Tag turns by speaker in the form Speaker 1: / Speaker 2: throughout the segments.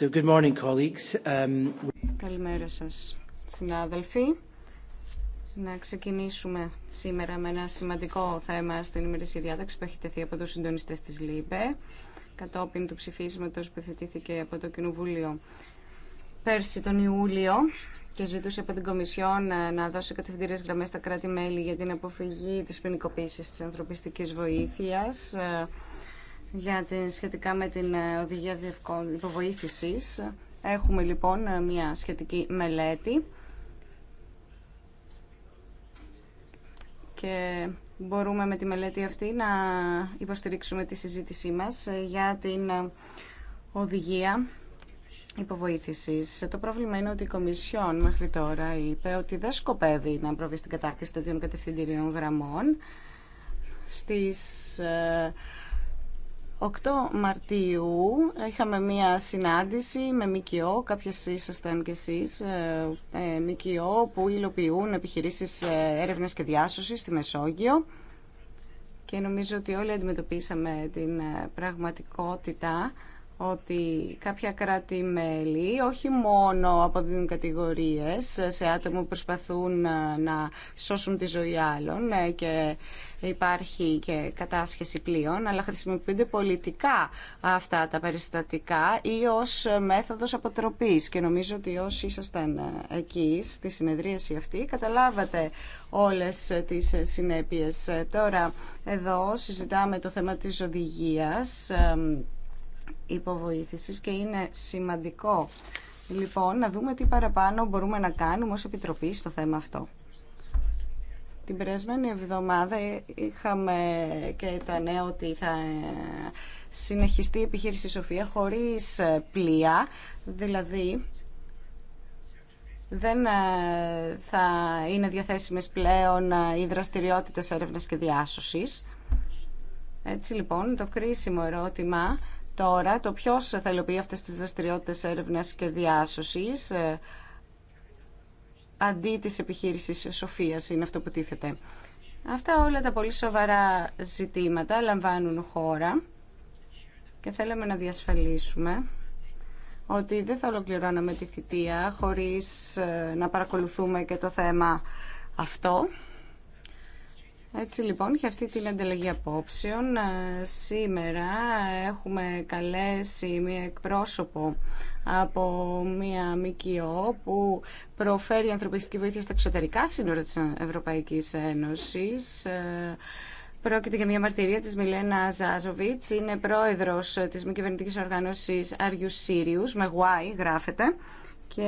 Speaker 1: Um,
Speaker 2: Καλημέρα σας, συνάδελφοι. Να ξεκινήσουμε σήμερα με ένα σημαντικό θέμα στην ημερήσια διάταξη που έχει τεθεί από τους συντονιστές της ΛΥΠΕ κατόπιν του ψηφίσματος που θετήθηκε από το Κοινοβούλιο πέρσι τον Ιούλιο και ζητούσε από την Κομισιόν ε, να δώσει κατευθυντήριες γραμμές στα κράτη-μέλη για την αποφυγή της ποινικοποίησης της ανθρωπιστικής βοήθειας ε, για την, σχετικά με την ε, οδηγία υποβοήθησης. Έχουμε λοιπόν ε, μια σχετική μελέτη και μπορούμε με τη μελέτη αυτή να υποστηρίξουμε τη συζήτησή μας ε, για την οδηγία υποβοήθησης. Το πρόβλημα είναι ότι η Κομισιόν μέχρι τώρα είπε ότι δεν σκοπεύει να προβεί στην κατάρτιση τέτοιων κατευθυντηρίων γραμμών στις 8 Μαρτίου είχαμε μία συνάντηση με ΜΚΟ, κάποιες ήσασταν και εσείς, ε, ε, ΜΚΟ που υλοποιούν επιχειρήσεις ε, έρευνας και διάσωσης στη Μεσόγειο και νομίζω ότι όλοι αντιμετωπίσαμε την πραγματικότητα ότι κάποια κράτη-μέλη όχι μόνο αποδίδουν κατηγορίες σε άτομα που προσπαθούν να σώσουν τη ζωή άλλων ε, και υπάρχει και κατάσχεση πλοίων, αλλά χρησιμοποιούνται πολιτικά αυτά τα περιστατικά ή ως μέθοδος αποτροπής. Και νομίζω ότι όσοι ήσασταν εκεί στη συνεδρίαση αυτή καταλάβατε όλες τις συνέπειες. Τώρα εδώ συζητάμε το θέμα της οδηγίας ε, υποβοήθησης και είναι σημαντικό λοιπόν να δούμε τι παραπάνω μπορούμε να κάνουμε ως Επιτροπή στο θέμα αυτό. Την περασμένη εβδομάδα είχαμε και τα νέα ότι θα συνεχιστεί η επιχείρηση Σοφία χωρίς πλοία, δηλαδή δεν ε, θα είναι διαθέσιμες πλέον ε, οι δραστηριότητες έρευνας και διάσωσης. Έτσι λοιπόν το κρίσιμο ερώτημα Τώρα, το ποιο θα υλοποιεί αυτές τις δραστηριότητε έρευνα και διάσωση ε, αντί της επιχείρηση Σοφία είναι αυτό που τίθεται. Αυτά όλα τα πολύ σοβαρά ζητήματα λαμβάνουν χώρα και θέλαμε να διασφαλίσουμε ότι δεν θα ολοκληρώναμε τη θητεία χωρίς ε, να παρακολουθούμε και το θέμα αυτό έτσι λοιπόν, για αυτή την ανταλλαγή απόψεων, ε, σήμερα έχουμε καλέσει μία εκπρόσωπο από μία ΜΚΟ που προφέρει ανθρωπιστική βοήθεια στα εξωτερικά σύνορα της Ευρωπαϊκής Ένωσης. Ε, πρόκειται για μια μαρτυρία της Μιλένα Ζάζοβιτς, είναι πρόεδρος της μη κυβερνητικής οργάνωσης Are You με Y γράφεται, και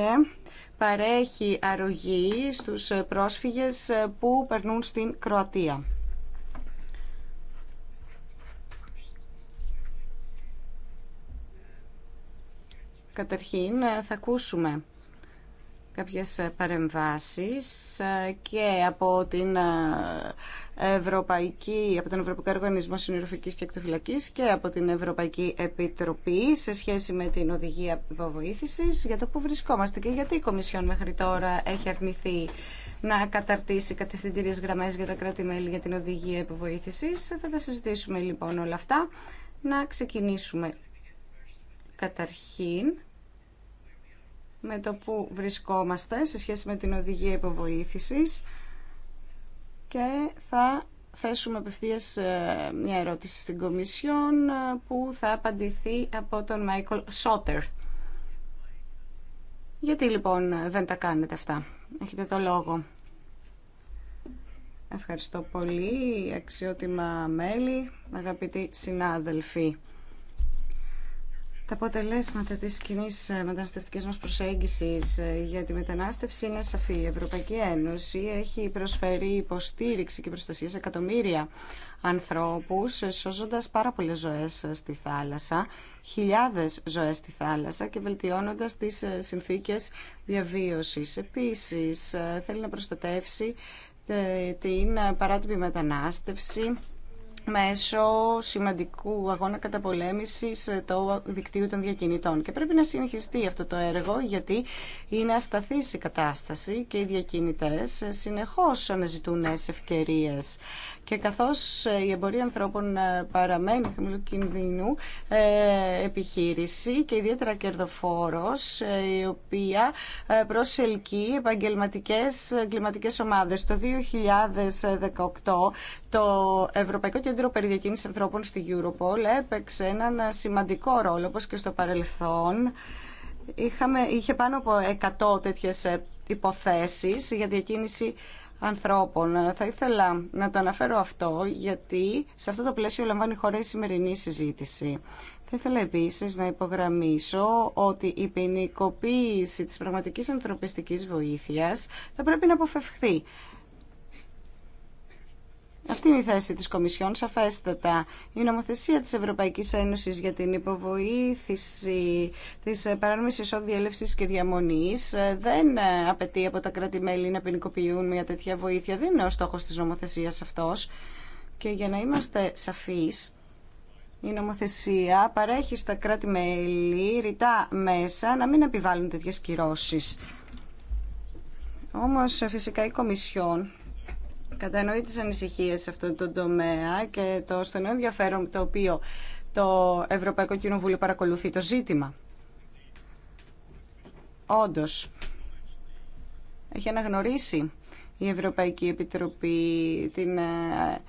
Speaker 2: παρέχει αρρωγή στους πρόσφυγες που περνούν στην Κροατία. Καταρχήν θα ακούσουμε κάποιες παρεμβάσεις ε, και από την ε, Ευρωπαϊκή, από τον Ευρωπαϊκό Οργανισμό Συνοροφικής και Εκτοφυλακής και από την Ευρωπαϊκή Επιτροπή σε σχέση με την οδηγία υποβοήθησης για το που βρισκόμαστε και γιατί η Κομισιόν μέχρι τώρα έχει αρνηθεί να καταρτήσει κατευθυντήριε γραμμέ για τα κράτη-μέλη για την οδηγία υποβοήθηση. Θα τα συζητήσουμε λοιπόν όλα αυτά. Να ξεκινήσουμε καταρχήν με το που βρισκόμαστε σε σχέση με την οδηγία υποβοήθησης και θα θέσουμε απευθείας ε, μια ερώτηση στην Κομισιόν ε, που θα απαντηθεί από τον Μάικλ Σότερ. Γιατί λοιπόν δεν τα κάνετε αυτά. Έχετε το λόγο. Ευχαριστώ πολύ, αξιότιμα μέλη, αγαπητοί συνάδελφοι. Τα αποτελέσματα της κοινή ε, μεταναστευτικής μας προσέγγισης ε, για τη μετανάστευση είναι σαφή. Η Ευρωπαϊκή Ένωση έχει προσφέρει υποστήριξη και προστασία σε εκατομμύρια ανθρώπους, ε, σώζοντας πάρα πολλές ζωές στη θάλασσα, χιλιάδες ζωές στη θάλασσα και βελτιώνοντας τις συνθήκες διαβίωσης. Επίσης, θέλει να προστατεύσει την παράτυπη μετανάστευση μέσω σημαντικού αγώνα καταπολέμησης ε, του δικτύου των διακινητών. Και πρέπει να συνεχιστεί αυτό το έργο γιατί είναι ασταθής η κατάσταση και οι διακινητές ε, συνεχώς αναζητούν νέες ευκαιρίες. Και καθώς ε, η εμπορία ανθρώπων ε, παραμένει χαμηλού κινδύνου ε, επιχείρηση και ιδιαίτερα κερδοφόρος, η οποία προσελκύει επαγγελματικές κλιματικές ομάδες. Το 2018 το Ευρωπαϊκό Κέντρο Περιδιακίνησης Ανθρώπων στη Europol έπαιξε έναν σημαντικό ρόλο, όπως και στο παρελθόν. Είχαμε, είχε πάνω από 100 τέτοιες υποθέσεις για διακίνηση ανθρώπων. Θα ήθελα να το αναφέρω αυτό γιατί σε αυτό το πλαίσιο λαμβάνει η χώρα η σημερινή συζήτηση. Θα ήθελα επίσης να υπογραμμίσω ότι η ποινικοποίηση της πραγματικής ανθρωπιστικής βοήθειας θα πρέπει να αποφευχθεί. Αυτή είναι η θέση της Κομισιόν, σαφέστατα. Η νομοθεσία της Ευρωπαϊκής Ένωσης για την υποβοήθηση της παράνομης εισόδιέλευσης και διαμονής ε, δεν ε, απαιτεί από τα κράτη-μέλη να ποινικοποιούν μια τέτοια βοήθεια. Δεν είναι ο στόχος της νομοθεσίας αυτός. Και για να είμαστε σαφείς, η νομοθεσία παρέχει στα κράτη-μέλη ρητά μέσα να μην επιβάλλουν τέτοιες κυρώσεις. Όμως ε, φυσικά η Κομισιόν κατανοεί τις ανησυχίες σε αυτόν τον τομέα και το στενό ενδιαφέρον το οποίο το Ευρωπαϊκό Κοινοβούλιο παρακολουθεί το ζήτημα. Όντως, έχει αναγνωρίσει η Ευρωπαϊκή Επιτροπή την ε,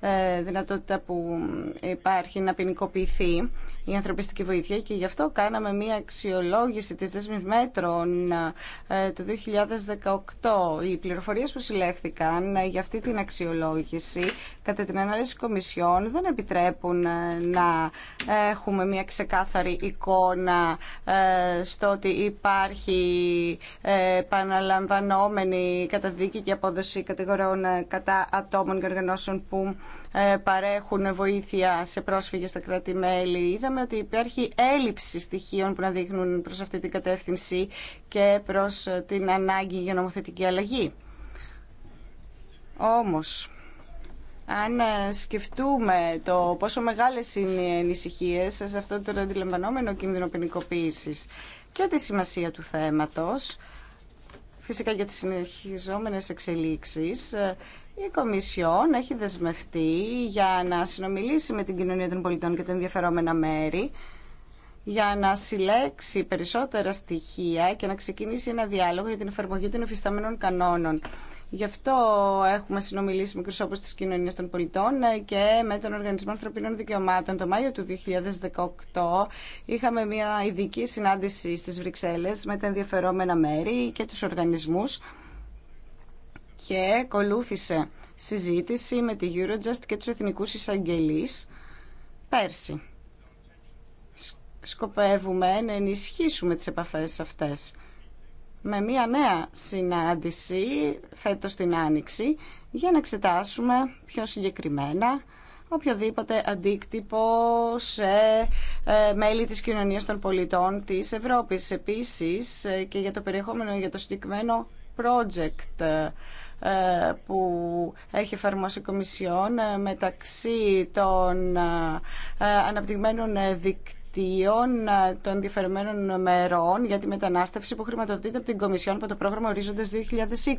Speaker 2: ε, δυνατότητα που υπάρχει να ποινικοποιηθεί η ανθρωπιστική βοήθεια και γι' αυτό κάναμε μία αξιολόγηση της δέσμης μέτρων ε, το 2018. Οι πληροφορίες που συλλέχθηκαν ε, για αυτή την αξιολόγηση κατά την ανάλυση κομισιών δεν επιτρέπουν ε, να έχουμε μία ξεκάθαρη εικόνα στο ότι υπάρχει επαναλαμβανόμενη καταδίκη και απόδοση κατηγορών κατά ατόμων και οργανώσεων που παρέχουν βοήθεια σε πρόσφυγες στα κράτη-μέλη ότι υπάρχει έλλειψη στοιχείων που να δείχνουν προς αυτή την κατεύθυνση και προς ε, την ανάγκη για νομοθετική αλλαγή. Όμως, αν ε, σκεφτούμε το πόσο μεγάλες είναι οι ανησυχίε σε αυτό το αντιλαμβανόμενο κίνδυνο ποινικοποίηση και τη σημασία του θέματος, φυσικά για τις συνεχιζόμενες εξελίξεις, ε, η Κομισιόν έχει δεσμευτεί για να συνομιλήσει με την κοινωνία των πολιτών και τα ενδιαφερόμενα μέρη για να συλλέξει περισσότερα στοιχεία και να ξεκινήσει ένα διάλογο για την εφαρμογή των εφιστάμενων κανόνων. Γι' αυτό έχουμε συνομιλήσει με κρυσόπους τη κοινωνία των πολιτών και με τον Οργανισμό Ανθρωπίνων Δικαιωμάτων. Το Μάιο του 2018 είχαμε μια ειδική συνάντηση στις Βρυξέλλες με τα ενδιαφερόμενα μέρη και τους οργανισμούς και ακολούθησε συζήτηση με τη Eurojust και τους εθνικούς εισαγγελείς πέρσι. Σκοπεύουμε να ενισχύσουμε τις επαφές αυτές με μία νέα συνάντηση φέτος την Άνοιξη για να εξετάσουμε πιο συγκεκριμένα οποιοδήποτε αντίκτυπο σε ε, μέλη της κοινωνίας των πολιτών της Ευρώπης. Επίσης ε, και για το περιεχόμενο για το συγκεκριμένο project ε, ε, που έχει εφαρμόσει η Κομισιόν ε, μεταξύ των ε, αναπτυγμένων δικτύων των ενδιαφερομένων μερών για τη μετανάστευση που χρηματοδοτείται από την Κομισιόν από το πρόγραμμα Ορίζοντα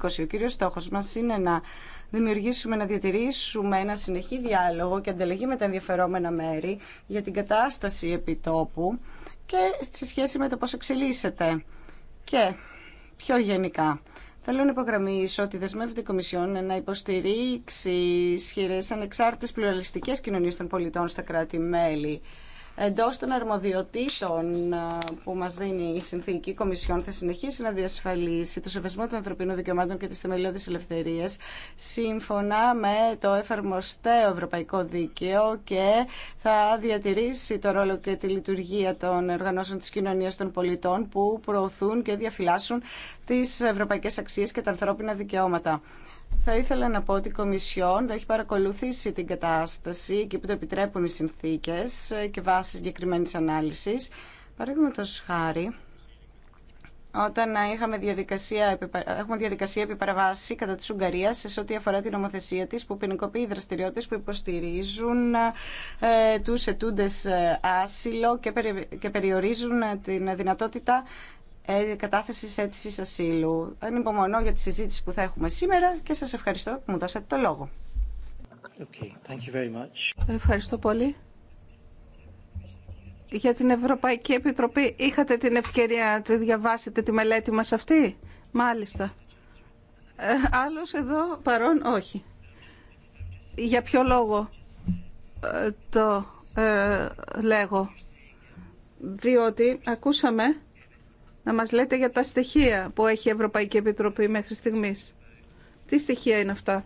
Speaker 2: 2020. Ο κύριο στόχο μα είναι να δημιουργήσουμε, να διατηρήσουμε ένα συνεχή διάλογο και ανταλλαγή με τα ενδιαφερόμενα μέρη για την κατάσταση επιτόπου και σε σχέση με το πώ εξελίσσεται. Και πιο γενικά, Θέλω να υπογραμμίσω ότι δεσμεύεται η Κομισιόν να υποστηρίξει ισχυρέ ανεξάρτητε πλουραλιστικέ κοινωνίε των πολιτών στα κράτη-μέλη. Εντό των αρμοδιοτήτων που μας δίνει η συνθήκη η Κομισιόν θα συνεχίσει να διασφαλίσει το σεβασμό των ανθρωπίνων δικαιωμάτων και της θεμελιώδη ελευθερία. σύμφωνα με το εφαρμοστέο ευρωπαϊκό δίκαιο και θα διατηρήσει το ρόλο και τη λειτουργία των οργανώσεων τη κοινωνία των πολιτών που προωθούν και διαφυλάσσουν τι ευρωπαϊκέ αξίε και τα ανθρώπινα δικαιώματα. Θα ήθελα να πω ότι η Κομισιόν έχει παρακολουθήσει την κατάσταση και που το επιτρέπουν οι συνθήκες και βάσει συγκεκριμένη ανάλυσης. Παραδείγματο χάρη, όταν είχαμε διαδικασία, έχουμε διαδικασία επιπαραβάση κατά της Ουγγαρίας σε ό,τι αφορά την νομοθεσία της που ποινικοποιεί δραστηριότητες που υποστηρίζουν ε, τους ετούντες ε, άσυλο και, περι, και περιορίζουν ε, την δυνατότητα ε, κατάθεση αίτηση ασύλου. Ανυπομονώ για τη συζήτηση που θα έχουμε σήμερα και σας ευχαριστώ που μου δώσατε το λόγο.
Speaker 1: Okay, thank you very much.
Speaker 3: Ευχαριστώ πολύ. Για την Ευρωπαϊκή Επιτροπή είχατε την ευκαιρία να τη διαβάσετε τη μελέτη μας αυτή. Μάλιστα. Ε, άλλος εδώ παρόν όχι. Για ποιο λόγο ε, το ε, λέγω. Διότι ακούσαμε να μας λέτε για τα στοιχεία που έχει η Ευρωπαϊκή Επιτροπή μέχρι στιγμής. Τι στοιχεία είναι αυτά.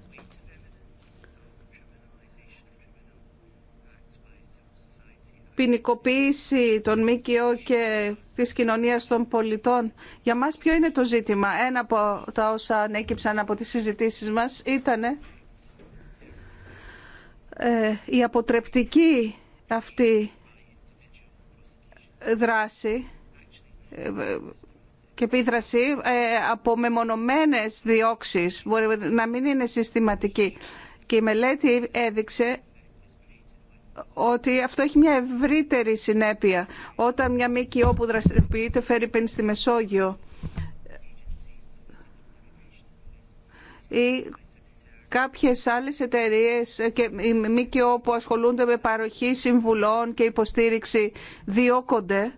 Speaker 3: ποινικοποίηση των ΜΚΟ και της κοινωνίας των πολιτών. Για μας ποιο είναι το ζήτημα. Ένα από τα όσα ανέκυψαν από τις συζητήσεις μας ήταν ε, η αποτρεπτική αυτή δράση και επίδραση ε, από μεμονωμένες διώξεις, μπορεί να μην είναι συστηματική. Και η μελέτη έδειξε ότι αυτό έχει μια ευρύτερη συνέπεια. Όταν μια μήκη όπου δραστηριοποιείται φέρει πέν στη Μεσόγειο ή κάποιες άλλες εταιρείε και οι ΜΚΟ που ασχολούνται με παροχή συμβουλών και υποστήριξη διώκονται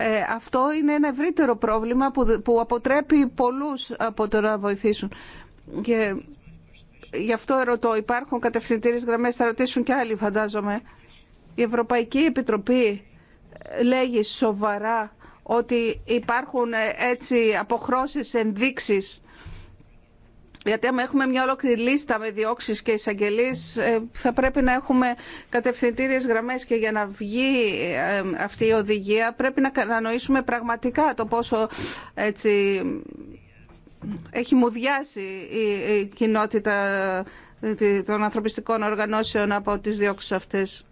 Speaker 3: ε, αυτό είναι ένα ευρύτερο πρόβλημα που αποτρέπει πολλούς από το να βοηθήσουν. Και γι' αυτό ρωτώ, υπάρχουν κατευθυντήριες γραμμές, θα ρωτήσουν και άλλοι φαντάζομαι. Η Ευρωπαϊκή Επιτροπή λέγει σοβαρά ότι υπάρχουν ε, έτσι αποχρώσεις ενδείξεις γιατί άμα έχουμε μια ολόκληρη λίστα με διώξει και εισαγγελίε, θα πρέπει να έχουμε κατευθυντήριε γραμμέ. Και για να βγει ε, αυτή η οδηγία, πρέπει να κατανοήσουμε πραγματικά το πόσο έτσι, έχει μουδιάσει η κοινότητα ε, των ανθρωπιστικών οργανώσεων από τις διώξεις αυτές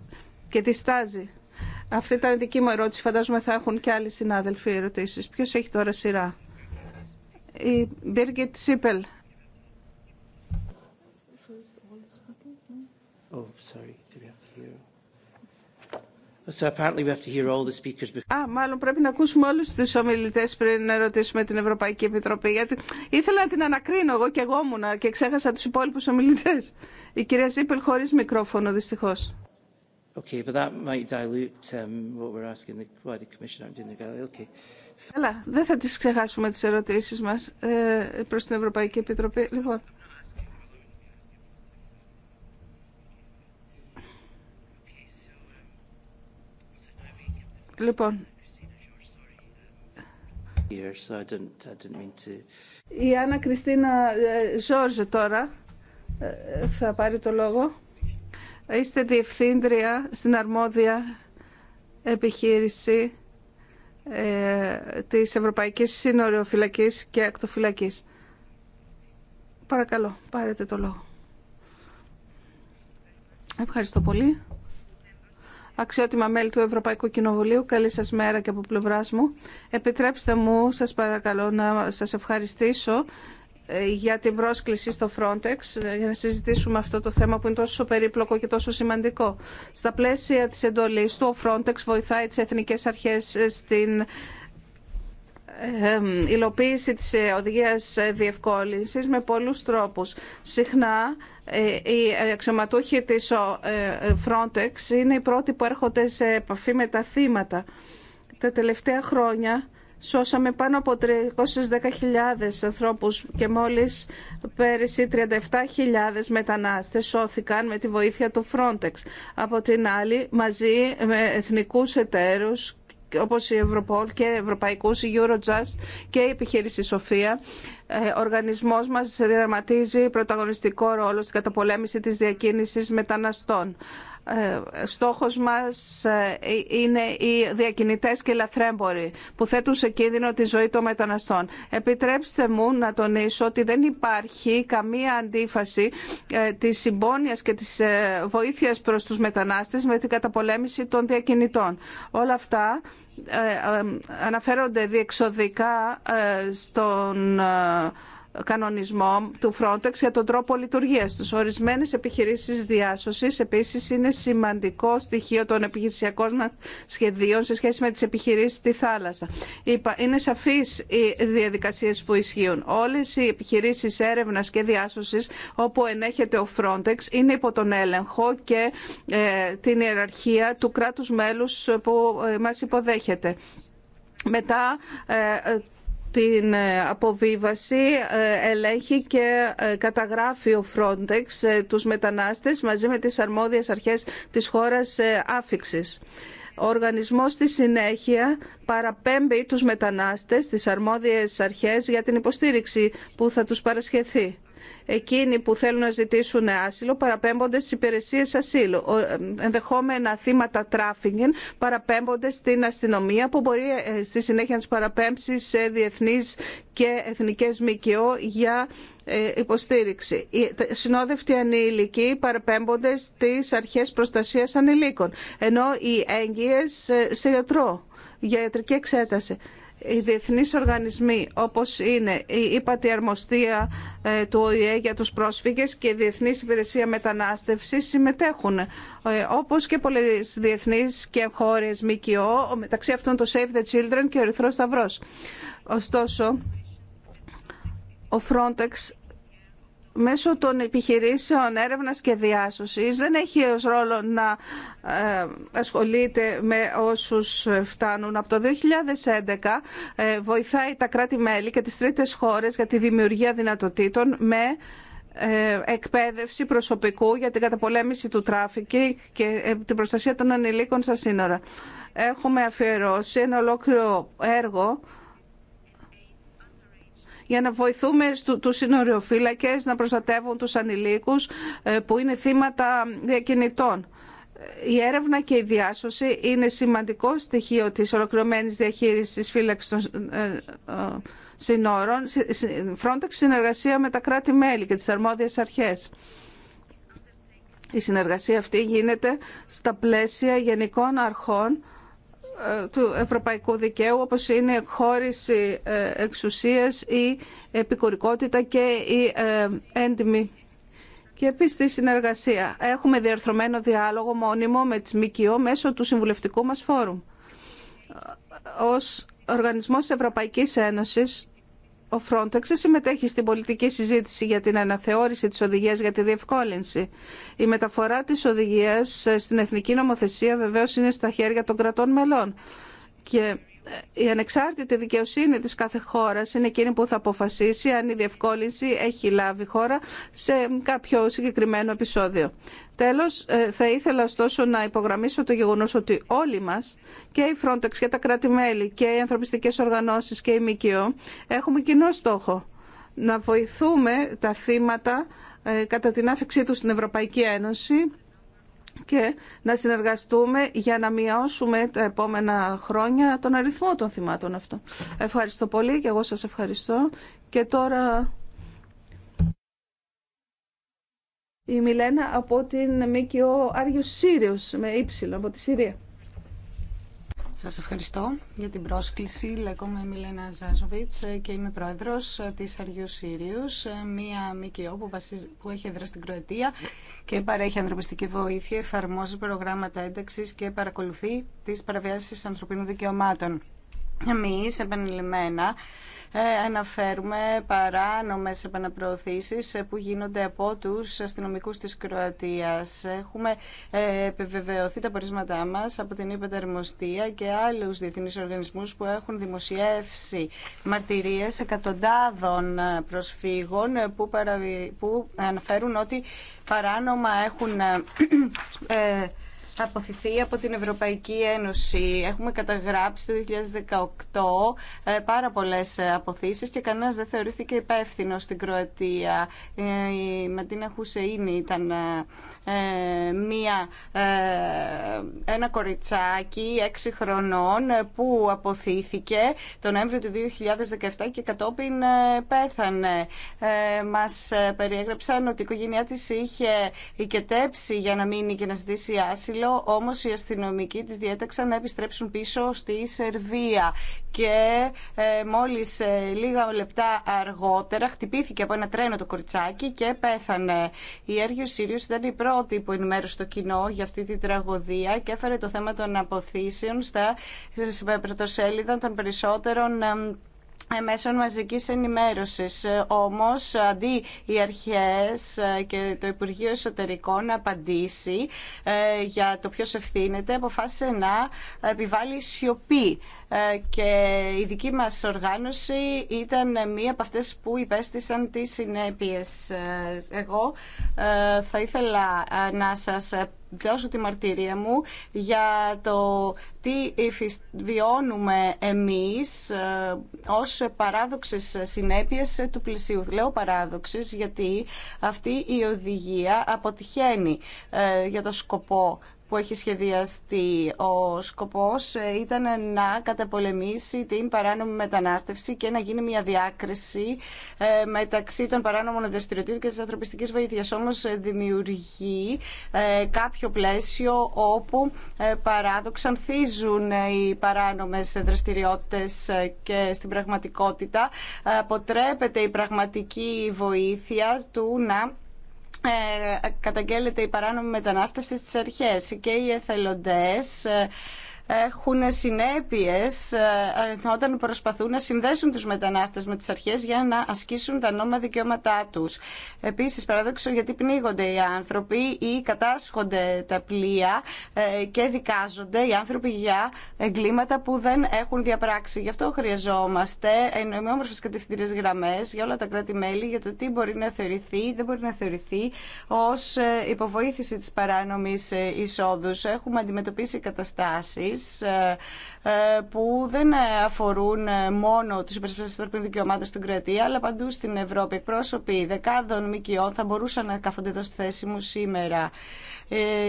Speaker 3: και τη στάζει. Αυτή ήταν η δική μου ερώτηση. Φαντάζομαι θα έχουν και άλλοι συνάδελφοι ερωτήσεις. Ποιος έχει τώρα σειρά. Η Μπίργκετ
Speaker 1: Σίπελ Α,
Speaker 3: μάλλον πρέπει να ακούσουμε όλους τους ομιλητές πριν να ρωτήσουμε την Ευρωπαϊκή Επιτροπή. Γιατί ήθελα να την ανακρίνω εγώ και εγώ ήμουνα και ξέχασα τους υπόλοιπους ομιλητές. Η κυρία Σίπελ χωρίς μικρόφωνο δυστυχώς. Um, Αλλά δεν θα τις ξεχάσουμε τις ερωτήσεις μας ε, προς την Ευρωπαϊκή Επιτροπή. Λοιπόν, Λοιπόν, η Άννα Κριστίνα ε, Ζόρζε τώρα ε, θα πάρει το λόγο. Είστε διευθύντρια στην αρμόδια επιχείρηση ε, της Ευρωπαϊκής Σύνοριοφυλακής και Ακτοφυλακής. Παρακαλώ, πάρετε το λόγο. Ευχαριστώ πολύ αξιότιμα μέλη του Ευρωπαϊκού Κοινοβουλίου, καλή σας μέρα και από πλευρά μου. Επιτρέψτε μου, σας παρακαλώ, να σας ευχαριστήσω ε, για την πρόσκληση στο Frontex ε, για να συζητήσουμε αυτό το θέμα που είναι τόσο περίπλοκο και τόσο σημαντικό. Στα πλαίσια της εντολής του, ο Frontex βοηθάει τις εθνικές αρχές ε, στην υλοποίηση της ε, οδηγίας ε, διευκόλυνσης με πολλούς τρόπους. Συχνά ε, οι αξιωματούχοι της Frontex είναι οι πρώτοι που έρχονται σε επαφή με τα θύματα. Τα τελευταία χρόνια σώσαμε πάνω από 310.000 ανθρώπους και μόλις πέρυσι 37.000 μετανάστες σώθηκαν με τη βοήθεια του Frontex. Από την άλλη, μαζί με εθνικούς εταίρους όπως η Ευρωπόλ και Ευρωπαϊκούς, η Eurojust και η επιχείρηση Σοφία. Ε, ο οργανισμός μας διαδραματίζει πρωταγωνιστικό ρόλο στην καταπολέμηση της διακίνησης μεταναστών. Ε, στόχος μας ε, είναι οι διακινητές και οι λαθρέμποροι που θέτουν σε κίνδυνο τη ζωή των μεταναστών. Επιτρέψτε μου να τονίσω ότι δεν υπάρχει καμία αντίφαση ε, της συμπόνιας και της βοήθειας προς τους μετανάστες με την καταπολέμηση των διακινητών. Όλα αυτά αναφέρονται διεξοδικά στον κανονισμό του Frontex για τον τρόπο λειτουργίας τους. Ορισμένες επιχειρήσεις διάσωσης επίσης είναι σημαντικό στοιχείο των επιχειρησιακών σχεδίων σε σχέση με τις επιχειρήσεις στη θάλασσα. Είναι σαφείς οι διαδικασίες που ισχύουν. Όλες οι επιχειρήσεις έρευνας και διάσωσης όπου ενέχεται ο Frontex είναι υπό τον έλεγχο και ε, την ιεραρχία του κράτους μέλους που ε, μας υποδέχεται. Μετά ε, την ε, αποβίβαση ε, ελέγχει και ε, καταγράφει ο Frontex τους μετανάστες μαζί με τις αρμόδιες αρχές της χώρας άφηξης. Ο οργανισμός στη συνέχεια παραπέμπει τους μετανάστες στις αρμόδιες αρχές για την υποστήριξη που θα τους παρασχεθεί εκείνοι που θέλουν να ζητήσουν άσυλο παραπέμπονται στι υπηρεσίε ασύλου. Ενδεχόμενα θύματα τράφιγγιν παραπέμπονται στην αστυνομία που μπορεί ε, στη συνέχεια να του παραπέμψει σε διεθνείς και εθνικές ΜΚΟ για ε, υποστήριξη. Οι συνόδευτοι ανήλικοι παραπέμπονται στι αρχές προστασίας ανηλίκων, ενώ οι έγκυε ε, σε γιατρό για ιατρική εξέταση οι διεθνείς οργανισμοί όπως είναι η ΥΠΑΤΗ Αρμοστία ε, του ΟΗΕ για τους πρόσφυγες και η Διεθνής Υπηρεσία Μετανάστευσης συμμετέχουν ε, όπως και πολλές διεθνείς και χώρες ΜΚΟ μεταξύ αυτών το Save the Children και ο Ερυθρός Σταυρός. Ωστόσο, ο Frontex μέσω των επιχειρήσεων έρευνας και διάσωσης δεν έχει ως ρόλο να ε, ασχολείται με όσους φτάνουν. Από το 2011 ε, βοηθάει τα κράτη-μέλη και τις τρίτες χώρες για τη δημιουργία δυνατοτήτων με ε, εκπαίδευση προσωπικού για την καταπολέμηση του τράφικη και την προστασία των ανηλίκων στα σύνορα. Έχουμε αφιερώσει ένα ολόκληρο έργο για να βοηθούμε του συνοριοφύλακε, να προστατεύουν τους ανηλίκους ε, που είναι θύματα διακινητών. Η έρευνα και η διάσωση είναι σημαντικό στοιχείο της ολοκληρωμένης διαχείρισης φύλαξης των ε, ε, συνόρων, Frontex συνεργασία με τα κράτη-μέλη και τις αρμόδιες αρχές. Η συνεργασία αυτή γίνεται στα πλαίσια γενικών αρχών ε, του ευρωπαϊκού δικαίου όπως είναι η ε, εξουσίας, η επικουρικότητα και η ε, έντιμη και επίσης τη συνεργασία. Έχουμε διαρθρωμένο διάλογο μόνιμο με τις ΜΚΟ μέσω του Συμβουλευτικού μας Φόρουμ. Ως Οργανισμός Ευρωπαϊκής Ένωσης ο Frontex συμμετέχει στην πολιτική συζήτηση για την αναθεώρηση της οδηγίας για τη διευκόλυνση. Η μεταφορά της οδηγίας στην εθνική νομοθεσία βεβαίως είναι στα χέρια των κρατών μελών. Και η ανεξάρτητη δικαιοσύνη της κάθε χώρας είναι εκείνη που θα αποφασίσει αν η διευκόλυνση έχει λάβει χώρα σε κάποιο συγκεκριμένο επεισόδιο. Τέλος, ε, θα ήθελα ωστόσο να υπογραμμίσω το γεγονός ότι όλοι μας και η Frontex και τα κράτη-μέλη και οι ανθρωπιστικές οργανώσεις και η ΜΚΟ έχουμε κοινό στόχο να βοηθούμε τα θύματα ε, κατά την άφηξή τους στην Ευρωπαϊκή Ένωση και να συνεργαστούμε για να μειώσουμε τα επόμενα χρόνια τον αριθμό των θυμάτων αυτών. Ευχαριστώ πολύ και εγώ σας ευχαριστώ. Και τώρα η Μιλένα από την ΜΚΟ Άριο Σύριος με ύψιλο από τη Συρία.
Speaker 4: Σας ευχαριστώ
Speaker 2: για την πρόσκληση. Λέγομαι Μιλένα Ζάζοβιτς και είμαι πρόεδρος της Αργίου Σύριους, μία ΜΚΟ που, που έχει έδρα στην Κροατία και παρέχει ανθρωπιστική βοήθεια, εφαρμόζει προγράμματα ένταξης και παρακολουθεί τις παραβιάσεις ανθρωπίνων δικαιωμάτων. Εμείς επανειλημμένα ε, αναφέρουμε παράνομες επαναπροωθήσεις ε, που γίνονται από τους αστυνομικούς της Κροατίας. Έχουμε ε, επιβεβαιωθεί τα πορίσματά μας από την Υπεταρμοστία και άλλους διεθνείς οργανισμούς που έχουν δημοσιεύσει μαρτυρίες εκατοντάδων προσφύγων που, που αναφέρουν ότι παράνομα έχουν αποθηθεί από την Ευρωπαϊκή Ένωση. Έχουμε καταγράψει το 2018 ε, πάρα πολλές ε, αποθήσει και κανένας δεν θεωρήθηκε υπεύθυνο στην Κροατία. Ε, η Ματίνα Χουσεΐνη ήταν μία, ένα κοριτσάκι έξι χρονών που αποθήθηκε τον Νοέμβριο του 2017 και κατόπιν πέθανε. Μας περιέγραψαν ότι η οικογένειά της είχε οικετέψει για να μείνει και να ζητήσει άσυλο Όμω όμως οι αστυνομικοί τη διέταξαν να επιστρέψουν πίσω στη Σερβία και ε, μόλις ε, λίγα λεπτά αργότερα χτυπήθηκε από ένα τρένο το κοριτσάκι και πέθανε. Η Έργιο Σύριος ήταν η πρώτη που ενημέρωσε το κοινό για αυτή τη τραγωδία και έφερε το θέμα των αποθήσεων στα πρωτοσέλιδα των περισσότερων ε, μέσων μαζικής ενημέρωσης. Ε, όμως, αντί οι αρχές ε, και το Υπουργείο Εσωτερικών να απαντήσει για το ποιος ευθύνεται, αποφάσισε να επιβάλλει σιωπή ε, και η δική μας οργάνωση ήταν μία από αυτές που υπέστησαν τις συνέπειες. Ε, εγώ ε, θα ήθελα να σας δώσω τη μαρτυρία μου για το τι βιώνουμε εμείς ως παράδοξες συνέπειες του πλησίου. Λέω παράδοξες γιατί αυτή η οδηγία αποτυχαίνει για το σκοπό που έχει σχεδιαστεί. Ο σκοπός ε, ήταν να καταπολεμήσει την παράνομη μετανάστευση και να γίνει μια διάκριση ε, μεταξύ των παράνομων δραστηριοτήτων και της ανθρωπιστικής βοήθειας. Όμως ε, δημιουργεί κάποιο πλαίσιο όπου παράδοξα θίζουν οι παράνομες δραστηριότητες και στην πραγματικότητα αποτρέπεται η πραγματική βοήθεια του να ε, καταγγέλλεται η παράνομη μετανάστευση στις αρχές και οι εθελοντές ε, έχουν συνέπειες ε, όταν προσπαθούν να συνδέσουν τους μετανάστες με τις αρχές για να ασκήσουν τα νόμα δικαιώματά τους. Επίσης, παράδοξο γιατί πνίγονται οι άνθρωποι ή κατάσχονται τα πλοία ε, και δικάζονται οι άνθρωποι για εγκλήματα που δεν έχουν διαπράξει. Γι' αυτό χρειαζόμαστε εννοημόμορφες κατευθυντήρες γραμμές για όλα τα κράτη-μέλη για το τι μπορεί να θεωρηθεί ή δεν μπορεί να θεωρηθεί ως ε, υποβοήθηση της παράνομης εισόδου. Έχουμε αντιμετωπίσει καταστάσεις ε, ε, που δεν αφορούν μόνο τους υπερασπιστές των δικαιωμάτων στην Κροατία, αλλά παντού στην Ευρώπη. Εκπρόσωποι δεκάδων ΜΚΟ θα μπορούσαν να καθόνται εδώ στη θέση μου σήμερα. Ε,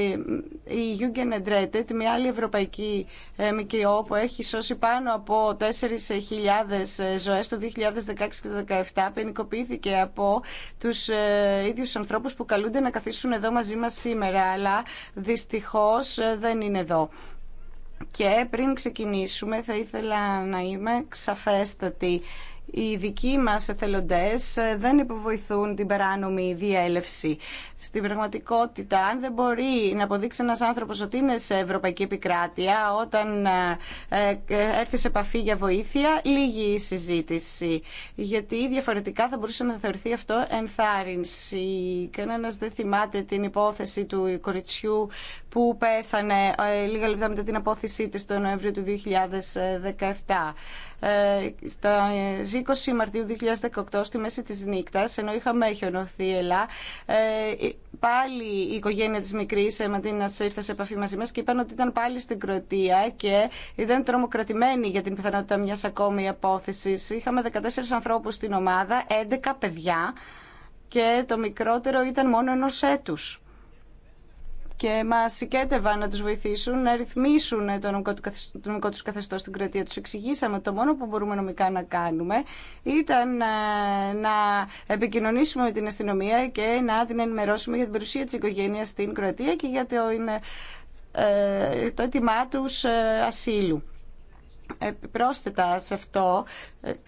Speaker 2: η Jürgen Entretet, μια άλλη ευρωπαϊκή ΜΚΟ που έχει σώσει πάνω από 4.000 ζωές το 2016 και το 2017, ποινικοποιήθηκε από τους ίδιους ανθρώπους που καλούνται να καθίσουν εδώ μαζί μας σήμερα, αλλά δυστυχώς δεν είναι εδώ. Και πριν ξεκινήσουμε θα ήθελα να είμαι ξαφέστατη. Οι δικοί μας εθελοντές ε, δεν υποβοηθούν την παράνομη διέλευση στην πραγματικότητα, αν δεν μπορεί να αποδείξει ένα άνθρωπο ότι είναι σε ευρωπαϊκή επικράτεια, όταν ε, ε, έρθει σε επαφή για βοήθεια, λίγη η συζήτηση. Γιατί διαφορετικά θα μπορούσε να θεωρηθεί αυτό ενθάρρυνση. Κανένα δεν θυμάται την υπόθεση του κοριτσιού που πέθανε ε, λίγα λεπτά μετά την απόθεσή τη το Νοέμβριο του 2017. Ε, στα 20 Μαρτίου 2018 στη μέση τη νύχτα, ενώ είχαμε χιονοθύελα, πάλι η οικογένεια της μικρής ε, Ματίνα ήρθε σε επαφή μαζί μας και είπαν ότι ήταν πάλι στην Κροατία και ήταν τρομοκρατημένη για την πιθανότητα μιας ακόμη απόθεσης. Είχαμε 14 ανθρώπους στην ομάδα, 11 παιδιά και το μικρότερο ήταν μόνο ενός έτους και μα συγκέτευαν να του βοηθήσουν να ρυθμίσουν το νομικό, τους καθεστώς στην Κροατία. Του εξηγήσαμε ότι το μόνο που μπορούμε νομικά να κάνουμε ήταν ε, να επικοινωνήσουμε με την αστυνομία και να την ενημερώσουμε για την περιουσία της οικογένειας στην Κροατία και για το, ε, ε, το αίτημά τους ασύλου. Επιπρόσθετα σε αυτό,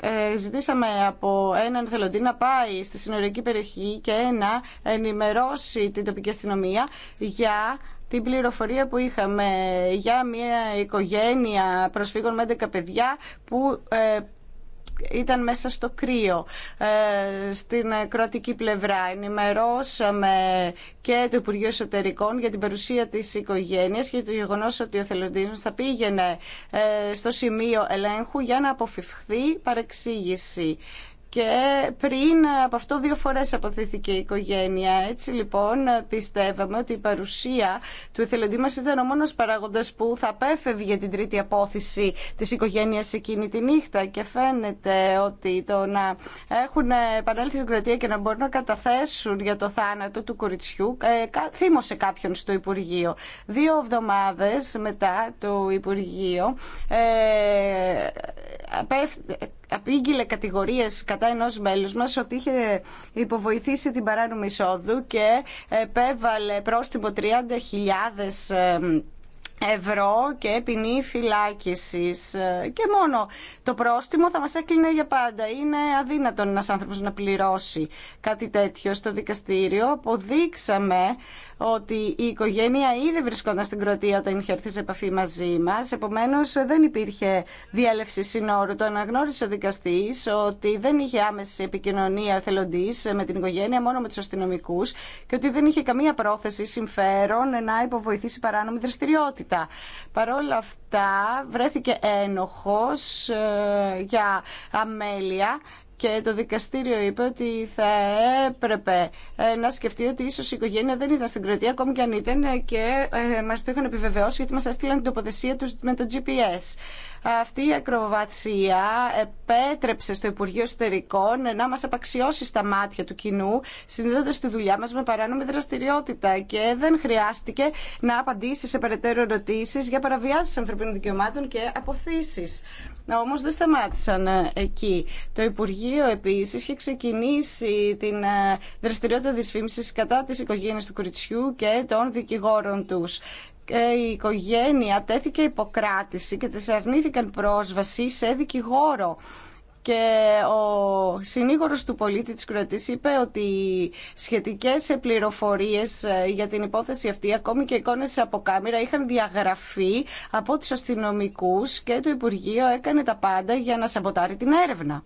Speaker 2: ε, ζητήσαμε από έναν θελοντή να πάει στη συνοριακή περιοχή και να ενημερώσει την τοπική αστυνομία για την πληροφορία που είχαμε για μια οικογένεια προσφύγων με 11 παιδιά που ε, ήταν μέσα στο κρύο ε, στην κροατική πλευρά. Ενημερώσαμε και το Υπουργείο Εσωτερικών για την παρουσία της οικογένειας και το γεγονός ότι ο θελοντής θα πήγαινε ε, στο σημείο ελέγχου για να αποφευχθεί παρεξήγηση και πριν από αυτό δύο φορές αποθήθηκε η οικογένεια. Έτσι λοιπόν πιστεύαμε ότι η παρουσία του εθελοντή μας ήταν ο μόνος παράγοντας που θα απέφευγε την τρίτη απόθεση της οικογένειας εκείνη τη νύχτα και φαίνεται ότι το να έχουν επανέλθει στην κρατία και να μπορούν να καταθέσουν για το θάνατο του κοριτσιού ε, θύμωσε κάποιον στο Υπουργείο. Δύο εβδομάδες μετά το Υπουργείο ε, απήγγειλε κατηγορίες κατά ενός μέλου μα ότι είχε υποβοηθήσει την παράνομη εισόδου και επέβαλε πρόστιμο 30.000 ευρώ και ποινή φυλάκιση. Ε, και μόνο το πρόστιμο θα μα έκλεινε για πάντα. Είναι αδύνατον ένα άνθρωπο να πληρώσει κάτι τέτοιο στο δικαστήριο. Αποδείξαμε ότι η οικογένεια ήδη βρισκόταν στην Κροατία όταν είχε έρθει σε επαφή μαζί μα. Επομένω, δεν υπήρχε διέλευση συνόρου. Το αναγνώρισε ο δικαστή ότι δεν είχε άμεση επικοινωνία θελοντή με την οικογένεια, μόνο με του αστυνομικού και ότι δεν είχε καμία πρόθεση συμφέρον να υποβοηθήσει παράνομη δραστηριότητα. Παρ' όλα αυτά βρέθηκε ένοχος ε, για αμέλεια και το δικαστήριο είπε ότι θα έπρεπε ε, να σκεφτεί ότι ίσω η οικογένεια δεν ήταν στην Κροατία, ακόμη και αν ήταν, ε, και ε, μα το είχαν επιβεβαιώσει γιατί μα έστειλαν την τοποθεσία του με το GPS. Αυτή η ακροβατσία επέτρεψε στο Υπουργείο Εσωτερικών να μα απαξιώσει στα μάτια του κοινού, συνδέοντα τη δουλειά μα με παράνομη δραστηριότητα και δεν χρειάστηκε να απαντήσει σε περαιτέρω ερωτήσει για παραβιάσει ανθρωπίνων δικαιωμάτων και αποθήσει. Να όμως δεν σταμάτησαν ε, εκεί. Το Υπουργείο επίσης είχε ξεκινήσει την ε, δραστηριότητα δυσφήμισης κατά της οικογένειας του κοριτσιού και των δικηγόρων τους ε, η οικογένεια τέθηκε υποκράτηση και της αρνήθηκαν πρόσβαση σε δικηγόρο και ο συνήγορος του πολίτη της Κροατής είπε ότι σχετικές πληροφορίες ε, για την υπόθεση αυτή, ακόμη και εικόνες από κάμερα, είχαν διαγραφεί από τους αστυνομικούς και το Υπουργείο έκανε τα πάντα για να σαμποτάρει την έρευνα.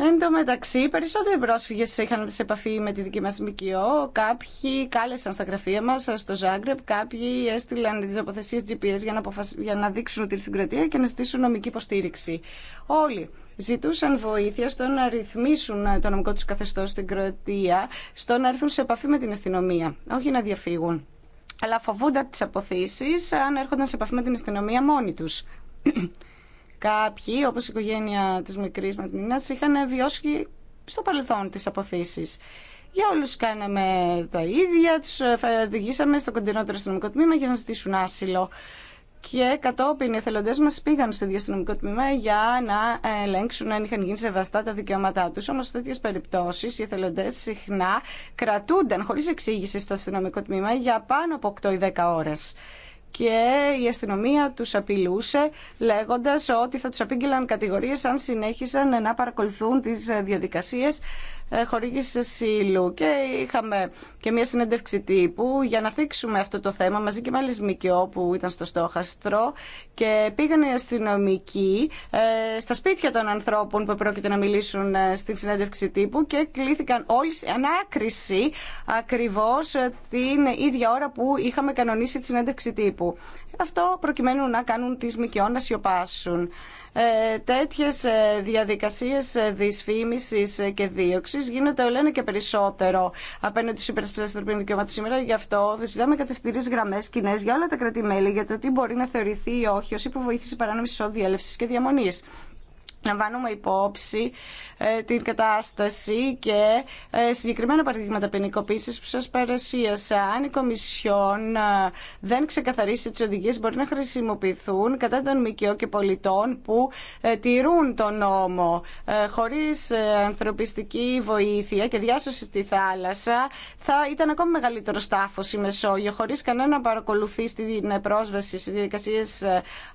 Speaker 2: Εν τω μεταξύ, περισσότεροι πρόσφυγε είχαν σε επαφή με τη δική μα ΜΚΟ. Κάποιοι κάλεσαν στα γραφεία μα ε, στο Ζάγκρεπ, κάποιοι έστειλαν τι αποθεσίε GPS για να, για να δείξουν ότι είναι στην κρατία και να ζητήσουν νομική υποστήριξη. Όλοι ζητούσαν βοήθεια στο να ρυθμίσουν ε, το νομικό του καθεστώ στην Κροατία, στο να έρθουν σε επαφή με την αστυνομία, όχι να διαφύγουν. Αλλά φοβούνταν τι αποθήσει ε, αν έρχονταν σε επαφή με την αστυνομία μόνοι του. Κάποιοι, όπως η οικογένεια της μικρής Ινάς, είχαν βιώσει στο παρελθόν τις αποθήσεις. Για όλους κάναμε τα ίδια, τους ε, οδηγήσαμε στο κοντινότερο αστυνομικό τμήμα για να ζητήσουν άσυλο. Και κατόπιν οι εθελοντέ μα πήγαν στο ίδιο αστυνομικό τμήμα για να ελέγξουν αν είχαν γίνει σεβαστά τα δικαιώματά του. Όμω σε τέτοιε περιπτώσει οι εθελοντέ συχνά κρατούνταν χωρί εξήγηση στο αστυνομικό τμήμα για πάνω από 8 ή 10 ώρε και η αστυνομία τους απειλούσε λέγοντας ότι θα τους απήγγειλαν κατηγορίες αν συνέχισαν να παρακολουθούν τις διαδικασίες ε, χορήγηση Σύλλου και είχαμε και μια συνέντευξη τύπου για να θίξουμε αυτό το θέμα μαζί και με άλλες ΜΚΟ που ήταν στο στόχαστρο και πήγαν οι αστυνομικοί ε, στα σπίτια των ανθρώπων που πρόκειται να μιλήσουν ε, στην συνέντευξη τύπου και κλήθηκαν όλοι σε ανάκριση ακριβώς την ίδια ώρα που είχαμε κανονίσει τη συνέντευξη τύπου. Αυτό προκειμένου να κάνουν τις ΜΚΟ να σιωπάσουν. Ε, τέτοιες ε, διαδικασίες ε, δυσφήμισης και δίωξης γίνονται όλο ένα και περισσότερο απέναντι στους υπερασπιστές των ανθρωπίνων δικαιωμάτων σήμερα. Γι' αυτό ζητάμε κατευθυντήριες γραμμές κοινέ για όλα τα κρατημέλη για το τι μπορεί να θεωρηθεί ή όχι ως υποβοήθηση παράνομης εισόδου διέλευσης και διαμονής λαμβάνουμε υπόψη ε, την κατάσταση και ε, συγκεκριμένα παραδείγματα ποινικοποίηση που σας παρουσίασα. Αν η Κομισιόν ε, δεν ξεκαθαρίσει τις οδηγίες, μπορεί να χρησιμοποιηθούν κατά των ΜΚΟ και πολιτών που τηρούν τον νόμο. Χωρί ανθρωπιστική βοήθεια και διάσωση στη θάλασσα, θα ήταν ακόμη μεγαλύτερο στάφος η Μεσόγειο. Χωρί κανένα να παρακολουθεί στην πρόσβαση στι διαδικασίε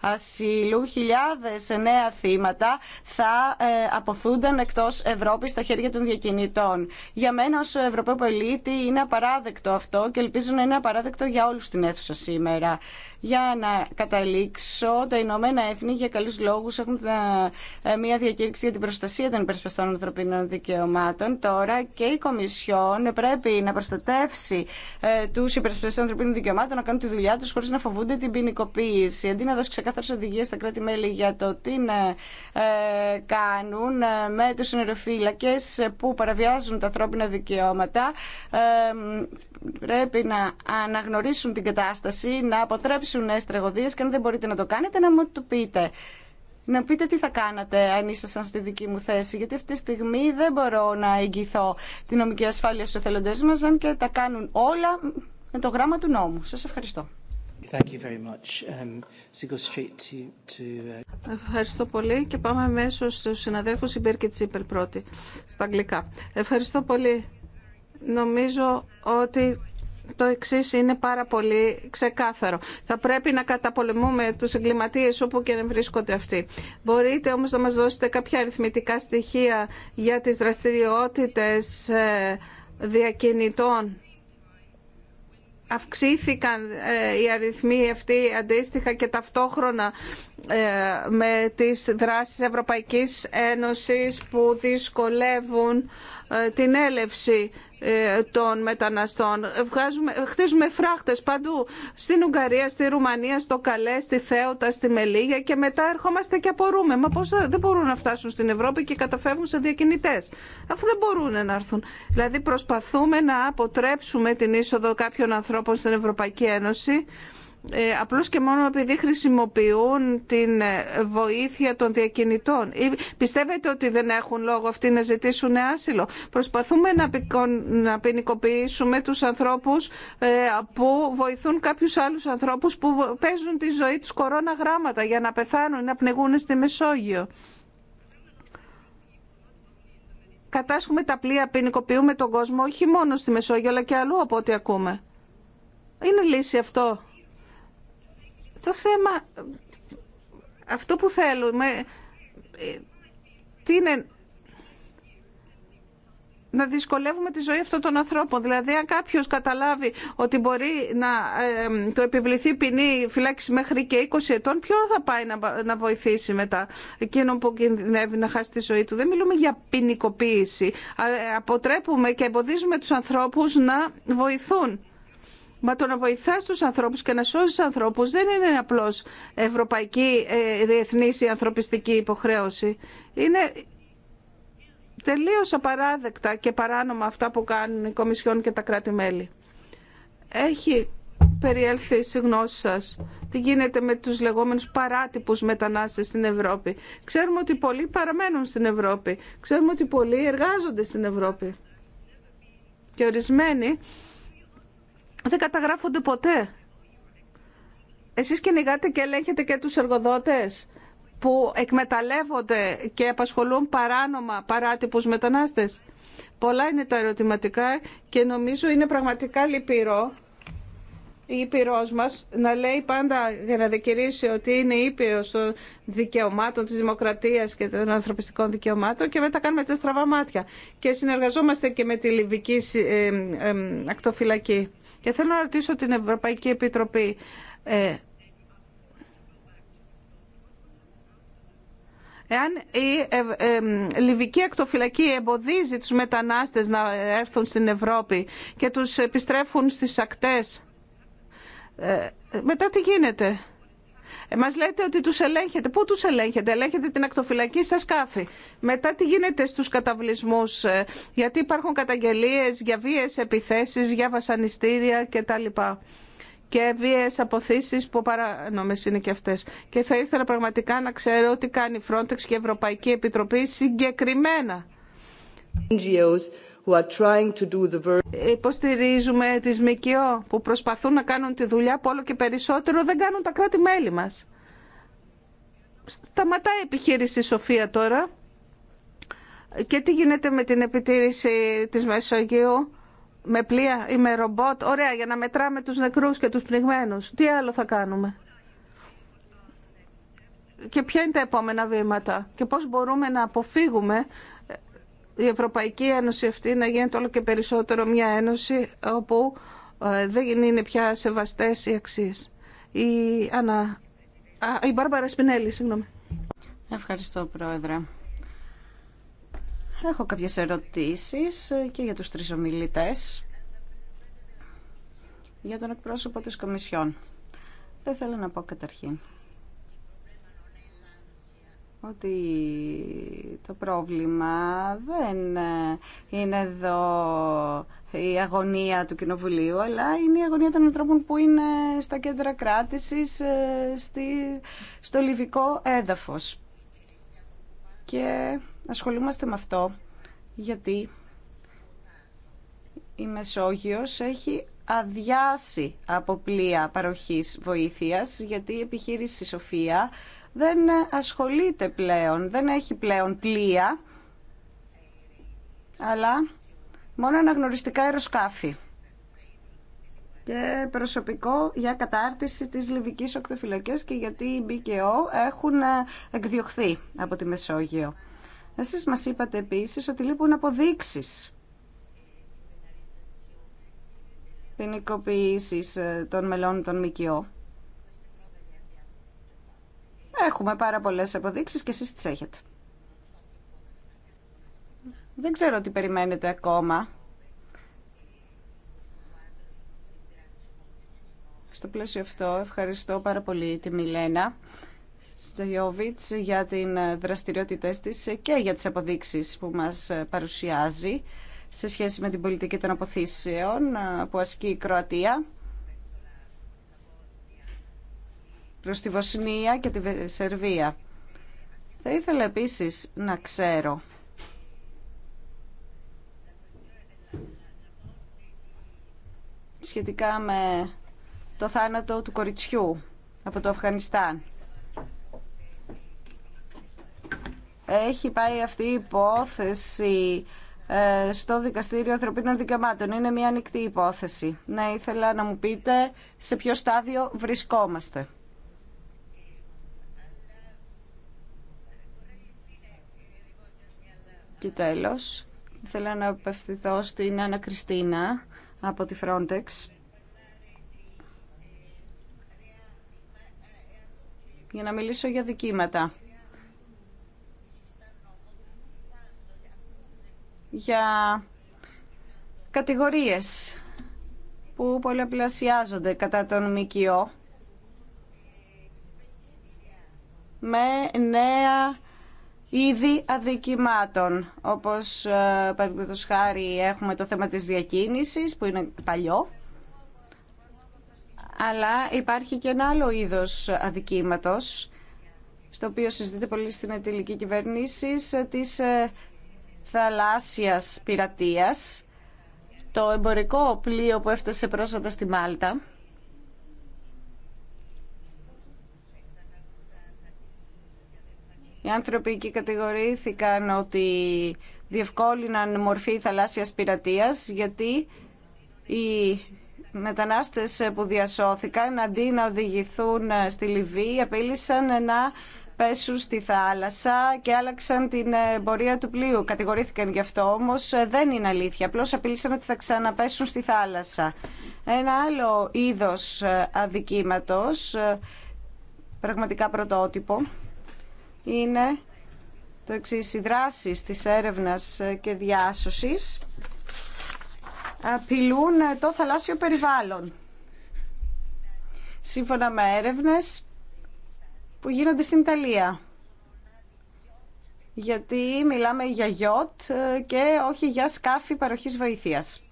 Speaker 2: ασύλου, χιλιάδε νέα θύματα θα ε, αποθούνταν εκτό Ευρώπη στα χέρια των διακινητών. Για μένα ως Ευρωπαίο πολίτη είναι απαράδεκτο αυτό και ελπίζω να είναι απαράδεκτο για όλου στην αίθουσα σήμερα. Για να καταλήξω, τα Ηνωμένα Έθνη για καλούς λόγου έχουν ε, ε, μια διακήρυξη για την προστασία των υπερασπιστών ανθρωπίνων δικαιωμάτων. Τώρα και η Κομισιόν πρέπει να προστατεύσει του υπερσπαστές ανθρωπίνων δικαιωμάτων να κάνουν τη δουλειά του χωρί να φοβούνται την ποινικοποίηση. Αντί να δώσει ξεκάθαρε οδηγίε στα κράτη-μέλη για το τι κάνουν ε, με τους νεροφύλακες που παραβιάζουν τα ανθρώπινα δικαιώματα ε, πρέπει να αναγνωρίσουν την κατάσταση, να αποτρέψουν νέες τραγωδίες και αν δεν μπορείτε να το κάνετε να μου το πείτε. Να πείτε τι θα κάνατε αν ήσασταν στη δική μου θέση, γιατί αυτή τη στιγμή δεν μπορώ να εγγυθώ την νομική ασφάλεια στους εθελοντές μας, αν και τα κάνουν όλα με το γράμμα του
Speaker 1: νόμου. Σας ευχαριστώ.
Speaker 3: Ευχαριστώ πολύ και πάμε μέσω στους συναδέλφους η Μπέρκη Τσίπελ πρώτη στα αγγλικά. Ευχαριστώ πολύ. Νομίζω ότι το εξή είναι πάρα πολύ ξεκάθαρο. Θα πρέπει να καταπολεμούμε του εγκληματίε όπου και να βρίσκονται αυτοί. Μπορείτε όμω να μα δώσετε κάποια αριθμητικά στοιχεία για τι δραστηριότητε ε, διακινητών αυξήθηκαν ε, οι αριθμοί αυτοί αντίστοιχα και ταυτόχρονα ε, με τις δράσεις Ευρωπαϊκής Ένωσης που δυσκολεύουν ε, την έλευση ε, των μεταναστών. Βγάζουμε, χτίζουμε φράχτες παντού. Στην Ουγγαρία, στη Ρουμανία, στο Καλέ, στη Θέοτα, στη Μελίγια και μετά ερχόμαστε και απορούμε. Μα πώς δεν μπορούν να φτάσουν στην Ευρώπη και καταφεύγουν σε διακινητές. Αφού δεν μπορούν να έρθουν. Δηλαδή προσπαθούμε να αποτρέψουμε την είσοδο κάποιων ανθρώπων στην Ευρωπαϊκή Ένωση ε, απλώς και μόνο επειδή χρησιμοποιούν την ε, βοήθεια των διακινητών. πιστεύετε ότι δεν έχουν λόγο αυτοί να ζητήσουν άσυλο. Προσπαθούμε να ποινικοποιήσουμε τους ανθρώπους ε, που βοηθούν κάποιους άλλους ανθρώπους που παίζουν τη ζωή τους κορώνα γράμματα για να πεθάνουν ή να πνιγούν στη Μεσόγειο. Κατάσχουμε τα πλοία, ποινικοποιούμε τον κόσμο όχι μόνο στη Μεσόγειο αλλά και αλλού από ό,τι ακούμε. Είναι λύση αυτό το θέμα, αυτό που θέλουμε, ε, τι είναι να δυσκολεύουμε τη ζωή αυτών των ανθρώπων. Δηλαδή, αν κάποιο καταλάβει ότι μπορεί να ε, το επιβληθεί ποινή φυλάξη μέχρι και 20 ετών, ποιο θα πάει να, να βοηθήσει μετά εκείνον που κινδυνεύει να χάσει τη ζωή του. Δεν μιλούμε για ποινικοποίηση. Ε, αποτρέπουμε και εμποδίζουμε τους ανθρώπους να βοηθούν. Μα το να βοηθά του ανθρώπου και να σώζει ανθρώπου δεν είναι απλώ ευρωπαϊκή, ε, διεθνή ή ανθρωπιστική υποχρέωση. Είναι τελείως απαράδεκτα και παράνομα αυτά που κάνουν οι Κομισιόν και τα κράτη-μέλη. Έχει περιέλθει η γνώση σα. τι γίνεται με τους λεγόμενους παράτυπους μετανάστες στην Ευρώπη. Ξέρουμε ότι πολλοί παραμένουν στην Ευρώπη. Ξέρουμε ότι πολλοί εργάζονται στην Ευρώπη. Και ορισμένοι δεν καταγράφονται ποτέ. Εσείς κυνηγάτε και ελέγχετε και τους εργοδότες που εκμεταλλεύονται και απασχολούν παράνομα παράτυπους μετανάστες. Πολλά είναι τα ερωτηματικά και νομίζω είναι πραγματικά λυπηρό η Ήπειρός μας να λέει πάντα για να δικηρύσει ότι είναι Ήπειρος των δικαιωμάτων της δημοκρατίας και των ανθρωπιστικών δικαιωμάτων και μετά κάνουμε τα μάτια. Και συνεργαζόμαστε και με τη Λιβική ε, ε, ε, ακτοφυλακή. Και θέλω να ρωτήσω την Ευρωπαϊκή Επιτροπή. Ε, εάν η ε, ε, Λιβική ακτοφυλακή εμποδίζει τους μετανάστες να έρθουν στην Ευρώπη και τους επιστρέφουν στις ακτές, ε, μετά τι γίνεται. Ε, μας λέτε ότι τους ελέγχετε. Πού τους ελέγχετε. Ελέγχετε την ακτοφυλακή στα σκάφη. Μετά τι γίνεται στους καταβλισμούς. Ε, γιατί υπάρχουν καταγγελίες για βίες επιθέσεις, για βασανιστήρια κτλ και βίαιε αποθήσει που παράνομε είναι και αυτέ. Και θα ήθελα πραγματικά να ξέρω τι κάνει η Frontex και η Ευρωπαϊκή Επιτροπή συγκεκριμένα. Υποστηρίζουμε τις ΜΚΟ που προσπαθούν να κάνουν τη δουλειά που όλο και περισσότερο δεν κάνουν τα κράτη-μέλη μας. Σταματάει η επιχείρηση Σοφία τώρα. Και τι γίνεται με την επιτήρηση της Μεσογείου με πλοία ή με ρομπότ. Ωραία, για να μετράμε τους νεκρούς και τους πνιγμένους. Τι άλλο θα κάνουμε. Και ποια είναι τα επόμενα βήματα και πώς μπορούμε να αποφύγουμε η Ευρωπαϊκή Ένωση αυτή να γίνεται όλο και περισσότερο μια ένωση όπου ε, δεν είναι πια σεβαστές οι αξίες. Η, Ανα... η Μπάρμπαρα Σπινέλη, συγγνώμη.
Speaker 2: Ευχαριστώ, Πρόεδρε. Έχω κάποιες ερωτήσεις ε, και για τους τρεις ομιλητές για τον εκπρόσωπο της Κομισιόν. Δεν θέλω να πω καταρχήν ότι το πρόβλημα δεν ε, είναι εδώ η αγωνία του Κοινοβουλίου, αλλά είναι η αγωνία των ανθρώπων που είναι στα κέντρα κράτησης, ε, στη, στο λιβικό έδαφος. Και ασχολούμαστε με αυτό γιατί η Μεσόγειος έχει αδειάσει από πλοία παροχής βοήθειας, γιατί η επιχείρηση Σοφία δεν ασχολείται πλέον, δεν έχει πλέον πλοία, αλλά μόνο αναγνωριστικά αεροσκάφη και προσωπικό για κατάρτιση της Λιβικής Οκτωφυλακής και γιατί οι ΜΚΟ έχουν εκδιωχθεί από τη Μεσόγειο. Εσείς μας είπατε επίσης ότι λείπουν αποδείξεις ποινικοποίησης ε, των μελών των ΜΚΟ. Έχουμε πάρα πολλές αποδείξεις και εσείς τις έχετε. Δεν ξέρω τι περιμένετε ακόμα. Στο πλαίσιο αυτό ευχαριστώ πάρα πολύ τη Μιλένα Σταγιόβιτς για την δραστηριότητά της και για τις αποδείξεις που μας παρουσιάζει σε σχέση με την πολιτική των αποθήσεων που ασκεί η Κροατία. προς τη Βοσνία και τη Σερβία. Θα ήθελα επίσης να ξέρω σχετικά με το θάνατο του κοριτσιού από το Αφγανιστάν. Έχει πάει αυτή η υπόθεση ε, στο Δικαστήριο Ανθρωπίνων Δικαιωμάτων. Είναι μια ανοιχτή υπόθεση. Να ήθελα να μου πείτε σε ποιο στάδιο βρισκόμαστε. Και τέλος, θέλω να απευθυνθώ στην Άννα Κριστίνα από τη Frontex. για να μιλήσω για δικήματα. Για κατηγορίες που πολλαπλασιάζονται κατά τον ΜΚΟ με νέα είδη αδικημάτων. Όπως ε, παραδείγματο χάρη έχουμε το θέμα της διακίνησης που είναι παλιό. Αλλά υπάρχει και ένα άλλο είδος αδικήματος στο οποίο συζητείται πολύ στην ετηλική κυβέρνηση της ε, θαλάσσιας πειρατείας. Το εμπορικό πλοίο που έφτασε πρόσφατα στη Μάλτα Οι άνθρωποι εκεί κατηγορήθηκαν ότι διευκόλυναν μορφή θαλάσσιας πειρατείας γιατί οι μετανάστες που διασώθηκαν αντί να οδηγηθούν στη Λιβύη απείλησαν να πέσουν στη θάλασσα και άλλαξαν την πορεία του πλοίου. Κατηγορήθηκαν γι' αυτό, όμως δεν είναι αλήθεια. Απλώς απειλήσαν ότι θα ξαναπέσουν στη θάλασσα. Ένα άλλο είδος αδικήματος, πραγματικά πρωτότυπο, είναι το εξής, οι δράσεις της έρευνας και διάσωσης απειλούν το θαλάσσιο περιβάλλον. Σύμφωνα με έρευνες που γίνονται στην Ιταλία. Γιατί μιλάμε για γιότ και όχι για σκάφη παροχής βοηθείας.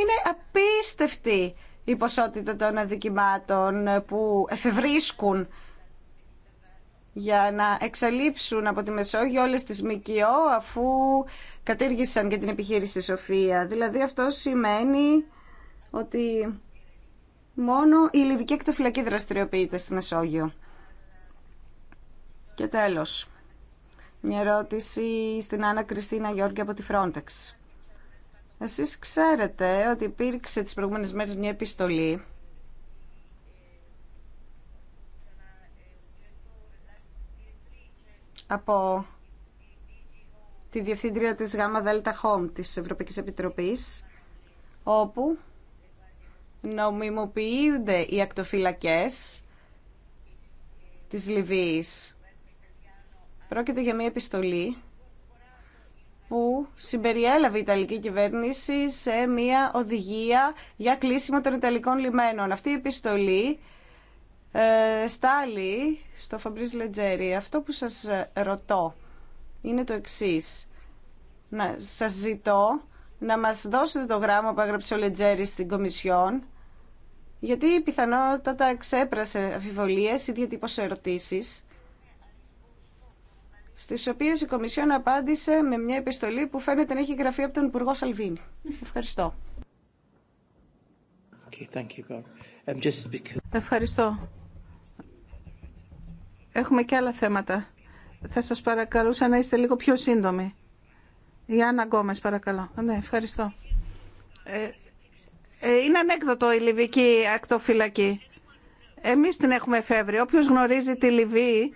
Speaker 2: Είναι απίστευτη η ποσότητα των αδικημάτων που εφευρίσκουν για να εξαλείψουν από τη Μεσόγειο όλες τις ΜΚΟ αφού κατήργησαν και την επιχείρηση Σοφία. Δηλαδή αυτό σημαίνει ότι μόνο η Λιβική εκτοφυλακή δραστηριοποιείται στη Μεσόγειο. Και τέλος, μια ερώτηση στην Άννα Κριστίνα Γιώργη από τη Frontex. Εσείς ξέρετε ότι υπήρξε τις προηγούμενες μέρες μια επιστολή από τη Διευθύντρια της ΓΑΜΑ ΔΕΛΤΑ ΧΟΜ της Ευρωπαϊκής Επιτροπής, όπου νομιμοποιούνται οι ακτοφυλακές της Λιβύης. Πρόκειται για μια επιστολή που συμπεριέλαβε η Ιταλική κυβέρνηση σε μια οδηγία για κλείσιμο των Ιταλικών λιμένων. Αυτή η επιστολή ε, Στάλι στο Φαμπρίζ Λετζέρι. Αυτό που σας ρωτώ είναι το εξής. Να σας ζητώ να μας δώσετε το γράμμα που έγραψε ο Λετζέρι στην Κομισιόν γιατί πιθανότατα εξέπρασε αφιβολίες ή διατύπωσε ερωτήσεις στις οποίες η Κομισιόν απάντησε με μια επιστολή που φαίνεται να έχει γραφεί από τον Υπουργό Σαλβίνη. Ευχαριστώ. Um, Ευχαριστώ. Έχουμε και
Speaker 3: άλλα θέματα. Θα σας παρακαλούσα να είστε λίγο πιο σύντομοι. Η Άννα Γκόμες, παρακαλώ. Ναι, ευχαριστώ. Ε, ε, είναι ανέκδοτο η Λιβική ακτοφυλακή. Εμείς την έχουμε εφεύρει. Όποιος γνωρίζει τη Λιβύη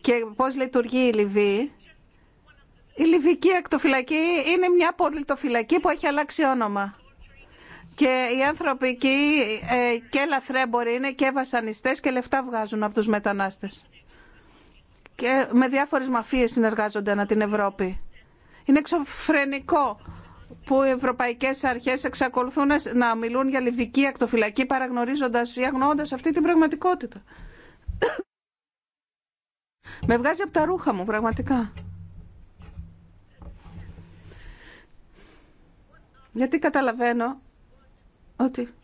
Speaker 3: και πώς λειτουργεί η Λιβύη, η Λιβική ακτοφυλακή είναι μια πολιτοφυλακή που έχει αλλάξει όνομα. Και οι άνθρωποι ε, και λαθρέμποροι είναι και βασανιστές και λεφτά βγάζουν από τους μετανάστες και με διάφορες μαφίες συνεργάζονται ανά την Ευρώπη. Είναι εξωφρενικό που οι ευρωπαϊκές αρχές εξακολουθούν να μιλούν για λιβική ακτοφυλακή παραγνωρίζοντας ή αγνοώντας αυτή την πραγματικότητα. με βγάζει από τα ρούχα μου πραγματικά. Γιατί καταλαβαίνω ότι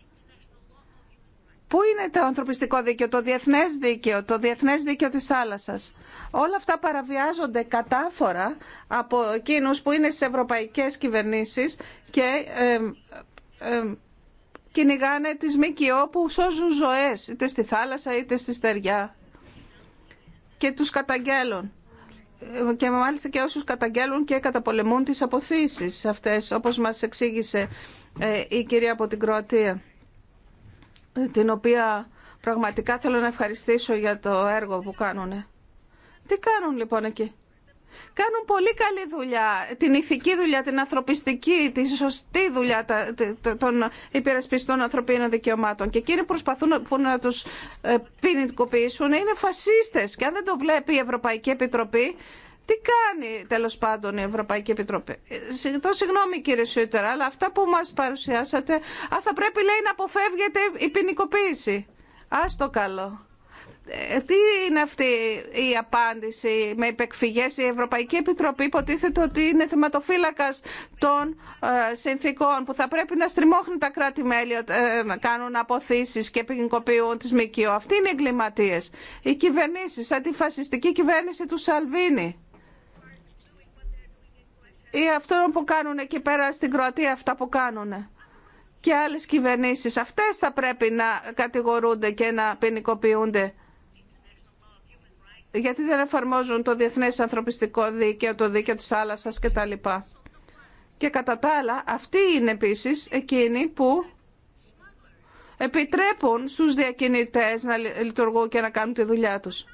Speaker 3: Πού είναι το ανθρωπιστικό δίκαιο, το διεθνές δίκαιο, το διεθνές δίκαιο της θάλασσας. Όλα αυτά παραβιάζονται κατάφορα από εκείνους που ειναι το ανθρωπιστικο δικαιο το διεθνες δικαιο το διεθνες δικαιο της θαλασσας ολα αυτα παραβιαζονται καταφορα απο εκεινου που ειναι στι ευρωπαϊκές κυβερνήσεις και ε, ε, κυνηγάνε τις ΜΚΟ που σώζουν ζωές, είτε στη θάλασσα είτε στη στεριά και τους καταγγέλουν. Και μάλιστα και όσους καταγγέλουν και καταπολεμούν τις αποθήσεις αυτές, όπως μας εξήγησε ε, η κυρία από την Κροατία την οποία πραγματικά θέλω να ευχαριστήσω για το έργο που κάνουν. Τι κάνουν λοιπόν εκεί. Κάνουν πολύ καλή δουλειά, την ηθική δουλειά, την ανθρωπιστική, τη σωστή δουλειά των υπερασπιστών ανθρωπίνων δικαιωμάτων. Και εκείνοι προσπαθούν που να τους ε, ποινικοποιήσουν είναι φασίστες. Και αν δεν το βλέπει η Ευρωπαϊκή Επιτροπή, τι κάνει τέλο πάντων η Ευρωπαϊκή Επιτροπή. Το ε, συγγνώμη κύριε Σούτερα, αλλά αυτά που μα παρουσιάσατε, α, θα πρέπει λέει να αποφεύγεται η ποινικοποίηση. Α το καλό. Ε, τι είναι αυτή η απάντηση με υπεκφυγέ. Η Ευρωπαϊκή Επιτροπή υποτίθεται ότι είναι θεματοφύλακας των ε, συνθήκων που θα πρέπει να στριμώχνουν τα κράτη-μέλη ε, να κάνουν αποθήσει και ποινικοποιούν τι ΜΚΟ. Αυτοί είναι οι εγκληματίε. Οι κυβερνήσει, σαν φασιστική κυβέρνηση του Σαλβίνη ή αυτό που κάνουν εκεί πέρα στην Κροατία αυτά που κάνουν και άλλες κυβερνήσεις. Αυτές θα πρέπει να κατηγορούνται και να ποινικοποιούνται γιατί δεν εφαρμόζουν το διεθνές ανθρωπιστικό δίκαιο, το δίκαιο της θάλασσας λοιπά Και κατά τα άλλα, αυτοί είναι επίσης εκείνοι που επιτρέπουν στους διακινητές να λειτουργούν και να κάνουν τη δουλειά τους.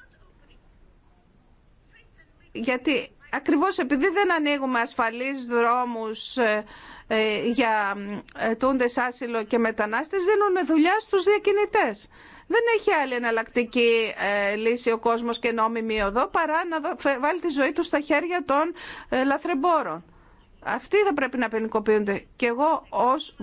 Speaker 3: Γιατί ακριβώς επειδή δεν ανοίγουμε ασφαλείς δρόμους ε, ε, για ε, τούντες άσυλο και μετανάστες, δίνουν δουλειά στους διακινητές. Δεν έχει άλλη εναλλακτική λύση ο κόσμος και νόμιμη οδό παρά να βάλει τη ζωή του στα χέρια των λαθρεμπόρων. Αυτοί θα πρέπει να πενικοποιούνται Και εγώ ως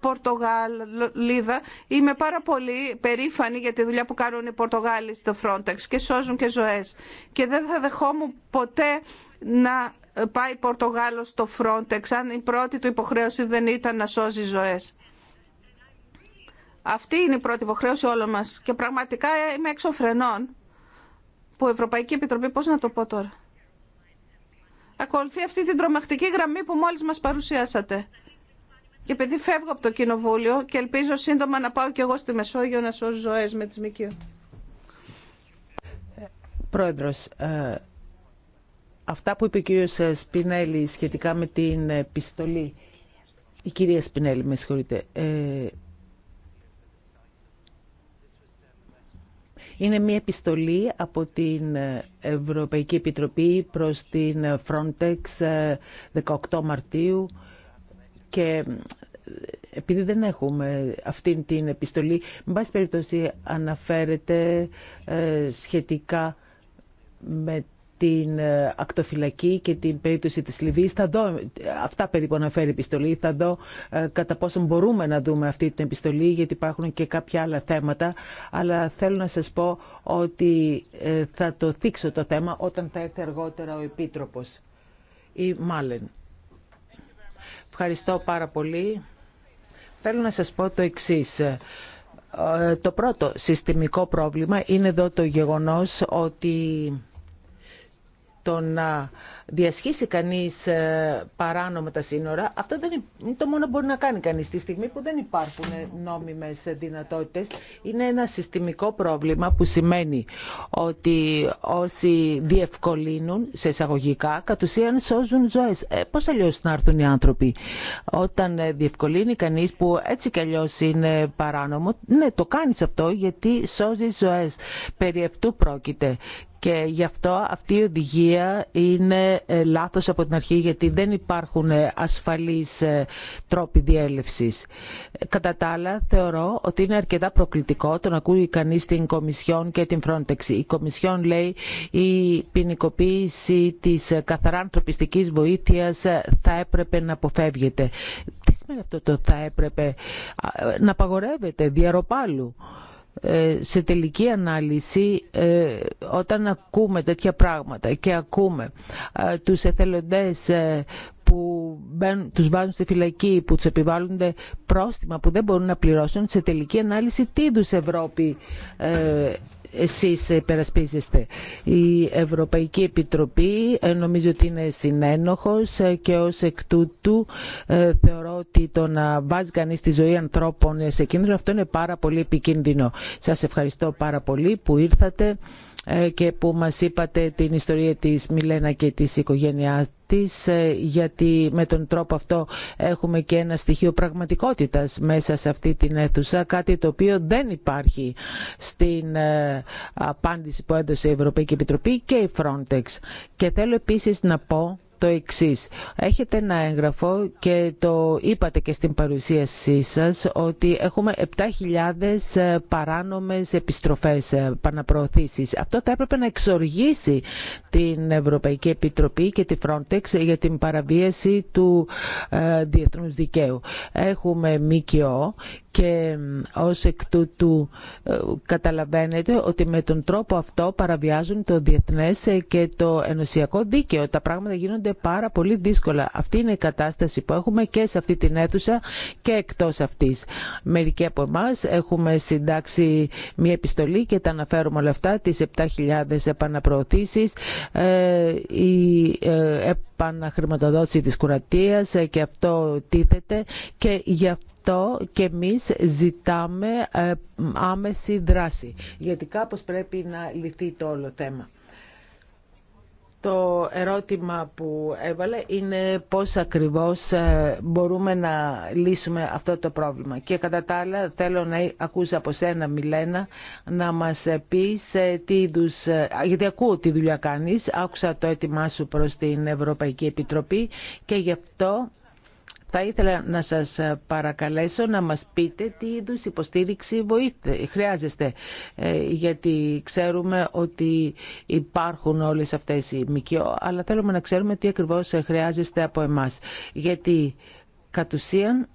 Speaker 3: Πορτογαλίδα. Είμαι πάρα πολύ περήφανη για τη δουλειά που κάνουν οι Πορτογάλοι στο Frontex και σώζουν και ζωές. Και δεν θα δεχόμουν ποτέ να πάει Πορτογάλος στο Frontex αν η πρώτη του υποχρέωση δεν ήταν να σώζει ζωές. Αυτή είναι η πρώτη υποχρέωση όλων μας και πραγματικά είμαι έξω φρενών που η Ευρωπαϊκή Επιτροπή, πώς να το πω τώρα, ακολουθεί αυτή την τρομακτική γραμμή που μόλις μας παρουσιάσατε. Και επειδή φεύγω από το κοινοβούλιο και ελπίζω σύντομα να πάω κι εγώ στη Μεσόγειο να σώσω ζωές με τις ΜΚΙΟ.
Speaker 4: Πρόεδρο, ε, αυτά που είπε ο κύριο ε, Σπινέλη σχετικά με την επιστολή, η κυρία Σπινέλη με συγχωρείτε, ε, Είναι μια επιστολή από την Ευρωπαϊκή Επιτροπή προς την Frontex 18 Μαρτίου και ε, επειδή δεν έχουμε αυτή την επιστολή, με πάση περιπτώσει αναφέρεται ε, σχετικά με την ε, ακτοφυλακή και την περίπτωση της Λιβύης. Θα αυτά περίπου αναφέρει η επιστολή. Θα δω κατά πόσο μπορούμε να δούμε αυτή την επιστολή, γιατί υπάρχουν και κάποια άλλα θέματα. Αλλά θέλω να σας πω ότι θα το θίξω το θέμα όταν θα έρθει αργότερα ο Επίτροπος ή Μάλεν. Ευχαριστώ πάρα πολύ. Θέλω να σας πω το εξής. Ε, το πρώτο συστημικό πρόβλημα είναι εδώ το γεγονός ότι το να διασχίσει κανείς ε, παράνομα τα σύνορα, αυτό δεν είναι το μόνο που μπορεί να κάνει κανείς. τη στιγμή που δεν υπάρχουν ε, νόμιμες δυνατότητες, είναι ένα συστημικό πρόβλημα που σημαίνει ότι όσοι διευκολύνουν σε εισαγωγικά, κατ' ουσίαν σώζουν ζωές. Ε, πώς αλλιώς να έρθουν οι άνθρωποι. Όταν ε, διευκολύνει κανείς που έτσι κι αλλιώς είναι παράνομο, ναι, το κάνεις αυτό γιατί σώζει ζωές. Περί αυτού πρόκειται και γι' αυτό αυτή η οδηγία είναι ε, λάθος από την αρχή γιατί δεν υπάρχουν ε, ασφαλείς ε, τρόποι διέλευσης. Κατά τα άλλα θεωρώ ότι είναι αρκετά προκλητικό το να ακούει κανείς την Κομισιόν και την Frontex. Η Κομισιόν λέει η ποινικοποίηση της καθαρά ανθρωπιστικής βοήθειας θα έπρεπε να αποφεύγεται. Τι σημαίνει αυτό το θα έπρεπε να απαγορεύεται διαρροπάλου. Ε, σε τελική ανάλυση ε, όταν ακούμε τέτοια πράγματα και ακούμε ε, τους εθελοντές που μπαίνουν, τους βάζουν στη φυλακή, που τους επιβάλλονται πρόστιμα που δεν μπορούν να πληρώσουν, σε τελική ανάλυση τι είδου Ευρώπη εσείς υπερασπίζεστε. Η Ευρωπαϊκή Επιτροπή ε, νομίζω ότι είναι συνένοχος ε, και ως εκ τούτου ε, θεωρώ ότι το να βάζει κανείς τη ζωή ανθρώπων σε κίνδυνο αυτό είναι πάρα πολύ επικίνδυνο. Σας ευχαριστώ πάρα πολύ που ήρθατε. Ε, και που μας είπατε την ιστορία της Μιλένα και της οικογένειάς της ε, γιατί με τον τρόπο αυτό έχουμε και ένα στοιχείο πραγματικότητας μέσα σε αυτή την αίθουσα κάτι το οποίο δεν υπάρχει στην ε, απάντηση που έδωσε η Ευρωπαϊκή Επιτροπή και η Frontex. Και θέλω επίσης να πω το εξή. Έχετε ένα έγγραφο και το είπατε και στην παρουσίασή σας ότι έχουμε 7.000 ε, παράνομες επιστροφές, ε, παναπροωθήσεις. Αυτό θα έπρεπε να εξοργήσει την Ευρωπαϊκή Επιτροπή και τη Frontex για την παραβίαση του ε, διεθνούς δικαίου. Έχουμε ΜΚΟ και ως εκ τούτου ε, καταλαβαίνετε ότι με τον τρόπο αυτό παραβιάζουν το διεθνές ε, και το ενωσιακό δίκαιο. Τα πράγματα γίνονται πάρα πολύ δύσκολα. Αυτή είναι η κατάσταση που έχουμε και σε αυτή την αίθουσα και εκτός αυτής. Μερικοί από εμά έχουμε συντάξει μια επιστολή και τα αναφέρουμε όλα αυτά, τις 7.000 επαναπροωθήσεις, ε, η χρηματοδότηση της κουρατείας ε, και αυτό τίθεται και γι' αυτό και εμείς ζητάμε ε, άμεση δράση γιατί κάπως πρέπει να λυθεί το όλο θέμα το ερώτημα που έβαλε είναι πώς ακριβώς ε, μπορούμε να λύσουμε αυτό το πρόβλημα. Και κατά τα άλλα θέλω να ακούσω από σένα Μιλένα να μας πεις ε, τι ε, γιατί ακούω τι δουλειά κάνεις, άκουσα το έτοιμά σου προς την Ευρωπαϊκή Επιτροπή και γι' αυτό θα ήθελα να σας παρακαλέσω να μας πείτε τι είδους υποστήριξη χρειάζεστε, ε, γιατί ξέρουμε ότι υπάρχουν όλες αυτές οι ΜΚΟ, αλλά θέλουμε να ξέρουμε τι ακριβώς χρειάζεστε από εμάς. Γιατί κατ' ουσίαν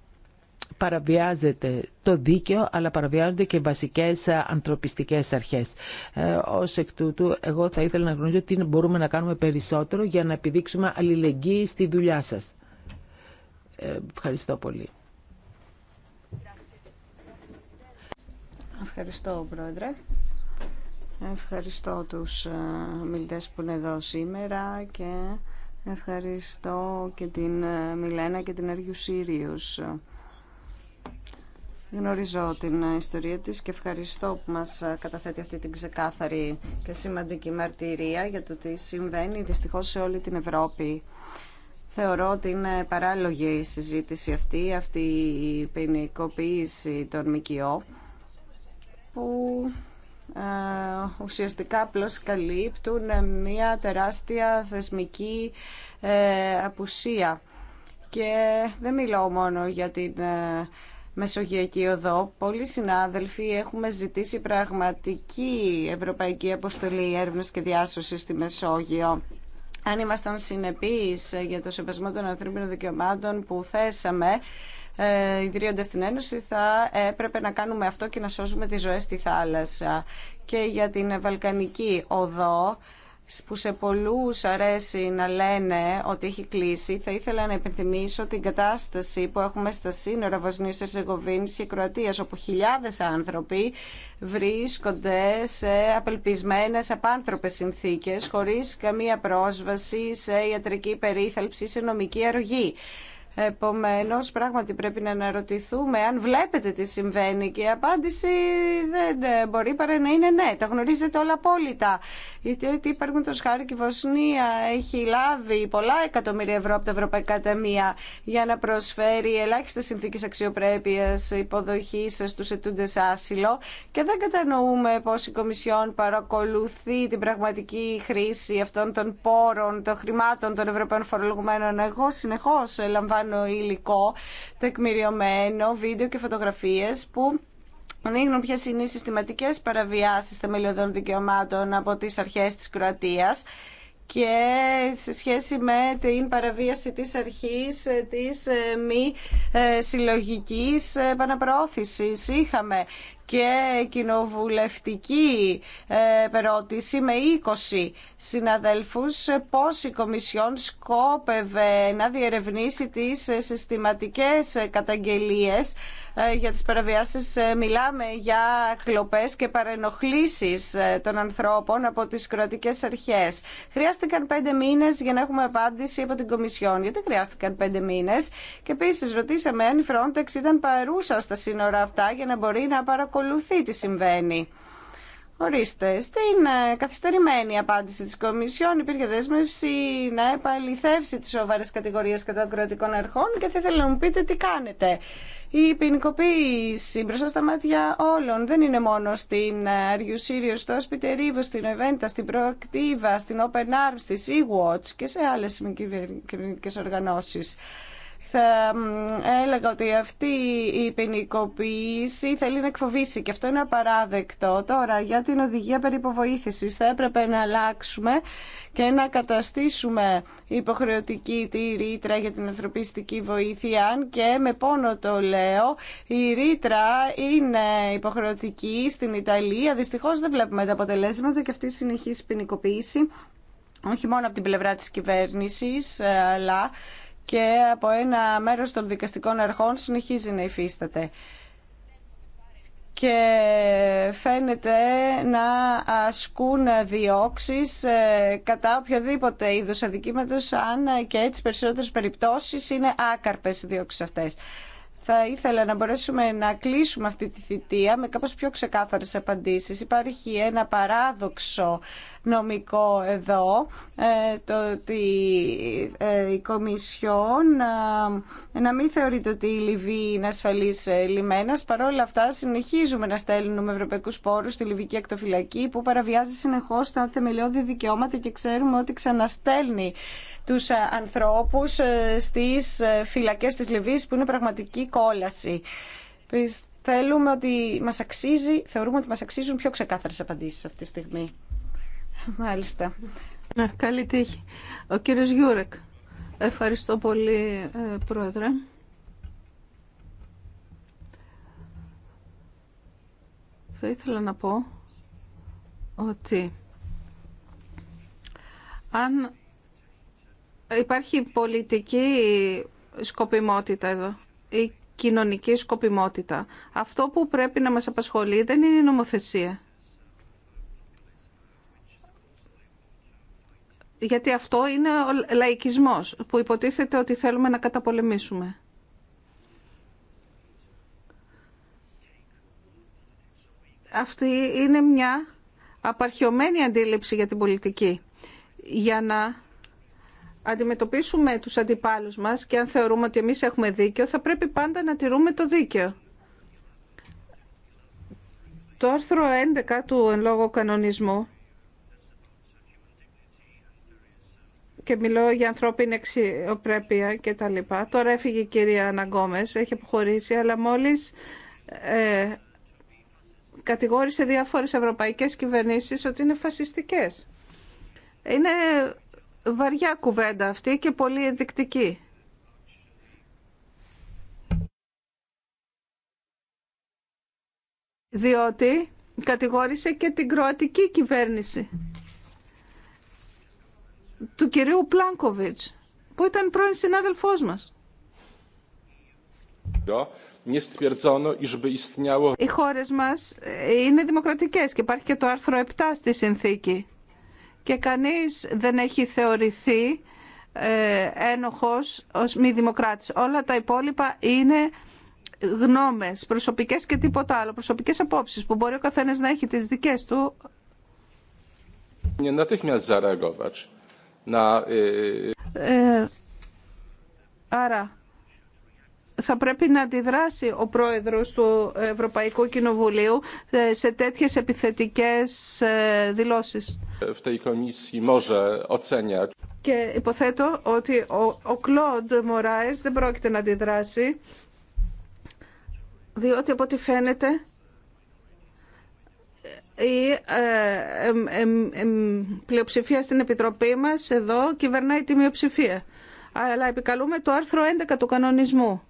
Speaker 4: παραβιάζεται το δίκαιο, αλλά παραβιάζονται και βασικές ανθρωπιστικές αρχές. Ε, ως εκ τούτου, εγώ θα ήθελα να γνωρίζω τι μπορούμε να κάνουμε περισσότερο για να επιδείξουμε αλληλεγγύη στη δουλειά σας. Ευχαριστώ πολύ.
Speaker 2: Ευχαριστώ, Πρόεδρε. Ευχαριστώ τους ε, μιλητές που είναι εδώ σήμερα και ευχαριστώ και την ε, Μιλένα και την Αργιού Σύριους. Γνωρίζω την ιστορία της και ευχαριστώ που μας καταθέτει αυτή την ξεκάθαρη και σημαντική μαρτυρία για το τι συμβαίνει δυστυχώς σε όλη την Ευρώπη. Θεωρώ ότι είναι παράλογη η συζήτηση αυτή, αυτή η ποινικοποίηση των ΜΚΟ, που ε, ουσιαστικά απλώ καλύπτουν μια τεράστια θεσμική ε, απουσία. Και δεν μιλάω μόνο για την ε, Μεσογειακή Οδό. Πολλοί συνάδελφοι έχουμε ζητήσει πραγματική ευρωπαϊκή αποστολή έρευνα και διάσωση στη Μεσόγειο αν ήμασταν συνεπείς για το σεβασμό των ανθρώπινων δικαιωμάτων που θέσαμε, ε, ιδρύοντας την Ένωση θα έπρεπε να κάνουμε αυτό και να σώζουμε τις ζωές στη θάλασσα. Και για την Βαλκανική Οδό που σε πολλούς αρέσει να λένε ότι έχει κλείσει, θα ήθελα να υπενθυμίσω την κατάσταση που έχουμε στα σύνορα Βοσνίας Ερζεγοβίνης και Κροατίας, όπου χιλιάδες άνθρωποι βρίσκονται σε απελπισμένες, απάνθρωπες συνθήκες, χωρίς καμία πρόσβαση σε ιατρική περίθαλψη, σε νομική αρρωγή. Επομένως, πράγματι πρέπει να αναρωτηθούμε αν βλέπετε τι συμβαίνει και η απάντηση δεν ε, μπορεί παρά να είναι ναι. Τα γνωρίζετε όλα απόλυτα. Γιατί υπάρχουν ε, το χάρη και η Βοσνία έχει λάβει πολλά εκατομμύρια ευρώ από τα Ευρωπαϊκά Ταμεία για να προσφέρει ελάχιστες συνθήκες αξιοπρέπειας υποδοχής στους ετούντες άσυλο και δεν κατανοούμε πώς η Κομισιόν παρακολουθεί την πραγματική χρήση αυτών των πόρων, των χρημάτων των Ευρωπαίων φορολογουμένων. Εγώ συνεχώς λαμβάνω παραπάνω υλικό, τεκμηριωμένο, βίντεο και φωτογραφίες που δείχνουν ποιε είναι οι συστηματικέ παραβιάσει θεμελιωδών δικαιωμάτων από τι αρχέ τη Κροατία και σε σχέση με την παραβίαση της αρχής της ε, μη ε, συλλογικής ε, επαναπροώθησης. Είχαμε και κοινοβουλευτική ε, περώτηση με 20 συναδέλφους πώς η Κομισιόν σκόπευε να διερευνήσει τις συστηματικές καταγγελίες ε, για τις παραβιάσεις. Ε, μιλάμε για κλοπές και παρενοχλήσεις των ανθρώπων από τις κρατικές αρχές. Χρειάστηκαν πέντε μήνες για να έχουμε απάντηση από την Κομισιόν. Γιατί χρειάστηκαν πέντε μήνες. Και επίσης ρωτήσαμε αν η Frontex ήταν παρούσα στα σύνορα αυτά για να μπορεί να παρακολουθήσει παρακολουθεί τι συμβαίνει. Ορίστε, στην ε, καθυστερημένη απάντηση της Κομισιόν υπήρχε δέσμευση να επαληθεύσει τις σοβαρές κατηγορίες κατά κρατικών αρχών και θα ήθελα να μου πείτε τι κάνετε. Η ποινικοποίηση μπροστά στα μάτια όλων δεν είναι μόνο στην Αριού ε, Σύριο, στο Σπιτερίβο, στην Εβέντα, στην Προακτίβα, στην Open Arms, στη Sea-Watch και σε άλλες κυβερνητικές οργανώσεις θα έλεγα ότι αυτή η ποινικοποίηση θέλει να εκφοβήσει και αυτό είναι απαράδεκτο. Τώρα για την οδηγία περί υποβοήθησης θα έπρεπε να αλλάξουμε και να καταστήσουμε υποχρεωτική τη ρήτρα για την ανθρωπιστική βοήθεια αν και με πόνο το λέω η ρήτρα είναι υποχρεωτική στην Ιταλία δυστυχώς δεν βλέπουμε τα αποτελέσματα και αυτή η συνεχής ποινικοποίηση όχι μόνο από την πλευρά της κυβέρνησης ε, αλλά και από ένα μέρος των δικαστικών αρχών συνεχίζει να υφίσταται και φαίνεται να ασκούν διώξεις ε, κατά οποιοδήποτε είδους αδικήματος αν και έτσι περισσότερες περιπτώσεις είναι άκαρπες οι διώξεις αυτές θα ήθελα να μπορέσουμε να κλείσουμε αυτή τη θητεία με κάπως πιο ξεκάθαρες απαντήσεις. Υπάρχει ένα παράδοξο νομικό εδώ, ε, το ότι ε, η Κομισιόν ε, να μην θεωρείται ότι η Λιβύη είναι ασφαλής λιμένας. Παρ' όλα αυτά συνεχίζουμε να στέλνουμε ευρωπαϊκούς πόρους στη Λιβυκή Ακτοφυλακή που παραβιάζει συνεχώς τα θεμελιώδη δικαιώματα και ξέρουμε ότι ξαναστέλνει του ε, ανθρώπου ε, στις ε, φυλακές της Λιβύης που είναι πραγματική κόλαση. Θέλουμε ότι μας αξίζει, θεωρούμε ότι μας αξίζουν πιο ξεκάθαρε απαντήσει αυτή τη στιγμή. Μάλιστα.
Speaker 3: Να, καλή τύχη. Ο κύριος Γιούρεκ. Ευχαριστώ πολύ, Πρόεδρε. Θα ήθελα να πω ότι αν Υπάρχει πολιτική σκοπιμότητα εδώ, η κοινωνική σκοπιμότητα. Αυτό που πρέπει να μας απασχολεί δεν είναι η νομοθεσία. Γιατί αυτό είναι ο λαϊκισμός που υποτίθεται ότι θέλουμε να καταπολεμήσουμε. Αυτή είναι μια απαρχιωμένη αντίληψη για την πολιτική. Για να αντιμετωπίσουμε τους αντιπάλους μας και αν θεωρούμε ότι εμείς έχουμε δίκιο, θα πρέπει πάντα να τηρούμε το δίκαιο. Το άρθρο 11 του εν λόγω κανονισμού και μιλώ για ανθρώπινη αξιοπρέπεια και τα λοιπά. Τώρα έφυγε η κυρία Αναγκόμες, έχει αποχωρήσει, αλλά μόλις ε, κατηγόρησε διάφορες ευρωπαϊκές κυβερνήσεις ότι είναι φασιστικές. Είναι βαριά κουβέντα αυτή και πολύ ενδεικτική. Διότι κατηγόρησε και την κροατική κυβέρνηση του κυρίου Πλάνκοβιτς, που ήταν πρώην συνάδελφός μας. Οι χώρες μας ε, είναι δημοκρατικές και υπάρχει και το άρθρο 7 στη συνθήκη και κανείς δεν έχει θεωρηθεί ε, ένοχος ως μη δημοκράτης. Όλα τα υπόλοιπα είναι γνώμες, προσωπικές και τίποτα άλλο, προσωπικές απόψεις που μπορεί ο καθένας να έχει τις δικές του. Ε, ε, άρα, θα πρέπει να αντιδράσει ο πρόεδρος του Ευρωπαϊκού Κοινοβουλίου ε, σε τέτοιες επιθετικές ε, δηλώσεις. Και υποθέτω ότι ο, Κλοντ Μωράες δεν πρόκειται να αντιδράσει, διότι από ό,τι φαίνεται ε, η πλειοψηφία στην Επιτροπή μας εδώ κυβερνάει τη μειοψηφία. Αλλά επικαλούμε το άρθρο 11 του κανονισμού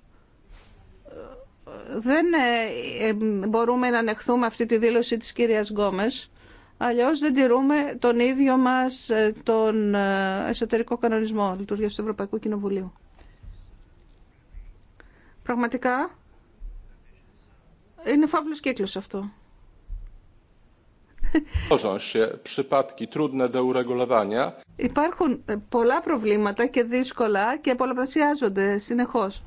Speaker 3: δεν ε, ε, μπορούμε να ανεχθούμε αυτή τη δήλωση της κυρίας Γκόμες, αλλιώς δεν τηρούμε τον ίδιο μας ε, τον εσωτερικό κανονισμό λειτουργία του Ευρωπαϊκού Κοινοβουλίου. Πραγματικά είναι φαύλος κύκλος αυτό. Υπάρχουν πολλά προβλήματα και δύσκολα και πολλαπλασιάζονται συνεχώς.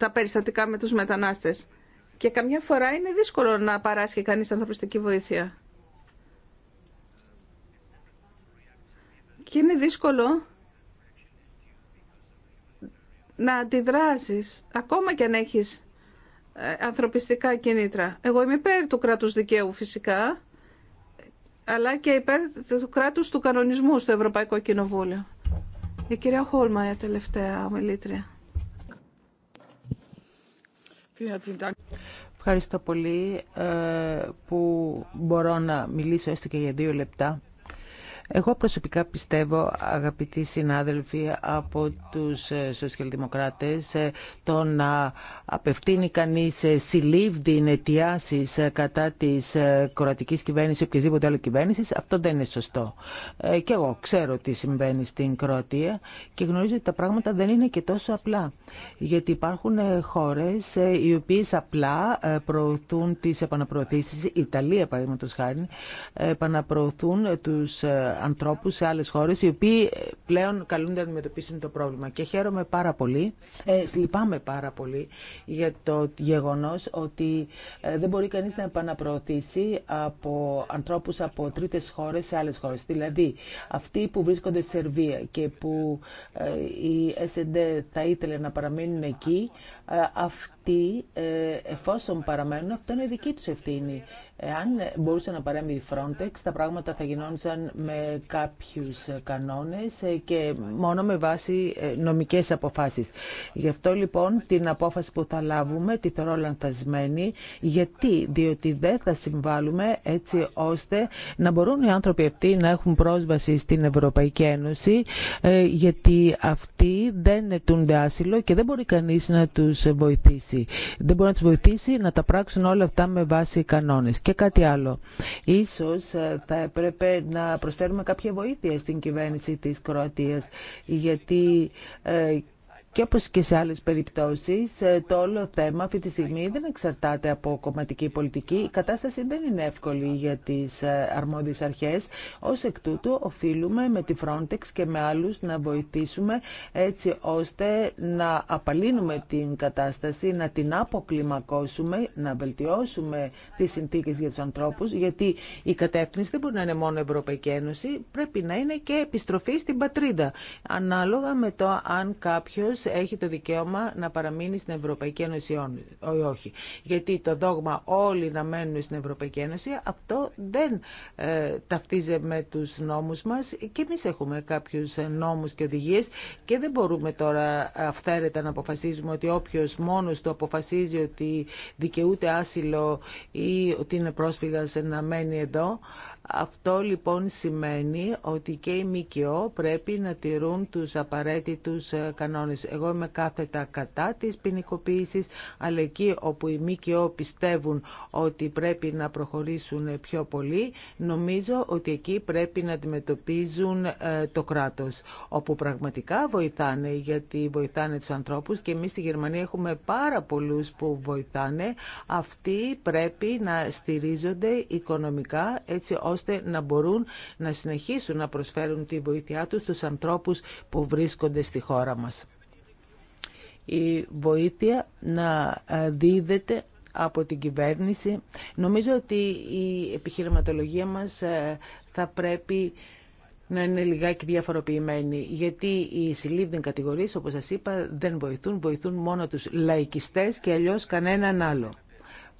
Speaker 3: τα περιστατικά με τους μετανάστες. Και καμιά φορά είναι δύσκολο να παράσχει κανείς ανθρωπιστική βοήθεια. Και είναι δύσκολο να αντιδράσεις, ακόμα και αν έχεις ε, ανθρωπιστικά κινήτρα. Εγώ είμαι υπέρ του κράτους δικαίου φυσικά, αλλά και υπέρ του κράτους του κανονισμού στο Ευρωπαϊκό Κοινοβούλιο. Η κυρία Χόλμα, η τελευταία ομιλήτρια.
Speaker 4: Ευχαριστώ πολύ ε, που μπορώ να μιλήσω έστω και για δύο λεπτά. Εγώ προσωπικά πιστεύω, αγαπητοί συνάδελφοι από τους ε, σοσιαλδημοκράτες, ε, το να απευθύνει κανείς ε, συλλήβδιν αιτιάσεις κατά της κροατικής κυβέρνησης ή οποιασδήποτε άλλη κυβέρνηση, αυτό δεν είναι σωστό. Και εγώ ξέρω τι συμβαίνει στην Κροατία και γνωρίζω ότι τα πράγματα δεν είναι και τόσο απλά. Γιατί υπάρχουν χώρες οι οποίες απλά προωθούν τις επαναπροωθήσεις, η Ιταλία παραδείγματος χάρη, επαναπροωθούν τους ανθρώπους σε άλλες χώρες οι οποίοι ε, πλέον καλούνται να αντιμετωπίσουν το πρόβλημα. Και χαίρομαι πάρα πολύ, ε, λυπάμαι πάρα πολύ για το γεγονός ότι ε, δεν μπορεί κανείς να επαναπροωθήσει από ανθρώπους από τρίτες χώρες σε άλλες χώρες. Δηλαδή αυτοί που βρίσκονται στη Σερβία και που η ε, SD θα ήθελε να παραμείνουν εκεί ε, αυτοί, ε, εφόσον παραμένουν, αυτό είναι δική τους ευθύνη. Εάν μπορούσε να παρέμει η Frontex, τα πράγματα θα γινόντουσαν με κάποιους κανόνες ε, και μόνο με βάση νομικές αποφάσεις. Γι' αυτό λοιπόν την απόφαση που θα λάβουμε τη θεωρώ λανθασμένη, γιατί διότι δεν θα συμβάλλουμε έτσι ώστε να μπορούν οι άνθρωποι αυτοί να έχουν πρόσβαση στην Ευρωπαϊκή Ένωση, γιατί αυτοί δεν ετούνται άσυλο και δεν μπορεί κανείς να τους σε βοηθήσει. Δεν μπορεί να τους βοηθήσει να τα πράξουν όλα αυτά με βάση κανόνες. Και κάτι άλλο. Ίσως ε, θα έπρεπε να προσφέρουμε κάποια βοήθεια στην κυβέρνηση της Κροατίας γιατί ε, και όπως και σε άλλες περιπτώσεις, ε, το όλο θέμα αυτή τη στιγμή δεν εξαρτάται από κομματική πολιτική. Η κατάσταση δεν είναι εύκολη για τις ε, αρμόδιες αρχές. Ως εκ τούτου, οφείλουμε με τη Frontex και με άλλους να βοηθήσουμε έτσι ώστε να απαλύνουμε την κατάσταση, να την αποκλιμακώσουμε, να βελτιώσουμε τις συνθήκες για τους ανθρώπους, γιατί η κατεύθυνση δεν μπορεί να είναι μόνο Ευρωπαϊκή Ένωση, πρέπει να είναι και επιστροφή στην πατρίδα, ανάλογα με το αν έχει το δικαίωμα να παραμείνει στην Ευρωπαϊκή Ένωση ή όχι. Γιατί το δόγμα όλοι να μένουν στην Ευρωπαϊκή Ένωση, αυτό δεν ε, ταυτίζεται ταυτίζει με τους νόμους μας και εμείς έχουμε κάποιους νόμους και οδηγίες και δεν μπορούμε τώρα αυθαίρετα να αποφασίζουμε ότι όποιος μόνος το αποφασίζει ότι δικαιούται άσυλο ή ότι είναι πρόσφυγας να μένει εδώ. Αυτό λοιπόν σημαίνει ότι και οι ΜΚΟ πρέπει να τηρούν τους απαραίτητους ε, κανόνες. Εγώ είμαι κάθετα κατά της ποινικοποίηση, αλλά εκεί όπου οι ΜΚΟ πιστεύουν ότι πρέπει να προχωρήσουν πιο πολύ, νομίζω ότι εκεί πρέπει να αντιμετωπίζουν ε, το κράτος, όπου πραγματικά βοηθάνε, γιατί βοηθάνε τους ανθρώπους και εμείς στη Γερμανία έχουμε πάρα πολλούς που βοηθάνε. Αυτοί πρέπει να στηρίζονται οικονομικά έτσι ώστε να μπορούν να συνεχίσουν να προσφέρουν τη βοήθειά τους στους ανθρώπους που βρίσκονται στη χώρα μας. Η βοήθεια να ε, δίδεται από την κυβέρνηση. Νομίζω ότι η επιχειρηματολογία μας ε, θα πρέπει να είναι λιγάκι διαφοροποιημένη, γιατί οι συλλήβδιν κατηγορίες, όπως σας είπα, δεν βοηθούν, βοηθούν μόνο τους λαϊκιστές και αλλιώς κανέναν άλλο.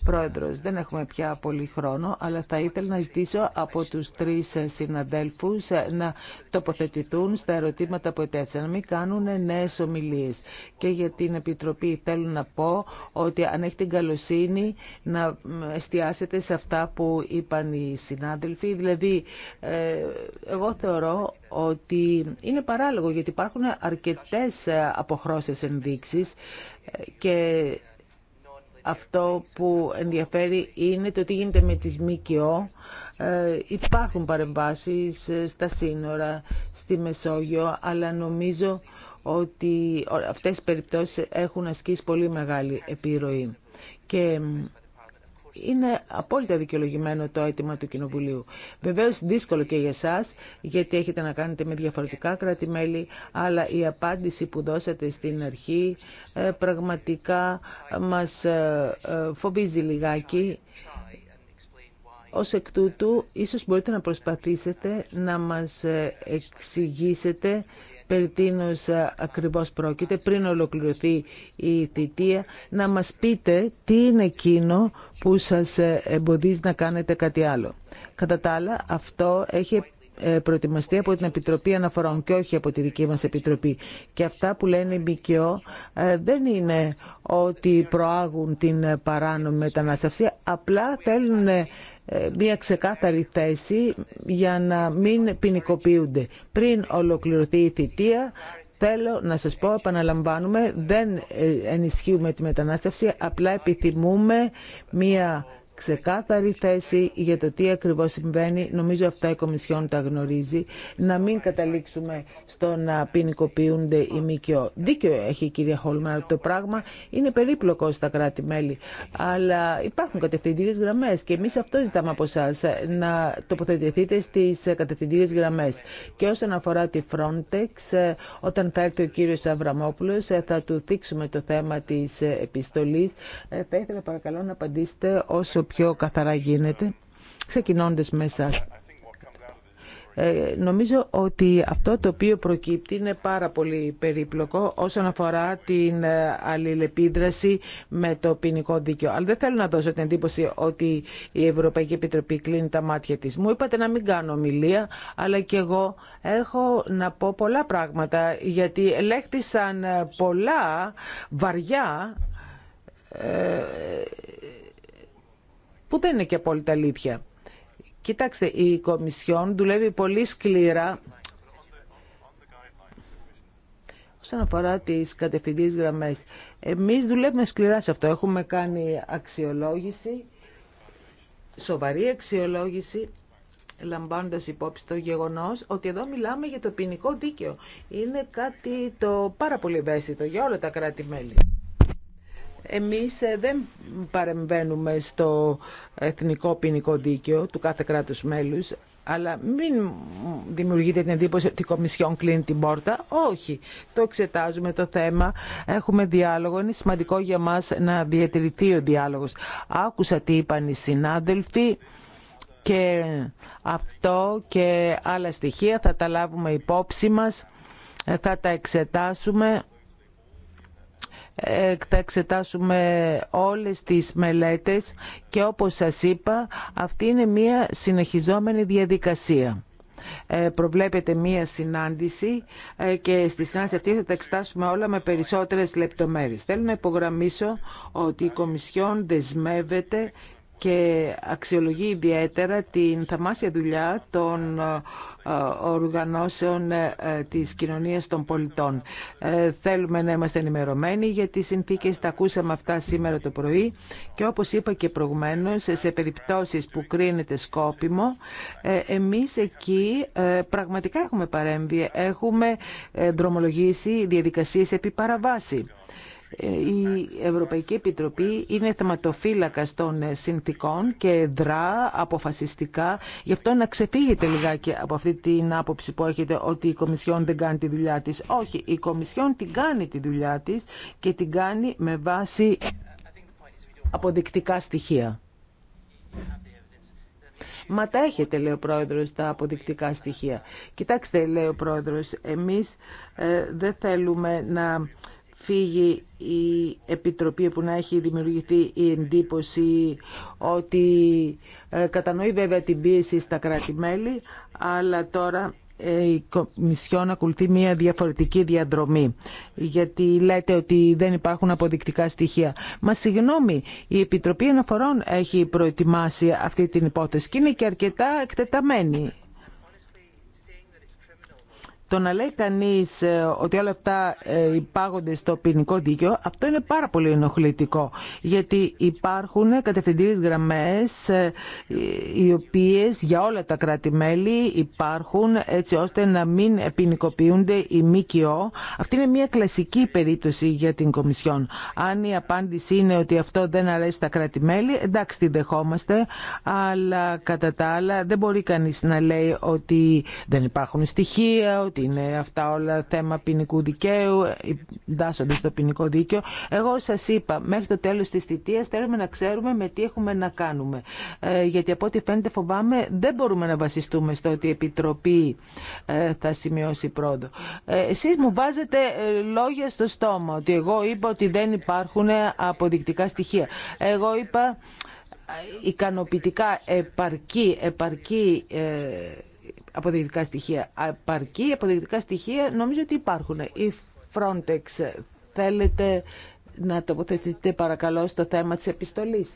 Speaker 4: Πρόεδρος, δεν έχουμε πια πολύ χρόνο, αλλά θα ήθελα να ζητήσω από τους τρεις συναδέλφους να τοποθετηθούν στα ερωτήματα που ετέθησαν, να μην κάνουν νέες ομιλίες. Και για την Επιτροπή θέλω να πω ότι αν έχετε την καλοσύνη να εστιάσετε σε αυτά που είπαν οι συνάδελφοι. Δηλαδή, ε, εγώ θεωρώ ότι είναι παράλογο γιατί υπάρχουν αρκετές αποχρώσεις ενδείξεις και αυτό που ενδιαφέρει είναι το τι γίνεται με τις ΜΚΟ. Ε, υπάρχουν παρεμβάσεις ε, στα σύνορα, στη Μεσόγειο, αλλά νομίζω ότι αυτές οι περιπτώσεις έχουν ασκήσει πολύ μεγάλη επιρροή είναι απόλυτα δικαιολογημένο το αίτημα του Κοινοβουλίου. Βεβαίως δύσκολο και για εσά, γιατί έχετε να κάνετε με διαφορετικά κράτη-μέλη, αλλά η απάντηση που δώσατε στην αρχή ε, πραγματικά μας ε, ε, φοβίζει λιγάκι. Ως εκ τούτου, ίσως μπορείτε να προσπαθήσετε να μας εξηγήσετε περί τίνος ακριβώς πρόκειται πριν ολοκληρωθεί η θητεία να μας πείτε τι είναι εκείνο που σας εμποδίζει να κάνετε κάτι άλλο. Κατά τα άλλα αυτό έχει ε, προετοιμαστεί από την Επιτροπή Αναφορών και όχι από τη δική μας Επιτροπή. Και αυτά που λένε οι ΜΚΟ ε, δεν είναι ότι προάγουν την παράνομη μετανάστευση, απλά θέλουν ε, μια ξεκάθαρη θέση για να μην ποινικοποιούνται. Πριν ολοκληρωθεί η θητεία, Θέλω να σας πω, επαναλαμβάνουμε, δεν ενισχύουμε τη μετανάστευση, απλά επιθυμούμε μία ξεκάθαρη θέση για το τι ακριβώς συμβαίνει. Νομίζω αυτά η Κομισιόν τα γνωρίζει. Να μην καταλήξουμε στο να ποινικοποιούνται οι ΜΚΟ. Δίκιο έχει η κυρία Χόλμα, το πράγμα είναι περίπλοκο στα κράτη-μέλη. Αλλά υπάρχουν κατευθυντήριες γραμμές και εμείς αυτό ζητάμε από εσά να τοποθετηθείτε στις κατευθυντήριες γραμμές. Και όσον αφορά τη Frontex, όταν θα έρθει ο κύριος Αβραμόπουλος θα του δείξουμε το θέμα της επιστολής. Θα ήθελα παρακαλώ να απαντήσετε όσο πιο καθαρά γίνεται, ξεκινώντας μέσα ε, νομίζω ότι αυτό το οποίο προκύπτει είναι πάρα πολύ περίπλοκο όσον αφορά την ε, αλληλεπίδραση με το ποινικό δίκαιο. Αλλά δεν θέλω να δώσω την εντύπωση ότι η Ευρωπαϊκή Επιτροπή κλείνει τα μάτια της. Μου είπατε να μην κάνω ομιλία, αλλά και εγώ έχω να πω πολλά πράγματα, γιατί ελέγχθησαν πολλά βαριά ε, που δεν είναι και απόλυτα αλήθεια. Κοιτάξτε, η Κομισιόν δουλεύει πολύ σκληρά όσον αφορά τις κατευθυντήριες γραμμές. Εμείς δουλεύουμε σκληρά σε αυτό. Έχουμε κάνει αξιολόγηση, σοβαρή αξιολόγηση, λαμβάνοντας υπόψη το γεγονός ότι εδώ μιλάμε για το ποινικό δίκαιο. Είναι κάτι το πάρα πολύ ευαίσθητο για όλα τα κράτη-μέλη. Εμείς ε, δεν παρεμβαίνουμε στο εθνικό ποινικό δίκαιο του κάθε κράτους μέλους, αλλά μην δημιουργείτε την εντύπωση ότι η Κομισιόν κλείνει την πόρτα. Όχι. Το εξετάζουμε το θέμα. Έχουμε διάλογο. Είναι σημαντικό για μας να διατηρηθεί ο διάλογος. Άκουσα τι είπαν οι συνάδελφοι και αυτό και άλλα στοιχεία θα τα λάβουμε υπόψη μας. Ε, θα τα εξετάσουμε ε, θα εξετάσουμε όλες τις μελέτες και όπως σας είπα αυτή είναι μια συνεχιζόμενη διαδικασία. Ε, προβλέπεται μία συνάντηση ε, και στη συνάντηση αυτή θα τα εξετάσουμε όλα με περισσότερες λεπτομέρειες. Θέλω να υπογραμμίσω ότι η Κομισιόν δεσμεύεται και αξιολογεί ιδιαίτερα την θαμάσια δουλειά των ε, οργανώσεων ε, ε, της κοινωνίας των πολιτών. Θέλουμε να είμαστε ενημερωμένοι για τις συνθήκες, τα ακούσαμε αυτά σήμερα το πρωί και όπως είπα και προηγουμένως, σε περιπτώσεις που κρίνεται σκόπιμο, εμείς εκεί πραγματικά έχουμε παρέμβει, έχουμε δρομολογήσει διαδικασίες επί παραβάση η Ευρωπαϊκή Επιτροπή είναι θεματοφύλακα των συνθήκων και δρά αποφασιστικά. Γι' αυτό να ξεφύγετε λιγάκι από αυτή την άποψη που έχετε ότι η Κομισιόν δεν κάνει τη δουλειά της. Όχι, η Κομισιόν την κάνει τη δουλειά της και την κάνει με βάση αποδεικτικά στοιχεία. Μα τα έχετε, λέει ο Πρόεδρος, τα αποδεικτικά στοιχεία. Κοιτάξτε, λέει ο πρόεδρο, εμεί ε, δεν θέλουμε να φύγει η Επιτροπή που να έχει δημιουργηθεί η εντύπωση ότι ε, κατανοεί βέβαια την πίεση στα κράτη-μέλη, αλλά τώρα ε, η Κομισιόν ακολουθεί μια διαφορετική διαδρομή γιατί λέτε ότι δεν υπάρχουν αποδεικτικά στοιχεία. Μα συγγνώμη, η Επιτροπή Αναφορών έχει προετοιμάσει αυτή την υπόθεση και είναι και αρκετά εκτεταμένη το να λέει κανείς ε, ότι όλα αυτά ε, υπάγονται στο ποινικό δίκαιο, αυτό είναι πάρα πολύ ενοχλητικό. Γιατί υπάρχουν κατευθυντήριες γραμμές ε, οι οποίες για όλα τα κράτη-μέλη υπάρχουν έτσι ώστε να μην ποινικοποιούνται οι ΜΚΟ. Αυτή είναι μια κλασική περίπτωση για την Κομισιόν. Αν η απάντηση είναι ότι αυτό δεν αρέσει στα κράτη-μέλη, εντάξει τη δεχόμαστε, αλλά κατά τα άλλα δεν μπορεί κανεί να λέει ότι δεν υπάρχουν στοιχεία, ότι ότι είναι αυτά όλα θέμα ποινικού δικαίου, εντάσσονται στο ποινικό δίκαιο. Εγώ σας είπα, μέχρι το τέλος τη θητεία θέλουμε να ξέρουμε με τι έχουμε να κάνουμε. Ε, γιατί από ό,τι φαίνεται φοβάμαι δεν μπορούμε να βασιστούμε στο ότι η Επιτροπή ε, θα σημειώσει πρώτο. Ε, εσείς μου βάζετε ε, λόγια στο στόμα, ότι εγώ είπα ότι δεν υπάρχουν αποδεικτικά στοιχεία. Εγώ είπα ικανοποιητικά επαρκή, επαρκή αποδεικτικά στοιχεία. Απαρκή αποδεικτικά στοιχεία νομίζω ότι υπάρχουν. Η Frontex θέλετε να τοποθετηθείτε παρακαλώ στο θέμα της επιστολής.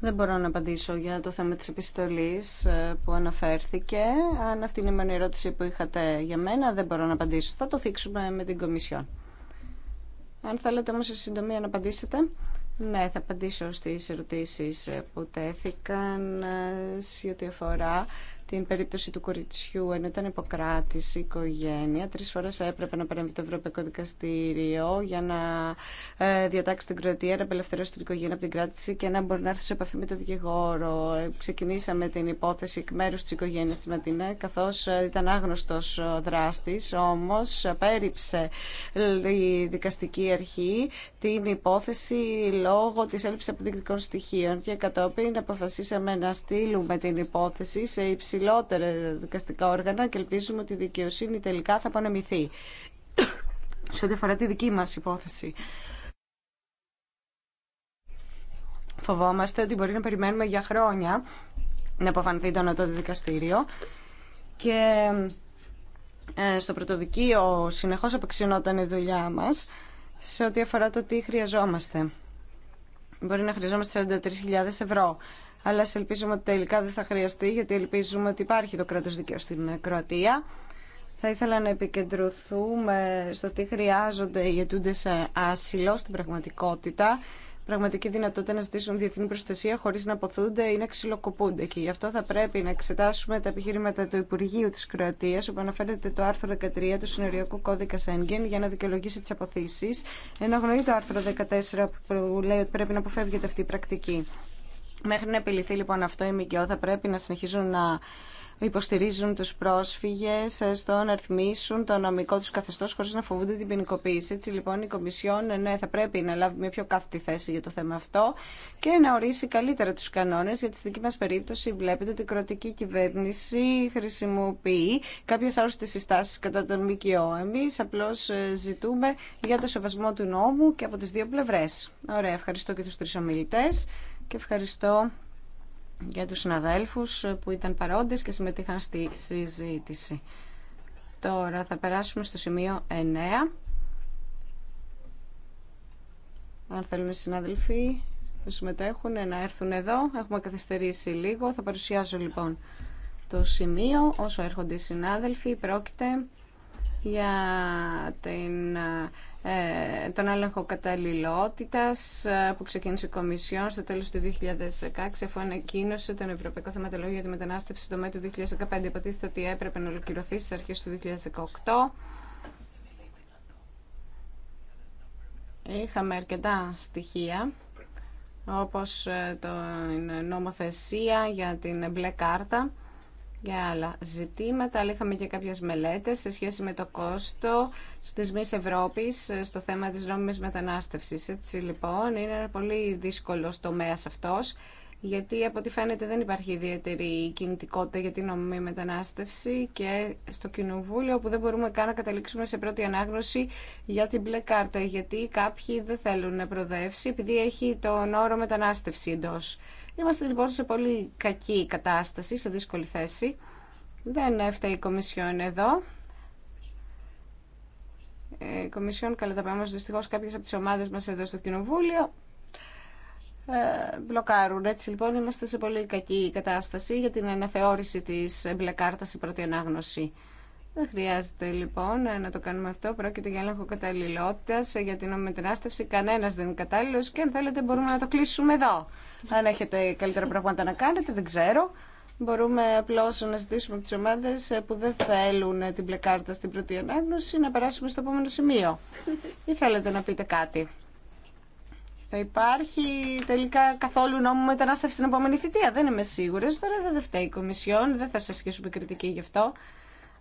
Speaker 2: Δεν μπορώ να απαντήσω για το θέμα της επιστολής ε, που αναφέρθηκε. Αν αυτή είναι η ερώτηση που είχατε για μένα, δεν μπορώ να απαντήσω. Θα το θίξουμε με την Κομισιόν. Αν θέλετε όμως σε συντομία να απαντήσετε. Ναι, θα απαντήσω στις ερωτήσεις ε, που τέθηκαν ε, σε ό,τι αφορά την περίπτωση του κοριτσιού, ενώ ήταν υποκράτηση οικογένεια, τρεις φορές έπρεπε να παρέμβει το Ευρωπαϊκό Δικαστήριο για να ε, διατάξει την Κροατία, να απελευθερώσει την οικογένεια από την κράτηση και να μπορεί να έρθει σε επαφή με τον δικηγόρο. Ε, ξεκινήσαμε την υπόθεση εκ μέρους της οικογένειας της Ματίνα, καθώς ε, ήταν άγνωστος δράστης, όμως απέριψε η δικαστική αρχή την υπόθεση λόγω της έλλειψης αποδεικτικών στοιχείων και κατόπιν αποφασίσαμε να στείλουμε την υπόθεση σε υψηλότερα δικαστικά όργανα και ελπίζουμε ότι η δικαιοσύνη τελικά θα απονεμηθεί. Σε ό,τι αφορά τη δική μας υπόθεση. Φοβόμαστε ότι μπορεί να περιμένουμε για χρόνια να αποφανθεί το ανατό δικαστήριο και ε, στο πρωτοδικείο συνεχώς απεξινόταν η δουλειά μας σε ό,τι αφορά το τι χρειαζόμαστε. Μπορεί να χρειαζόμαστε 43.000 ευρώ αλλά ελπίζουμε ότι τελικά δεν θα χρειαστεί, γιατί ελπίζουμε ότι υπάρχει το κράτος δικαίου στην Κροατία. Θα ήθελα να επικεντρωθούμε στο τι χρειάζονται οι αιτούντες άσυλο στην πραγματικότητα, πραγματική δυνατότητα να ζητήσουν διεθνή προστασία χωρί να αποθούνται ή να ξυλοκοπούνται. Και γι' αυτό θα πρέπει να εξετάσουμε τα επιχείρηματα του Υπουργείου τη Κροατία, όπου αναφέρεται το άρθρο 13 του Συνοριακού Κώδικα Σέγγεν για να δικαιολογήσει τι αποθήσει, ενώ γνωρίζει το άρθρο 14 που λέει ότι πρέπει να αποφεύγεται αυτή η πρακτική. Μέχρι να επιληθεί λοιπόν αυτό η ΜΚΟ θα πρέπει να συνεχίζουν να υποστηρίζουν τους πρόσφυγες ε, στο να ρυθμίσουν το νομικό τους καθεστώς χωρίς να φοβούνται την ποινικοποίηση. Έτσι λοιπόν η Κομισιόν ε, ναι, θα πρέπει να λάβει μια πιο κάθετη θέση για το θέμα αυτό και να ορίσει καλύτερα τους κανόνες γιατί στη δική μας περίπτωση βλέπετε ότι η κροτική κυβέρνηση χρησιμοποιεί κάποιες άρρωστες συστάσεις κατά τον ΜΚΟ. Εμείς απλώς ε, ζητούμε για το σεβασμό του νόμου και από τις δύο πλευρές. Ωραία, ευχαριστώ και τους τρεις ομιλητές και ευχαριστώ για τους συναδέλφους που ήταν παρόντες και συμμετείχαν στη συζήτηση. Τώρα θα περάσουμε στο σημείο 9. Αν θέλουν οι συνάδελφοι να συμμετέχουν να έρθουν εδώ, έχουμε καθυστερήσει λίγο. Θα παρουσιάσω λοιπόν το σημείο όσο έρχονται οι συνάδελφοι. Πρόκειται για την, ε, τον έλεγχο καταλληλότητας ε, που ξεκίνησε η Κομισιόν στο τέλος του 2016 αφού ανακοίνωσε τον Ευρωπαϊκό Θεματολόγιο για τη Μετανάστευση στο μέτρο του 2015 υποτίθεται ότι έπρεπε να ολοκληρωθεί στις αρχές του 2018 Είχαμε αρκετά στοιχεία όπως ε, το νομοθεσία για την μπλε κάρτα για άλλα ζητήματα, αλλά είχαμε και κάποιες μελέτες σε σχέση με το κόστο της μης Ευρώπης ε, στο θέμα της νόμιμης μετανάστευσης. Έτσι λοιπόν είναι ένα πολύ δύσκολο τομέα αυτός, γιατί από ό,τι φαίνεται δεν υπάρχει ιδιαίτερη κινητικότητα για την νομιμή μετανάστευση και στο Κοινοβούλιο που δεν μπορούμε καν να καταλήξουμε σε πρώτη ανάγνωση για την μπλε κάρτα, γιατί κάποιοι δεν θέλουν να προδεύσει επειδή έχει τον όρο μετανάστευση εντός. Είμαστε λοιπόν σε πολύ κακή κατάσταση, σε δύσκολη θέση. Δεν έφταει η Κομισιόν εδώ. Ε, η Κομισιόν τα πάμε δυστυχώς κάποιες από τις ομάδες μας εδώ στο Κοινοβούλιο ε, μπλοκάρουν. Έτσι λοιπόν είμαστε σε πολύ κακή κατάσταση για την αναθεώρηση της μπλε κάρτας η πρώτη ανάγνωση. Δεν χρειάζεται λοιπόν να το κάνουμε αυτό. Πρόκειται για έλεγχο καταλληλότητα, ε, για την ομετράστευση. Κανένα δεν είναι κατάλληλο και αν θέλετε μπορούμε να το κλείσουμε εδώ. Αν έχετε καλύτερα πράγματα να κάνετε, δεν ξέρω. Μπορούμε απλώ να ζητήσουμε από τι ομάδε ε, που δεν θέλουν ε, την πλεκάρτα στην πρώτη ανάγνωση να περάσουμε στο επόμενο σημείο. Ή θέλετε να πείτε κάτι. Θα υπάρχει τελικά καθόλου νόμο μετανάστευση στην επόμενη θητεία. Δεν είμαι σίγουρη. Τώρα δεν φταίει η Κομισιόν, δεν θα σα ασκήσουμε κριτική γι' αυτό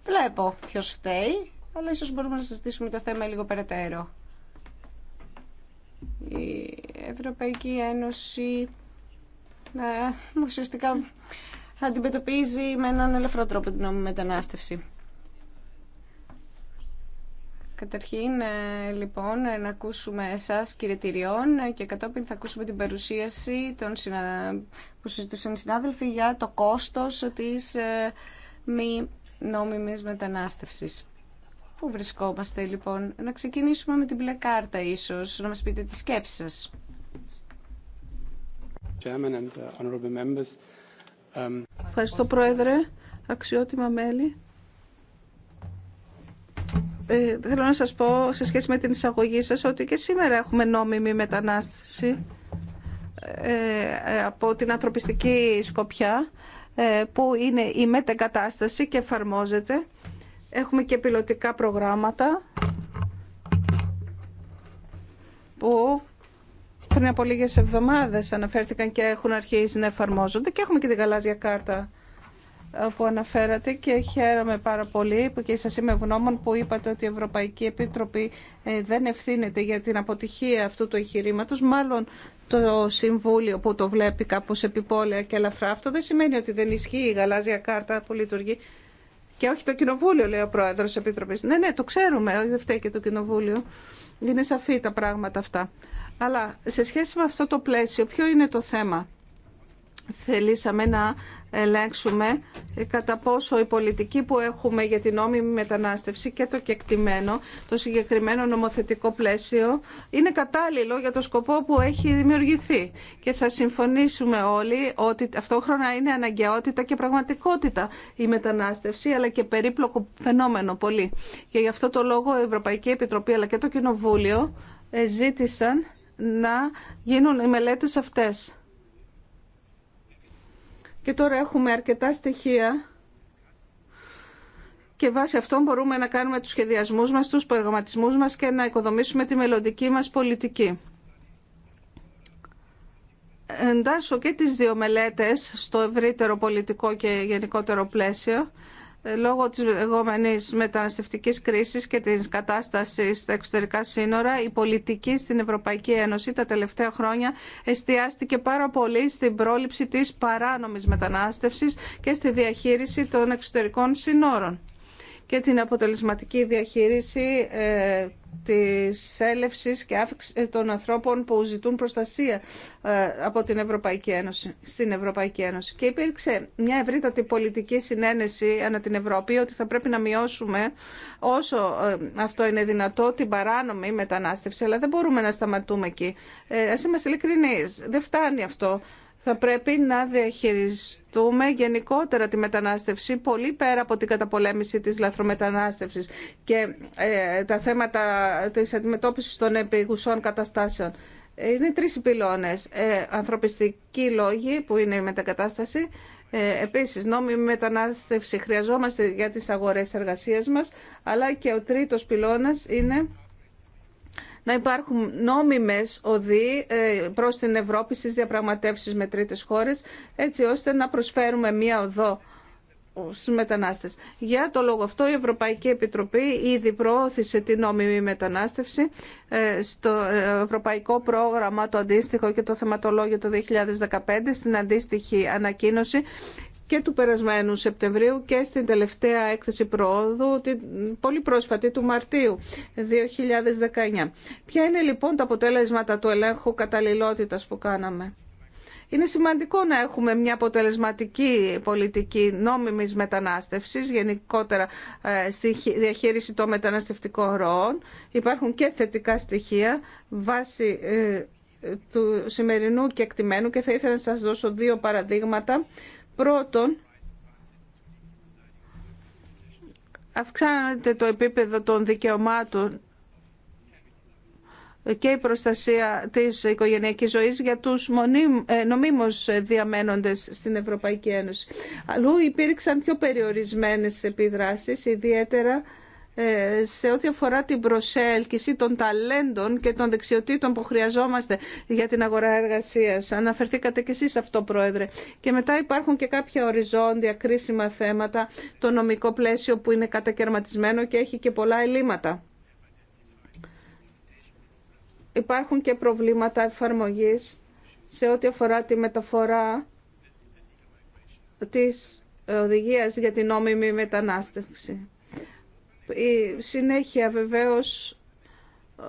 Speaker 2: βλέπω ποιο φταίει, αλλά ίσως μπορούμε να συζητήσουμε το θέμα λίγο περαιτέρω. Η Ευρωπαϊκή Ένωση ε, ουσιαστικά αντιμετωπίζει με έναν ελεύθερο τρόπο την νόμιμη μετανάστευση. Καταρχήν, ε, λοιπόν, ε, να ακούσουμε εσάς κυριετηριών και κατόπιν θα ακούσουμε την παρουσίαση των που συζητούσαν οι συνάδελφοι για το κόστος της μη νόμιμης μετανάστευσης. Πού βρισκόμαστε λοιπόν, να ξεκινήσουμε με την μπλε κάρτα ίσως, να μας πείτε τις σκέψη σας.
Speaker 3: Uh, um, Ευχαριστώ Πρόεδρε, αξιότιμα μέλη. Ε, θέλω να σας πω σε σχέση με την εισαγωγή σας ότι και σήμερα έχουμε νόμιμη μετανάστευση ε, ε από την ανθρωπιστική σκοπιά ε, που είναι η μετεγκατάσταση και εφαρμόζεται. Έχουμε και πιλωτικά προγράμματα που πριν από λίγες εβδομάδες αναφέρθηκαν και έχουν αρχίσει να εφαρμόζονται και έχουμε και την γαλάζια κάρτα ε, που αναφέρατε και χαίρομαι πάρα πολύ που και σας είμαι ευγνώμων που είπατε ότι η Ευρωπαϊκή Επίτροπη ε, δεν ευθύνεται για την αποτυχία αυτού του εγχειρήματος. Μάλλον το Συμβούλιο που το βλέπει κάπως επιπόλαια και ελαφρά. Αυτό δεν σημαίνει ότι δεν ισχύει η γαλάζια κάρτα που λειτουργεί. Και όχι το Κοινοβούλιο, λέει ο Πρόεδρος τη Επιτροπής. Ναι, ναι, το ξέρουμε, δεν φταίει και το Κοινοβούλιο. Είναι σαφή τα πράγματα αυτά. Αλλά σε σχέση με αυτό το πλαίσιο, ποιο είναι το θέμα θελήσαμε να ελέγξουμε κατά πόσο η πολιτική που έχουμε για την νόμιμη μετανάστευση και το κεκτημένο, το συγκεκριμένο νομοθετικό πλαίσιο, είναι κατάλληλο για το σκοπό που έχει δημιουργηθεί. Και θα συμφωνήσουμε όλοι ότι ταυτόχρονα είναι αναγκαιότητα και πραγματικότητα η μετανάστευση, αλλά και περίπλοκο φαινόμενο πολύ. Και γι' αυτό το λόγο η Ευρωπαϊκή Επιτροπή αλλά και το Κοινοβούλιο ε, ζήτησαν να γίνουν οι μελέτες αυτές και τώρα έχουμε αρκετά στοιχεία και βάσει αυτών μπορούμε να κάνουμε τους σχεδιασμούς μας, τους προγραμματισμούς μας και να οικοδομήσουμε τη μελλοντική μας πολιτική. Εντάσσω και τις δύο μελέτες στο ευρύτερο πολιτικό και γενικότερο πλαίσιο ε, λόγω της λεγόμενης μεταναστευτικής κρίσης και της κατάστασης στα εξωτερικά σύνορα, η πολιτική στην Ευρωπαϊκή Ένωση τα τελευταία χρόνια εστιάστηκε πάρα πολύ στην πρόληψη της παράνομης μετανάστευσης και στη διαχείριση των εξωτερικών σύνορων και την αποτελεσματική διαχείριση ε, της έλευσης και αύξηση των ανθρώπων που ζητούν προστασία ε, από την Ευρωπαϊκή Ένωση, στην Ευρωπαϊκή Ένωση. Και υπήρξε μια ευρύτατη πολιτική συνένεση ανά την Ευρώπη ότι θα πρέπει να μειώσουμε όσο ε, αυτό είναι δυνατό την παράνομη μετανάστευση, αλλά δεν μπορούμε να σταματούμε εκεί. Ε, ας είμαστε ειλικρινείς, δεν φτάνει αυτό θα πρέπει να διαχειριστούμε γενικότερα τη μετανάστευση πολύ πέρα από την καταπολέμηση της λαθρομετανάστευσης και ε, τα θέματα της αντιμετώπισης των επιγουσών καταστάσεων. Είναι τρεις πυλώνες. Ανθρωπιστική ε, ανθρωπιστικοί λόγοι που είναι η μετακατάσταση. Ε, επίσης, νόμιμη μετανάστευση χρειαζόμαστε για τις αγορές εργασίας μας. Αλλά και ο τρίτος πυλώνας είναι να υπάρχουν νόμιμες οδοί ε, προς την Ευρώπη στις διαπραγματεύσεις με τρίτες χώρες, έτσι ώστε να προσφέρουμε μία οδό στους μετανάστες. Για το λόγο αυτό η Ευρωπαϊκή Επιτροπή ήδη προώθησε την νόμιμη μετανάστευση ε, στο ε, Ευρωπαϊκό Πρόγραμμα το αντίστοιχο και το θεματολόγιο το 2015 στην αντίστοιχη ανακοίνωση και του περασμένου Σεπτεμβρίου και στην τελευταία έκθεση προόδου, την πολύ πρόσφατη του Μαρτίου 2019. Ποια είναι λοιπόν τα αποτέλεσματα του ελέγχου καταλληλότητας που κάναμε. Είναι σημαντικό να έχουμε μια αποτελεσματική πολιτική νόμιμης μετανάστευσης, γενικότερα ε, στη διαχείριση των μεταναστευτικών ροών. Υπάρχουν και θετικά στοιχεία βάσει ε, του σημερινού κεκτημένου και θα ήθελα να σας δώσω δύο παραδείγματα Πρώτον, αυξάνεται το επίπεδο των δικαιωμάτων και η προστασία της οικογενειακής ζωής για τους ε, νομίμως διαμένοντες στην Ευρωπαϊκή Ένωση. Αλλού υπήρξαν πιο περιορισμένες επιδράσεις, ιδιαίτερα ε, σε ό,τι αφορά την προσέλκυση των ταλέντων και των δεξιοτήτων που χρειαζόμαστε για την αγορά εργασίας. Αναφερθήκατε και εσείς αυτό, Πρόεδρε. Και μετά υπάρχουν και κάποια οριζόντια κρίσιμα θέματα, το νομικό πλαίσιο που είναι κατακαιρματισμένο και έχει και πολλά ελλείμματα. Υπάρχουν και προβλήματα εφαρμογής σε ό,τι αφορά τη μεταφορά της οδηγίας για την νόμιμη μετανάστευση. Η συνέχεια βεβαίως ε,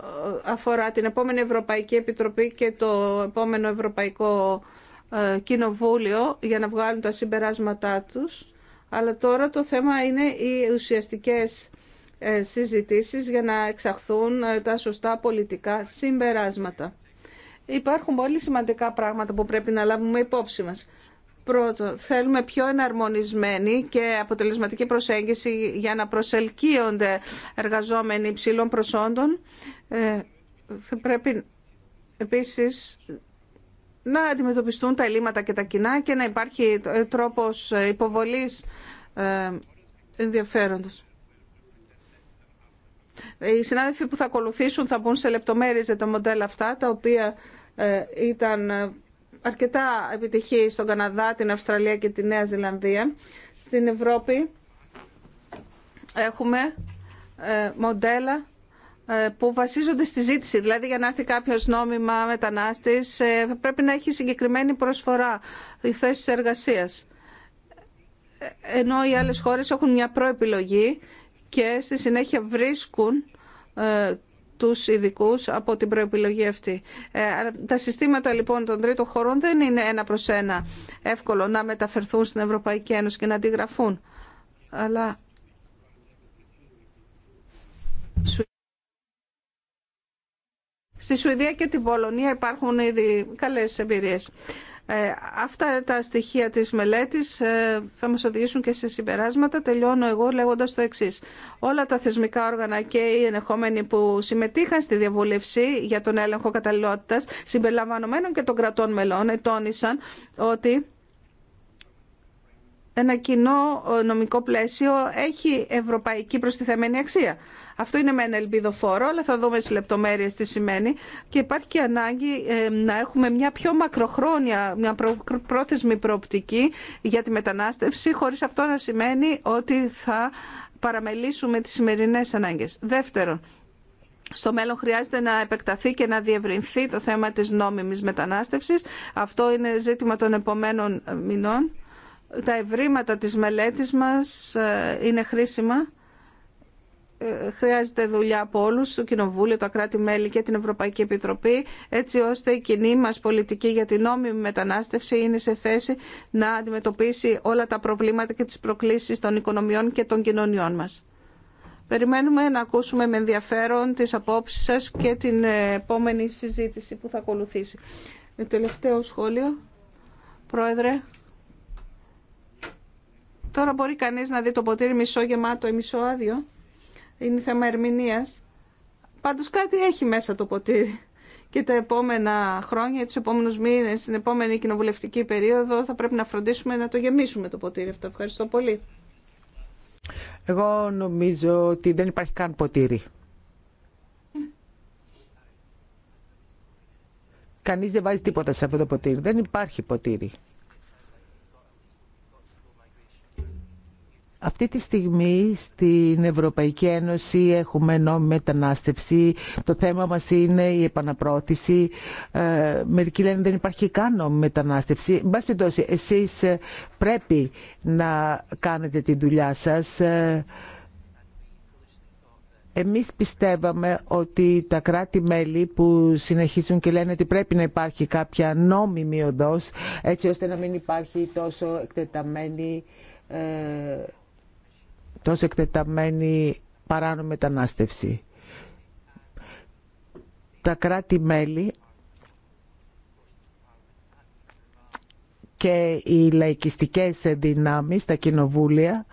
Speaker 3: αφορά την επόμενη Ευρωπαϊκή Επιτροπή και το επόμενο Ευρωπαϊκό ε, Κοινοβούλιο για να βγάλουν τα συμπεράσματά τους. Αλλά τώρα το θέμα είναι οι ουσιαστικές ε, συζητήσεις για να εξαχθούν τα σωστά πολιτικά συμπεράσματα. Υπάρχουν πολύ σημαντικά πράγματα που πρέπει να λάβουμε υπόψη μας. Πρώτον, θέλουμε πιο εναρμονισμένη και αποτελεσματική προσέγγιση για να προσελκύονται εργαζόμενοι υψηλών προσόντων. Ε, θα πρέπει επίσης να αντιμετωπιστούν τα ελλείμματα και τα κοινά και να υπάρχει ε, τρόπος υποβολής ε, ενδιαφέροντος. Οι συνάδελφοι που θα ακολουθήσουν θα μπουν σε λεπτομέρειες για τα μοντέλα αυτά, τα οποία ε, ήταν αρκετά επιτυχή στον Καναδά, την Αυστραλία και τη Νέα Ζηλανδία. Στην Ευρώπη έχουμε ε, μοντέλα ε, που βασίζονται στη ζήτηση. Δηλαδή για να έρθει κάποιος νόμιμα μετανάστης ε, πρέπει να έχει συγκεκριμένη προσφορά η θέση εργασίας. Ενώ οι άλλες χώρες έχουν μια προεπιλογή και στη συνέχεια βρίσκουν τους ειδικού από την προεπιλογή αυτή. Ε, τα συστήματα λοιπόν των τρίτων χωρών δεν είναι ένα προς ένα εύκολο να μεταφερθούν στην Ευρωπαϊκή Ένωση και να αντιγραφούν. Αλλά Στη Σουηδία και την Πολωνία υπάρχουν ήδη καλές εμπειρίες. Ε, αυτά τα στοιχεία της μελέτης ε, θα μας οδηγήσουν και σε συμπεράσματα. Τελειώνω εγώ λέγοντας το εξής. Όλα τα θεσμικά όργανα και οι ενεχόμενοι που συμμετείχαν στη διαβούλευση για τον έλεγχο καταλληλότητας συμπεριλαμβανομένων και των κρατών μελών ετώνησαν ότι ένα κοινό ε, νομικό πλαίσιο έχει ευρωπαϊκή προστιθεμένη αξία. Αυτό είναι με ένα ελπιδοφόρο, αλλά θα δούμε στις λεπτομέρειες τι σημαίνει και υπάρχει και ανάγκη ε, να έχουμε μια πιο μακροχρόνια, μια πρόθεσμη προοπτική για τη μετανάστευση, χωρίς αυτό να σημαίνει ότι θα παραμελήσουμε τις σημερινές ανάγκες. Δεύτερον, στο μέλλον χρειάζεται να επεκταθεί και να διευρυνθεί το θέμα της νόμιμης μετανάστευσης. Αυτό είναι ζήτημα των επομένων μηνών τα ευρήματα της μελέτης μας ε, είναι χρήσιμα. Ε, χρειάζεται δουλειά από όλους, το Κοινοβούλιο, τα κράτη-μέλη και την Ευρωπαϊκή Επιτροπή, έτσι ώστε η κοινή μας πολιτική για την νόμιμη μετανάστευση είναι σε θέση να αντιμετωπίσει όλα τα προβλήματα και τις προκλήσεις των οικονομιών και των κοινωνιών μας. Περιμένουμε να ακούσουμε με ενδιαφέρον τις απόψεις σας και την επόμενη συζήτηση που θα ακολουθήσει. Ε, τελευταίο σχόλιο, Πρόεδρε. Τώρα μπορεί κανείς να δει το ποτήρι μισό γεμάτο ή μισό άδειο. Είναι θέμα ερμηνείας. Πάντως κάτι έχει μέσα το ποτήρι. Και τα επόμενα χρόνια, τις επόμενους μήνες, την επόμενη κοινοβουλευτική περίοδο θα πρέπει να φροντίσουμε να το γεμίσουμε το ποτήρι αυτό. Ευχαριστώ πολύ.
Speaker 4: Εγώ νομίζω ότι δεν υπάρχει καν ποτήρι. Κανείς δεν βάζει τίποτα σε αυτό το ποτήρι. Δεν υπάρχει ποτήρι. Αυτή τη στιγμή στην Ευρωπαϊκή Ένωση έχουμε νόμιμη μετανάστευση. Το θέμα μας είναι η επαναπρόθεση. Ε, μερικοί λένε δεν υπάρχει καν νόμιμη μετανάστευση. Εν πάση εσείς ε, πρέπει να κάνετε τη δουλειά σας. Ε, εμείς πιστεύαμε ότι τα κράτη-μέλη που συνεχίζουν και λένε ότι πρέπει να υπάρχει κάποια νόμιμη οδός έτσι ώστε να μην υπάρχει τόσο εκτεταμένη τόσο εκτεταμένη παράνομη μετανάστευση. Τα κράτη-μέλη και οι λαϊκιστικές δυνάμεις, τα κοινοβούλια,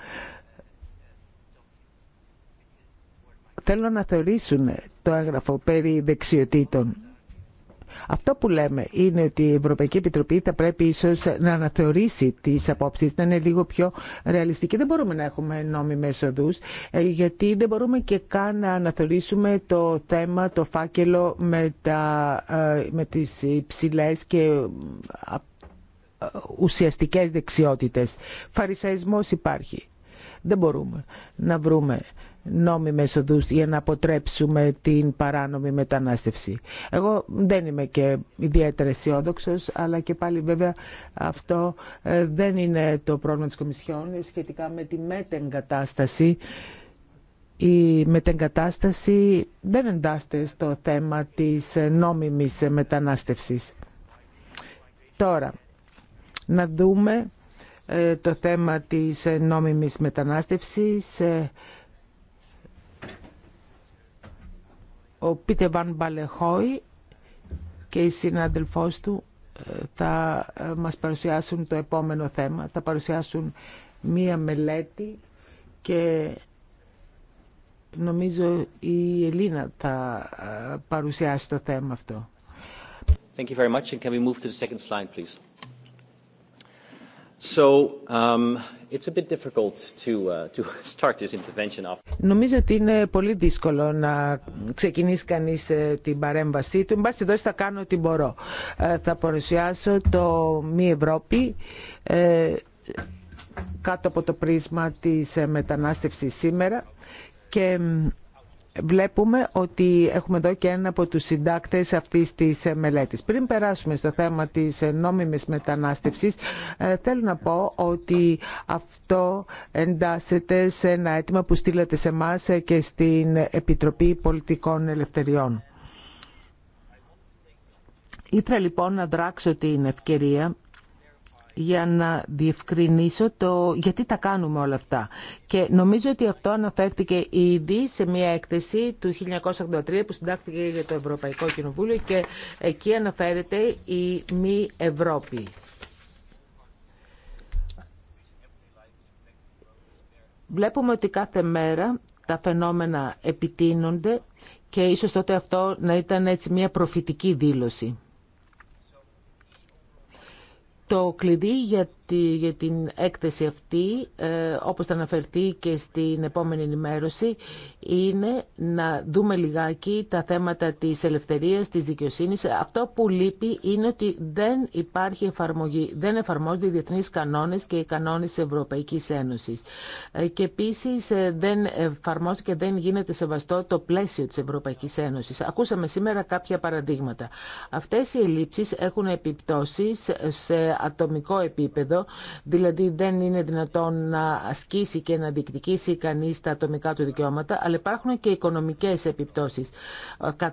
Speaker 4: θέλουν να θεωρήσουν το έγγραφο περί δεξιοτήτων αυτό που λέμε είναι ότι η Ευρωπαϊκή Επιτροπή θα πρέπει ίσως να αναθεωρήσει τι απόψει. να είναι λίγο πιο ρεαλιστική. Δεν μπορούμε να έχουμε νόμιμέ οδούς, ε, γιατί δεν μπορούμε και καν να αναθεωρήσουμε το θέμα, το φάκελο με, τα, ε, με τις υψηλές και ουσιαστικές δεξιότητες. Φαρισαϊσμός υπάρχει. Δεν μπορούμε να βρούμε νόμιμες οδούς για να αποτρέψουμε την παράνομη μετανάστευση. Εγώ δεν είμαι και ιδιαίτερα αισιόδοξο, αλλά και πάλι βέβαια αυτό ε, δεν είναι το πρόβλημα της Κομισιόν ε, σχετικά με τη μετεγκατάσταση. Η μετεγκατάσταση δεν εντάσσεται στο θέμα της ε, νόμιμης μετανάστευσης. Τώρα, να δούμε το θέμα της νόμιμης μετανάστευσης Ο Πίτε Βαν Μπαλεχόη και οι συνάδελφός του ε, θα ε, μας παρουσιάσουν το επόμενο θέμα. Θα παρουσιάσουν μία μελέτη και νομίζω η Ελίνα θα ε, παρουσιάσει το θέμα αυτό.
Speaker 5: Thank you very much and can we move to the second
Speaker 4: Νομίζω ότι είναι πολύ δύσκολο να ξεκινήσει κανείς ε, την παρέμβασή του. Εν πάση θα κάνω ό,τι μπορώ. Ε, θα παρουσιάσω το Μη Ευρώπη ε, κάτω από το πρίσμα της μετανάστευσης σήμερα και βλέπουμε ότι έχουμε εδώ και ένα από τους συντάκτες αυτής της ε, μελέτης. Πριν περάσουμε στο θέμα της ε, νόμιμης μετανάστευσης, ε, θέλω να πω ότι αυτό εντάσσεται σε ένα αίτημα που στείλατε σε εμά και στην Επιτροπή Πολιτικών Ελευθεριών. Ήθελα λοιπόν να δράξω την ευκαιρία για να διευκρινίσω το γιατί τα κάνουμε όλα αυτά. Και νομίζω ότι αυτό αναφέρθηκε ήδη σε μια έκθεση του 1983 που συντάχθηκε για το Ευρωπαϊκό Κοινοβούλιο και εκεί αναφέρεται η μη Ευρώπη. Βλέπουμε ότι κάθε μέρα τα φαινόμενα επιτείνονται και ίσως τότε αυτό να ήταν έτσι μια προφητική δήλωση. Το κλειδί για για την έκθεση αυτή, ε, όπως θα αναφερθεί και στην επόμενη ενημέρωση, είναι να δούμε λιγάκι τα θέματα της ελευθερίας, της δικαιοσύνης. Αυτό που λείπει είναι ότι δεν υπάρχει εφαρμογή, δεν εφαρμόζονται οι διεθνείς κανόνες και οι κανόνες της Ευρωπαϊκής Ένωσης. Ε, και επίσης ε, δεν εφαρμόζεται και δεν γίνεται σεβαστό το πλαίσιο της Ευρωπαϊκής Ένωσης. Ακούσαμε σήμερα κάποια παραδείγματα. Αυτές οι ελλείψεις έχουν επιπτώσεις σε ατομικό επίπεδο δηλαδή δεν είναι δυνατόν να ασκήσει και να διεκδικήσει κανείς τα ατομικά του δικαιώματα, αλλά υπάρχουν και οικονομικές επιπτώσεις. 180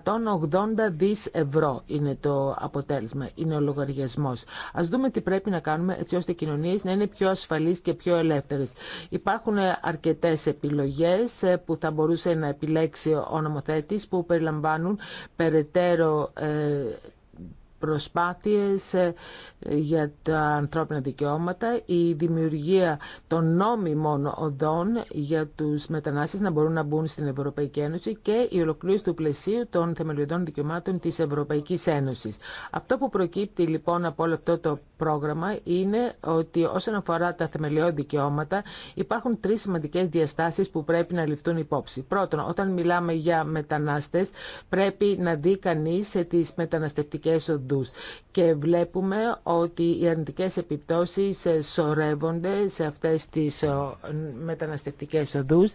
Speaker 4: δις ευρώ είναι το αποτέλεσμα, είναι ο λογαριασμός. Ας δούμε τι πρέπει να κάνουμε έτσι ώστε οι κοινωνίες να είναι πιο ασφαλείς και πιο ελεύθερες. Υπάρχουν αρκετές επιλογές ε, που θα μπορούσε να επιλέξει ο νομοθέτης που περιλαμβάνουν περαιτέρω ε, προσπάθειες ε, για τα ανθρώπινα δικαιώματα, η δημιουργία των νόμιμων οδών για τους μετανάστες να μπορούν να μπουν στην Ευρωπαϊκή Ένωση και η ολοκλήρωση του πλαισίου των θεμελιωδών δικαιωμάτων της Ευρωπαϊκής Ένωσης. Αυτό που προκύπτει λοιπόν από όλο αυτό το πρόγραμμα είναι ότι όσον αφορά τα θεμελιώδη δικαιώματα υπάρχουν τρεις σημαντικές διαστάσεις που πρέπει να ληφθούν υπόψη. Πρώτον, όταν μιλάμε για μετανάστε, πρέπει να δει κανείς τι μεταναστευτικέ και βλέπουμε ότι οι αρνητικές επιπτώσεις ε, σωρεύονται σε αυτές τις ε, μεταναστευτικές οδούς.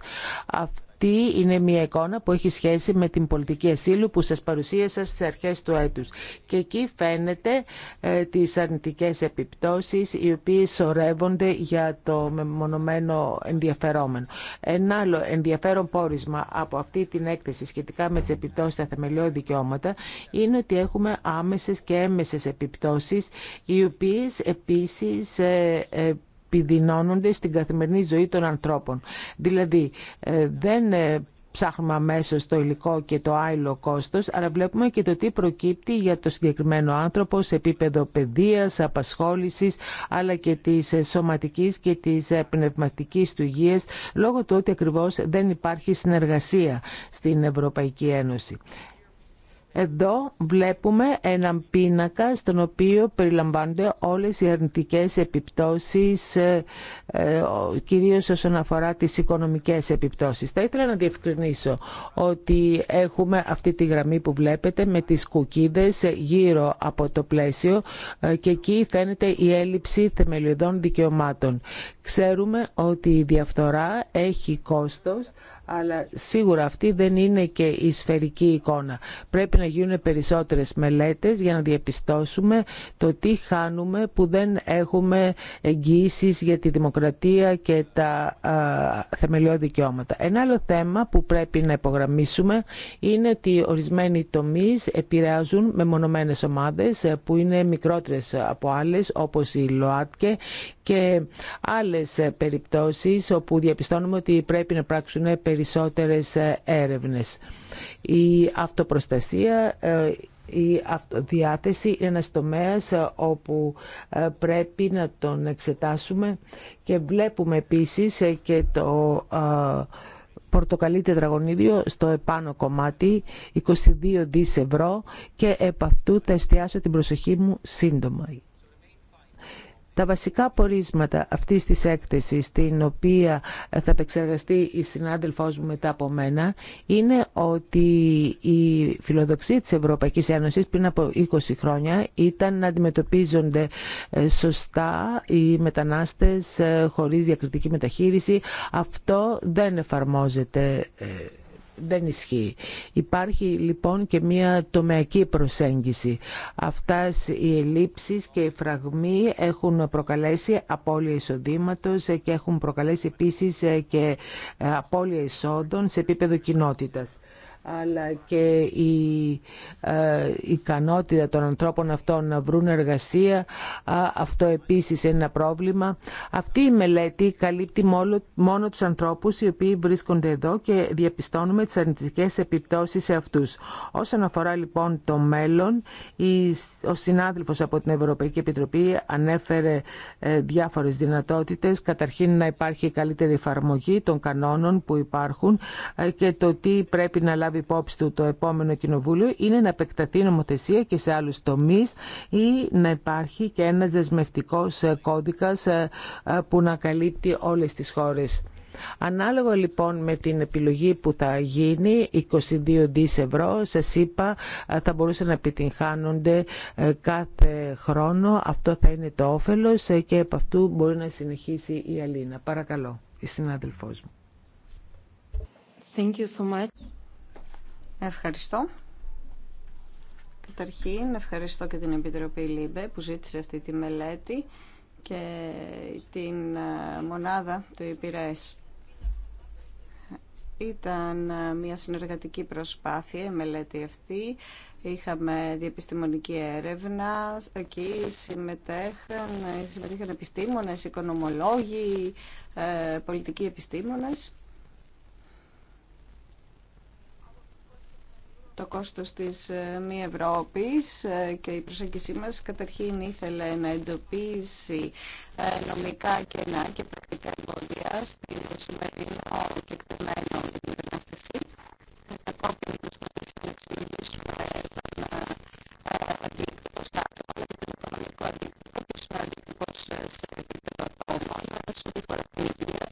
Speaker 4: Αυτή είναι μια εικόνα που έχει σχέση με την πολιτική ασύλου που σας παρουσίασα στις αρχές του έτους. Και εκεί φαίνεται ε, τις αρνητικές επιπτώσεις οι οποίες σωρεύονται για το μεμονωμένο ενδιαφερόμενο. Ένα άλλο ενδιαφέρον πόρισμα από αυτή την έκθεση σχετικά με τις επιπτώσεις στα θεμελιώδη δικαιώματα είναι ότι έχουμε άμεσες και έμεσες επιπτώσεις οι οποίες επίσης ε, ε, επιδεινώνονται στην καθημερινή ζωή των ανθρώπων. Δηλαδή, ε, δεν ε, ψάχνουμε αμέσω το υλικό και το άϊλο κόστο, αλλά βλέπουμε και το τι προκύπτει για το συγκεκριμένο άνθρωπο σε επίπεδο παιδεία, απασχόληση, αλλά και τη ε, σωματική και τη πνευματική του υγεία, λόγω του ότι ακριβώ δεν υπάρχει συνεργασία στην Ευρωπαϊκή Ένωση. Εδώ βλέπουμε έναν πίνακα στον οποίο περιλαμβάνονται όλες οι αρνητικές επιπτώσεις, ε, ε, κυρίως όσον αφορά τις οικονομικές επιπτώσεις. Θα ήθελα να διευκρινίσω ότι έχουμε αυτή τη γραμμή που βλέπετε με τις κουκίδες γύρω από το πλαίσιο ε, και εκεί φαίνεται η έλλειψη θεμελιωδών δικαιωμάτων. Ξέρουμε ότι η διαφθορά έχει κόστος, αλλά σίγουρα αυτή δεν είναι και η σφαιρική εικόνα. Πρέπει να γίνουν περισσότερες μελέτες για να διαπιστώσουμε το τι χάνουμε που δεν έχουμε εγγυήσεις για τη δημοκρατία και τα θεμελιώδη δικαιώματα. Ένα άλλο θέμα που πρέπει να υπογραμμίσουμε είναι ότι ορισμένοι τομείς επηρεάζουν με μονομένες ομάδες ε, που είναι μικρότερες από άλλες όπως η ΛΟΑΤΚΕ και άλλες ε, περιπτώσεις όπου διαπιστώνουμε ότι πρέπει να πράξουν περισσότερες ε, έρευνες. Η αυτοπροστασία ε, η αυτοδιάθεση είναι ένας τομέας όπου πρέπει να τον εξετάσουμε και βλέπουμε επίσης και το πορτοκαλί τετραγωνίδιο στο επάνω κομμάτι 22 δις ευρώ και επ' αυτού θα εστιάσω την προσοχή μου σύντομα. Τα βασικά πορίσματα αυτής της έκθεσης, την οποία θα επεξεργαστεί η συνάδελφός μου μετά από μένα, είναι ότι η φιλοδοξία της Ευρωπαϊκής Ένωσης πριν από 20 χρόνια ήταν να αντιμετωπίζονται ε, σωστά οι μετανάστες ε, χωρίς διακριτική μεταχείριση. Αυτό δεν εφαρμόζεται ε, δεν ισχύει. Υπάρχει λοιπόν και μια τομεακή προσέγγιση. Αυτά οι ελλείψεις και οι φραγμοί έχουν προκαλέσει απώλεια εισοδήματος και έχουν προκαλέσει επίσης και απώλεια εισόδων σε επίπεδο κοινότητας αλλά και η ε, ικανότητα των ανθρώπων αυτών να βρουν εργασία. Αυτό επίσης είναι ένα πρόβλημα. Αυτή η μελέτη καλύπτει μόνο, μόνο τους ανθρώπους οι οποίοι βρίσκονται εδώ και διαπιστώνουμε τις αρνητικές επιπτώσεις σε αυτούς. Όσον αφορά λοιπόν το μέλλον, ο συνάδελφος από την Ευρωπαϊκή Επιτροπή ανέφερε ε, διάφορες δυνατότητες. Καταρχήν να υπάρχει καλύτερη εφαρμογή των κανόνων που υπάρχουν ε, και το τι πρέπει να λάβει υπόψη του το επόμενο κοινοβούλιο είναι να επεκταθεί η νομοθεσία και σε άλλους τομείς ή να υπάρχει και ένας δεσμευτικός ε, κώδικας ε, ε, που να καλύπτει όλες τις χώρες. Ανάλογα λοιπόν με την επιλογή που θα γίνει, 22 δις ευρώ, σας είπα, θα μπορούσαν να επιτυγχάνονται κάθε χρόνο. Αυτό θα είναι το όφελος και από αυτού μπορεί να συνεχίσει η Αλίνα. Παρακαλώ, η συνάδελφός μου. Thank you so much.
Speaker 2: Ευχαριστώ. Καταρχήν, ευχαριστώ και την Επιτροπή ΛΥΜΠΕ που ζήτησε αυτή τη μελέτη και την ε, μονάδα του ΕΠΙΡΕΣ. Ήταν ε, μια συνεργατική προσπάθεια η μελέτη αυτή. Είχαμε διεπιστημονική έρευνα, εκεί συμμετέχαν, συμμετείχαν επιστήμονες, οικονομολόγοι, ε, πολιτικοί επιστήμονες το κόστος της ε, μη Ευρώπης ε, και η προσέγγιση μας καταρχήν ήθελε να εντοπίσει ε, νομικά κενά και πρακτικά εμπόδια
Speaker 6: στην σημερινό κεκτημένο για την μετανάστευση. Κατόπιν προσπαθήσαμε να αξιολογήσουμε τον αντίκτυπο στάτου, τον οικονομικό αντίκτυπο, τον αντίκτυπο σε επίπεδο ατόμων, σε ό,τι φορά την υγεία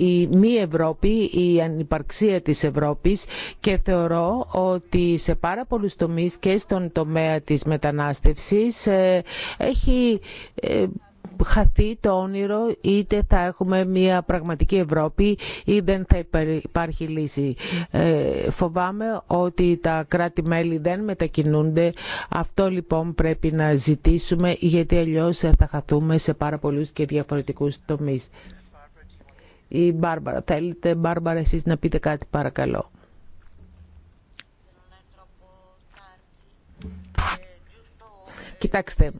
Speaker 4: η μη Ευρώπη, η ανυπαρξία της Ευρώπης και θεωρώ ότι σε πάρα πολλούς τομείς και στον τομέα της μετανάστευσης ε, έχει ε, χαθεί το όνειρο είτε θα έχουμε μια πραγματική Ευρώπη ή δεν θα υπάρχει λύση. Ε, φοβάμαι ότι τα κράτη-μέλη δεν μετακινούνται. Αυτό λοιπόν πρέπει να ζητήσουμε γιατί αλλιώς θα χαθούμε σε πάρα πολλούς και διαφορετικούς τομείς η Μπάρμπαρα. Θέλετε, Μπάρμπαρα, εσείς να πείτε κάτι παρακαλώ. Ε, ε, Κοιτάξτε,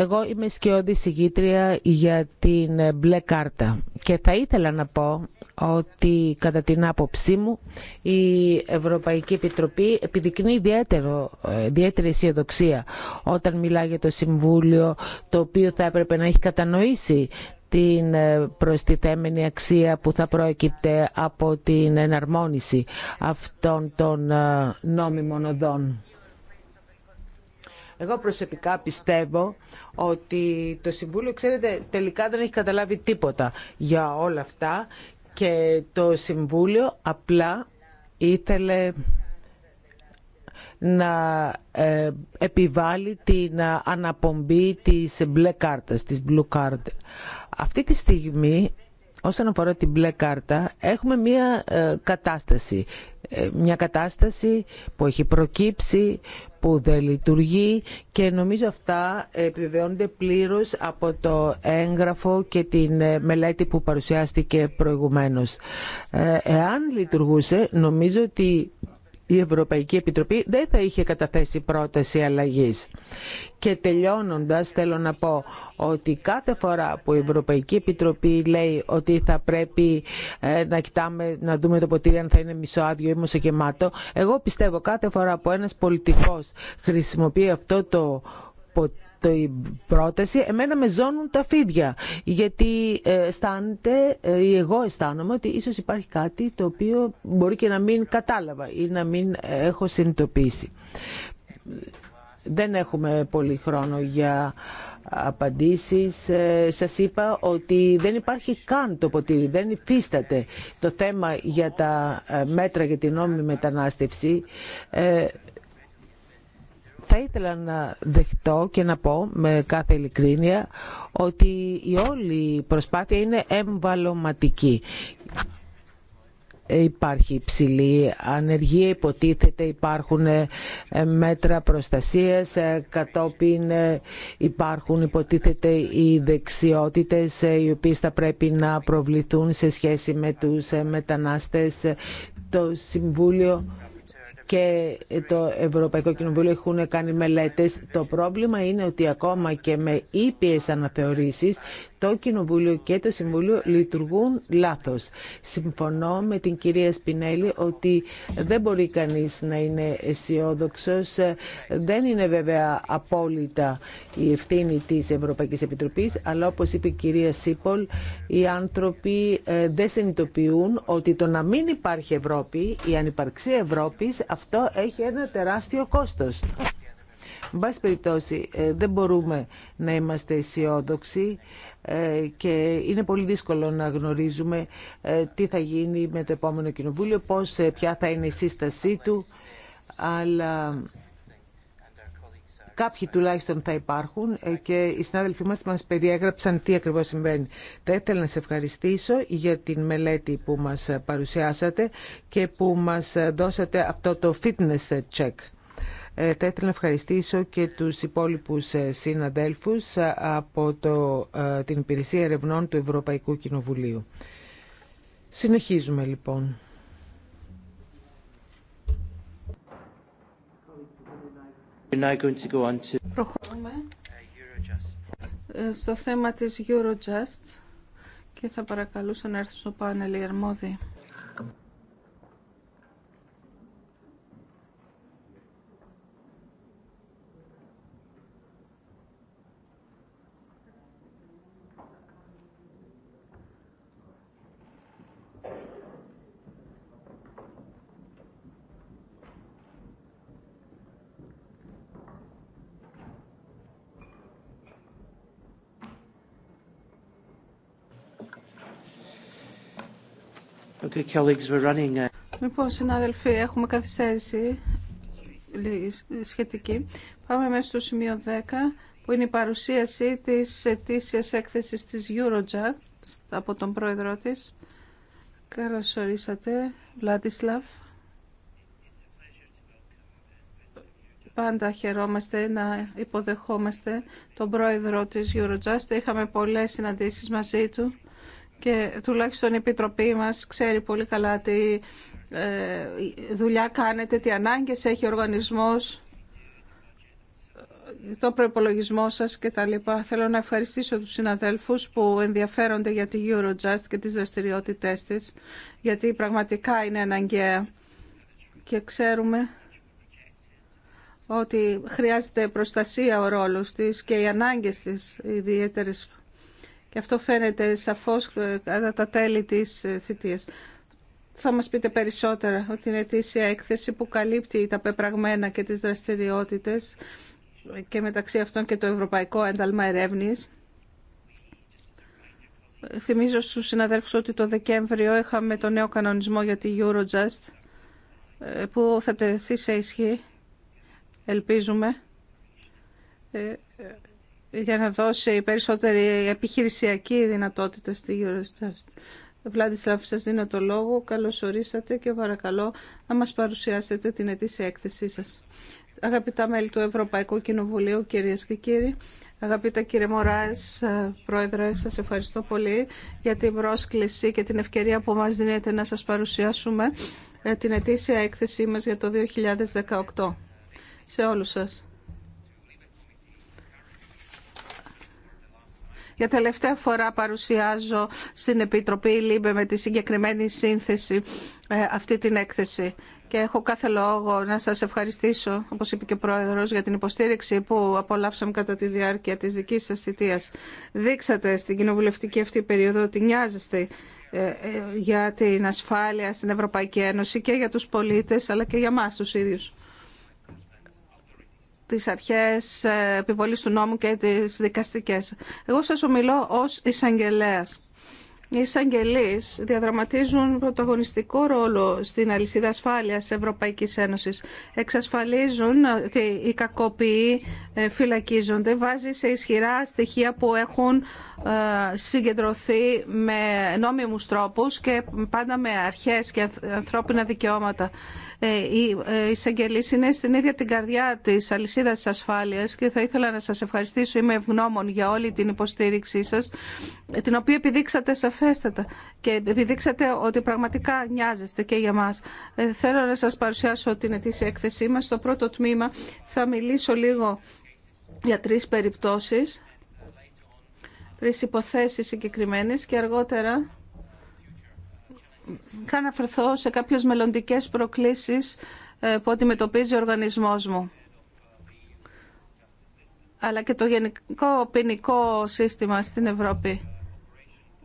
Speaker 4: Εγώ είμαι σκιώδη συγγήτρια για την ε, μπλε κάρτα και θα ήθελα να πω ότι κατά την άποψή μου η Ευρωπαϊκή Επιτροπή επιδεικνύει ιδιαίτερο, ε, ιδιαίτερη αισιοδοξία όταν μιλά για το Συμβούλιο το οποίο θα έπρεπε να έχει κατανοήσει την ε, προστιθέμενη αξία που θα πρόκειται από την εναρμόνιση αυτών των νόμιμων οδών. Εγώ προσωπικά πιστεύω ότι το Συμβούλιο, ξέρετε, τελικά δεν έχει καταλάβει τίποτα για όλα αυτά και το Συμβούλιο απλά ήθελε να ε, επιβάλλει την ε, αναπομπή της μπλε κάρτας, της blue card. Αυτή τη στιγμή όσον αφορά την μπλε κάρτα, έχουμε μία ε, κατάσταση. Ε, Μια κατάσταση που έχει προκύψει, που δεν λειτουργεί και νομίζω αυτά επιβεβαιώνονται πλήρως από το έγγραφο και την ε, μελέτη που παρουσιάστηκε προηγουμένως. Εάν λειτουργούσε, νομίζω ότι η Ευρωπαϊκή Επιτροπή δεν θα είχε καταθέσει πρόταση αλλαγής. Και τελειώνοντας θέλω να πω ότι κάθε φορά που η Ευρωπαϊκή Επιτροπή λέει ότι θα πρέπει ε, να κοιτάμε, να δούμε το ποτήρι αν θα είναι μισοάδιο ή μισογεμάτο, εγώ πιστεύω κάθε φορά που ένας πολιτικός χρησιμοποιεί αυτό το ποτήρι, το η πρόταση, εμένα με ζώνουν τα φίδια. Γιατί ε, αισθάνεται, ε, ή εγώ αισθάνομαι ότι ίσως υπάρχει κάτι το οποίο μπορεί και να μην κατάλαβα ή να μην έχω συνειδητοποιήσει. Δεν έχουμε πολύ χρόνο για απαντήσεις. Ε, σας είπα ότι δεν υπάρχει καν το ποτήρι, δεν υφίσταται το θέμα για τα μέτρα για την νόμιμη μετανάστευση. Θα ήθελα να δεχτώ και να πω με κάθε ειλικρίνεια ότι η όλη προσπάθεια είναι εμβαλωματική υπάρχει υψηλή ανεργία, υποτίθεται υπάρχουν ε, μέτρα προστασίας, ε, κατόπιν ε, υπάρχουν υποτίθεται οι δεξιότητες οι οποίες θα πρέπει να προβληθούν σε σχέση με τους μετανάστες. Το Συμβούλιο και το Ευρωπαϊκό Κοινοβούλιο έχουν κάνει μελέτες. Το πρόβλημα είναι ότι ακόμα και με ήπιες αναθεωρήσεις το Κοινοβούλιο και το Συμβούλιο λειτουργούν λάθος. Συμφωνώ με την κυρία Σπινέλη ότι δεν μπορεί κανείς να είναι αισιόδοξο. Δεν είναι βέβαια απόλυτα η ευθύνη της Ευρωπαϊκής Επιτροπής, αλλά όπως είπε η κυρία Σίπολ, οι άνθρωποι ε, δεν συνειδητοποιούν ότι το να μην υπάρχει Ευρώπη, η ανυπαρξία Ευρώπης, αυτό έχει ένα τεράστιο κόστος. Εν πάση περιπτώσει, ε, δεν μπορούμε να είμαστε αισιόδοξοι ε, και είναι πολύ δύσκολο να γνωρίζουμε ε, τι θα γίνει με το επόμενο κοινοβούλιο, πώς, ποια θα είναι η σύστασή του, αλλά κάποιοι τουλάχιστον θα υπάρχουν και οι συνάδελφοί μας μας περιέγραψαν τι ακριβώς συμβαίνει. Θα ήθελα να σε ευχαριστήσω για την μελέτη που μας παρουσιάσατε και που μας δώσατε αυτό το fitness check. Ε, θα ήθελα να ευχαριστήσω και τους υπόλοιπους ε, συναδέλφους ε, από το, την Υπηρεσία Ερευνών του Ευρωπαϊκού Κοινοβουλίου. Συνεχίζουμε λοιπόν.
Speaker 3: Προχωρούμε στο θέμα της Eurojust και θα παρακαλούσα να έρθει στο πάνελ η Ερμόδη.
Speaker 1: Uh,
Speaker 3: λοιπόν, συνάδελφοι, έχουμε καθυστέρηση σχετική. Πάμε μέσα στο σημείο 10, που είναι η παρουσίαση της ετήσιας έκθεσης της Eurojust από τον πρόεδρό της. Καλώς ορίσατε, Βλάτισλαβ. Πάντα χαιρόμαστε να υποδεχόμαστε τον πρόεδρο της Eurojust. Είχαμε πολλές συναντήσεις μαζί του και τουλάχιστον η Επιτροπή μας ξέρει πολύ καλά τι ε, δουλειά κάνετε, τι ανάγκες έχει ο οργανισμός, το προπολογισμό σας και τα λοιπά. Θέλω να ευχαριστήσω τους συναδέλφους που ενδιαφέρονται για τη Eurojust και τις δραστηριότητές της, γιατί πραγματικά είναι αναγκαία και ξέρουμε ότι χρειάζεται προστασία ο ρόλος της και οι ανάγκες της ιδιαίτερες και αυτό φαίνεται σαφώς ε, κατά τα τέλη της ε, θητείας. Θα μας πείτε περισσότερα ότι είναι αιτήσια έκθεση που καλύπτει τα πεπραγμένα και τις δραστηριότητες ε, και μεταξύ αυτών και το Ευρωπαϊκό Ένταλμα Ερεύνης. Θυμίζω στους συναδέλφους ότι το Δεκέμβριο είχαμε το νέο κανονισμό για τη Eurojust που θα τεθεί σε ισχύ, ελπίζουμε, για να δώσει περισσότερη επιχειρησιακή δυνατότητα στη Βλάντι στράφη σας δίνω το λόγο. Καλώς ορίσατε και παρακαλώ να μας παρουσιάσετε την ετήσια έκθεσή σας. Αγαπητά μέλη του Ευρωπαϊκού Κοινοβουλίου, κυρίες και κύριοι, Αγαπητά κύριε Μωράς, πρόεδρε, σας ευχαριστώ πολύ για την πρόσκληση και την ευκαιρία που μας δίνετε να σας παρουσιάσουμε ε, την ετήσια έκθεσή μας για το 2018. Σε όλους σας. Για τελευταία φορά παρουσιάζω στην Επιτροπή ΛΥΜΠΕ με τη συγκεκριμένη σύνθεση ε, αυτή την έκθεση. Και έχω κάθε λόγο να σας ευχαριστήσω, όπως είπε και ο Πρόεδρος, για την υποστήριξη που απολαύσαμε κατά τη διάρκεια της δικής σας θητείας. Δείξατε στην κοινοβουλευτική αυτή περίοδο ότι νοιάζεστε ε, ε, για την ασφάλεια στην Ευρωπαϊκή Ένωση και για τους πολίτες, αλλά και για μας τους ίδιους τις αρχές ε, επιβολής του νόμου και τις δικαστικές. Εγώ σας ομιλώ ως εισαγγελέα. Οι εισαγγελείς διαδραματίζουν πρωταγωνιστικό ρόλο στην αλυσίδα ασφάλειας Ευρωπαϊκής Ένωσης. Εξασφαλίζουν ότι οι κακοποιοί ε, φυλακίζονται βάζει σε ισχυρά στοιχεία που έχουν ε, συγκεντρωθεί με νόμιμους τρόπους και πάντα με αρχές και ανθρώπινα δικαιώματα. Οι ε, εισαγγελίες είναι στην ίδια την καρδιά της αλυσίδας της ασφάλειας και θα ήθελα να σας ευχαριστήσω. Είμαι ευγνώμων για όλη την υποστήριξή σας, την οποία επιδείξατε σαφέστατα και επιδείξατε ότι πραγματικά νοιάζεστε και για μας. Θέλω να σας παρουσιάσω την ετήσια έκθεσή μας. Στο πρώτο τμήμα θα μιλήσω λίγο για τρεις περιπτώσεις, τρεις υποθέσεις συγκεκριμένε, και αργότερα θα αναφερθώ σε κάποιες μελλοντικές προκλήσεις ε, που αντιμετωπίζει ο οργανισμός μου αλλά και το γενικό ποινικό σύστημα στην Ευρώπη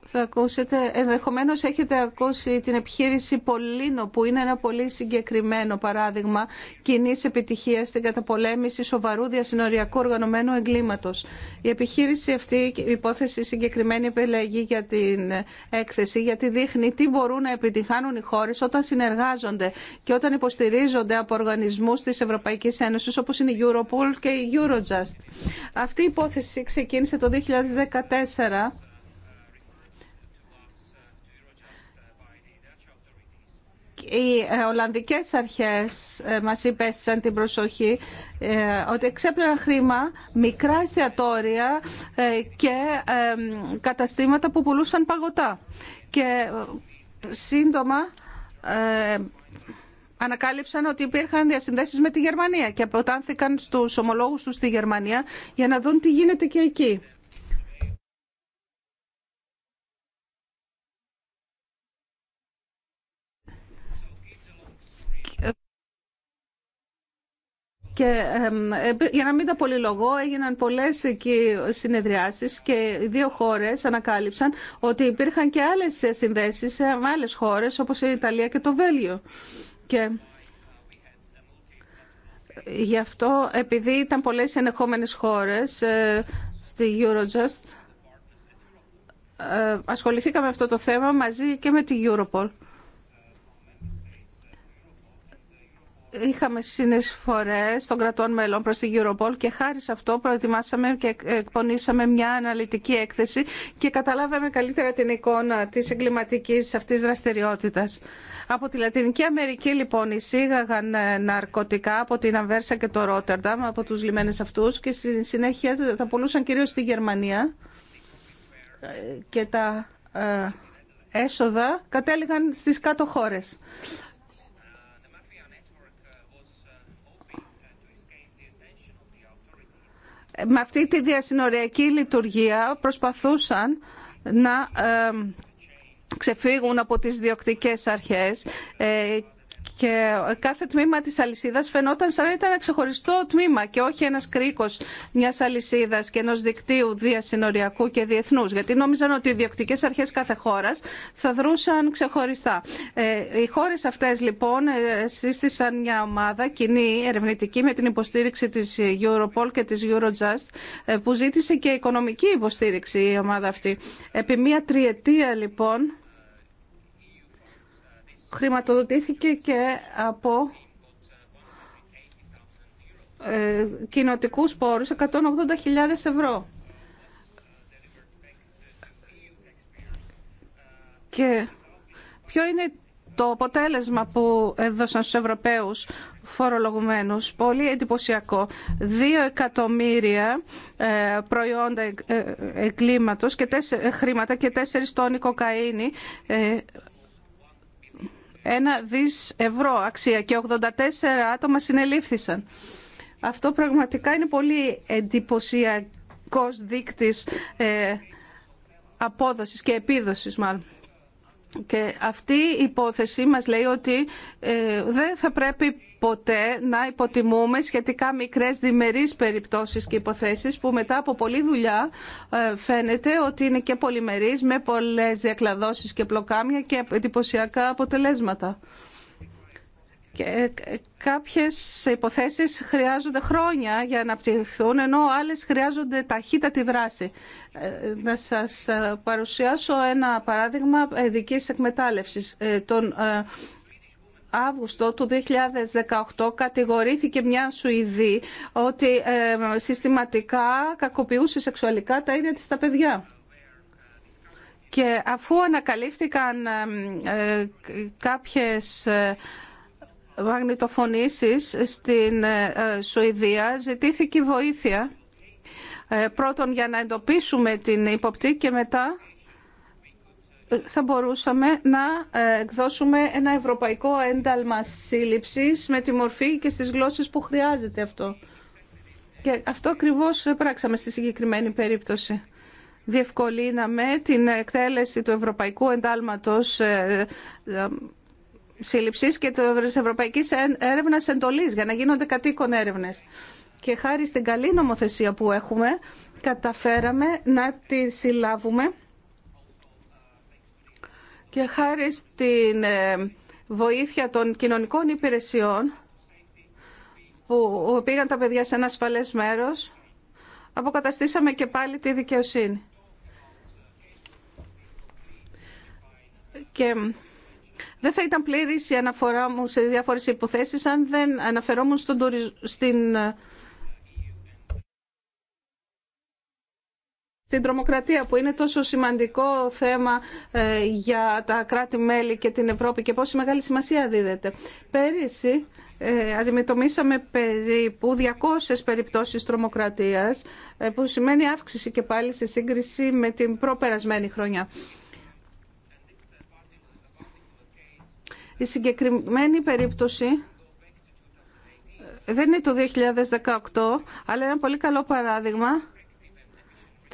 Speaker 3: θα ακούσετε, ενδεχομένως έχετε ακούσει την επιχείρηση Πολύνο που είναι ένα πολύ συγκεκριμένο παράδειγμα κοινή επιτυχία στην καταπολέμηση σοβαρού διασυνοριακού οργανωμένου εγκλήματος. Η επιχείρηση αυτή, η υπόθεση συγκεκριμένη επιλέγει για την έκθεση γιατί δείχνει τι μπορούν να επιτυχάνουν οι χώρες όταν συνεργάζονται και όταν υποστηρίζονται από οργανισμούς της Ευρωπαϊκής Ένωσης όπως είναι η Europol και η Eurojust. Αυτή η υπόθεση ξεκίνησε το 2014 οι ε, Ολλανδικές αρχές ε, μας υπέστησαν την προσοχή ε, ότι εξέπλαιναν χρήμα μικρά εστιατόρια και καταστήματα που πουλούσαν παγωτά. Και σύντομα ανακάλυψαν ότι υπήρχαν διασυνδέσεις με τη Γερμανία και αποτάνθηκαν στους ομολόγους τους στη Γερμανία για να δουν τι γίνεται και εκεί.
Speaker 7: Και για
Speaker 3: να μην τα πολυλογώ, έγιναν πολλές εκεί συνεδριάσεις και οι δύο χώρες ανακάλυψαν ότι υπήρχαν και άλλες συνδέσεις με άλλες χώρες όπως η Ιταλία και το Βέλγιο. Και γι' αυτό επειδή ήταν πολλές ενεχόμενες χώρες ε, στη Eurojust ε, ασχοληθήκαμε αυτό το θέμα μαζί και με τη Europol. είχαμε συνεισφορές των κρατών μελών προς την Europol και χάρη σε αυτό προετοιμάσαμε και εκπονήσαμε μια αναλυτική έκθεση και καταλάβαμε καλύτερα την εικόνα της εγκληματική αυτής δραστηριότητας. Από τη Λατινική Αμερική λοιπόν εισήγαγαν ε, ναρκωτικά από την Αμβέρσα και το Ρότερνταμ από τους λιμένες αυτούς και στη συνέχεια τα πουλούσαν κυρίως στη Γερμανία ε, και τα ε, έσοδα κατέληγαν στις κάτω χώρες. με αυτή τη διασυνοριακή λειτουργία προσπαθούσαν να ε, ξεφύγουν από τις διοκτικές αρχές ε, και κάθε τμήμα της αλυσίδας φαινόταν σαν να ήταν ένα ξεχωριστό τμήμα και όχι ένας κρίκος μιας αλυσίδας και ενός δικτύου διασυνοριακού και διεθνούς. Γιατί νόμιζαν ότι οι διοκτικές αρχές κάθε χώρας θα δρούσαν ξεχωριστά. Ε, οι χώρες αυτές λοιπόν ε, σύστησαν μια ομάδα κοινή ερευνητική με την υποστήριξη της Europol και της Eurojust ε, που ζήτησε και οικονομική υποστήριξη η ομάδα αυτή. Επί μια τριετία λοιπόν χρηματοδοτήθηκε και από ε, κοινοτικούς πόρους 180.000 ευρώ. Και ποιο είναι το αποτέλεσμα που έδωσαν στους Ευρωπαίους φορολογουμένους, πολύ εντυπωσιακό. Δύο εκατομμύρια ε, προϊόντα ε, ε, εγκλήματος και τέσσερι, χρήματα και τέσσερις τόνοι κοκαΐνη ένα δις ευρώ αξία και 84 άτομα συνελήφθησαν. Αυτό πραγματικά είναι πολύ εντυπωσιακός δείκτης ε, απόδοσης και επίδοσης μάλλον. Και αυτή η υπόθεση μας λέει ότι ε, δεν θα πρέπει ποτέ να υποτιμούμε σχετικά μικρές διμερείς περιπτώσεις και υποθέσεις που μετά από πολλή δουλειά ε, φαίνεται ότι είναι και πολυμερείς με πολλές διακλαδώσεις και πλοκάμια και εντυπωσιακά αποτελέσματα. Και ε, κάποιες υποθέσεις χρειάζονται χρόνια για να αναπτυχθούν, ενώ άλλες χρειάζονται ταχύτατη δράση. Ε, να σας παρουσιάσω ένα παράδειγμα ειδικής εκμετάλλευσης Τον Αύγουστο του 2018 κατηγορήθηκε μια Σουηδή ότι ε, συστηματικά κακοποιούσε σεξουαλικά τα ίδια της τα παιδιά. Και αφού ανακαλύφθηκαν ε, ε, κάποιες μαγνητοφωνήσεις στην Σουηδία, ζητήθηκε βοήθεια πρώτον για να εντοπίσουμε την υποπτή και μετά θα μπορούσαμε να ε, εκδώσουμε ένα ευρωπαϊκό ένταλμα σύλληψης με τη μορφή και στις γλώσσες που χρειάζεται αυτό. Και αυτό ακριβώς ε, πράξαμε στη συγκεκριμένη περίπτωση. Διευκολύναμε την εκτέλεση του ευρωπαϊκού εντάλματος ε, σύλληψης και της ευρωπαϊκής έρευνας εντολής για να γίνονται κατοίκον έρευνες. Και χάρη στην καλή νομοθεσία που έχουμε, καταφέραμε να τη συλλάβουμε και χάρη στην ε, βοήθεια των κοινωνικών υπηρεσιών που πήγαν τα παιδιά σε ένα ασφαλές μέρος, αποκαταστήσαμε και πάλι τη δικαιοσύνη. Και δεν θα ήταν πλήρης η αναφορά μου σε διάφορες υποθέσεις αν δεν αναφερόμουν στον, στην ε, την τρομοκρατία που είναι τόσο σημαντικό θέμα ε, για τα κράτη-μέλη και την Ευρώπη και πόση μεγάλη σημασία δίδεται. Πέρυσι ε, αντιμετωπίσαμε περίπου 200 περιπτώσεις τρομοκρατίας ε, που σημαίνει αύξηση και πάλι σε σύγκριση με την προπερασμένη χρονιά. Η συγκεκριμένη περίπτωση δεν είναι το 2018, αλλά είναι ένα πολύ καλό παράδειγμα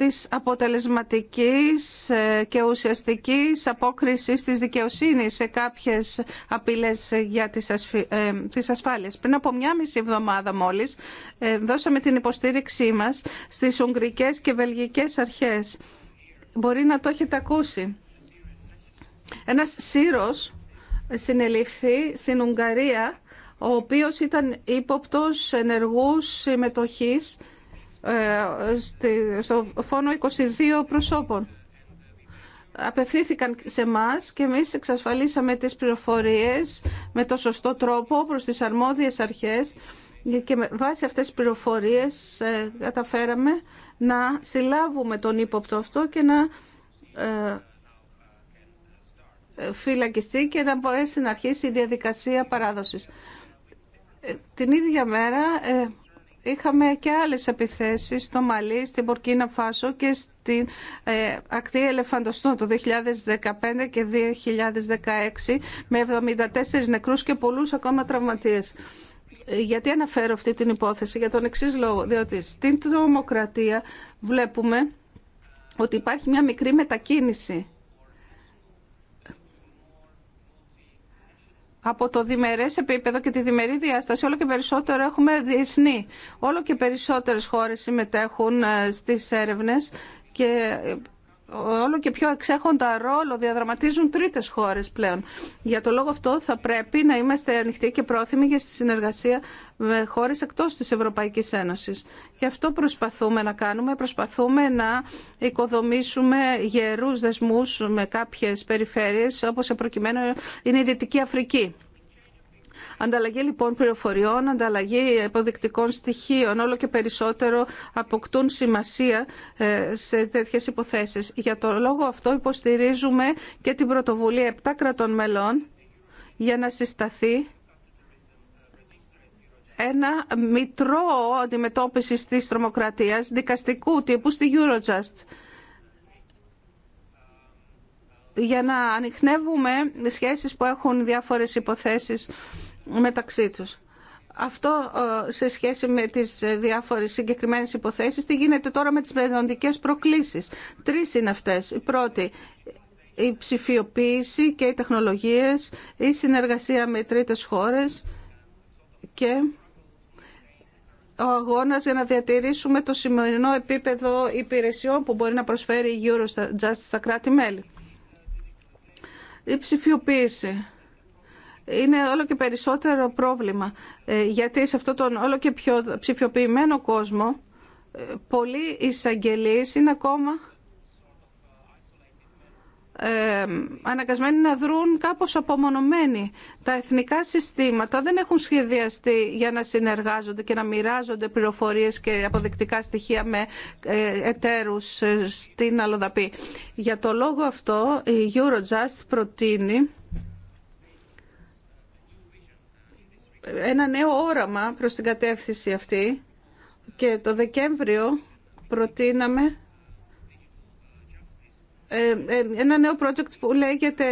Speaker 3: της αποτελεσματικής ε, και ουσιαστικής απόκρισης της δικαιοσύνης σε κάποιες απειλές για τις, ασφι... Ε, τις ασφάλειες. Πριν από μια μισή εβδομάδα μόλις ε, δώσαμε την υποστήριξή μας στις Ουγγρικές και Βελγικές αρχές. Μπορεί να το έχετε ακούσει. Ένας σύρος συνελήφθη στην Ουγγαρία, ο οποίος ήταν ύποπτος ενεργούς συμμετοχής ε, στο φόνο 22 προσώπων. Απευθύνθηκαν σε εμά και εμείς εξασφαλίσαμε τις πληροφορίες με το σωστό τρόπο προς τις αρμόδιες αρχές και με βάση αυτές τις πληροφορίες ε, καταφέραμε να συλλάβουμε τον ύποπτο αυτό και να ε, φυλακιστεί και να μπορέσει να αρχίσει η διαδικασία παράδοσης. Την ίδια μέρα είχαμε και άλλες επιθέσεις στο Μαλί, στην Πορκίνα Φάσο και στην ε, ακτή Ελεφαντοστού το 2015 και 2016 με 74 νεκρούς και πολλούς ακόμα τραυματίες. Γιατί αναφέρω αυτή την υπόθεση, για τον εξής λόγο, διότι στην τρομοκρατία βλέπουμε ότι υπάρχει μια μικρή μετακίνηση από το διμερές επίπεδο και τη διμερή διάσταση όλο και περισσότερο έχουμε διεθνή. Όλο και περισσότερες χώρες συμμετέχουν ε, στις έρευνες και ε, όλο και πιο εξέχοντα ρόλο διαδραματίζουν τρίτες χώρες πλέον. Για το λόγο αυτό θα πρέπει να είμαστε ανοιχτοί και πρόθυμοι για τη συνεργασία με χώρες εκτός της Ευρωπαϊκής Ένωσης. Γι' αυτό προσπαθούμε να κάνουμε, προσπαθούμε να οικοδομήσουμε γερούς δεσμούς με κάποιες περιφέρειες, όπως προκειμένου είναι η Δυτική Αφρική. Ανταλλαγή λοιπόν πληροφοριών, ανταλλαγή υποδεικτικών στοιχείων, όλο και περισσότερο αποκτούν σημασία ε, σε τέτοιες υποθέσεις. Για τον λόγο αυτό υποστηρίζουμε και την πρωτοβουλία 7 κρατών μελών για να συσταθεί ένα μητρό αντιμετώπιση της τρομοκρατίας δικαστικού τύπου στη Eurojust για να ανοιχνεύουμε σχέσεις που έχουν διάφορες υποθέσεις μεταξύ τους. Αυτό ε, σε σχέση με τις ε, διάφορες συγκεκριμένες υποθέσεις. Τι γίνεται τώρα με τις μελλοντικές προκλήσεις. Τρεις είναι αυτές. Η πρώτη, η ψηφιοποίηση και οι τεχνολογίες, η συνεργασία με τρίτες χώρες και ο αγώνας για να διατηρήσουμε το σημερινό επίπεδο υπηρεσιών που μπορεί να προσφέρει η Eurojust στα κράτη-μέλη. Η ψηφιοποίηση είναι όλο και περισσότερο πρόβλημα. Ε, γιατί σε αυτόν τον όλο και πιο ψηφιοποιημένο κόσμο ε, πολλοί εισαγγελεί είναι ακόμα ε, αναγκασμένοι να δρουν κάπως απομονωμένοι. Τα εθνικά συστήματα δεν έχουν σχεδιαστεί για να συνεργάζονται και να μοιράζονται πληροφορίες και αποδεικτικά στοιχεία με ε, εταίρους στην Αλοδαπή. Για το λόγο αυτό η Eurojust προτείνει ένα νέο όραμα προς την κατεύθυνση αυτή και το Δεκέμβριο προτείναμε ε, ε, ένα νέο project που λέγεται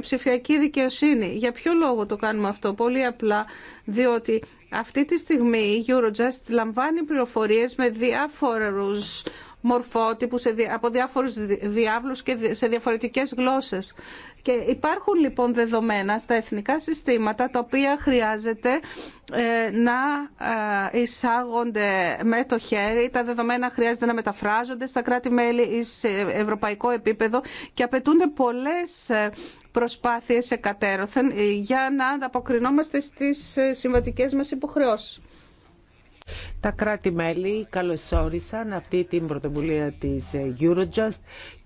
Speaker 3: ψηφιακή δικαιοσύνη. Για ποιο λόγο το κάνουμε αυτό, πολύ απλά, διότι αυτή τη στιγμή η Eurojust λαμβάνει πληροφορίες με διάφορους μορφότυπους από διάφορους διάβλους και σε διαφορετικές γλώσσες. Και υπάρχουν λοιπόν δεδομένα στα εθνικά συστήματα τα οποία χρειάζεται ε, να ε, εισάγονται με το χέρι. Τα δεδομένα χρειάζεται να μεταφράζονται στα κράτη-μέλη ή σε ευρωπαϊκό επίπεδο και απαιτούνται πολλές ε, προσπάθειες εκατέρωθεν για να ανταποκρινόμαστε
Speaker 4: στις συμβατικές
Speaker 3: μας υποχρεώσεις.
Speaker 4: Τα κράτη-μέλη καλωσόρισαν αυτή την πρωτοβουλία της Eurojust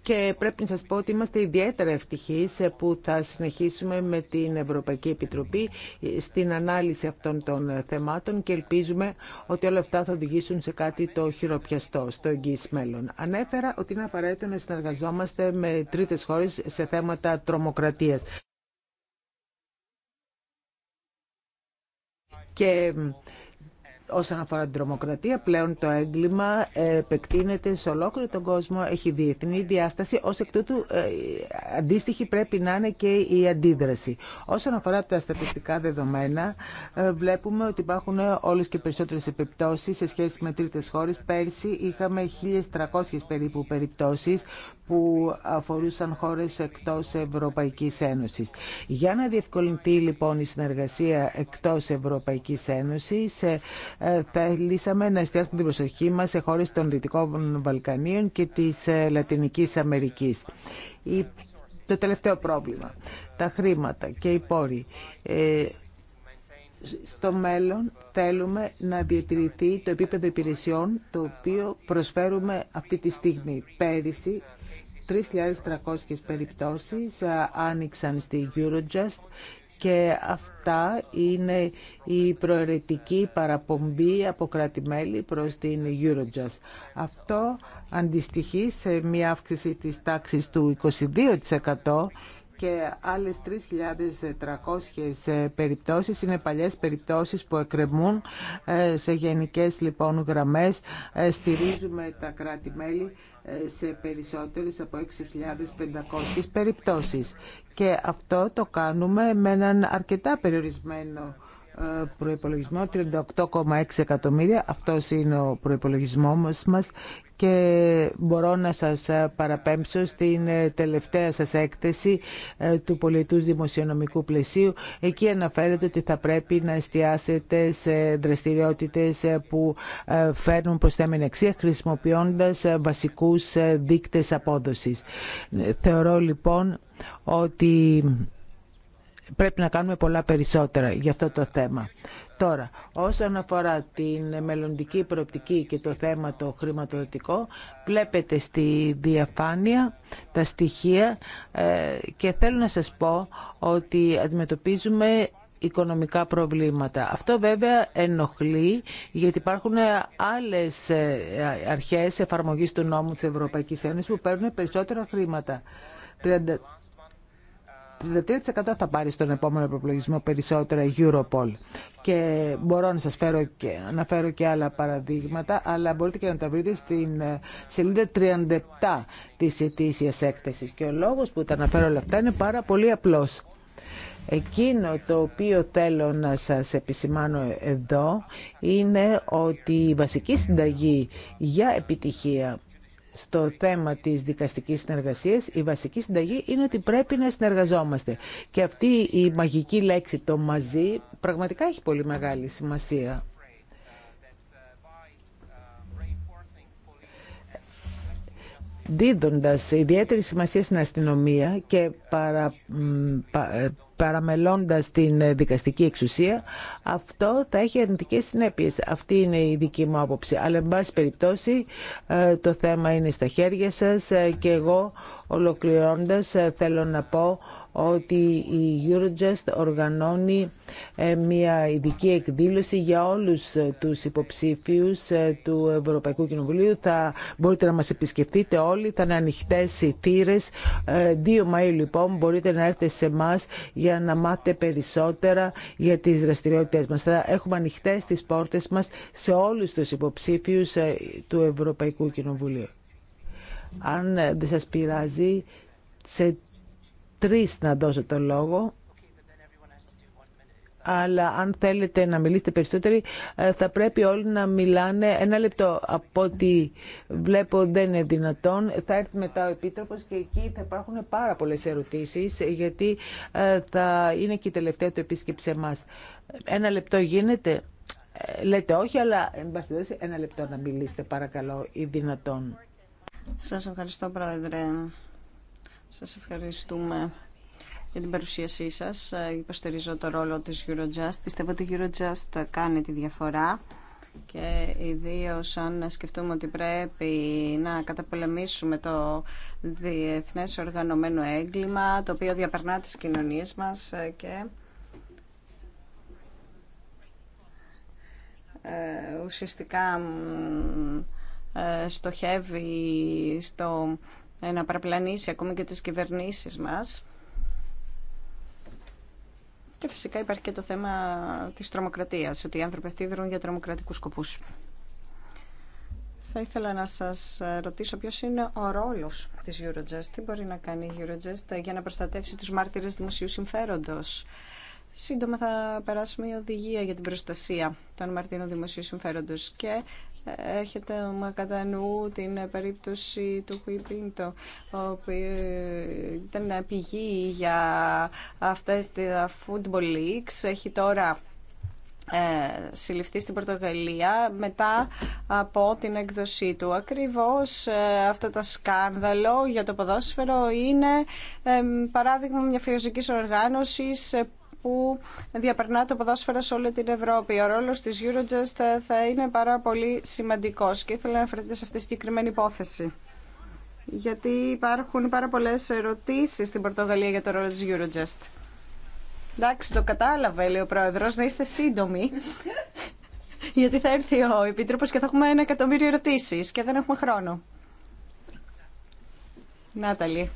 Speaker 4: και πρέπει να σας πω ότι είμαστε ιδιαίτερα ευτυχείς που θα συνεχίσουμε με την Ευρωπαϊκή Επιτροπή στην ανάλυση αυτών των θεμάτων και ελπίζουμε ότι όλα αυτά θα οδηγήσουν σε κάτι το χειροπιαστό στο εγγύης μέλλον. Ανέφερα ότι είναι απαραίτητο να συνεργαζόμαστε με τρίτες χώρες σε θέματα τρομοκρατίας όσον αφορά την τρομοκρατία, πλέον το έγκλημα ε, επεκτείνεται σε ολόκληρο τον κόσμο, έχει διεθνή διάσταση, ως εκ τούτου ε, αντίστοιχη πρέπει να είναι και η αντίδραση. Όσον αφορά τα στατιστικά δεδομένα, ε, βλέπουμε ότι υπάρχουν όλες και περισσότερες επιπτώσεις σε σχέση με τρίτες χώρες. Πέρσι είχαμε 1.300 περίπου περιπτώσεις που αφορούσαν χώρες εκτός Ευρωπαϊκής Ένωσης. Για να διευκολυνθεί λοιπόν η συνεργασία εκτός Ευρωπαϊκής Ένωσης, ε, θέλησαμε να εστιάσουμε την προσοχή μας σε χώρες των Δυτικών Βαλκανίων και της ε, Λατινικής Αμερικής. Το τελευταίο πρόβλημα, τα χρήματα και οι πόροι. Ε, στο μέλλον θέλουμε να διατηρηθεί το επίπεδο υπηρεσιών το οποίο προσφέρουμε αυτή τη στιγμή. Πέρυσι 3.300 περιπτώσεις άνοιξαν στη Eurojust και αυτά είναι η προαιρετική παραπομπή από κράτη-μέλη προς την Eurojust. Αυτό αντιστοιχεί σε μια αύξηση της τάξης του 22% και άλλες 3.400 ε, περιπτώσεις είναι παλιές περιπτώσεις που εκκρεμούν ε, σε γενικές λοιπόν γραμμές. Ε, στηρίζουμε τα κράτη-μέλη σε περισσότερες από 6.500 περιπτώσεις. Και αυτό το κάνουμε με έναν αρκετά περιορισμένο ε, προϋπολογισμό 38,6 εκατομμύρια. Αυτός είναι ο προϋπολογισμός μας και μπορώ να σας ε, παραπέμψω στην ε, τελευταία σας έκθεση του πολιτού δημοσιονομικού πλαισίου. Εκεί αναφέρεται ότι θα πρέπει να εστιάσετε σε δραστηριότητες που φέρνουν προς θέμενη αξία χρησιμοποιώντας βασικούς δείκτες απόδοσης. Θεωρώ λοιπόν ότι πρέπει να κάνουμε πολλά περισσότερα για αυτό το θέμα. Τώρα, όσον αφορά την μελλοντική προοπτική και το θέμα το χρηματοδοτικό, βλέπετε στη διαφάνεια τα στοιχεία ε, και θέλω να σας πω ότι αντιμετωπίζουμε οικονομικά προβλήματα. Αυτό βέβαια ενοχλεί γιατί υπάρχουν άλλες ε, αρχές εφαρμογής του νόμου της Ευρωπαϊκής Ένωσης που παίρνουν περισσότερα χρήματα. 33% θα πάρει στον επόμενο προπλογισμό περισσότερα Europol. Και μπορώ να σας φέρω και, αναφέρω και άλλα παραδείγματα, αλλά μπορείτε και να τα βρείτε στην ε, σελίδα 37 της ετήσιας έκθεσης. Και ο λόγος που τα αναφέρω όλα αυτά είναι πάρα πολύ απλός. Εκείνο το οποίο θέλω να σας επισημάνω εδώ είναι ότι η βασική συνταγή για επιτυχία στο θέμα της δικαστικής συνεργασίας η βασική συνταγή είναι ότι πρέπει να συνεργαζόμαστε. Και αυτή η μαγική λέξη το μαζί πραγματικά έχει πολύ μεγάλη σημασία. Δίδοντας ιδιαίτερη σημασία στην αστυνομία και παρα, παραμελώντας την ε, δικαστική εξουσία, αυτό θα έχει αρνητικές συνέπειες. Αυτή είναι η δική μου άποψη. Αλλά, εν πάση περιπτώσει, ε, το θέμα είναι στα χέρια σας ε, και εγώ, ολοκληρώντας, θέλω να πω ότι η Eurojust οργανώνει ε, μια ειδική εκδήλωση για όλους ε, τους υποψήφιους ε, του Ευρωπαϊκού Κοινοβουλίου. Θα μπορείτε να μας επισκεφτείτε όλοι, θα είναι ανοιχτέ οι θύρες. 2 Μαΐου λοιπόν μπορείτε να έρθετε σε εμά για να μάθετε περισσότερα για τις δραστηριότητες μας. Θα έχουμε ανοιχτέ τις πόρτες μας σε όλους τους υποψήφιους του Ευρωπαϊκού Κοινοβουλίου. Αν δεν σας πειράζει, σε τρεις να δώσω το λόγο αλλά αν θέλετε να μιλήσετε περισσότεροι ε, θα πρέπει όλοι να μιλάνε ένα λεπτό από ό,τι βλέπω δεν είναι δυνατόν θα έρθει μετά ο Επίτροπος και εκεί θα υπάρχουν πάρα πολλές ερωτήσεις ε, γιατί ε, θα είναι και η τελευταία του επίσκεψη εμάς ένα λεπτό γίνεται λέτε όχι αλλά εν πάση ένα λεπτό να μιλήσετε παρακαλώ ή δυνατόν Σας ευχαριστώ Πρόεδρε σας
Speaker 2: ευχαριστούμε για την παρουσίασή σας. Υποστηρίζω το ρόλο της Eurojust. Πιστεύω ότι η Eurojust κάνει τη διαφορά και ιδίω αν σκεφτούμε ότι πρέπει να καταπολεμήσουμε το διεθνές οργανωμένο έγκλημα το οποίο διαπερνά τις κοινωνίες μας και ε, ουσιαστικά ε, στοχεύει στο ε, να παραπλανήσει ακόμη και τις κυβερνήσεις μας. Και φυσικά υπάρχει και το θέμα της τρομοκρατίας, ότι οι άνθρωποι αυτοί δρούν για τρομοκρατικούς σκοπούς. Θα ήθελα να σας ρωτήσω ποιος είναι ο ρόλος της Eurojust, τι μπορεί να κάνει η Eurojust για να προστατεύσει τους μάρτυρες δημοσίου συμφέροντος. Σύντομα θα περάσουμε η οδηγία για την προστασία των μαρτύρων δημοσίου συμφέροντος και έχετε μα κατά νου την περίπτωση του Χουιπίντο, ο οποίος ήταν πηγή για αυτά τα football leagues. Έχει τώρα ε, συλληφθεί στην Πορτογαλία μετά από την έκδοσή του. Ακριβώς αυτά ε, αυτό το σκάνδαλο για το ποδόσφαιρο είναι ε, παράδειγμα μια φιωσικής οργάνωσης που διαπερνά το ποδόσφαιρο σε όλη την Ευρώπη. Ο ρόλος της Eurojust θα είναι πάρα πολύ σημαντικός και ήθελα να αναφερθείτε σε αυτή τη συγκεκριμένη υπόθεση. Γιατί υπάρχουν πάρα πολλές ερωτήσεις στην Πορτογαλία για το ρόλο της Eurojust. Εντάξει, το κατάλαβα, λέει ο πρόεδρος, να είστε σύντομοι. Γιατί θα έρθει ο Επίτροπος και θα έχουμε ένα εκατομμύριο ερωτήσεις και δεν έχουμε χρόνο. Νάταλη.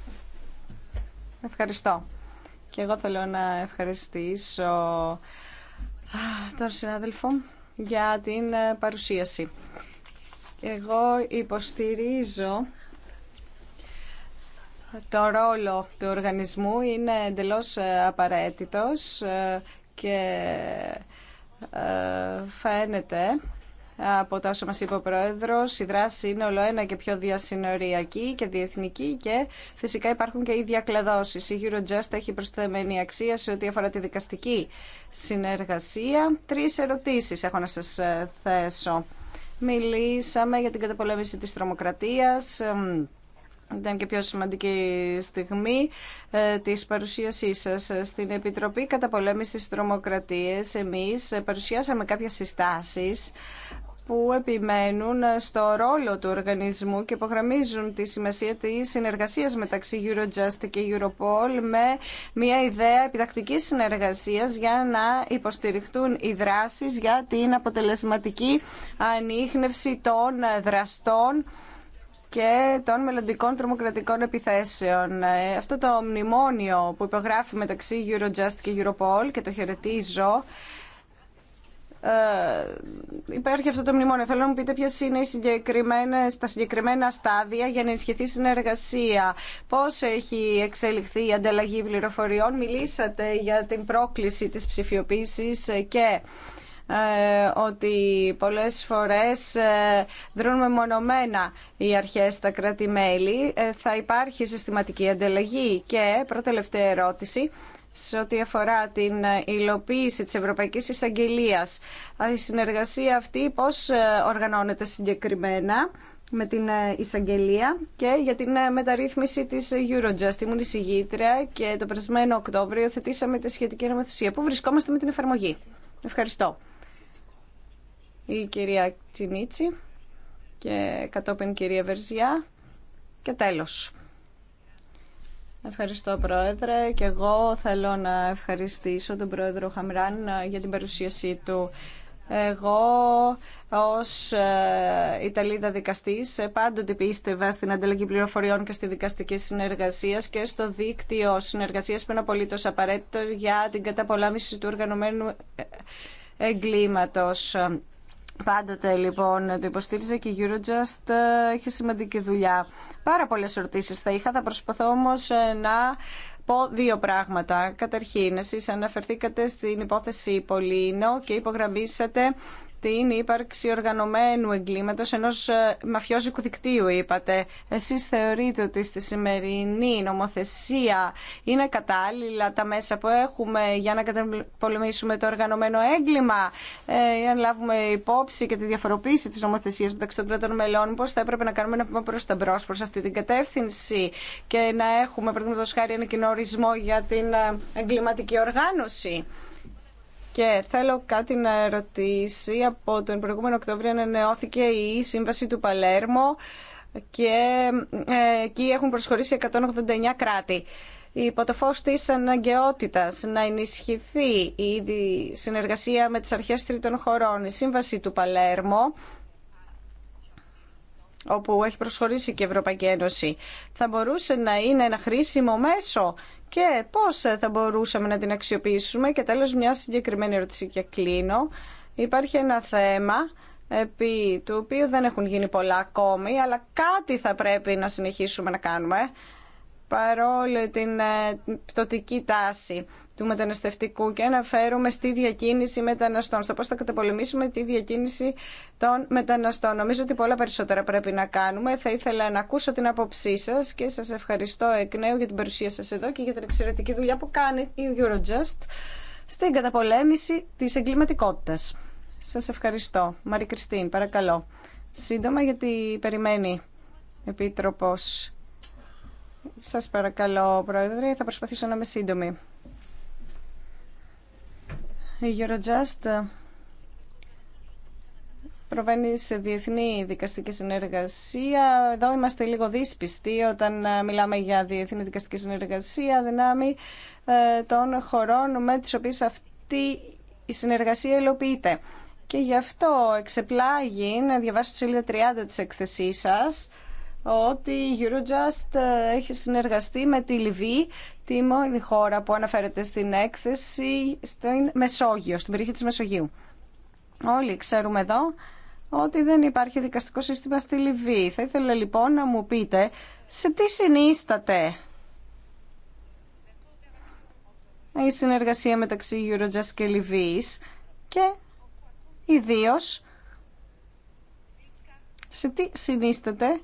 Speaker 2: Ευχαριστώ. Και εγώ θέλω να ευχαριστήσω τον συνάδελφο για την ε, παρουσίαση. Εγώ υποστηρίζω το ρόλο του οργανισμού είναι εντελώς ε, απαραίτητος ε, και φαίνεται από τα όσα μας είπε ο Πρόεδρος, η δράση είναι ολοένα και πιο διασυνοριακή και διεθνική και φυσικά υπάρχουν και οι διακλαδώσεις. Η Eurojust έχει προσθεμένη αξία σε ό,τι αφορά τη δικαστική συνεργασία. Τρεις ερωτήσεις έχω να σας ε, θέσω. Μιλήσαμε για την καταπολέμηση της τρομοκρατίας, ήταν και πιο σημαντική στιγμή ε, της παρουσίασής σας στην Επιτροπή Καταπολέμησης Τρομοκρατίες. Εμείς παρουσιάσαμε κάποιες συστάσεις που επιμένουν στο ρόλο του οργανισμού και υπογραμμίζουν τη σημασία της συνεργασίας μεταξύ Eurojust και Europol με μια ιδέα επιτακτικής συνεργασίας για να υποστηριχτούν οι δράσεις για την αποτελεσματική ανείχνευση των δραστών και των μελλοντικών τρομοκρατικών επιθέσεων. Αυτό το μνημόνιο που υπογράφει μεταξύ Eurojust και Europol και το χαιρετίζω ε, υπάρχει αυτό το μνημόνιο. Θέλω να μου πείτε ποιε είναι οι τα συγκεκριμένα στάδια για να ενισχυθεί συνεργασία. Πώς έχει εξελιχθεί η ανταλλαγή πληροφοριών. Μιλήσατε για την πρόκληση της ψηφιοποίηση και ε, ότι πολλές φορές ε, δρούν μεμονωμένα οι αρχές στα κράτη-μέλη. θα υπάρχει συστηματική ανταλλαγή. Και προτελευταία ερώτηση, σε ό,τι αφορά την ε, υλοποίηση της Ευρωπαϊκής Εισαγγελία. Ε, η συνεργασία αυτή πώς ε, οργανώνεται συγκεκριμένα με την εισαγγελία και για την μεταρρύθμιση της Eurojust. Ήμουν εισηγήτρια και το περασμένο Οκτώβριο θετήσαμε τη σχετική νομοθεσία. Πού βρισκόμαστε με την εφαρμογή. Ευχαριστώ. Η κυρία Τσινίτσι και κατόπιν κυρία Βερζιά και τέλος. Ευχαριστώ Πρόεδρε και εγώ θέλω να ευχαριστήσω τον Πρόεδρο Χαμράν ε, για την παρουσίασή του. Εγώ ως ε, Ιταλίδα δικαστής ε, πάντοτε πίστευα στην ανταλλαγή πληροφοριών και στη δικαστική συνεργασία και στο δίκτυο συνεργασίας που είναι απολύτως απαραίτητο για την καταπολάμηση του οργανωμένου εγκλήματος. Πάντοτε λοιπόν το υποστήριζε και η Eurojust ε, είχε σημαντική δουλειά. Πάρα πολλές ερωτήσεις θα είχα, θα προσπαθώ όμως ε, να πω δύο πράγματα. Καταρχήν, εσείς αναφερθήκατε στην υπόθεση Πολύνο και υπογραμμίσατε την ύπαρξη οργανωμένου εγκλήματος ενός ε, μαφιόζικου δικτύου, είπατε. Εσείς θεωρείτε ότι στη σημερινή νομοθεσία είναι κατάλληλα τα μέσα που έχουμε για να καταπολεμήσουμε το οργανωμένο έγκλημα, ε, για να λάβουμε υπόψη και τη διαφοροποίηση της νομοθεσίας μεταξύ των κρατών μελών, πώς θα έπρεπε να κάνουμε ένα βήμα προς τα μπρος προς αυτή την κατεύθυνση και να έχουμε, πρέπει να χάρη, ένα κοινό ορισμό για την ε, εγκληματική οργάνωση. Και θέλω κάτι να ρωτήσει. Από τον προηγούμενο Οκτώβριο ανανεώθηκε η Σύμβαση του Παλέρμο και ε, εκεί έχουν προσχωρήσει 189 κράτη. Υπό το φως της αναγκαιότητας να ενισχυθεί η συνεργασία με τις αρχές τρίτων χωρών, η Σύμβαση του Παλέρμο όπου έχει προσχωρήσει και η Ευρωπαϊκή Ένωση, θα μπορούσε να είναι ένα χρήσιμο μέσο και πώς θα μπορούσαμε να την αξιοποιήσουμε. Και τέλος μια συγκεκριμένη ερώτηση και κλείνω. Υπάρχει ένα θέμα επί του οποίου δεν έχουν γίνει πολλά ακόμη, αλλά κάτι θα πρέπει να συνεχίσουμε να κάνουμε παρόλη την ε, πτωτική τάση του μεταναστευτικού και αναφέρουμε στη διακίνηση μεταναστών, στο πώς θα καταπολεμήσουμε τη διακίνηση των μεταναστών. Νομίζω ότι πολλά περισσότερα πρέπει να κάνουμε. Θα ήθελα να ακούσω την άποψή σας και σας ευχαριστώ εκ νέου για την παρουσία σας εδώ και για την εξαιρετική δουλειά που κάνει η Eurojust στην καταπολέμηση της εγκληματικότητας. Σας ευχαριστώ. Μαρή Κριστίν, παρακαλώ. Σύντομα γιατί περιμένει Επίτροπος. Σας παρακαλώ, Πρόεδρε, θα προσπαθήσω να είμαι σύντομη. Η Eurojust ε, προβαίνει σε διεθνή δικαστική συνεργασία. Εδώ είμαστε λίγο δύσπιστοι όταν ε, μιλάμε για διεθνή δικαστική συνεργασία δυνάμει ε, των χωρών με τις οποίες αυτή η συνεργασία υλοποιείται. Και γι' αυτό εξεπλάγει να διαβάσω τη σελίδα 30 της εκθεσής σας ότι η Eurojust ε, έχει συνεργαστεί με τη Λιβύη, τη μόνη χώρα που αναφέρεται στην έκθεση, στην Μεσόγειο, στην περιοχή της Μεσογείου. Όλοι ξέρουμε εδώ ότι δεν υπάρχει δικαστικό σύστημα στη Λιβύη. Θα ήθελα λοιπόν να μου πείτε σε τι συνίσταται η συνεργασία μεταξύ Eurojust και Λιβύης και ιδίως σε τι συνίσταται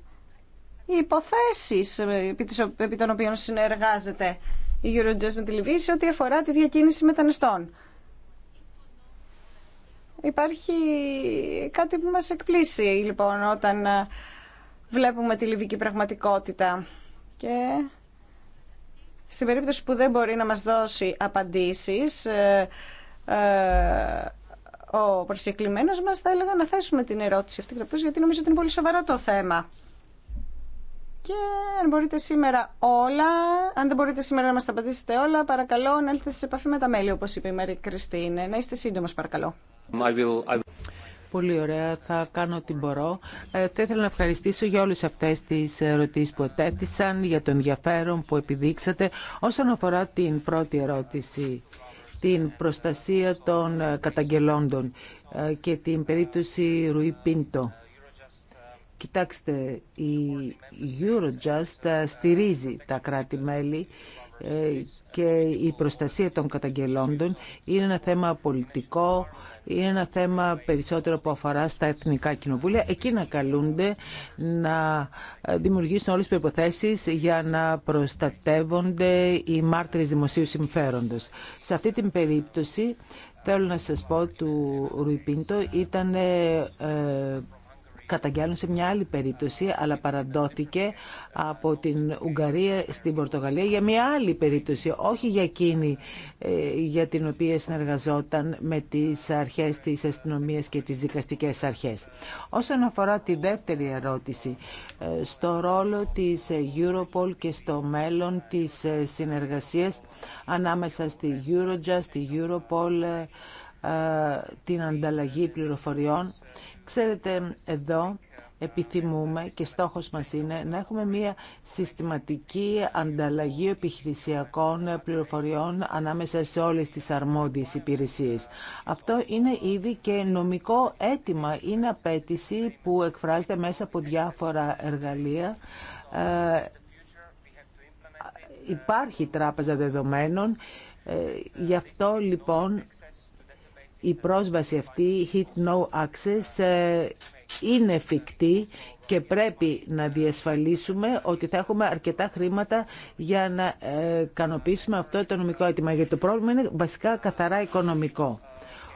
Speaker 2: υποθέσεις ε, επί των οποίων συνεργάζεται η Eurojust με τη Λιβύη σε ό,τι αφορά τη διακίνηση μεταναστών. Υπάρχει κάτι που μας εκπλήσει λοιπόν όταν ε, βλέπουμε τη λιβική πραγματικότητα και στην περίπτωση που δεν μπορεί να μας δώσει απαντήσεις ε, ο προσκεκλημένος μας θα έλεγα να θέσουμε την ερώτηση αυτή γιατί νομίζω ότι είναι πολύ σοβαρό το θέμα. Και αν μπορείτε σήμερα όλα, αν δεν μπορείτε σήμερα να μα τα απαντήσετε όλα, παρακαλώ να έλθετε σε επαφή με τα μέλη, όπω είπε η Μαρία Κριστίνε. Να είστε σύντομο,
Speaker 4: παρακαλώ. Πολύ ωραία, θα κάνω ό,τι μπορώ. Ε, θα ήθελα να ευχαριστήσω για όλες αυτές τις ερωτήσεις που ετέθησαν, για το ενδιαφέρον που επιδείξατε. Όσον αφορά την πρώτη ερώτηση, την προστασία των καταγγελόντων ε, και την περίπτωση Ρουί Πίντο. Κοιτάξτε, η Eurojust ε, στηρίζει τα κράτη-μέλη ε, και η προστασία των καταγγελόντων είναι ένα θέμα πολιτικό, είναι ένα θέμα περισσότερο που αφορά στα εθνικά κοινοβούλια. Εκεί να καλούνται να δημιουργήσουν όλες τις προϋποθέσεις για να προστατεύονται οι μάρτυρες δημοσίου συμφέροντος. Σε αυτή την περίπτωση, θέλω να σας πω, του Ρουιπίντο ήταν ε, καταγγέλνουν σε μια άλλη περίπτωση, αλλά παραδόθηκε από την Ουγγαρία στην Πορτογαλία για μια άλλη περίπτωση, όχι για εκείνη ε, για την οποία συνεργαζόταν με τις αρχές της αστυνομίας και τις δικαστικές αρχές. Όσον αφορά τη δεύτερη ερώτηση, ε, στο ρόλο της Europol και στο μέλλον της ε, συνεργασίας ανάμεσα στη Eurojust, τη Europol, την ανταλλαγή πληροφοριών. Ξέρετε, εδώ επιθυμούμε και στόχος μας είναι να έχουμε μια συστηματική ανταλλαγή επιχειρησιακών πληροφοριών ανάμεσα σε όλες τις αρμόδιες υπηρεσίες. Αυτό είναι ήδη και νομικό αίτημα, είναι απέτηση που εκφράζεται μέσα από διάφορα εργαλεία ε, υπάρχει τράπεζα δεδομένων. Ε, γι' αυτό λοιπόν η πρόσβαση αυτή, hit no access, ε, είναι εφικτή και πρέπει να διασφαλίσουμε ότι θα έχουμε αρκετά χρήματα για να ε, ικανοποιήσουμε αυτό το νομικό αίτημα. Γιατί το πρόβλημα είναι βασικά καθαρά οικονομικό.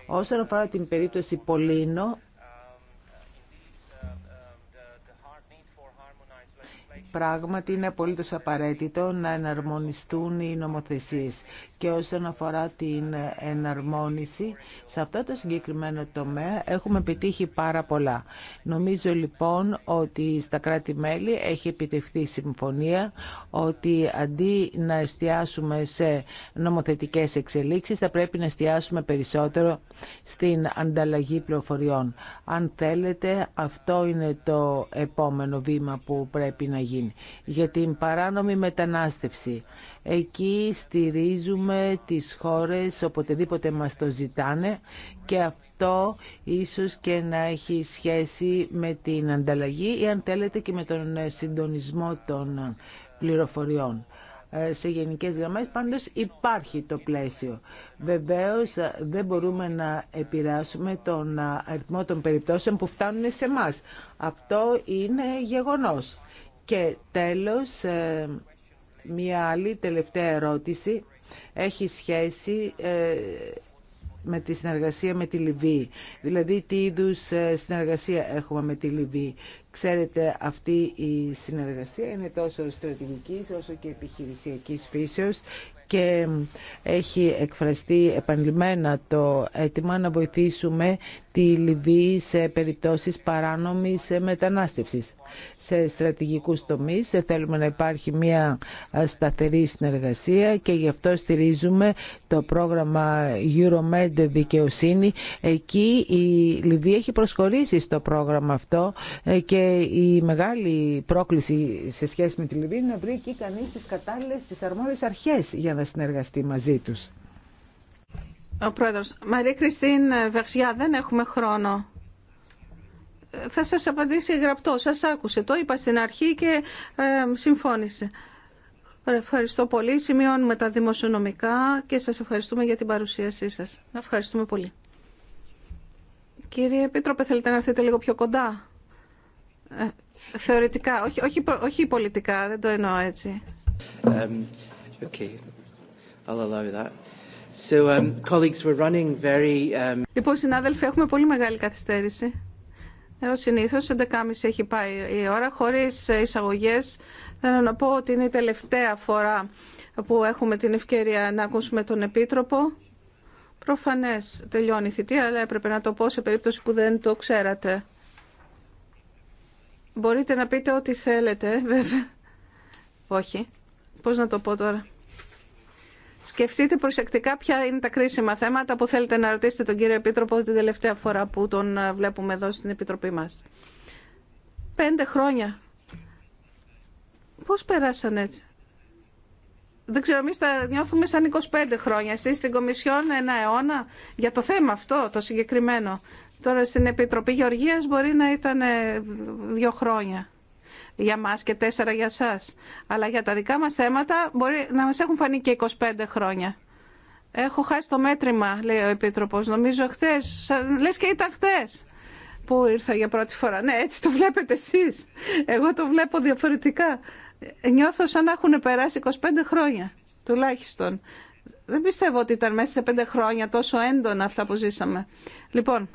Speaker 4: Όσον αφορά την περίπτωση Πολίνο, Πράγματι είναι απολύτως απαραίτητο να εναρμονιστούν οι νομοθεσίες και όσον αφορά την εναρμόνιση σε αυτό το συγκεκριμένο τομέα έχουμε πετύχει πάρα πολλά. Νομίζω λοιπόν ότι στα κράτη-μέλη έχει επιτευχθεί συμφωνία ότι αντί να εστιάσουμε σε νομοθετικές εξελίξεις θα πρέπει να εστιάσουμε περισσότερο στην ανταλλαγή πληροφοριών. Αν θέλετε αυτό είναι το επόμενο βήμα που πρέπει να γίνει για την παράνομη μετανάστευση. Εκεί στηρίζουμε τις χώρες οποτεδήποτε μας το ζητάνε και αυτό ίσως και να έχει σχέση με την ανταλλαγή ή αν θέλετε και με τον συντονισμό των πληροφοριών ε, σε γενικές γραμμές, πάντως υπάρχει το πλαίσιο. Βεβαίως ε, δεν μπορούμε να επηρεάσουμε τον ε, αριθμό των περιπτώσεων που φτάνουν σε μας. Αυτό είναι γεγονός. Και τέλος, ε, μια άλλη τελευταία ερώτηση έχει σχέση ε, με τη συνεργασία με τη Λιβύη. Δηλαδή, τι είδους ε, συνεργασία έχουμε με τη Λιβύη. Ξέρετε, αυτή η συνεργασία είναι τόσο στρατηγικής όσο και επιχειρησιακής φύσεως και έχει εκφραστεί επανειλημμένα το αίτημα να βοηθήσουμε τη Λιβύη σε περιπτώσεις παράνομης ε, μετανάστευσης. Σε στρατηγικούς τομείς ε, θέλουμε να υπάρχει μια ε, σταθερή συνεργασία και γι' αυτό στηρίζουμε το πρόγραμμα Euromed Δικαιοσύνη. Εκεί η Λιβύη έχει προσχωρήσει στο πρόγραμμα αυτό και η μεγάλη πρόκληση σε σχέση με τη Λιβύη είναι να βρει εκεί κανείς τις κατάλληλες, τις αρμόδιες αρχές για να συνεργαστεί μαζί τους.
Speaker 3: Ο πρόεδρος. Μαρία Κριστίν ε, Βεξιά, δεν έχουμε χρόνο. Θα σας απαντήσει γραπτό. Σας άκουσε. Το είπα στην αρχή και ε, συμφώνησε. Ευχαριστώ πολύ. Σημειώνουμε τα δημοσιονομικά και σας ευχαριστούμε για την παρουσίασή σας. Ευχαριστούμε πολύ. Κύριε Επίτροπε, θέλετε να έρθετε λίγο πιο κοντά. Ε, θεωρητικά, όχι, πολιτικά, δεν το εννοώ έτσι.
Speaker 1: Um, okay. Um, um,
Speaker 3: λοιπόν, συνάδελφοι, έχουμε πολύ μεγάλη καθυστέρηση. Συνήθως, συνήθω, 11.30 έχει πάει η ώρα. Χωρί εισαγωγέ, θέλω να πω ότι είναι η τελευταία φορά που έχουμε την ευκαιρία να ακούσουμε τον Επίτροπο. Προφανέ τελειώνει η θητεία, αλλά έπρεπε να το πω σε περίπτωση που δεν το ξέρατε. Μπορείτε να πείτε ό,τι θέλετε, βέβαια. Όχι. Πώς να το πω τώρα. Σκεφτείτε προσεκτικά ποια είναι τα κρίσιμα θέματα που θέλετε να ρωτήσετε τον κύριο Επίτροπο την τελευταία φορά που τον ε, βλέπουμε εδώ στην Επιτροπή μας. Πέντε χρόνια. Πώς περάσαν έτσι. Δεν ξέρω, εμεί τα νιώθουμε σαν 25 χρόνια. Εσεί στην Κομισιόν ένα αιώνα για το θέμα αυτό, το συγκεκριμένο. Τώρα στην Επιτροπή Γεωργίας μπορεί να ήταν ε, δύο χρόνια για μας και τέσσερα για σας. Αλλά για τα δικά μας θέματα μπορεί να μας έχουν φανεί και 25 χρόνια. Έχω χάσει το μέτρημα, λέει ο Επίτροπος. Νομίζω χθες, λες και ήταν χθες που ήρθα για πρώτη φορά. Ναι, έτσι το βλέπετε εσείς. Εγώ το βλέπω διαφορετικά. Νιώθω σαν να έχουν περάσει 25 χρόνια, τουλάχιστον. Δεν πιστεύω ότι ήταν μέσα σε πέντε χρόνια τόσο έντονα αυτά που ζήσαμε. Λοιπόν,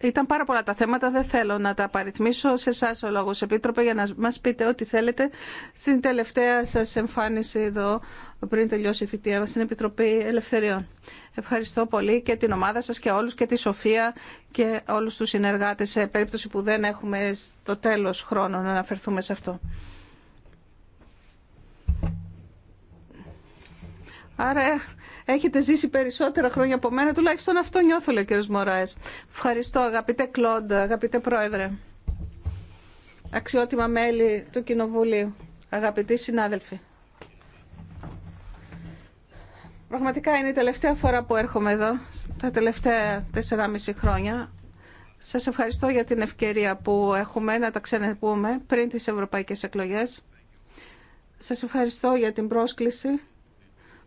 Speaker 3: ήταν πάρα πολλά τα θέματα, δεν θέλω να τα παριθμίσω. Σε εσά ο λόγο, Επίτροπε, για να μα πείτε ό,τι θέλετε στην τελευταία σα εμφάνιση εδώ, πριν τελειώσει η θητεία μα, στην Επιτροπή Ελευθεριών. Ευχαριστώ πολύ και την ομάδα σα και όλου και τη Σοφία και όλου του συνεργάτε, σε περίπτωση που δεν έχουμε στο τέλο χρόνο να αναφερθούμε σε αυτό. Άρα έχετε ζήσει περισσότερα χρόνια από μένα. Τουλάχιστον αυτό νιώθω, λέει ο κύριο Μωράε. Ευχαριστώ, αγαπητέ Κλοντ, αγαπητέ Πρόεδρε. Αξιότιμα μέλη του Κοινοβουλίου, αγαπητοί συνάδελφοι. Πραγματικά είναι η τελευταία φορά που έρχομαι εδώ, τα τελευταία 4,5 χρόνια. Σας ευχαριστώ για την ευκαιρία που έχουμε να τα ξαναπούμε πριν τις ευρωπαϊκές εκλογές. Σας ευχαριστώ για την πρόσκληση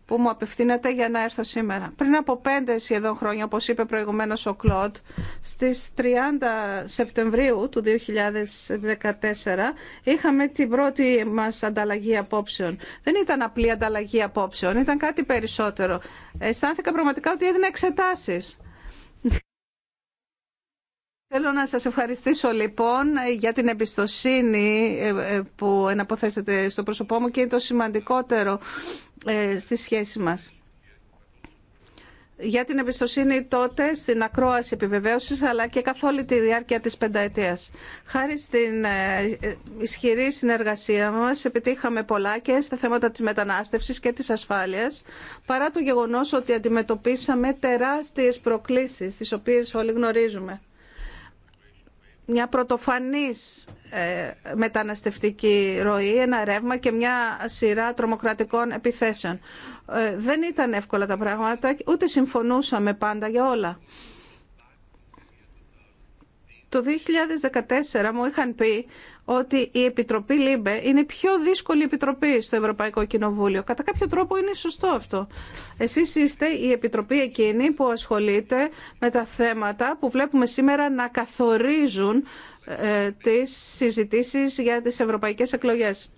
Speaker 3: που μου απευθύνεται για να έρθω σήμερα. Πριν από πέντε σχεδόν χρόνια, όπως είπε προηγουμένως ο Κλοντ, στις 30 Σεπτεμβρίου του 2014 είχαμε την πρώτη μας ανταλλαγή απόψεων. Δεν ήταν απλή ανταλλαγή απόψεων, ήταν κάτι περισσότερο. Αισθάνθηκα πραγματικά ότι έδινε εξετάσεις. Θέλω να σας ευχαριστήσω λοιπόν για την εμπιστοσύνη ε, ε, που εναποθέσετε στο πρόσωπό μου και είναι το σημαντικότερο ε, στη σχέση μας. Για την εμπιστοσύνη τότε στην ακρόαση επιβεβαίωσης αλλά και καθ' όλη τη διάρκεια της πενταετίας. Χάρη στην ισχυρή συνεργασία μας επιτύχαμε πολλά και στα θέματα της μετανάστευσης και της ασφάλειας παρά το γεγονός ότι αντιμετωπίσαμε τεράστιες προκλήσεις τις οποίες όλοι γνωρίζουμε μια πρωτοφανής ε, μεταναστευτική ροή, ένα ρεύμα και μια σειρά τρομοκρατικών επιθέσεων. Ε, δεν ήταν εύκολα τα πράγματα, ούτε συμφωνούσαμε πάντα για όλα. Το 2014 μου είχαν πει ότι η Επιτροπή ΛΥΜΠΕ είναι η πιο δύσκολη επιτροπή στο Ευρωπαϊκό Κοινοβούλιο. Κατά κάποιο τρόπο είναι σωστό αυτό. Εσεί είστε η Επιτροπή εκείνη που ασχολείται με τα θέματα που βλέπουμε σήμερα να καθορίζουν ε, τις συζητήσεις για τις ευρωπαϊκές εκλογές.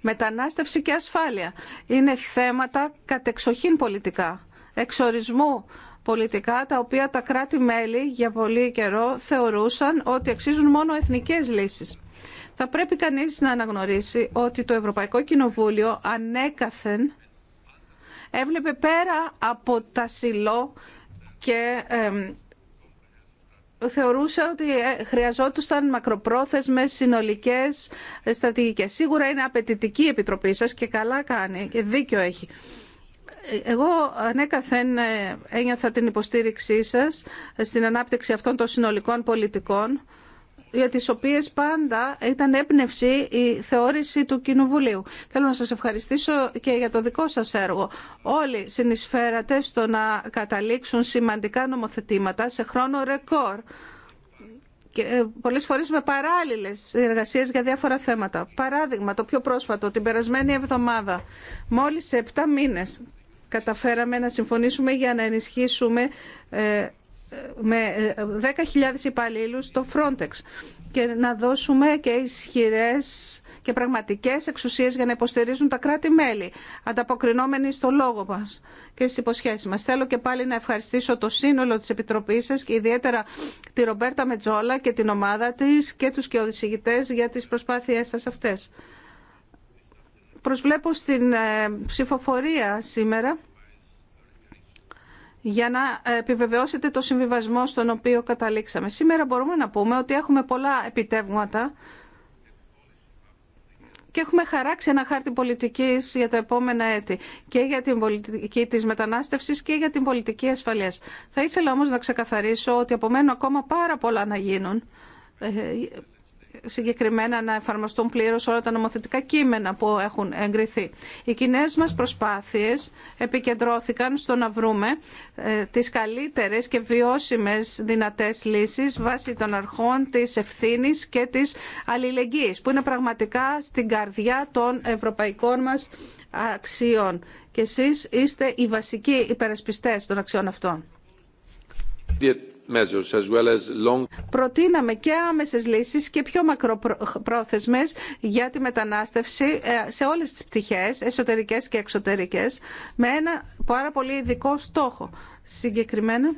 Speaker 3: Μετανάστευση και ασφάλεια είναι θέματα κατεξοχήν πολιτικά, εξορισμού πολιτικά τα οποία τα κράτη-μέλη για πολύ καιρό θεωρούσαν ότι αξίζουν μόνο εθνικές λύσεις. Θα πρέπει κανείς να αναγνωρίσει ότι το Ευρωπαϊκό Κοινοβούλιο ανέκαθεν έβλεπε πέρα από τα σιλό και θεωρούσε ότι ε, χρειαζόντουσαν μακροπρόθεσμες συνολικές ε, στρατηγικές. Σίγουρα είναι απαιτητική η Επιτροπή σας και καλά κάνει και δίκιο έχει. Εγώ ανέκαθεν ε, ένιωθα την υποστήριξή σας στην ανάπτυξη αυτών των συνολικών πολιτικών για τις οποίες πάντα ήταν έμπνευση η θεώρηση του Κοινοβουλίου. Θέλω να σας ευχαριστήσω και για το δικό σας έργο. Όλοι συνεισφέρατε στο να καταλήξουν σημαντικά νομοθετήματα σε χρόνο ρεκόρ και ε, πολλές φορές με παράλληλες εργασίες για διάφορα θέματα. Παράδειγμα, το πιο πρόσφατο, την περασμένη εβδομάδα, μόλις σε 7 μήνες καταφέραμε να συμφωνήσουμε για να ενισχύσουμε ε, με 10.000 ε, υπαλλήλους το Frontex και να δώσουμε και ισχυρές και πραγματικές εξουσίες για να υποστηρίζουν τα κράτη-μέλη, ανταποκρινόμενοι στο λόγο μας και στις υποσχέσεις μας. Θέλω και πάλι να ευχαριστήσω το σύνολο της Επιτροπής σας και ιδιαίτερα τη Ρομπέρτα Μετζόλα και την ομάδα της και τους και για τις προσπάθειές σας αυτές προσβλέπω στην ε, ψηφοφορία σήμερα για να επιβεβαιώσετε το συμβιβασμό στον οποίο καταλήξαμε. Σήμερα μπορούμε να πούμε ότι έχουμε πολλά επιτεύγματα και έχουμε χαράξει ένα χάρτη πολιτικής για τα επόμενα έτη και για την πολιτική της μετανάστευσης και για την πολιτική ασφαλείας. Θα ήθελα όμως να ξεκαθαρίσω ότι απομένουν ακόμα πάρα πολλά να γίνουν ε, συγκεκριμένα να εφαρμοστούν πλήρω όλα τα νομοθετικά κείμενα που έχουν εγκριθεί. Οι κοινέ μας προσπάθειες επικεντρώθηκαν στο να βρούμε ε, τις καλύτερες και βιώσιμες δυνατές λύσεις βάσει των αρχών της ευθύνη και της αλληλεγγύη, που είναι πραγματικά στην καρδιά των ευρωπαϊκών μας αξιών. Και εσεί είστε οι βασικοί υπερασπιστές των αξιών αυτών. Προτείναμε και άμεσες λύσεις και πιο μακροπρόθεσμες για τη μετανάστευση ε, σε όλες τις πτυχές, εσωτερικές και εξωτερικές, με ένα πάρα πολύ ειδικό στόχο. Συγκεκριμένα,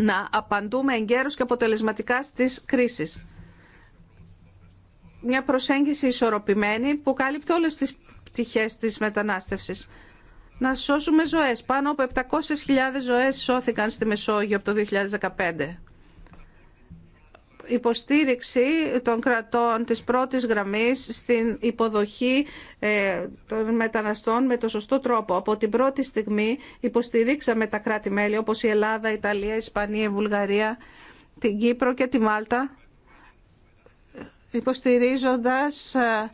Speaker 3: να απαντούμε εγκαίρως και αποτελεσματικά στις κρίσεις. Μια προσέγγιση ισορροπημένη που κάλυπτε όλες τις πτυχές της μετανάστευσης να σώσουμε ζωές. Πάνω από 700.000 ζωές σώθηκαν στη Μεσόγειο από το 2015. Υποστήριξη των κρατών της πρώτης γραμμής στην υποδοχή ε, των μεταναστών με το σωστό τρόπο. Από την πρώτη στιγμή υποστηρίξαμε τα κράτη-μέλη όπως η Ελλάδα, η Ιταλία, η Ισπανία, η Βουλγαρία, την Κύπρο και τη Μάλτα υποστηρίζοντας ε,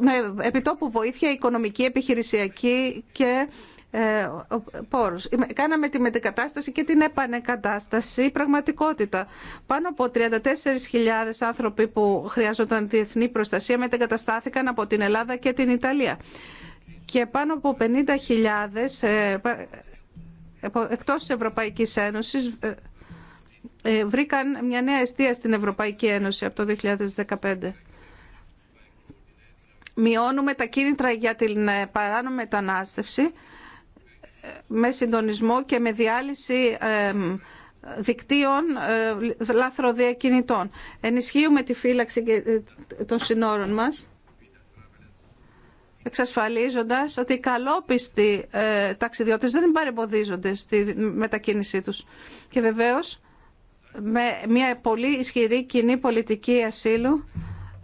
Speaker 3: με επιτόπου βοήθεια οικονομική, επιχειρησιακή και ε, πόρους. Κάναμε τη μετεκατάσταση και την επανεκατάσταση πραγματικότητα. Πάνω από 34.000 άνθρωποι που χρειάζονταν διεθνή προστασία μετεκαταστάθηκαν από την Ελλάδα και την Ιταλία. Και πάνω από 50.000 ε, εκτός της Ευρωπαϊκής Ένωσης ε, βρήκαν μια νέα αιστεία στην Ευρωπαϊκή Ένωση από το 2015 μειώνουμε τα κίνητρα για την ε, παράνομη μετανάστευση ε, με συντονισμό και με διάλυση ε, δικτύων λάθροδιακινητών. Ενισχύουμε τη φύλαξη των συνόρων μας εξασφαλίζοντας ότι οι καλόπιστοι ταξιδιώτες δεν παρεμποδίζονται στη μετακίνησή τους. Και βεβαίως με μια πολύ ισχυρή κοινή πολιτική ασύλου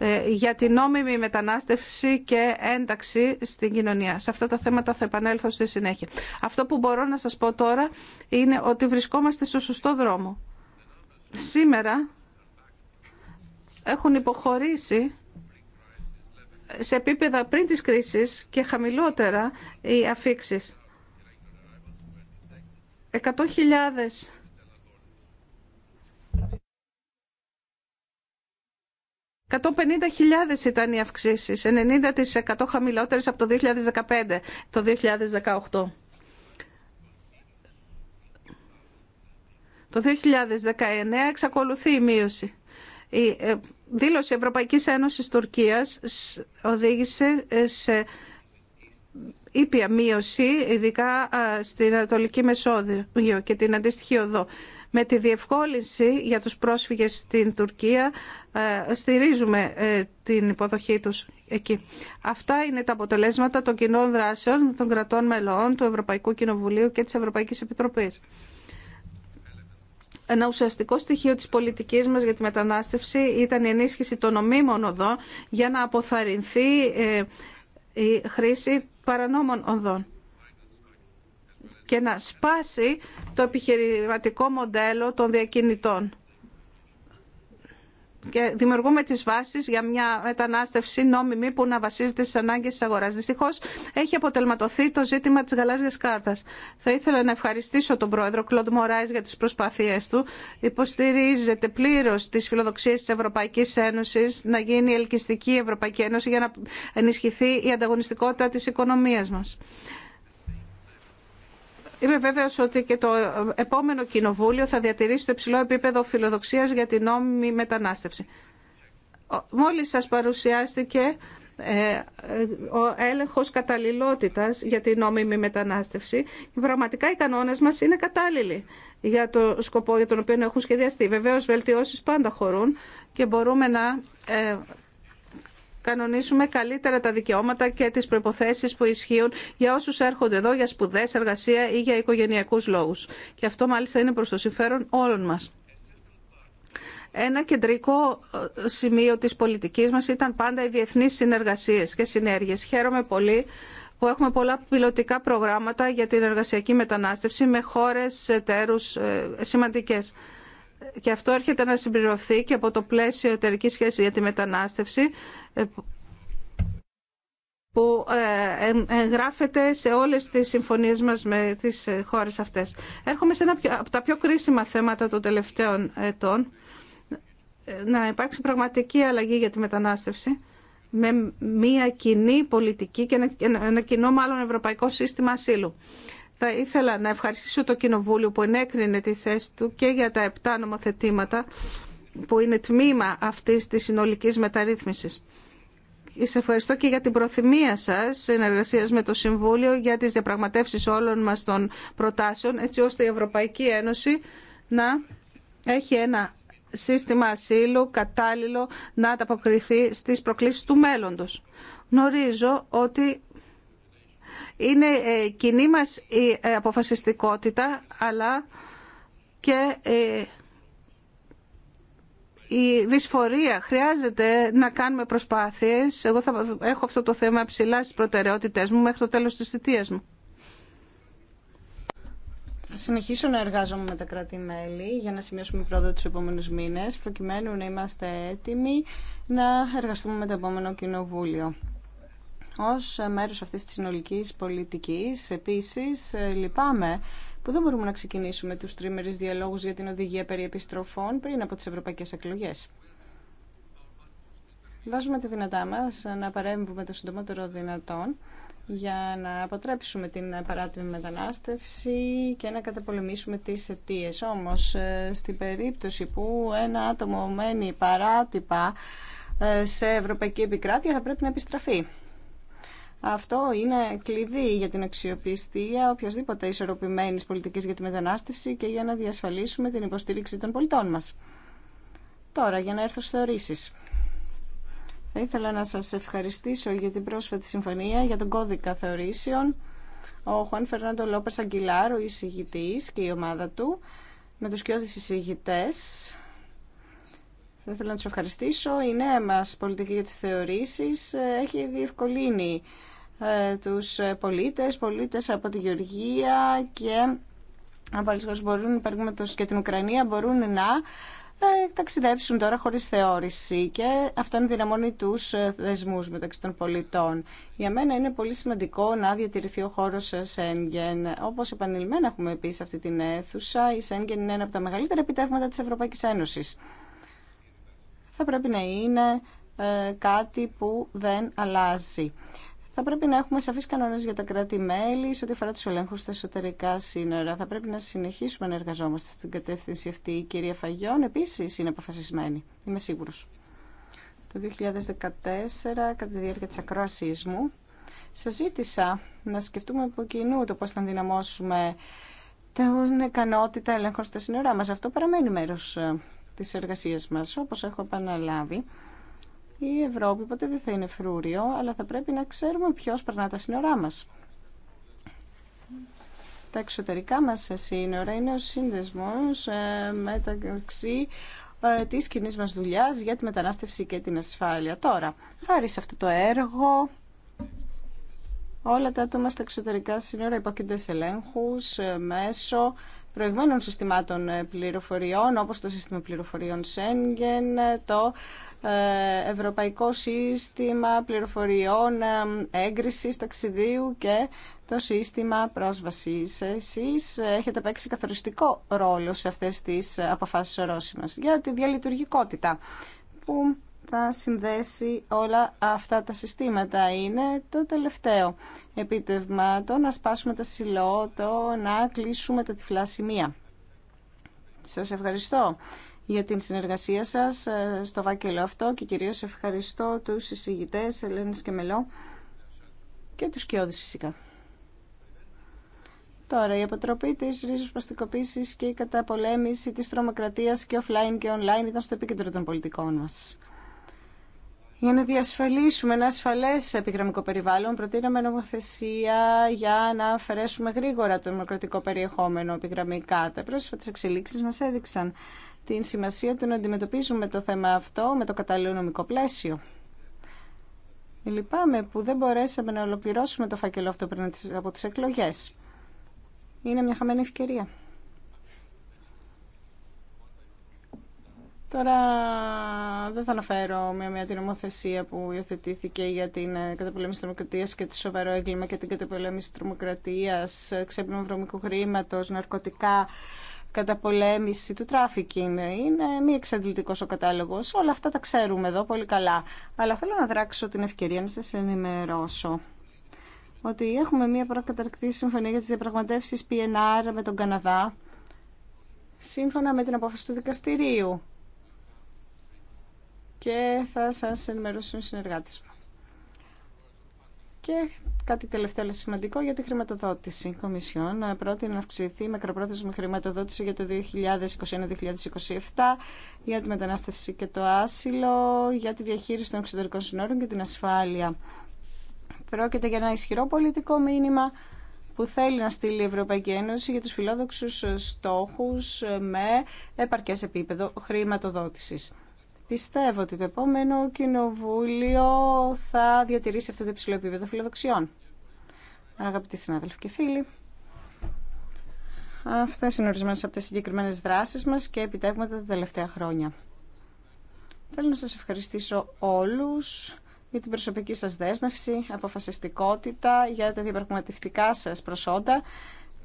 Speaker 3: ε, για την νόμιμη μετανάστευση και ένταξη στην κοινωνία. Σε αυτά τα θέματα θα επανέλθω στη συνέχεια. Αυτό που μπορώ να σας πω τώρα είναι ότι βρισκόμαστε στο σωστό δρόμο. Σήμερα έχουν υποχωρήσει σε επίπεδα πριν της κρίσης και χαμηλότερα οι αφήξεις. 100.000 150.000 ήταν οι αυξήσει. 90% χαμηλότερε από το 2015, το 2018. Το 2019 εξακολουθεί η μείωση. Η ε, δήλωση Ευρωπαϊκής Ένωσης Τουρκίας οδήγησε ε, σε ήπια μείωση, ειδικά ε, στην Ανατολική Μεσόδιο και την αντίστοιχη οδό. Με τη διευκόλυνση για τους πρόσφυγες στην Τουρκία ε, στηρίζουμε ε, την υποδοχή τους εκεί. Αυτά είναι τα αποτελέσματα των κοινών δράσεων των κρατών μελών του Ευρωπαϊκού Κοινοβουλίου και της Ευρωπαϊκής Επιτροπής. Ένα ουσιαστικό στοιχείο της πολιτικής μας για τη μετανάστευση ήταν η ενίσχυση των ομίμων οδών για να αποθαρρυνθεί ε, η χρήση παρανόμων οδών και να σπάσει το επιχειρηματικό μοντέλο των διακινητών. Και δημιουργούμε τις βάσεις για μια μετανάστευση νόμιμη που να βασίζεται στις ανάγκες της αγοράς. Δυστυχώς έχει αποτελματωθεί το ζήτημα της γαλάζιας κάρτας. Θα ήθελα να ευχαριστήσω τον πρόεδρο Κλοντ Μωράης για τις προσπάθειές του. Υποστηρίζεται πλήρως τις φιλοδοξίες της Ευρωπαϊκής Ένωσης να γίνει η ελκυστική Ευρωπαϊκή Ένωση για να ενισχυθεί η ανταγωνιστικότητα της οικονομίας μας. Είμαι βέβαιο ότι και το επόμενο κοινοβούλιο θα διατηρήσει το υψηλό επίπεδο φιλοδοξία για την νόμιμη μετανάστευση. Μόλι σα παρουσιάστηκε ε, ε, ο έλεγχο καταλληλότητα για την νόμιμη μετανάστευση. Πραγματικά οι κανόνε μας είναι κατάλληλοι για το σκοπό για τον οποίο έχουν σχεδιαστεί. Βεβαίω βελτιώσει πάντα χωρούν και μπορούμε να ε, κανονίσουμε καλύτερα τα δικαιώματα και τις προϋποθέσεις που ισχύουν για όσους έρχονται εδώ για σπουδές, εργασία ή για οικογενειακούς λόγους. Και αυτό μάλιστα είναι προς το συμφέρον όλων μας. Ένα κεντρικό ε, σημείο της πολιτικής μας ήταν πάντα οι διεθνείς συνεργασίες και συνέργειες. Χαίρομαι πολύ που έχουμε πολλά πιλωτικά προγράμματα για την εργασιακή μετανάστευση με χώρες εταίρους ε, σημαντικές και αυτό έρχεται να συμπληρωθεί και από το πλαίσιο εταιρική σχέση για τη μετανάστευση ε, που ε, εγγράφεται σε όλες τις συμφωνίες μας με τις ε, χώρες αυτές. Έρχομαι σε ένα από τα πιο κρίσιμα θέματα των τελευταίων ετών να υπάρξει πραγματική αλλαγή για τη μετανάστευση με μια κοινή πολιτική και ένα κοινό μάλλον ευρωπαϊκό σύστημα ασύλου. Θα ήθελα να ευχαριστήσω το Κοινοβούλιο που ενέκρινε τη θέση του και για τα επτά νομοθετήματα που είναι τμήμα αυτής της συνολικής μεταρρύθμισης. Σε ευχαριστώ και για την προθυμία σας συνεργασία με το Συμβούλιο για τις διαπραγματεύσεις όλων μας των προτάσεων, έτσι ώστε η Ευρωπαϊκή Ένωση να έχει ένα σύστημα ασύλου κατάλληλο να ανταποκριθεί στις προκλήσεις του μέλλοντος. Γνωρίζω ότι είναι ε, κοινή μας η ε, αποφασιστικότητα, αλλά και ε, η δυσφορία. Χρειάζεται να κάνουμε προσπάθειες. Εγώ θα έχω αυτό το θέμα ψηλά στις προτεραιότητές μου μέχρι το τέλος της θητείας μου.
Speaker 2: Θα συνεχίσω να εργάζομαι με τα κράτη-μέλη για να σημειώσουμε πρόοδο του επόμενου μήνε, προκειμένου να είμαστε έτοιμοι να εργαστούμε με το επόμενο κοινοβούλιο ως μέρος αυτής της συνολικής πολιτικής. Επίσης, ε, λυπάμαι που δεν μπορούμε να ξεκινήσουμε τους τρίμερες διαλόγους για την οδηγία περί επιστροφών πριν από τις ευρωπαϊκές εκλογές. Βάζουμε τη δυνατά μας να παρέμβουμε το συντομότερο δυνατόν για να αποτρέψουμε την παράτιμη μετανάστευση και να καταπολεμήσουμε τις αιτίε. Όμως, ε, στην περίπτωση που ένα άτομο μένει παράτυπα ε, σε ευρωπαϊκή επικράτεια θα πρέπει να επιστραφεί. Αυτό είναι κλειδί για την αξιοπιστία οποιασδήποτε ισορροπημένη πολιτική για τη μετανάστευση και για να διασφαλίσουμε την υποστήριξη των πολιτών μα. Τώρα, για να έρθω στι θεωρήσει. Θα ήθελα να σα ευχαριστήσω για την πρόσφατη συμφωνία για τον κώδικα θεωρήσεων. Ο Χουάν Φερνάντο Λόπε Αγγιλάρου, η και η ομάδα του, με του κοιόδης εισηγητέ. θα ήθελα να του ευχαριστήσω. Η νέα μα πολιτική για τι θεωρήσει ε, έχει διευκολύνει ε, τους πολίτες, πολίτες από τη Γεωργία και από άλλες χώρες μπορούν, και την Ουκρανία, μπορούν να ε, ταξιδέψουν τώρα χωρίς θεώρηση και αυτό ενδυναμώνει τους δεσμούς ε, μεταξύ των πολιτών. Για μένα είναι πολύ σημαντικό να διατηρηθεί ο χώρος Σέγγεν. Όπως επανειλημμένα έχουμε πει σε αυτή την αίθουσα, η Σέγγεν είναι ένα από τα μεγαλύτερα επιτεύγματα της Ευρωπαϊκής Ένωσης. Θα πρέπει να είναι κάτι που δεν αλλάζει θα πρέπει να έχουμε σαφείς κανόνες για τα κράτη-μέλη σε ό,τι αφορά του ελέγχου στα εσωτερικά σύνορα. Θα πρέπει να συνεχίσουμε να εργαζόμαστε στην κατεύθυνση αυτή. Η κυρία Φαγιών επιση είναι αποφασισμένη. Είμαι σιγουρο Το 2014, κατά τη διάρκεια τη ακρόασή μου, Σα ζήτησα να σκεφτούμε από κοινού το πώ θα δυναμώσουμε την ικανότητα ελέγχων στα σύνορά μα. Αυτό παραμένει μέρο ε, τη εργασία μα. Όπω έχω επαναλάβει η Ευρώπη ποτέ δεν θα είναι φρούριο, αλλά θα πρέπει να ξέρουμε ποιος περνά τα σύνορά μας. Τα εξωτερικά μας σύνορα είναι ο σύνδεσμος ε, μεταξύ ε, τη κοινή μα δουλειά για τη μετανάστευση και την ασφάλεια. Τώρα, χάρη σε αυτό το έργο, όλα τα άτομα στα εξωτερικά σύνορα υπόκεινται σε ελέγχου ε, μέσω προηγμένων συστημάτων πληροφοριών, όπως το σύστημα πληροφοριών Σένγεν, το ε, ευρωπαϊκό Σύστημα Πληροφοριών ε, Έγκρισης Ταξιδίου και το σύστημα πρόσβασης. Εσείς έχετε παίξει καθοριστικό ρόλο σε αυτές τις αποφάσεις ορόσημας για τη διαλειτουργικότητα που θα συνδέσει όλα αυτά τα συστήματα. Είναι το τελευταίο επίτευγμα, το να σπάσουμε τα σιλό, το να κλείσουμε τα τυφλά σημεία. Σας ευχαριστώ για την συνεργασία σας ε, στο βάκελο αυτό και κυρίως ευχαριστώ τους συζητητές Ελένης και Μελό και τους Κιώδης φυσικά. Τώρα, η αποτροπή τη ρίζοσπαστικοποίηση και η καταπολέμηση τη τρομοκρατία και offline και online ήταν στο επίκεντρο των πολιτικών μα. Για να διασφαλίσουμε ένα ασφαλέ επιγραμμικό περιβάλλον, προτείναμε νομοθεσία για να αφαιρέσουμε γρήγορα το δημοκρατικό περιεχόμενο επιγραμμικά. Τα πρόσφατε εξελίξει μα έδειξαν την σημασία του να αντιμετωπίζουμε το θέμα αυτό με το κατάλληλο νομικό πλαίσιο. Λυπάμαι που δεν μπορέσαμε να ολοκληρώσουμε το φάκελο αυτό πριν από τις εκλογές. Είναι μια χαμένη ευκαιρία. Τώρα δεν θα αναφέρω μια μια την νομοθεσία που υιοθετήθηκε για την ε, καταπολέμηση της τρομοκρατίας και τη σοβαρό έγκλημα και την καταπολέμηση της τρομοκρατίας, ε, ξέπλυμα βρωμικού χρήματος, ναρκωτικά πολέμηση του τράφικινγκ. Είναι μη εξαντλητικό ο κατάλογος. Όλα αυτά τα ξέρουμε εδώ πολύ καλά. Αλλά θέλω να δράξω την ευκαιρία να σα ενημερώσω ότι έχουμε μία προκαταρκτή συμφωνία για τις διαπραγματεύσεις PNR με τον Καναδά σύμφωνα με την απόφαση του δικαστηρίου. Και θα σας ενημερώσουν οι συνεργάτες μου. Και Κάτι τελευταίο αλλά σημαντικό για τη χρηματοδότηση. Η Κομισιόν ε, πρότεινε να αυξηθεί η μακροπρόθεσμη χρηματοδότηση για το 2021-2027 για τη μετανάστευση και το άσυλο, για τη διαχείριση των εξωτερικών συνόρων και την ασφάλεια. Πρόκειται για ένα ισχυρό πολιτικό μήνυμα που θέλει να στείλει η Ευρωπαϊκή Ένωση για τους φιλόδοξους ε, στόχους ε, με επαρκές επίπεδο χρηματοδότησης. Πιστεύω ότι το επόμενο κοινοβούλιο θα διατηρήσει αυτό το υψηλό επίπεδο φιλοδοξιών. Αγαπητοί συνάδελφοι και φίλοι, αυτέ είναι ορισμένε από τι συγκεκριμένε δράσει μα και επιτεύγματα τα τελευταία χρόνια. Θέλω να σα ευχαριστήσω όλου για την προσωπική σας δέσμευση, αποφασιστικότητα, για τα διαπραγματευτικά σα προσόντα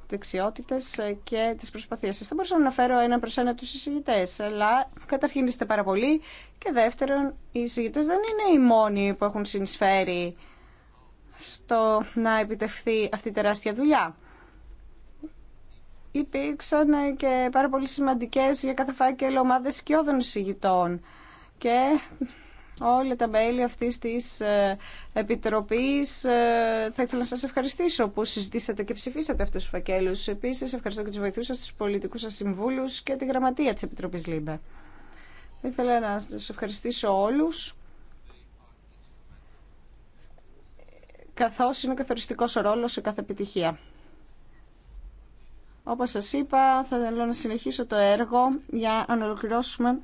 Speaker 2: δεξιότητε ε, και τι προσπαθίε. σα. Θα μπορούσα να αναφέρω ένα προ ένα του αλλά καταρχήν είστε πάρα πολλοί και δεύτερον οι εισηγητές δεν είναι οι μόνοι που έχουν συνεισφέρει στο να επιτευχθεί αυτή η τεράστια δουλειά. Υπήρξαν ε, και πάρα πολύ σημαντικές για κάθε φάκελο ομάδε σκιώδων εισηγητών και όλα τα μέλη αυτής της ε, Επιτροπής. Ε, θα ήθελα να σας ευχαριστήσω που συζητήσατε και ψηφίσατε αυτούς τους φακέλους. Επίσης, ευχαριστώ και τους βοηθούς σας, τους πολιτικούς σας συμβούλους και τη γραμματεία της Επιτροπής ΛΥΜΠΕ. Θα ήθελα να σας ευχαριστήσω όλους. καθώς είναι καθοριστικός ο ρόλος σε κάθε επιτυχία. Όπως σας είπα, θα θέλω να συνεχίσω το έργο για να ολοκληρώσουμε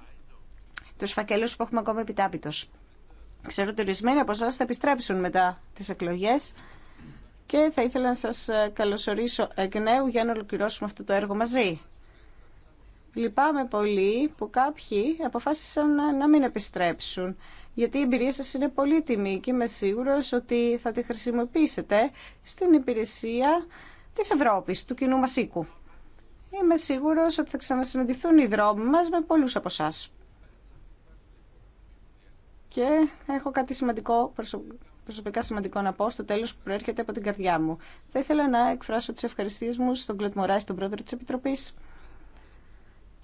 Speaker 2: του φακελού που έχουμε ακόμα επιτάπητο. Ξέρω ότι ορισμένοι από εσά θα επιστρέψουν μετά τι εκλογέ και θα ήθελα να σα ε, καλωσορίσω εκ νέου για να ολοκληρώσουμε αυτό το έργο μαζί. Λυπάμαι πολύ που κάποιοι αποφάσισαν να μην επιστρέψουν γιατί η εμπειρία σα είναι πολύτιμη και είμαι σίγουρο ότι θα τη χρησιμοποιήσετε στην υπηρεσία τη Ευρώπη, του κοινού μας οίκου. Είμαι σίγουρο ότι θα ξανασυναντηθούν οι δρόμοι μα με πολλού από εσά και έχω κάτι σημαντικό, προσωπικά σημαντικό να πω στο τέλος που προέρχεται από την καρδιά μου. Θα ήθελα να εκφράσω τις ευχαριστίες μου στον Κλωτ Μωράη, τον πρόεδρο τη Επιτροπή.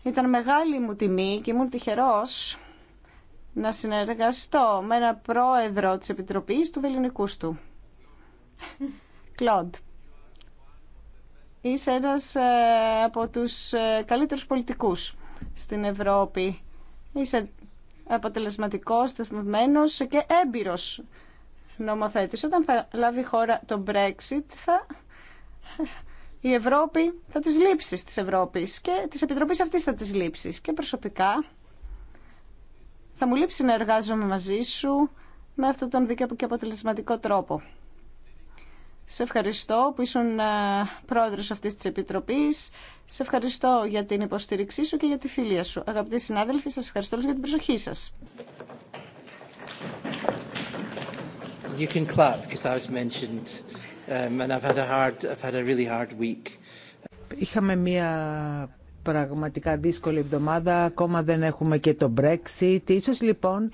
Speaker 2: Ήταν μεγάλη μου τιμή και ήμουν τυχερό να συνεργαστώ με ένα πρόεδρο της Επιτροπής του Βεληνικού του. Κλοντ, είσαι ένας ε, από τους ε, καλύτερους πολιτικούς στην Ευρώπη. Είσαι αποτελεσματικός, δεσμευμένος και έμπειρο νομοθέτης. Όταν θα λάβει η χώρα το Brexit, θα... η Ευρώπη θα τις λείψει της Ευρώπης και της επιτροπή αυτής θα τις λείψει. Και προσωπικά θα μου λείψει να εργάζομαι μαζί σου με αυτόν τον δίκαιο και αποτελεσματικό τρόπο. Σε ευχαριστώ που ήσουν ε, πρόεδρος αυτής της Επιτροπής. Σε ευχαριστώ για την υποστήριξή σου και για τη φιλία σου. Αγαπητοί συνάδελφοι, σας ευχαριστώ για την προσοχή σας.
Speaker 4: Είχαμε μια πραγματικά δύσκολη εβδομάδα, ακόμα δεν έχουμε και το Brexit. Ίσως λοιπόν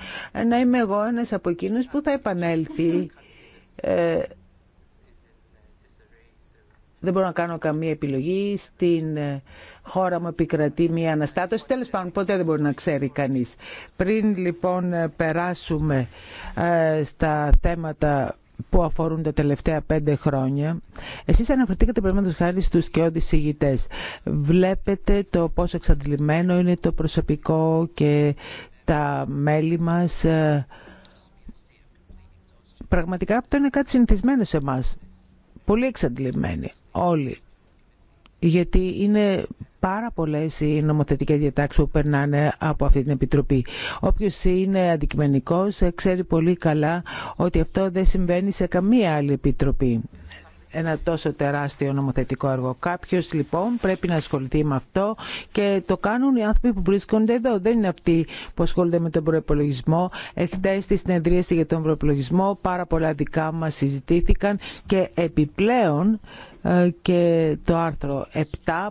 Speaker 4: να είμαι εγώ ένας από εκείνους που θα επανέλθει ε, δεν μπορώ να κάνω καμία επιλογή, στην ε, χώρα μου επικρατεί μια αναστάτωση. Τέλος πάντων, ποτέ δεν μπορεί να ξέρει κανείς. Πριν λοιπόν ε, περάσουμε ε, στα θέματα που αφορούν τα τελευταία πέντε χρόνια. Εσείς αναφερθήκατε πραγματικά χάρη στους και ηγητές. Βλέπετε το πόσο εξαντλημένο είναι το προσωπικό και τα μέλη μας. Πραγματικά αυτό είναι κάτι συνηθισμένο σε μας. Πολύ εξαντλημένοι όλοι. Γιατί είναι πάρα πολλέ οι νομοθετικέ διατάξει που περνάνε από αυτή την Επιτροπή. Όποιο είναι αντικειμενικό ε, ξέρει πολύ καλά ότι αυτό δεν συμβαίνει σε καμία άλλη Επιτροπή. Ένα τόσο τεράστιο νομοθετικό έργο. Κάποιο λοιπόν πρέπει να ασχοληθεί με αυτό και το κάνουν οι άνθρωποι που βρίσκονται εδώ. Δεν είναι αυτοί που ασχολούνται με τον προπολογισμό. Εχθέ στη συνεδρίαση για τον προπολογισμό πάρα πολλά δικά μα συζητήθηκαν και επιπλέον ε, και το άρθρο 7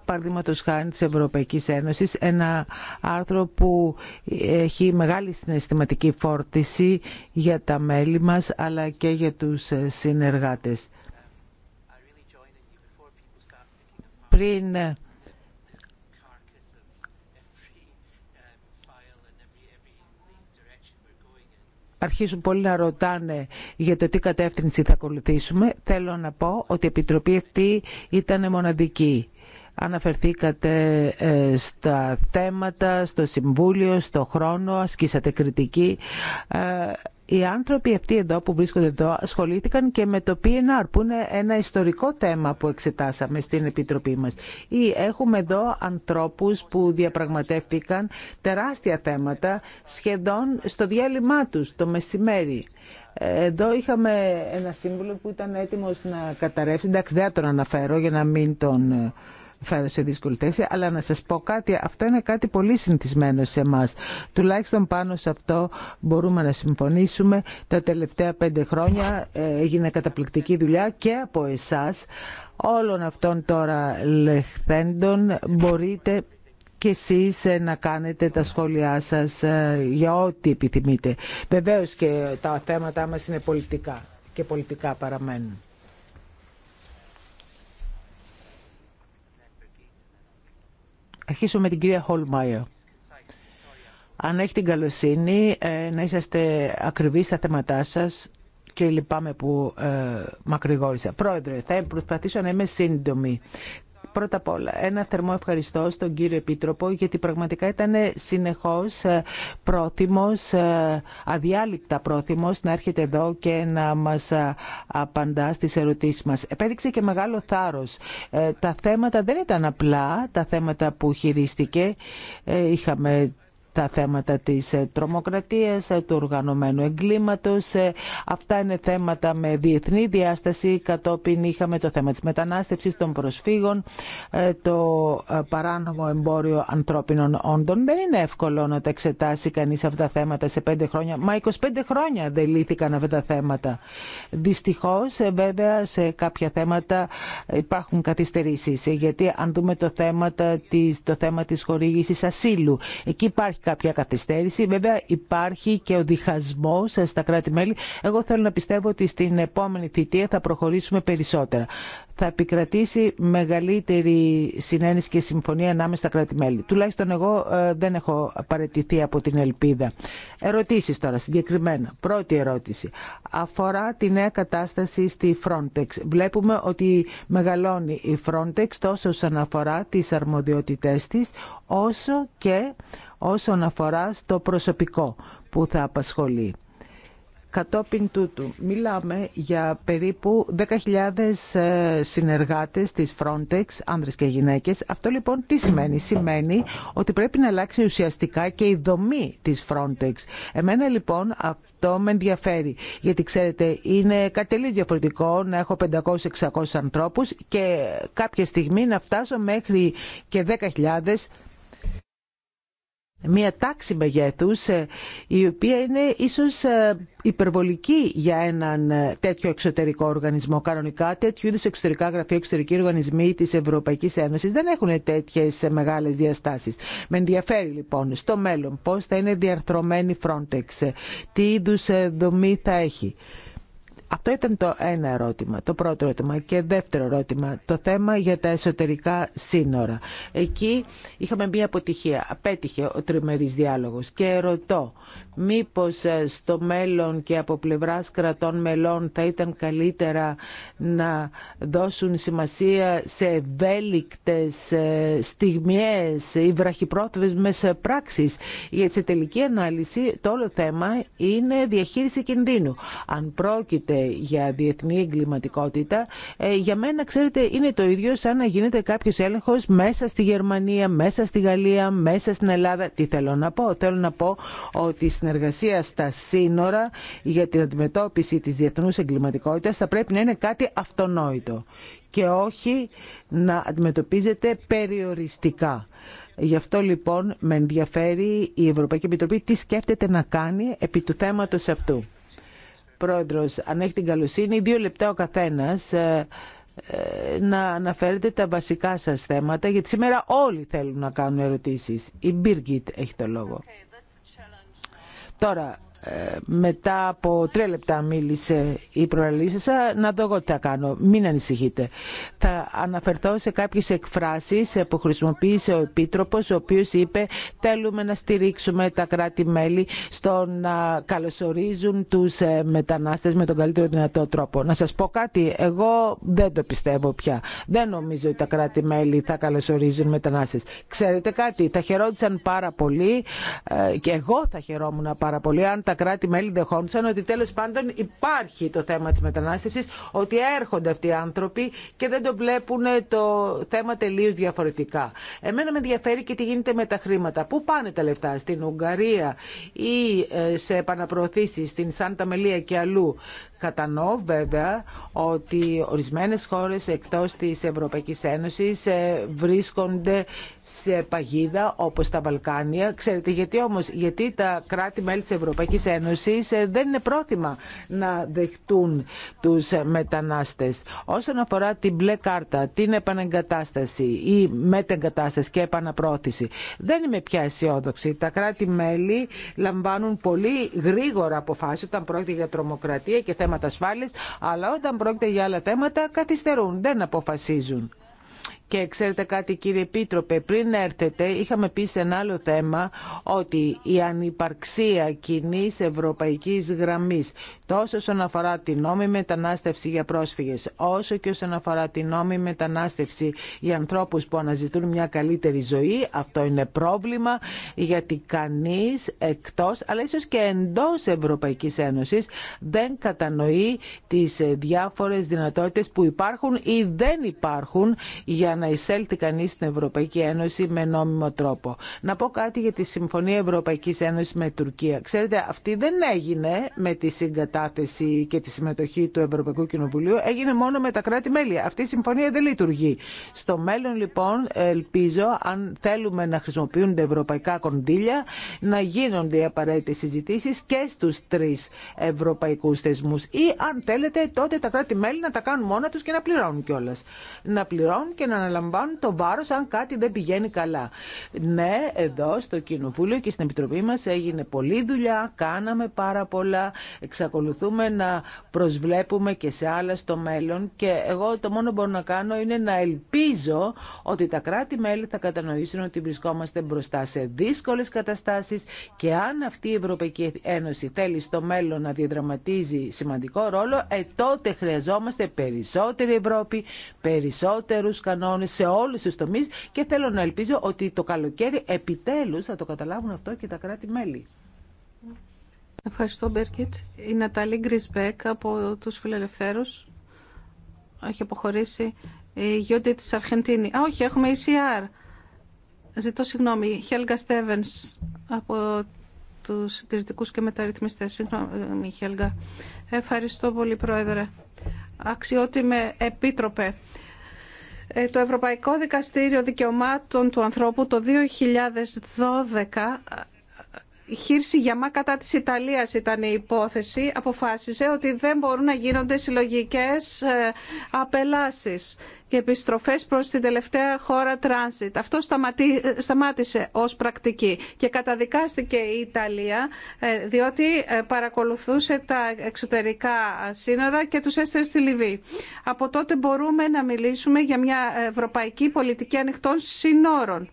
Speaker 4: παραδείγματος χάρη της Ευρωπαϊκής Ένωσης ένα άρθρο που έχει μεγάλη συναισθηματική φόρτιση για τα μέλη μας αλλά και για τους συνεργάτες. Πριν αρχίζουν πολύ να ρωτάνε για το τι κατεύθυνση θα ακολουθήσουμε, θέλω να πω ότι η Επιτροπή αυτή ήταν μοναδική. Αναφερθήκατε ε, στα θέματα, στο Συμβούλιο, στο χρόνο, ασκήσατε κριτική. Ε, οι άνθρωποι αυτοί εδώ που βρίσκονται εδώ ασχολήθηκαν και με το PNR που είναι ένα ιστορικό θέμα που εξετάσαμε στην Επιτροπή μας. Ή έχουμε εδώ ανθρώπους που διαπραγματεύτηκαν τεράστια θέματα σχεδόν στο διάλειμμα τους το μεσημέρι. Εδώ είχαμε ένα σύμβουλο που ήταν έτοιμος να καταρρεύσει, εντάξει δεν τον αναφέρω για να μην τον ε, φέρω σε δύσκολη θέση, αλλά να σας πω κάτι, αυτό είναι κάτι πολύ συνηθισμένο σε εμά. Τουλάχιστον πάνω σε αυτό μπορούμε να συμφωνήσουμε. Τα τελευταία πέντε χρόνια ε, έγινε καταπληκτική δουλειά και από εσά, Όλων αυτών τώρα λεχθέντων μπορείτε και εσείς ε, να κάνετε τα σχόλιά σας ε, για ό,τι επιθυμείτε. Βεβαίως και τα θέματα μας είναι πολιτικά και πολιτικά παραμένουν. Αρχίσω με την κυρία Χολμάιερ. Αν έχει την καλοσύνη ε, να είσαστε ακριβείς στα θέματά σας και λυπάμαι που ε, μακρηγόρησα. Πρόεδρε, θα προσπαθήσω να είμαι σύντομη. Πρώτα απ' όλα, ένα θερμό ευχαριστώ στον κύριο Επίτροπο, γιατί πραγματικά ήταν συνεχώς ε, πρόθυμος, ε, αδιάλειπτα πρόθυμος να έρχεται εδώ και να μας ε, απαντά στις ερωτήσεις μας. Επέδειξε και μεγάλο θάρρος. Τα θέματα δεν ήταν απλά, τα θέματα που χειρίστηκε. Είχαμε τα θέματα της ε, τρομοκρατίας, ε, του οργανωμένου εγκλήματος. Ε, αυτά είναι θέματα με διεθνή διάσταση. Κατόπιν είχαμε το θέμα της μετανάστευσης των προσφύγων, το παράνομο εμπόριο ανθρώπινων όντων. Δεν είναι εύκολο να τα εξετάσει κανείς αυτά τα θέματα σε πέντε χρόνια. Μα 25 χρόνια δεν λύθηκαν αυτά τα θέματα. Δυστυχώς βέβαια σε κάποια θέματα υπάρχουν καθυστερήσεις. Γιατί αν δούμε το θέμα, το θέμα της χορήγησης ασύλου, εκεί υπάρχει κάποια καθυστέρηση. Βέβαια υπάρχει και ο διχασμός στα κράτη-μέλη. Εγώ θέλω να πιστεύω ότι στην επόμενη θητεία θα προχωρήσουμε περισσότερα θα επικρατήσει μεγαλύτερη συνένεση και συμφωνία ανάμεσα στα κράτη-μέλη. Τουλάχιστον εγώ ε, δεν έχω παραιτηθεί από την ελπίδα. Ερωτήσεις τώρα συγκεκριμένα. Πρώτη ερώτηση. Αφορά τη νέα κατάσταση στη Frontex. Βλέπουμε ότι μεγαλώνει η Frontex τόσο όσον αφορά τις αρμοδιότητές της, όσο και όσον αφορά στο προσωπικό που θα απασχολεί. Κατόπιν τούτου, μιλάμε για περίπου 10.000 ε, συνεργάτες της Frontex, άνδρες και γυναίκες. Αυτό λοιπόν τι σημαίνει. Σημαίνει ότι πρέπει να αλλάξει ουσιαστικά και η δομή της Frontex. Εμένα λοιπόν αυτό με ενδιαφέρει, γιατί ξέρετε είναι κατελή διαφορετικό να έχω 500-600 ανθρώπους και κάποια στιγμή να φτάσω μέχρι και 10.000 μια τάξη μεγέθους ε, η οποία είναι ίσως ε, υπερβολική για έναν ε, τέτοιο εξωτερικό οργανισμό. Κανονικά τέτοιου είδους εξωτερικά γραφεία, εξωτερικοί οργανισμοί της Ευρωπαϊκής Ένωσης δεν έχουν τέτοιες μεγάλες διαστάσεις. Με ενδιαφέρει λοιπόν στο μέλλον πώς θα είναι διαρθρωμένη Frontex, τι είδους δομή θα έχει. Αυτό ήταν το ένα ερώτημα, το πρώτο ερώτημα. Και δεύτερο ερώτημα, το θέμα για τα εσωτερικά σύνορα. Εκεί είχαμε μία αποτυχία. Απέτυχε ο τριμερής διάλογος. Και ρωτώ, μήπως ε, στο μέλλον και από πλευράς κρατών μελών θα ήταν καλύτερα να δώσουν σημασία σε ευέλικτες ε, στιγμιές ή βραχυπρόθεσμες πράξεις. Γιατί σε τελική ανάλυση το όλο θέμα είναι διαχείριση κινδύνου. Αν πρόκειται για διεθνή εγκληματικότητα, ε, για μένα, ξέρετε, είναι το ίδιο σαν να γίνεται κάποιο έλεγχο μέσα στη Γερμανία, μέσα στη Γαλλία, μέσα στην Ελλάδα. Τι θέλω να πω. Θέλω να πω ότι η συνεργασία στα σύνορα για την αντιμετώπιση τη διεθνού εγκληματικότητα θα πρέπει να είναι κάτι αυτονόητο και όχι να αντιμετωπίζεται περιοριστικά. Γι' αυτό λοιπόν με ενδιαφέρει η Ευρωπαϊκή Επιτροπή τι σκέφτεται να κάνει επί του θέματος αυτού. Πρόεδρος, αν έχει την καλοσύνη, δύο λεπτά ο καθένας ε, ε, να αναφέρετε τα βασικά σας θέματα, γιατί σήμερα όλοι θέλουν να κάνουν ερωτήσεις. Η Μπίργκιτ έχει το λόγο. Τώρα, ε, μετά από τρία λεπτά μίλησε η προαλήσασα, να δω εγώ τι θα κάνω. Μην ανησυχείτε. Θα αναφερθώ σε κάποιες εκφράσεις που χρησιμοποίησε ο Επίτροπος, ο οποίος είπε θέλουμε να στηρίξουμε τα κράτη-μέλη στο να καλωσορίζουν τους ε, μετανάστες με τον καλύτερο δυνατό τρόπο. Να σας πω κάτι, εγώ δεν το πιστεύω πια. Δεν νομίζω ότι τα κράτη-μέλη θα καλωσορίζουν μετανάστες. Ξέρετε κάτι, θα χαιρόντουσαν πάρα πολύ ε, και εγώ θα χαιρόμουν πάρα πολύ τα κράτη-μέλη δεχόντουσαν ότι τέλος πάντων υπάρχει το θέμα της μετανάστευση, ότι έρχονται αυτοί οι άνθρωποι και δεν το βλέπουν το θέμα τελείως διαφορετικά. Εμένα με ενδιαφέρει και τι γίνεται με τα χρήματα. Πού πάνε τα λεφτά, στην Ουγγαρία ή ε, σε επαναπροωθήσεις στην Σάντα Μελία και αλλού. Κατανοώ βέβαια ότι ορισμένες χώρες εκτός της Ευρωπαϊκής Ένωσης ε, βρίσκονται ε, παγίδα όπως τα Βαλκάνια. Ξέρετε γιατί όμως, γιατί τα κράτη-μέλη της Ευρωπαϊκής Ένωσης ε, δεν είναι πρόθυμα να δεχτούν τους μετανάστες. Όσον αφορά την μπλε κάρτα, την επανεγκατάσταση ή μετεγκατάσταση και επαναπρόθεση, δεν είμαι πια αισιόδοξη. Τα κράτη-μέλη λαμβάνουν πολύ γρήγορα αποφάσεις όταν πρόκειται για τρομοκρατία και θέματα ασφάλειας, αλλά όταν πρόκειται για άλλα θέματα καθυστερούν, δεν αποφασίζουν. Και ξέρετε κάτι κύριε Επίτροπε, πριν έρθετε είχαμε πει σε ένα άλλο θέμα ότι η ανυπαρξία κοινή ευρωπαϊκής γραμμής τόσο όσον αφορά την νόμη μετανάστευση για πρόσφυγες όσο και όσον αφορά την νόμη μετανάστευση για ανθρώπους που αναζητούν μια καλύτερη ζωή αυτό είναι πρόβλημα γιατί κανείς εκτός αλλά ίσως και εντός Ευρωπαϊκής Ένωσης δεν κατανοεί τις διάφορες δυνατότητες που υπάρχουν ή δεν υπάρχουν για να να εισέλθει κανεί στην Ευρωπαϊκή Ένωση με νόμιμο τρόπο. Να πω κάτι για τη Συμφωνία Ευρωπαϊκή Ένωση με Τουρκία. Ξέρετε, αυτή δεν έγινε με τη συγκατάθεση και τη συμμετοχή του Ευρωπαϊκού Κοινοβουλίου, έγινε μόνο με τα κράτη-μέλη. Αυτή η συμφωνία δεν λειτουργεί. Στο μέλλον, λοιπόν, ελπίζω, αν θέλουμε να χρησιμοποιούνται ευρωπαϊκά κονδύλια, να γίνονται οι απαραίτητε συζητήσει και στου τρει ευρωπαϊκού θεσμού. Ή, αν θέλετε, τότε τα κράτη-μέλη να τα κάνουν μόνα του και να πληρώνουν κιόλα. Να πληρώνουν και να αναλαμβάνουν το βάρος αν κάτι δεν πηγαίνει καλά. Ναι, εδώ στο Κοινοβούλιο και στην Επιτροπή μας έγινε πολλή δουλειά, κάναμε πάρα πολλά, εξακολουθούμε να προσβλέπουμε και σε άλλα στο μέλλον και εγώ το μόνο που μπορώ να κάνω είναι να ελπίζω ότι τα κράτη-μέλη θα κατανοήσουν ότι βρισκόμαστε μπροστά σε δύσκολες καταστάσεις και αν αυτή η Ευρωπαϊκή Ένωση θέλει στο μέλλον να διαδραματίζει σημαντικό ρόλο, ε, τότε χρειαζόμαστε περισσότερη Ευρώπη, περισσότερους κανόνε σε όλου του τομείς και θέλω να ελπίζω ότι το καλοκαίρι επιτέλους θα το καταλάβουν αυτό και τα κράτη-μέλη. Ευχαριστώ,
Speaker 3: Μπέρκετ. Η Ναταλή Γκρισμπέκ από τους Φιλελευθέρου έχει αποχωρήσει. Η Γιώτη της Αρχεντίνη. Α, όχι, έχουμε ECR. Ζητώ συγγνώμη. Χέλγα Στέβεν από τους συντηρητικού και μεταρρυθμιστέ. Συγγνώμη, Χέλγα. Ευχαριστώ πολύ, Πρόεδρε. Αξιότιμε Επίτροπε. Ε, το Ευρωπαϊκό Δικαστήριο Δικαιωμάτων του Ανθρώπου το 2012 για μα κατά της Ιταλίας ήταν η υπόθεση, αποφάσισε ότι δεν μπορούν να γίνονται συλλογικές ε, απελάσεις και επιστροφές προς την τελευταία χώρα τράνσιτ. Αυτό σταμάτησε ως πρακτική και καταδικάστηκε η Ιταλία ε, διότι ε, παρακολουθούσε τα εξωτερικά σύνορα και τους έστειλε στη Λιβύη. Από τότε μπορούμε να μιλήσουμε για μια ευρωπαϊκή πολιτική ανοιχτών σύνορων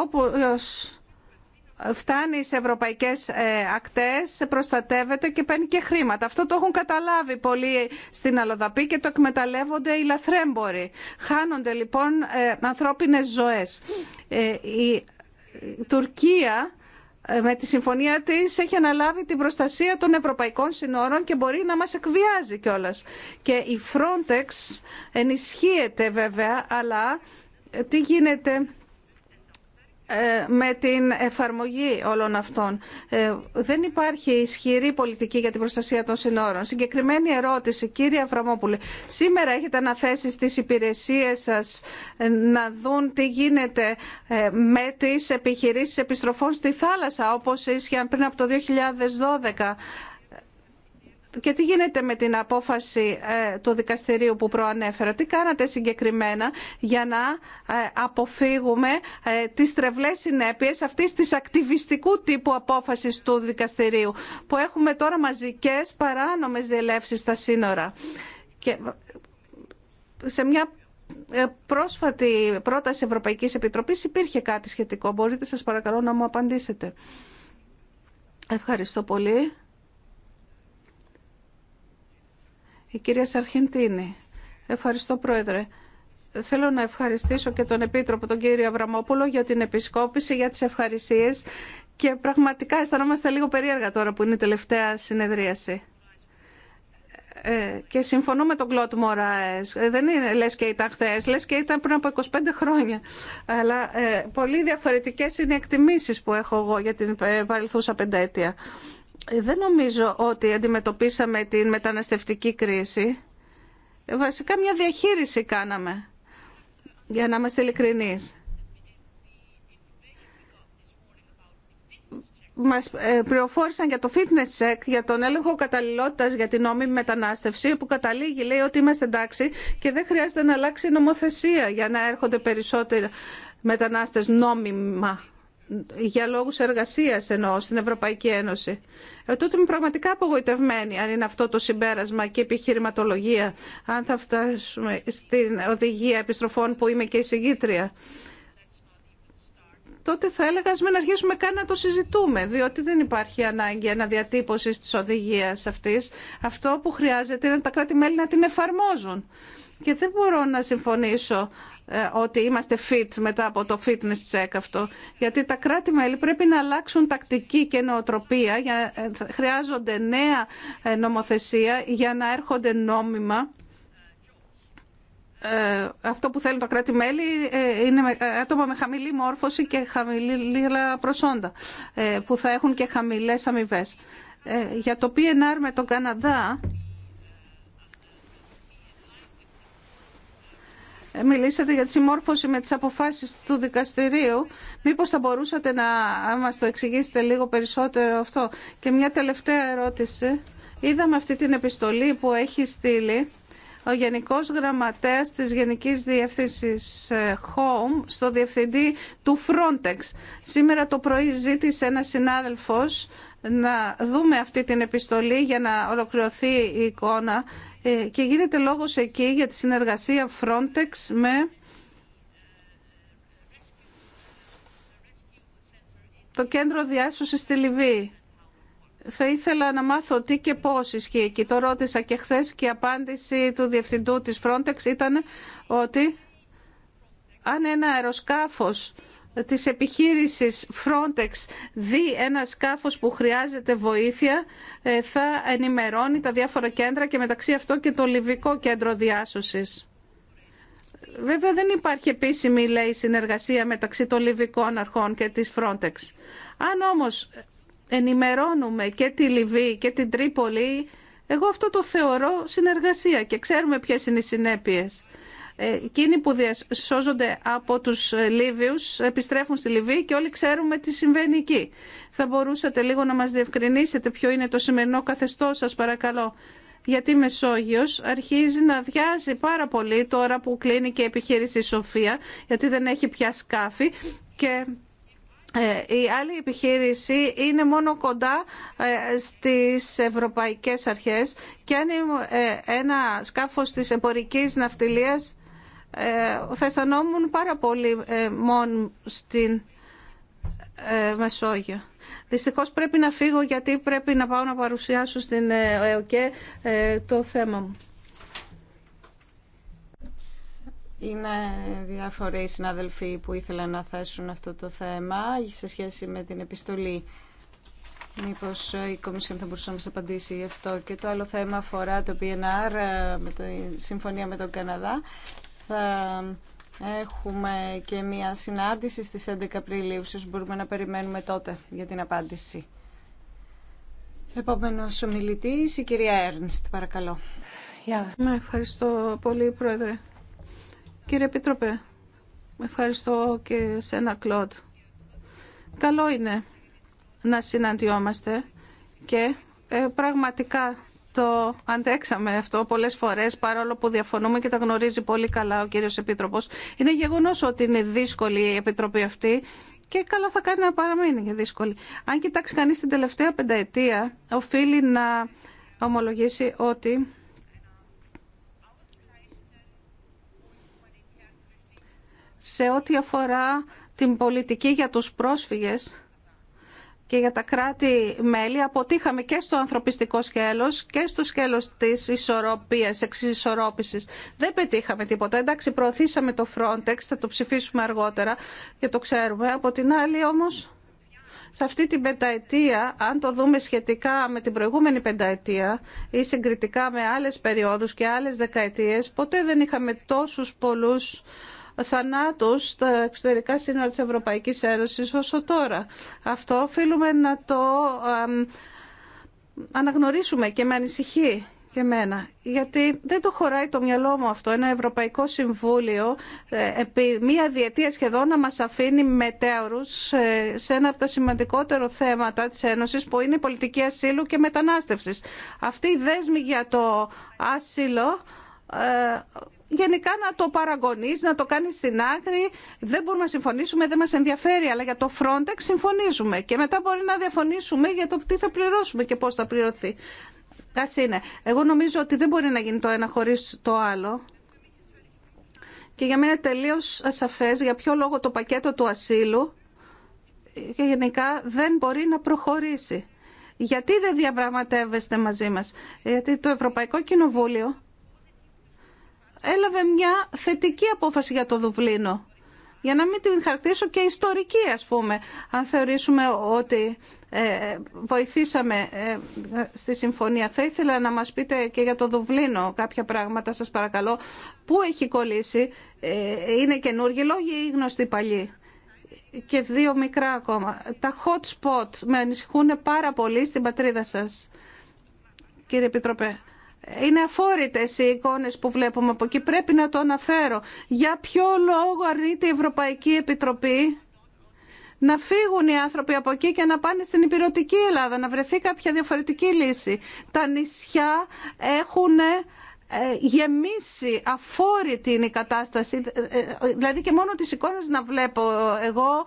Speaker 3: όπως φτάνει σε ευρωπαϊκές ε, ακτές, προστατεύεται και παίρνει και χρήματα. Αυτό το έχουν καταλάβει πολλοί στην Αλοδαπή και το εκμεταλλεύονται οι λαθρέμποροι. Χάνονται λοιπόν ε, ανθρώπινες ζωές. Ε, η Τουρκία με τη συμφωνία της έχει αναλάβει την προστασία των ευρωπαϊκών συνόρων και μπορεί να μας εκβιάζει κιόλας. Και η Frontex ενισχύεται βέβαια, αλλά τι γίνεται ε, με την εφαρμογή όλων αυτών. Ε, δεν υπάρχει ισχυρή πολιτική για την προστασία των συνόρων. Συγκεκριμένη ερώτηση, κύριε Αφραμόπουλη. Σήμερα έχετε αναθέσει στις υπηρεσίες σας ε, να δουν τι γίνεται με τις επιχειρήσεις επιστροφών στη θάλασσα, όπως ίσχυαν πριν από το 2012 και τι γίνεται με την απόφαση ε, του δικαστηρίου που προανέφερα. Τι κάνατε συγκεκριμένα για να ε, αποφύγουμε ε, τις τρευλές συνέπειες αυτής της ακτιβιστικού τύπου απόφασης του δικαστηρίου που έχουμε τώρα μαζικές παράνομες διελεύσεις στα σύνορα. Και σε μια πρόσφατη πρόταση Ευρωπαϊκής Επιτροπής υπήρχε κάτι σχετικό. Μπορείτε σας παρακαλώ να μου απαντήσετε. Ευχαριστώ πολύ. Η κυρία Σαρχεντίνη. Ευχαριστώ, Πρόεδρε. Θέλω να ευχαριστήσω και τον Επίτροπο, τον κύριο Αβραμόπουλο, για την επισκόπηση, για τις ευχαρισίε και πραγματικά αισθανόμαστε λίγο περίεργα τώρα που είναι η τελευταία συνεδρίαση. Ε, και συμφωνώ με τον Κλώτ Μωράες. Ε, δεν είναι λες και ήταν χθε, λες και ήταν πριν από 25 χρόνια. Αλλά ε, πολύ διαφορετικές είναι οι εκτιμήσεις που έχω εγώ για την παρελθούσα πενταετία. Ε, δεν νομίζω ότι αντιμετωπίσαμε την μεταναστευτική κρίση. Ε, βασικά μια διαχείριση κάναμε, για να είμαστε ειλικρινείς. Μας ε, πληροφόρησαν για το fitness check, για τον έλεγχο καταλληλότητας για την νόμιμη μετανάστευση, που καταλήγει, λέει ότι είμαστε εντάξει και δεν χρειάζεται να αλλάξει νομοθεσία για να έρχονται περισσότεροι μετανάστες νόμιμα για λόγους εργασίας εννοώ στην Ευρωπαϊκή Ένωση. Ε, τότε είμαι πραγματικά απογοητευμένη αν είναι αυτό το συμπέρασμα και η επιχειρηματολογία, αν θα φτάσουμε στην οδηγία επιστροφών που είμαι και εισηγήτρια. Τότε θα έλεγα ας μην αρχίσουμε καν να το συζητούμε, διότι δεν υπάρχει ανάγκη αναδιατύπωση της οδηγίας αυτής. Αυτό που χρειάζεται είναι τα κράτη-μέλη να την εφαρμόζουν. Και δεν μπορώ να συμφωνήσω ε, ότι είμαστε fit μετά από το fitness check αυτό. Γιατί τα κράτη-μέλη πρέπει να αλλάξουν τακτική και νοοτροπία. Για, ε, χρειάζονται νέα ε, νομοθεσία για να έρχονται νόμιμα. αυτό που θέλουν τα κράτη-μέλη είναι άτομα με χαμηλή μόρφωση και χαμηλή προσόντα που θα έχουν και χαμηλές αμοιβέ. για το PNR με τον Καναδά μιλήσατε για τη συμμόρφωση με τις αποφάσεις του δικαστηρίου. Μήπως θα μπορούσατε να μας το εξηγήσετε λίγο περισσότερο αυτό. Και μια τελευταία ερώτηση. Είδαμε αυτή την επιστολή που έχει στείλει ο Γενικός Γραμματέας της Γενικής Διεύθυνσης ε, Home στο Διευθυντή του Frontex. Σήμερα το πρωί ζήτησε ένας συνάδελφος να δούμε αυτή την επιστολή για να ολοκληρωθεί η εικόνα ε, και γίνεται λόγος εκεί για τη συνεργασία Frontex με το κέντρο διάσωσης στη Λιβύη. Θα ήθελα να μάθω τι και πώς ισχύει εκεί. Το ρώτησα και χθε και η απάντηση του διευθυντού της Frontex ήταν ότι αν ένα αεροσκάφος της επιχείρησης Frontex δει ένα σκάφος που χρειάζεται βοήθεια ε, θα ενημερώνει τα διάφορα κέντρα και μεταξύ αυτό και το Λιβικό Κέντρο Διάσωσης. Βέβαια δεν υπάρχει επίσημη λέει, συνεργασία μεταξύ των Λιβικών αρχών και της Frontex. Αν όμως ενημερώνουμε και τη Λιβύη και την Τρίπολη, εγώ αυτό το θεωρώ συνεργασία και ξέρουμε ποιες είναι οι συνέπειες. Ε, εκείνοι που διασώζονται από τους ε, Λίβιους επιστρέφουν στη Λιβύη και όλοι ξέρουμε τι συμβαίνει εκεί. Θα μπορούσατε λίγο να μας διευκρινίσετε ποιο είναι το σημερινό καθεστώς σας παρακαλώ. Γιατί η Μεσόγειος αρχίζει να αδειάζει πάρα πολύ τώρα που κλείνει και η επιχείρηση Σοφία γιατί δεν έχει πια σκάφη και ε, η άλλη επιχείρηση είναι μόνο κοντά στις ευρωπαϊκές αρχές και αν ένα σκάφος της εμπορικής ναυτιλίας ε, θα αισθανόμουν πάρα πολύ ε, μόνο στην ε, Μεσόγειο. Δυστυχώ πρέπει να φύγω γιατί πρέπει να πάω να παρουσιάσω στην ΕΟΚΕ το θέμα μου.
Speaker 2: Είναι διάφοροι οι συναδελφοί που ήθελαν να θέσουν αυτό το θέμα σε σχέση με την επιστολή. μήπω η Κομισιόν θα μπορούσε να μα απαντήσει γι' αυτό. Και το άλλο θέμα αφορά το PNR, με συμφωνία με τον Καναδά θα έχουμε και μία συνάντηση στις 11 Απριλίου. Ίσως μπορούμε να περιμένουμε τότε για την απάντηση. Επόμενος ομιλητής, η κυρία Έρνστ, παρακαλώ. Με ναι, ευχαριστώ πολύ, Πρόεδρε. Κύριε Επίτροπε,
Speaker 3: ευχαριστώ και σένα, Κλοντ. Καλό είναι να συναντιόμαστε και ε, πραγματικά το αντέξαμε αυτό πολλές φορές παρόλο που διαφωνούμε και το γνωρίζει πολύ καλά ο κύριος Επίτροπος. Είναι γεγονός ότι είναι δύσκολη η Επιτροπή αυτή και καλά θα κάνει να παραμείνει δύσκολη. Αν κοιτάξει κανείς την τελευταία πενταετία οφείλει να ομολογήσει ότι σε ό,τι αφορά την πολιτική για τους πρόσφυγες και για τα κράτη-μέλη αποτύχαμε και στο ανθρωπιστικό σκέλος και στο σκέλος της ισορροπίας, εξισορρόπησης. Δεν πετύχαμε τίποτα. Εντάξει, προωθήσαμε το Frontex, θα το ψηφίσουμε αργότερα και το ξέρουμε. Από την άλλη όμως, σε αυτή την πενταετία, αν το δούμε σχετικά με την προηγούμενη πενταετία ή συγκριτικά με άλλες περιόδους και άλλες δεκαετίες, ποτέ δεν είχαμε τόσους πολλούς θανάτους στα εξωτερικά σύνορα της Ευρωπαϊκής Ένωσης όσο τώρα. Αυτό οφείλουμε να το αναγνωρίσουμε και με ανησυχεί και εμένα. Γιατί δεν το χωράει το μυαλό μου αυτό. Ένα Ευρωπαϊκό Συμβούλιο ε, επί μία διετία σχεδόν να μας αφήνει μετέωρους σε ένα από τα σημαντικότερα θέματα της Ένωσης που είναι η πολιτική ασύλου και μετανάστευσης. Αυτή η δέσμη για το άσυλο ε, γενικά να το παραγωνείς, να το κάνει στην άκρη. Δεν μπορούμε να συμφωνήσουμε, δεν μας ενδιαφέρει, αλλά για το Frontex συμφωνίζουμε. Και μετά μπορεί να διαφωνήσουμε για το τι θα πληρώσουμε και πώς θα πληρωθεί. Ας είναι. Εγώ νομίζω ότι δεν μπορεί να γίνει το ένα χωρίς το άλλο. Και για μένα είναι τελείως ασαφές για ποιο λόγο το πακέτο του ασύλου και γενικά δεν μπορεί να προχωρήσει. Γιατί δεν διαπραγματεύεστε μαζί μας. Γιατί το Ευρωπαϊκό Κοινοβούλιο έλαβε μια θετική απόφαση για το Δουβλίνο. Για να μην την χαρακτήσω και ιστορική, ας πούμε, αν θεωρήσουμε ότι ε, βοηθήσαμε ε, στη συμφωνία. Θα ήθελα να μας πείτε και για το Δουβλίνο κάποια πράγματα, σας παρακαλώ. Πού έχει κολλήσει, ε, είναι καινούργιοι λόγοι ή γνωστοί παλιοί. Και δύο μικρά ακόμα. Τα hot spot με ανησυχούν πάρα πολύ στην πατρίδα σας, κύριε Επιτροπέ. Είναι αφόρητες οι εικόνες που βλέπουμε από εκεί. Πρέπει να το αναφέρω. Για ποιο λόγο αρνείται η Ευρωπαϊκή Επιτροπή να φύγουν οι άνθρωποι από εκεί και να πάνε στην υπηρετική Ελλάδα, να βρεθεί κάποια διαφορετική λύση. Τα νησιά έχουν ε, γεμίσει, αφόρητη είναι η κατάσταση. Ε, ε, δηλαδή και μόνο τις εικόνες να βλέπω εγώ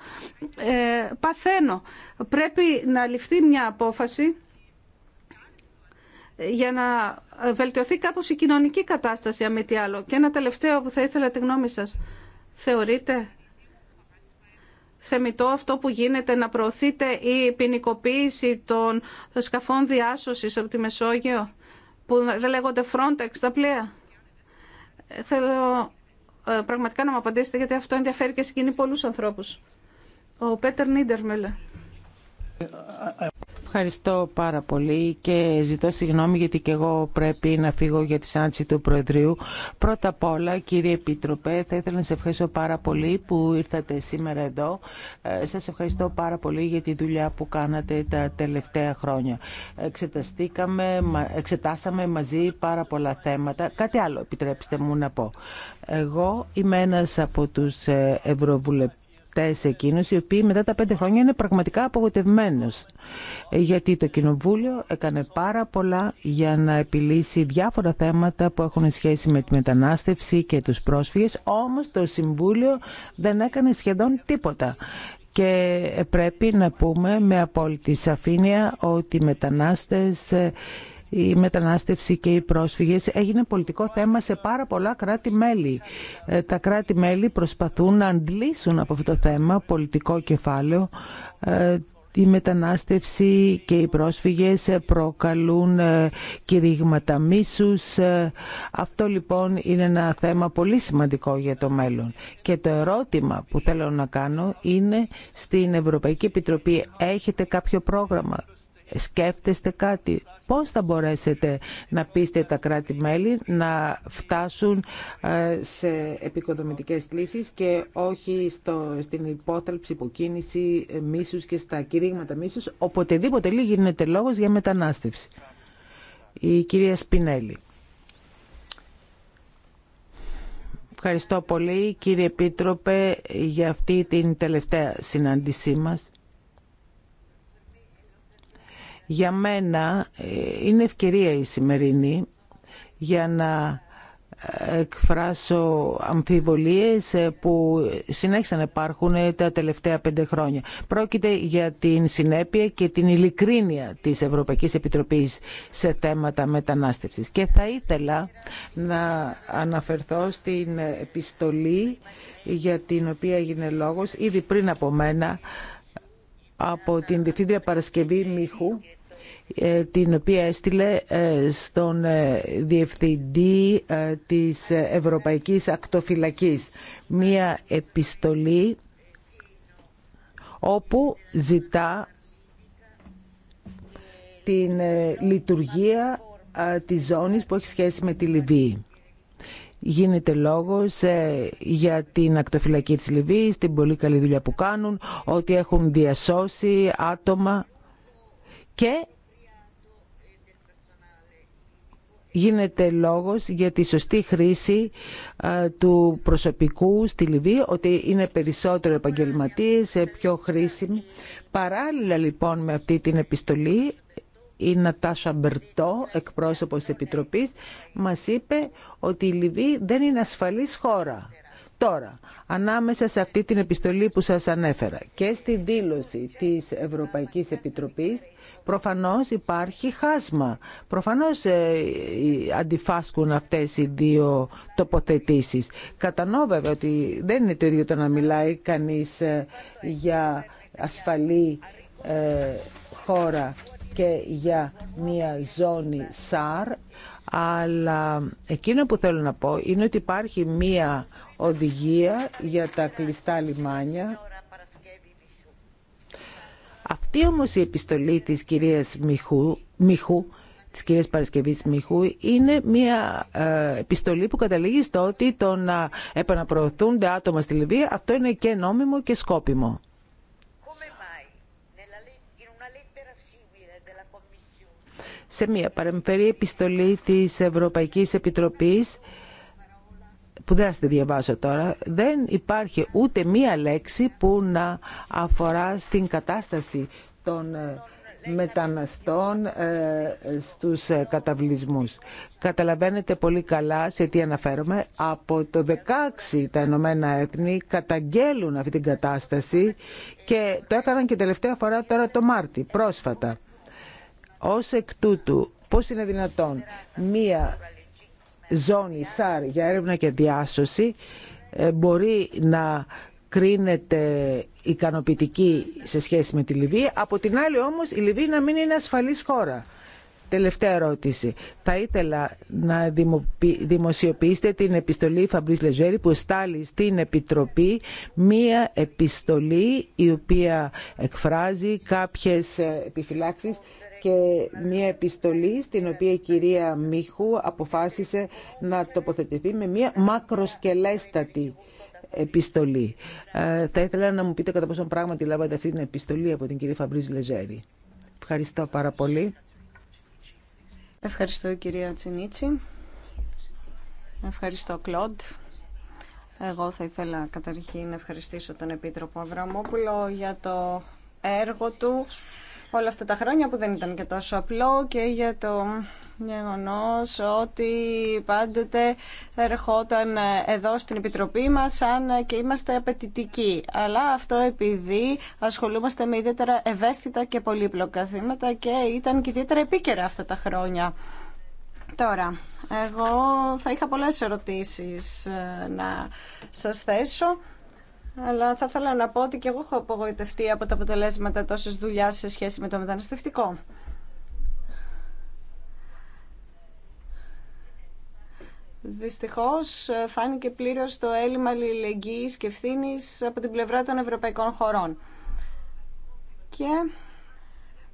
Speaker 3: παθαίνω. Πρέπει να ληφθεί μια απόφαση για να βελτιωθεί κάπως η κοινωνική κατάσταση, αν μη τι άλλο. Και ένα τελευταίο που θα ήθελα τη γνώμη σας. Θεωρείτε θεμητό αυτό που γίνεται να προωθείτε η ποινικοποίηση των σκαφών διάσωσης από τη Μεσόγειο, που δεν λέγονται Frontex τα πλοία. Θέλω ε, πραγματικά να μου απαντήσετε, γιατί αυτό ενδιαφέρει και συγκινεί πολλούς ανθρώπους. Ο Πέτερ Νίντερμελ.
Speaker 4: Ευχαριστώ πάρα πολύ και ζητώ συγγνώμη γιατί και εγώ πρέπει να φύγω για τη σάντση του προεδρίου. Πρώτα απ' όλα, κύριε Επίτροπε, θα ήθελα να σε ευχαριστώ πάρα πολύ που ήρθατε σήμερα εδώ. Ε, σας ευχαριστώ πάρα πολύ για τη δουλειά που κάνατε τα τελευταία χρόνια. Εξεταστήκαμε, εξετάσαμε μαζί πάρα πολλά θέματα. Κάτι άλλο επιτρέψτε μου να πω. Εγώ είμαι ένας από τους ε, ευρωβουλευτές βουλευτές εκείνους οι οποίοι μετά τα πέντε χρόνια είναι πραγματικά απογοητευμένου. Γιατί το Κοινοβούλιο έκανε πάρα πολλά για να επιλύσει διάφορα θέματα που έχουν σχέση με τη μετανάστευση και τους πρόσφυγες, όμως το Συμβούλιο δεν έκανε σχεδόν τίποτα. Και πρέπει να πούμε με απόλυτη σαφήνεια ότι οι μετανάστες η μετανάστευση και οι πρόσφυγες έγινε πολιτικό θέμα σε πάρα πολλά κράτη-μέλη. Ε, τα κράτη-μέλη προσπαθούν να αντλήσουν από αυτό το θέμα πολιτικό κεφάλαιο ε, η μετανάστευση και οι πρόσφυγες προκαλούν ε, κηρύγματα μίσους. Αυτό λοιπόν είναι ένα θέμα πολύ σημαντικό για το μέλλον. Και το ερώτημα που θέλω να κάνω είναι στην Ευρωπαϊκή Επιτροπή έχετε κάποιο πρόγραμμα, σκέφτεστε κάτι. Πώς θα μπορέσετε να πείστε τα κράτη-μέλη να φτάσουν ε, σε επικοδομητικές λύσεις και όχι στο, στην υπόθαλψη, υποκίνηση ε, μίσους και στα κηρύγματα μίσους. Οποτεδήποτε λίγη γίνεται λόγος για μετανάστευση. Η κυρία Σπινέλη. Ευχαριστώ πολύ κύριε Επίτροπε για αυτή την τελευταία συνάντησή μας. Για μένα ε, είναι ευκαιρία η σημερινή για να ε, εκφράσω αμφιβολίες ε, που συνέχισαν να υπάρχουν τα τελευταία πέντε χρόνια. Πρόκειται για την συνέπεια και την ειλικρίνεια της Ευρωπαϊκής Επιτροπής σε θέματα μετανάστευσης. Και θα ήθελα να αναφερθώ στην επιστολή για την οποία έγινε λόγος ήδη πριν από μένα από την Διευθύντρια Παρασκευή Μίχου ε, την οποία έστειλε ε, στον ε, Διευθυντή της Ευρωπαϊκής Ακτοφυλακής. Μία επιστολή όπου ζητά την λειτουργία της ζώνης που έχει σχέση με τη Λιβύη. Γίνεται λόγος για την ακτοφυλακή της Λιβύης, την πολύ καλή δουλειά που κάνουν, ότι έχουν διασώσει άτομα και γίνεται λόγος για τη σωστή χρήση του προσωπικού στη Λιβύη, ότι είναι περισσότερο επαγγελματίες, ε, πιο χρήσιμοι. Παράλληλα λοιπόν με αυτή την επιστολή, η Νατάσα Μπερτό, εκπρόσωπος της Επιτροπής, μας είπε ότι η Λιβύη δεν είναι ασφαλής χώρα. Τώρα, ανάμεσα σε αυτή την επιστολή που σας ανέφερα και στη δήλωση της Ευρωπαϊκής Επιτροπής, Προφανώς υπάρχει χάσμα. Προφανώς ε, αντιφάσκουν αυτές οι δύο τοποθετήσεις. Κατανοώ βέβαια ότι δεν είναι το ίδιο το να μιλάει κανείς ε, για ασφαλή ε, χώρα και για μια ζώνη ΣΑΡ, αλλά εκείνο που θέλω να πω είναι ότι υπάρχει μια οδηγία για τα κλειστά λιμάνια αυτή όμως η επιστολή της κυρίας Μιχού, Μιχού της κυρίας Παρασκευής Μιχού είναι μια ε, επιστολή που καταλήγει στο ότι το να επαναπροωθούνται άτομα στη Λιβύη αυτό είναι και νόμιμο και σκόπιμο. Σε μια παρεμφερή επιστολή της Ευρωπαϊκής Επιτροπής που δεν θα τη διαβάσω τώρα, δεν υπάρχει ούτε μία λέξη που να αφορά στην κατάσταση των ε, μεταναστών ε, στους ε, καταβλισμούς. Καταλαβαίνετε πολύ καλά σε τι αναφέρομαι. Από το 16 τα Ηνωμένα Έθνη καταγγέλουν αυτή την κατάσταση και το έκαναν και τελευταία φορά τώρα το Μάρτι, πρόσφατα. Ως εκ τούτου, πώς είναι δυνατόν μία ζώνη ΣΑΡ για έρευνα και διάσωση ε, μπορεί να κρίνεται ικανοποιητική σε σχέση με τη Λιβύη. Από την άλλη όμως η Λιβύη να μην είναι ασφαλής χώρα. Τελευταία ερώτηση. Θα ήθελα να δημοσιοποιήσετε την επιστολή Φαμπρίς Λεζέρη που στάλει στην Επιτροπή μία επιστολή η οποία εκφράζει κάποιες ε, επιφυλάξεις και μια επιστολή στην οποία η κυρία Μίχου αποφάσισε να τοποθετηθεί με μια μακροσκελέστατη επιστολή. Ε, θα ήθελα να μου πείτε κατά πόσο πράγματι λάβατε αυτή την επιστολή από την κυρία Φαμπρίζ Λεζέρη. Ευχαριστώ πάρα πολύ. Ευχαριστώ κυρία Τσινίτσι.
Speaker 2: Ευχαριστώ Κλοντ. Εγώ θα ήθελα καταρχήν να ευχαριστήσω τον Επίτροπο Αβραμόπουλο για το έργο του όλα αυτά τα χρόνια που δεν ήταν και τόσο απλό και για το γεγονό ότι πάντοτε ερχόταν εδώ στην Επιτροπή μας σαν και είμαστε απαιτητικοί. Αλλά αυτό επειδή ασχολούμαστε με ιδιαίτερα ευαίσθητα και πολύπλοκα θύματα και ήταν και ιδιαίτερα επίκαιρα αυτά τα χρόνια. Τώρα, εγώ θα είχα πολλές ερωτήσεις ε, να σας θέσω αλλά θα ήθελα να πω ότι και εγώ έχω απογοητευτεί από τα αποτελέσματα τόσες δουλειά σε σχέση με το μεταναστευτικό. Δυστυχώς φάνηκε πλήρως το έλλειμμα αλληλεγγύης και ευθύνη από την πλευρά των ευρωπαϊκών χωρών. Και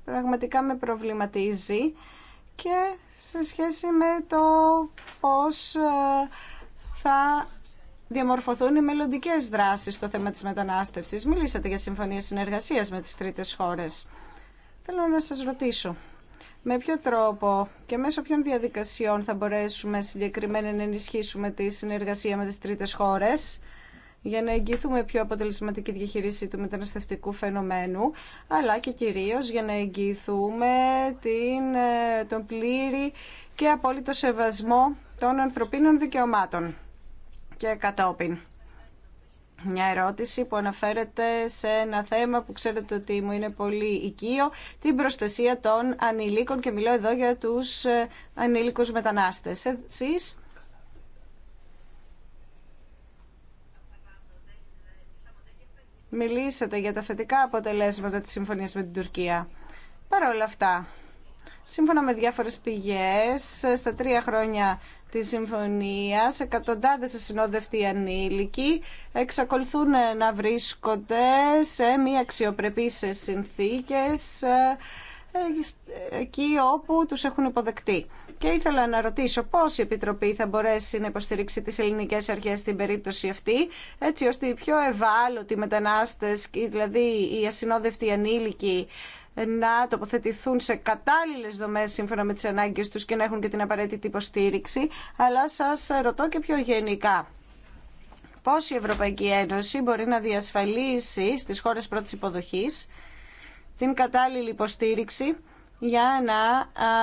Speaker 2: πραγματικά με προβληματίζει και σε σχέση με το πώς ε, θα διαμορφωθούν οι μελλοντικέ δράσει στο θέμα τη μετανάστευση. Μιλήσατε για συμφωνίε συνεργασία με τι τρίτε χώρε. Θέλω να σα ρωτήσω. Με ποιο τρόπο και μέσω ποιων διαδικασιών θα μπορέσουμε συγκεκριμένα να ενισχύσουμε τη συνεργασία με τις τρίτες χώρες για να εγγυηθούμε πιο αποτελεσματική διαχείριση του μεταναστευτικού φαινομένου, αλλά και κυρίως για να εγγυηθούμε την, ε, τον πλήρη και απόλυτο σεβασμό των ανθρωπίνων δικαιωμάτων και κατόπιν. Μια ερώτηση που αναφέρεται σε ένα θέμα που ξέρετε ότι μου είναι πολύ οικείο, την προστασία των ανηλίκων και μιλώ εδώ για τους ε, ανήλικους μετανάστες. Εσείς... Μιλήσατε για τα θετικά αποτελέσματα της συμφωνίας με την Τουρκία. Παρ' όλα αυτά, Σύμφωνα με διάφορες πηγές, στα τρία χρόνια της συμφωνίας, εκατοντάδες ασυνόδευτοι ανήλικοι εξακολουθούν να βρίσκονται σε μη αξιοπρεπείς συνθήκες ε, εκεί όπου τους έχουν υποδεκτεί. Και ήθελα να ρωτήσω πώς η Επιτροπή θα μπορέσει να υποστηρίξει τις ελληνικές αρχές στην περίπτωση αυτή, έτσι ώστε οι πιο ευάλωτοι μετανάστες, δηλαδή οι ασυνόδευτοι ανήλικοι, να τοποθετηθούν σε κατάλληλε δομέ σύμφωνα με τι ανάγκε του και να έχουν και την απαραίτητη υποστήριξη. Αλλά σα ρωτώ και πιο γενικά. Πώς η Ευρωπαϊκή Ένωση μπορεί να διασφαλίσει στις χώρες πρώτη υποδοχή, την κατάλληλη υποστήριξη για να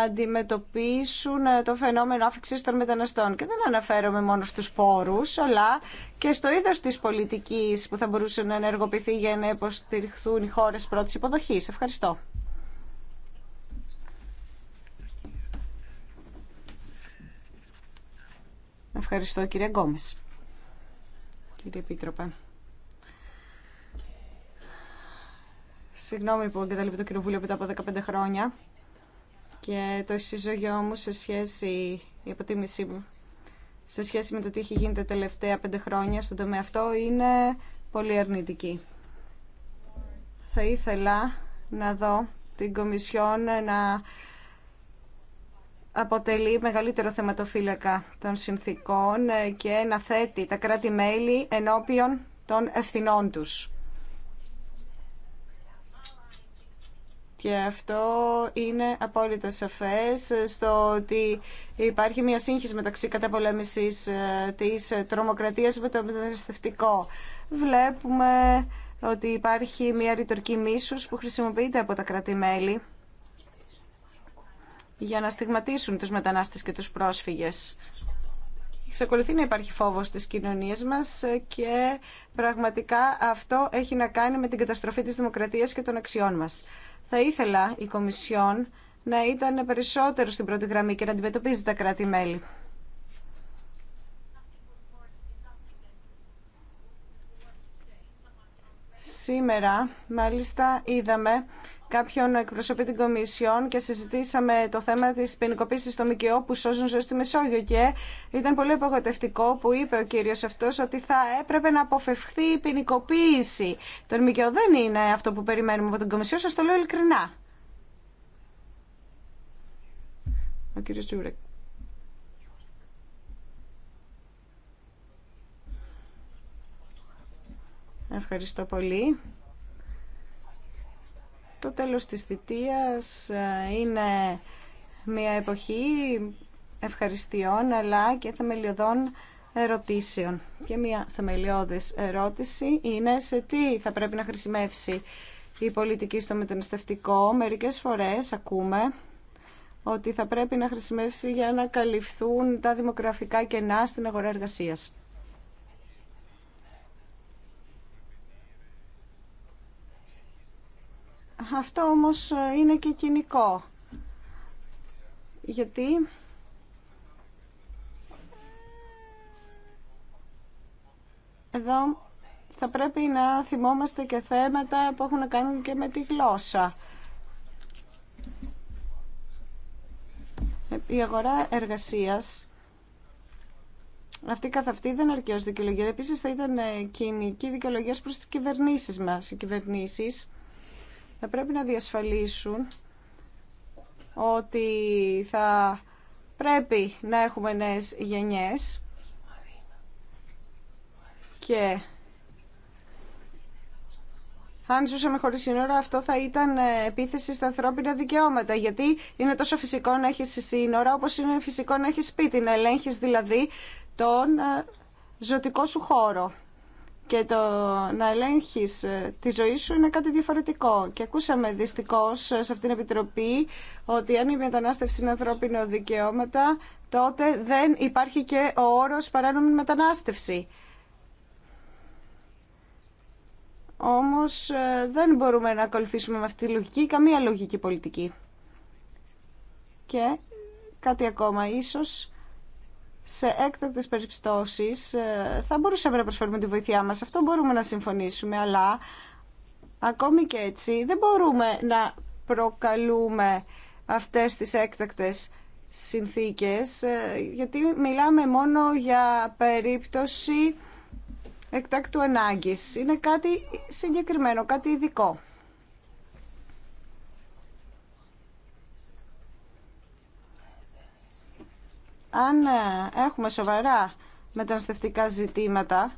Speaker 2: αντιμετωπίσουν το φαινόμενο άφηξη των μεταναστών. Και δεν αναφέρομαι μόνο στους πόρους, αλλά και στο είδος της πολιτικής που θα μπορούσε να ενεργοποιηθεί για να υποστηριχθούν οι χώρες πρώτης υποδοχής. Ευχαριστώ. Ευχαριστώ κύριε Γκόμες. Κύριε Επίτροπε. Συγγνώμη που εγκαταλείπει το κοινοβούλιο μετά από 15 χρόνια και το συζωγιό μου σε σχέση, η μου, σε σχέση με το τι έχει γίνει τα τελευταία πέντε χρόνια στον τομέα αυτό είναι πολύ αρνητική. Θα ήθελα να δω την Κομισιόν να αποτελεί μεγαλύτερο θεματοφύλακα των συνθήκων και να θέτει τα κράτη-μέλη ενώπιον των ευθυνών τους. Και αυτό είναι απόλυτα σαφές στο ότι υπάρχει μια σύγχυση μεταξύ καταπολέμησης ε, της τρομοκρατίας με το μεταναστευτικό. Βλέπουμε ότι υπάρχει μια ρητορική μίσους που χρησιμοποιείται από τα κρατημέλη για να στιγματίσουν τους μετανάστες και τους πρόσφυγες. Εξακολουθεί να υπάρχει φόβος στις κοινωνίες μας και πραγματικά αυτό έχει να κάνει με την καταστροφή της δημοκρατίας και των αξιών μας. Θα ήθελα η Κομισιόν να ήταν περισσότερο στην πρώτη γραμμή και να αντιμετωπίζει τα κράτη-μέλη. Σήμερα, μάλιστα, είδαμε κάποιον εκπροσωπή την Κομισιόν και συζητήσαμε το θέμα τη ποινικοποίηση των ΜΚΟ που σώζουν ζωέ στη Μεσόγειο. Και ήταν πολύ απογοητευτικό που είπε ο κύριο αυτό ότι θα έπρεπε να αποφευχθεί η ποινικοποίηση το ΜΚΟ. Δεν είναι αυτό που περιμένουμε από την Κομισιόν, σα το λέω ειλικρινά. Ο κύριο Τζούρεκ. Ευχαριστώ πολύ. Το τέλος της θητείας ε, είναι μια εποχή ευχαριστειών αλλά και θεμελιωδών ερωτήσεων. Και μια θεμελιώδης ερώτηση είναι σε τι θα πρέπει να χρησιμεύσει η πολιτική στο μεταναστευτικό. Μερικές φορές ακούμε ότι θα πρέπει να χρησιμεύσει για να καλυφθούν τα δημογραφικά κενά στην αγορά εργασίας. Αυτό όμως ε, είναι και κοινικό. Γιατί εδώ θα πρέπει να θυμόμαστε και θέματα που έχουν να κάνουν και με τη γλώσσα. Η αγορά εργασίας αυτή καθ' αυτή δεν αρκεί ως δικαιολογία. Επίσης θα ήταν ε, κοινική δικαιολογία προς τις κυβερνήσεις μας. Οι κυβερνήσεις θα πρέπει να διασφαλίσουν ότι θα πρέπει να έχουμε νέες γενιές και αν ζούσαμε χωρί σύνορα, αυτό θα ήταν επίθεση στα ανθρώπινα δικαιώματα. Γιατί είναι τόσο φυσικό να έχει σύνορα, όπω είναι φυσικό να έχει σπίτι, να ελέγχει δηλαδή τον ε, ζωτικό σου χώρο και το να ελέγχει ε, τη ζωή σου είναι κάτι διαφορετικό. Και ακούσαμε δυστυχώ ε, σε αυτήν την επιτροπή ότι αν η μετανάστευση είναι ανθρώπινο δικαιώματα, τότε δεν υπάρχει και ο όρο παράνομη μετανάστευση. Όμως ε, δεν μπορούμε να ακολουθήσουμε με αυτή τη λογική καμία λογική πολιτική. Και κάτι ακόμα, ίσως σε έκτακτες περιπτώσεις ε, θα μπορούσαμε να προσφέρουμε τη βοήθειά μας. Αυτό μπορούμε να συμφωνήσουμε, αλλά ακόμη και έτσι δεν μπορούμε να προκαλούμε αυτές τις έκτακτες συνθήκες, ε, γιατί μιλάμε μόνο για περίπτωση εκτάκτου ανάγκης. Είναι κάτι συγκεκριμένο, κάτι ειδικό. αν ε, έχουμε σοβαρά μεταναστευτικά ζητήματα,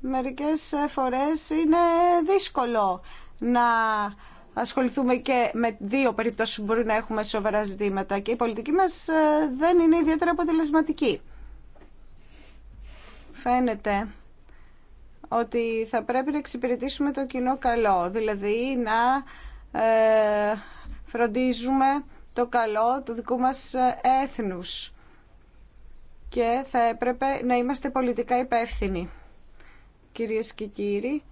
Speaker 2: μερικές ε, φορές είναι δύσκολο να ασχοληθούμε και με δύο περιπτώσεις που μπορεί να έχουμε σοβαρά ζητήματα και η πολιτική μας ε, δεν είναι ιδιαίτερα αποτελεσματική. Φαίνεται ότι θα πρέπει να εξυπηρετήσουμε το κοινό καλό, δηλαδή να φροντίζουμε το καλό του δικού μας έθνους και θα έπρεπε να είμαστε πολιτικά υπεύθυνοι. Κυρίες και κύριοι,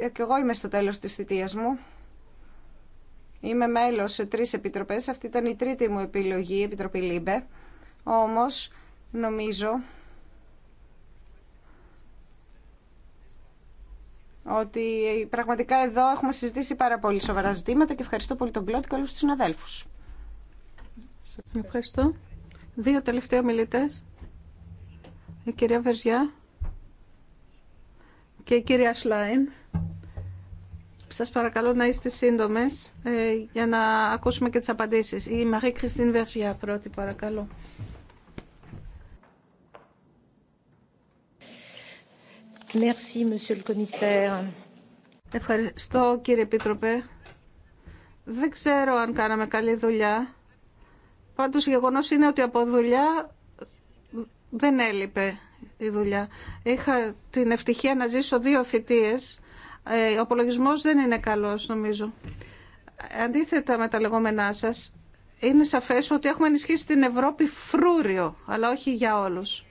Speaker 2: ε, και εγώ είμαι στο τέλος της θητείας μου. Είμαι μέλος σε τρεις επιτροπές. Αυτή ήταν η τρίτη μου επιλογή, η Επιτροπή ΛΥΜΠΕ. Όμως, νομίζω ότι πραγματικά εδώ έχουμε συζητήσει πάρα πολύ σοβαρά ζητήματα και ευχαριστώ πολύ τον Κλώτ και όλους τους συναδέλφους. Σας ευχαριστώ. Δύο τελευταίοι μιλητές.
Speaker 3: Η κυρία Βερζιά και η κυρία Σλάιν. Σας παρακαλώ να είστε σύντομες ε, για να ακούσουμε και τις απαντήσεις. Η Μαρή Κριστίν Βερζιά πρώτη παρακαλώ. Merci, Monsieur le Commissaire. Ευχαριστώ κύριε Επίτροπε. Δεν ξέρω αν κάναμε καλή δουλειά Πάντως γεγονός είναι ότι από δουλειά δεν έλειπε η δουλειά. Είχα την ευτυχία να ζήσω δύο θητείες. Ε, ο απολογισμό δεν είναι καλός νομίζω. Αντίθετα με τα λεγόμενά σας, είναι σαφές ότι έχουμε ενισχύσει την Ευρώπη φρούριο, αλλά όχι για όλους.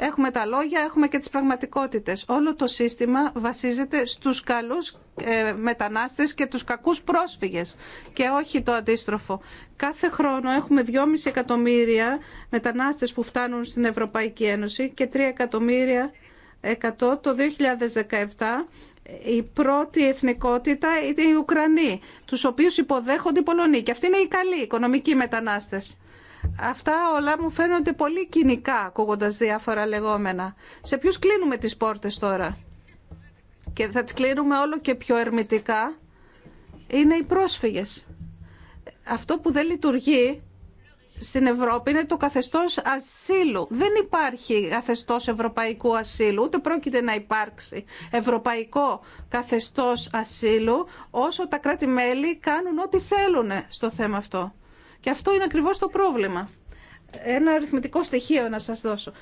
Speaker 3: Έχουμε τα λόγια, έχουμε και τις πραγματικότητες. Όλο το σύστημα βασίζεται στους καλούς ε, μετανάστες και τους κακούς πρόσφυγες και όχι το αντίστροφο. Κάθε χρόνο έχουμε 2,5 εκατομμύρια μετανάστες που φτάνουν στην Ευρωπαϊκή Ένωση και 3 εκατομμύρια εκατό το 2017 η πρώτη εθνικότητα είναι οι Ουκρανοί, τους οποίους υποδέχονται οι Πολωνοί. Και αυτοί είναι οι καλοί οικονομικοί μετανάστες. Αυτά όλα μου φαίνονται πολύ κοινικά ακούγοντας διάφορα λεγόμενα. Σε ποιους κλείνουμε τις πόρτες τώρα και θα τις κλείνουμε όλο και πιο ερμητικά είναι οι πρόσφυγες. Αυτό που δεν λειτουργεί στην Ευρώπη είναι το καθεστώς ασύλου. Δεν υπάρχει καθεστώς ευρωπαϊκού ασύλου, ούτε πρόκειται να υπάρξει ευρωπαϊκό καθεστώς ασύλου όσο τα κράτη-μέλη κάνουν ό,τι θέλουν στο θέμα αυτό. Και αυτό είναι ακριβώς το πρόβλημα. Ένα αριθμητικό στοιχείο να σας δώσω.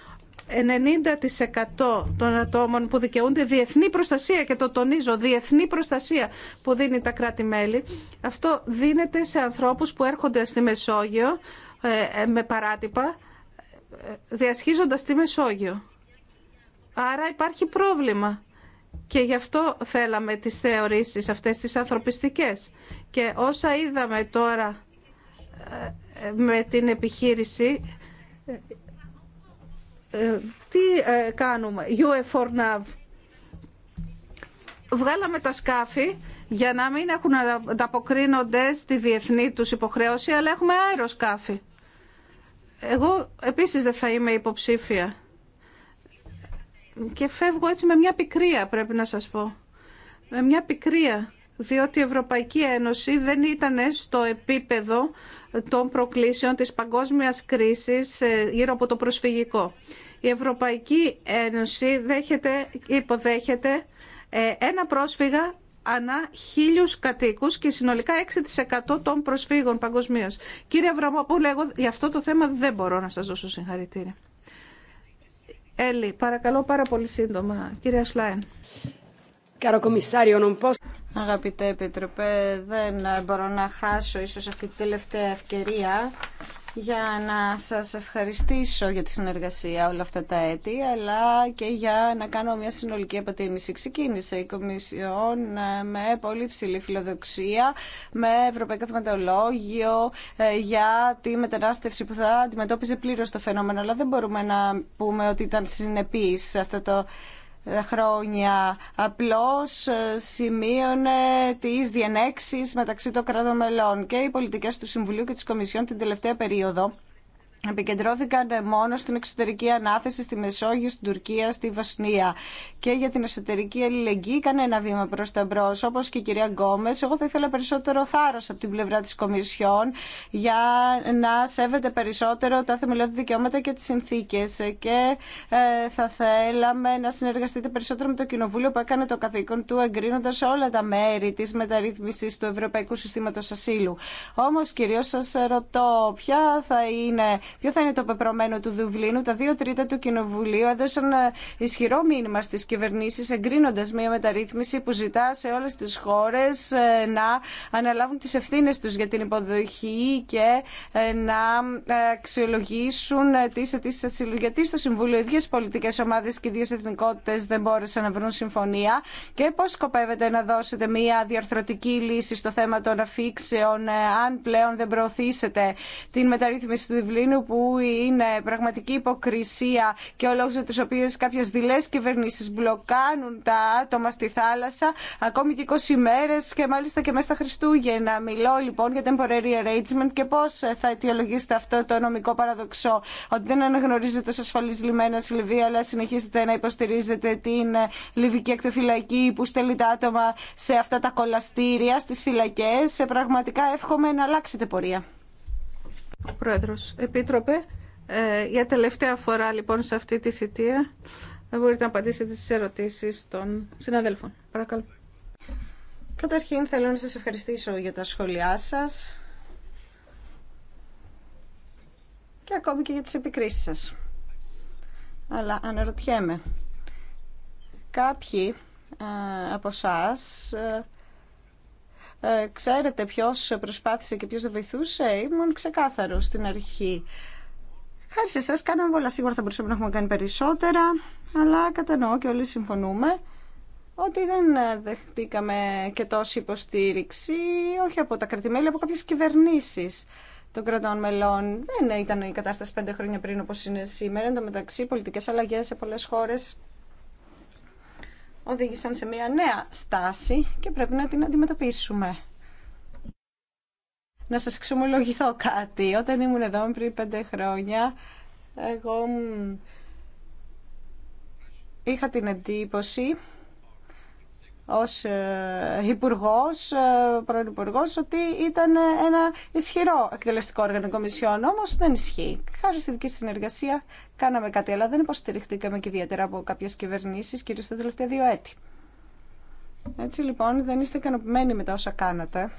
Speaker 3: 90% των ατόμων που δικαιούνται διεθνή προστασία και το τονίζω, διεθνή προστασία που δίνει τα κράτη-μέλη, αυτό δίνεται σε ανθρώπους που έρχονται στη Μεσόγειο ε, ε, με παράτυπα, ε, διασχίζοντας τη Μεσόγειο. Άρα υπάρχει πρόβλημα. Και γι' αυτό θέλαμε τις θεωρήσεις αυτές τις ανθρωπιστικές. Και όσα είδαμε τώρα με την επιχείρηση ε, τι ε, κανουμε UFORNAV βγάλαμε τα σκάφη για να μην έχουν ανταποκρίνονται στη διεθνή τους υποχρέωση αλλά έχουμε αεροσκάφη εγώ επίσης δεν θα είμαι υποψήφια και φεύγω έτσι με μια πικρία πρέπει να σας πω με μια πικρία διότι η Ευρωπαϊκή Ένωση δεν ήταν στο επίπεδο των προκλήσεων της παγκόσμιας κρίσης ε, γύρω από το προσφυγικό. Η Ευρωπαϊκή Ένωση δέχεται, υποδέχεται ε, ένα πρόσφυγα ανά χίλιους κατοίκους και συνολικά 6% των προσφύγων παγκοσμίω. Κύριε Αβραμόπουλε, εγώ για αυτό το θέμα δεν μπορώ να σας δώσω συγχαρητήρια. Έλλη, παρακαλώ πάρα πολύ σύντομα. Κύριε
Speaker 2: Αγαπητέ Επίτροπε, δεν μπορώ να χάσω ίσως αυτή τη τελευταία ευκαιρία για να σας ευχαριστήσω για τη συνεργασία όλα αυτά τα έτη, αλλά και για να κάνω μια συνολική αποτίμηση. Ξεκίνησε η Κομισιόν ε, με πολύ ψηλή φιλοδοξία, με ευρωπαϊκό θεματολόγιο ε, για τη μετανάστευση που θα αντιμετώπιζε πλήρως το φαινόμενο, αλλά δεν μπορούμε να πούμε ότι ήταν συνεπής αυτό το χρόνια. Απλώς ε, σημείωνε τις διενέξεις μεταξύ των κράτων μελών και οι πολιτικές του Συμβουλίου και της Κομισιόν την τελευταία περίοδο επικεντρώθηκαν μόνο στην εξωτερική ανάθεση στη Μεσόγειο, στην Τουρκία, στη Βασνία και για την εσωτερική αλληλεγγύη ένα βήμα προς τα μπρος όπως και η κυρία Γκόμες εγώ θα ήθελα περισσότερο θάρρος από την πλευρά της Κομισιόν για να σέβεται περισσότερο τα θεμελιώδη δικαιώματα και τις συνθήκες και ε, θα θέλαμε να συνεργαστείτε περισσότερο με το Κοινοβούλιο που έκανε το καθήκον του εγκρίνοντα όλα τα μέρη της μεταρρύθμισης του Ευρωπαϊκού Συστήματος Ασύλου. Όμω κυρίως σας ρωτώ ποια θα είναι Ποιο θα είναι το πεπρωμένο του Δουβλίνου. Τα δύο τρίτα του Κοινοβουλίου έδωσαν ε, ισχυρό μήνυμα στι κυβερνήσει, εγκρίνοντα μια μεταρρύθμιση που ζητά σε όλε τι χώρε ε, να αναλάβουν τι ευθύνε του για την υποδοχή και ε, να αξιολογήσουν τι αιτήσει ασύλου. Γιατί στο Συμβούλιο Οι ίδιε πολιτικέ ομάδε και οι ίδιε εθνικότητε δεν μπόρεσαν να βρουν συμφωνία και πώ σκοπεύετε να δώσετε μια διαρθρωτική λύση στο θέμα των αφήξεων, αν πλέον δεν προωθήσετε την μεταρρύθμιση του Διβλίνου που είναι πραγματική υποκρισία και ο λόγος για τους οποίους κάποιε δειλέ κυβερνήσει μπλοκάνουν τα άτομα στη θάλασσα ακόμη και 20 ημέρε και μάλιστα και μέσα στα Χριστούγεννα. Μιλώ λοιπόν για temporary arrangement και πώ θα αιτιολογήσετε αυτό το νομικό παραδοξό ότι δεν αναγνωρίζετε ω ασφαλή λιμένα στη Λιβύη αλλά συνεχίζετε να υποστηρίζετε την Λιβική εκτεφυλακή που στέλνει τα άτομα σε αυτά τα κολαστήρια, στι φυλακέ. Πραγματικά εύχομαι να αλλάξετε πορεία.
Speaker 3: Πρόεδρος. Επίτροπε, ε, για τελευταία φορά λοιπόν σε αυτή τη θητεία μπορείτε να απαντήσετε στις ερωτήσεις των συναδέλφων. Παρακαλώ.
Speaker 2: Καταρχήν θέλω να σας ευχαριστήσω για τα σχόλιά σας και ακόμη και για τις επικρίσεις σας. Αλλά αναρωτιέμαι, κάποιοι ε, από εσά ε, ε, ξέρετε ποιος προσπάθησε και ποιος δεν βοηθούσε, ήμουν ξεκάθαρο στην αρχή. Χάρη σε εσάς κάναμε πολλά, σίγουρα θα μπορούσαμε να έχουμε κάνει περισσότερα, αλλά κατανοώ και όλοι συμφωνούμε ότι δεν ε, δεχτήκαμε και τόση υποστήριξη, όχι από τα κρατημέλη, από κάποιες κυβερνήσεις των κρατών μελών. Δεν ήταν η κατάσταση πέντε χρόνια πριν όπως είναι σήμερα. Εν τω μεταξύ, πολιτικές αλλαγές σε πολλές χώρες οδήγησαν σε μια νέα στάση και πρέπει να την αντιμετωπίσουμε. Να σας εξομολογηθώ κάτι. Όταν ήμουν εδώ πριν πέντε χρόνια, εγώ είχα την εντύπωση ως ε, υπουργός, ε, πρώην υπουργός, ότι ήταν ένα ισχυρό εκτελεστικό όργανο κομισιόν, όμως δεν ισχύει. Χάρη στη δική συνεργασία κάναμε κάτι, αλλά δεν υποστηριχτήκαμε και ιδιαίτερα από κάποιες κυβερνήσεις, κυρίως τα τελευταία δύο έτη. Έτσι λοιπόν, δεν είστε ικανοποιημένοι με τα όσα κάνατε.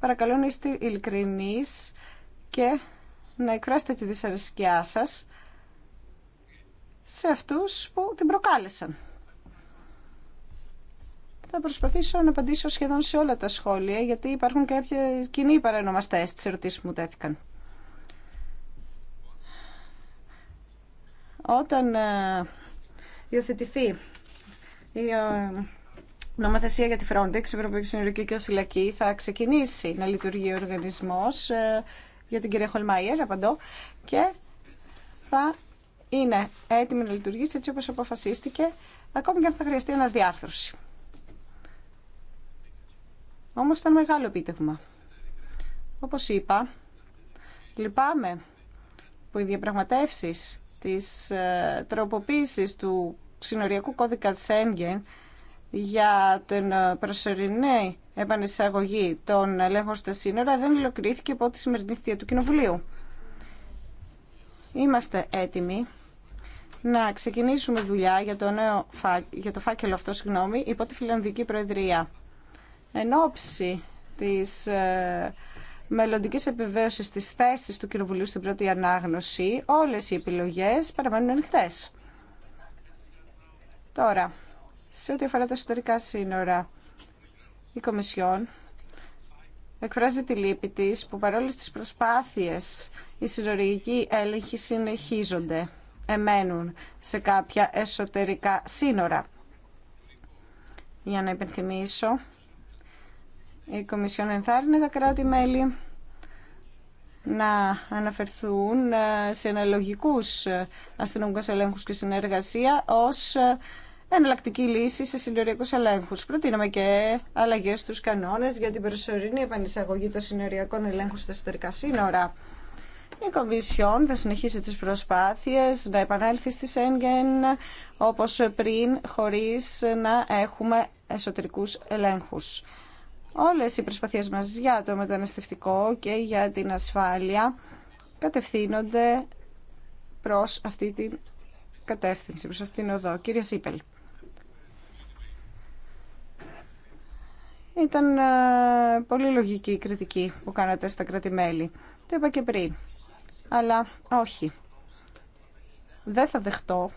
Speaker 2: Παρακαλώ να είστε ειλικρινείς και να εκφράσετε τη δυσαρεσκιά σας σε αυτούς που την προκάλεσαν. Θα προσπαθήσω να απαντήσω σχεδόν σε όλα τα σχόλια, γιατί υπάρχουν κάποιοι κοινοί παρανομαστέ στι ερωτήσει που μου τέθηκαν. Όταν ε, υιοθετηθεί η ε, νομοθεσία για τη Frontex, η Ευρωπαϊκή Συνολική και Φυλακή, θα ξεκινήσει να λειτουργεί ο οργανισμός ε, για την κυρία Χολμαϊέρ, απαντώ, και θα είναι έτοιμη να λειτουργήσει έτσι όπως αποφασίστηκε, ακόμη και αν θα χρειαστεί αναδιάρθρωση. Όμως ήταν μεγάλο επίτευγμα. Όπως είπα, λυπάμαι που οι διαπραγματεύσεις της ε, τροποποίησης του Συνοριακού Κώδικα Σέγγεν για την ε, προσωρινή επανεισαγωγή των ελέγχων στα σύνορα δεν υλοκρίθηκε από τη σημερινή θητεία του Κοινοβουλίου. Είμαστε έτοιμοι να ξεκινήσουμε δουλειά για το, για το φάκελο αυτό συγγνώμη, υπό τη Φιλανδική Προεδρία εν ώψη της ε, μελλοντικής επιβέωσης της θέσης του Κοινοβουλίου στην πρώτη ανάγνωση, όλες οι επιλογές παραμένουν ανοιχτέ. Τώρα, σε ό,τι αφορά τα εσωτερικά σύνορα, η Κομισιόν εκφράζει τη λύπη της που παρόλες τις προσπάθειες οι συνοριακοί έλεγχοι συνεχίζονται, εμένουν σε κάποια εσωτερικά σύνορα. Για να υπενθυμίσω η Κομισιόν ενθάρρυνε τα κράτη-μέλη να αναφερθούν ε, σε αναλογικούς ε, αστυνομικούς ελέγχους και συνεργασία ως ε, εναλλακτική λύση σε συνοριακού ελέγχου. Προτείναμε και αλλαγέ στου κανόνε για την προσωρινή επανεισαγωγή των συνοριακών ελέγχων στα εσωτερικά σύνορα. Η Κομισιόν θα συνεχίσει τις προσπάθειες να επανέλθει στη Σέγγεν όπως πριν, χωρίς να έχουμε εσωτερικούς ελέγχους. Όλες οι προσπαθίες μας για το μεταναστευτικό και για την ασφάλεια κατευθύνονται προς αυτή την κατεύθυνση, προς αυτήν την οδό. Κύριε Σίπελ. Ήταν ε, πολύ λογική η κριτική που κάνατε στα κρατημέλη. Το είπα και πριν. Αλλά όχι. Δεν θα δεχτώ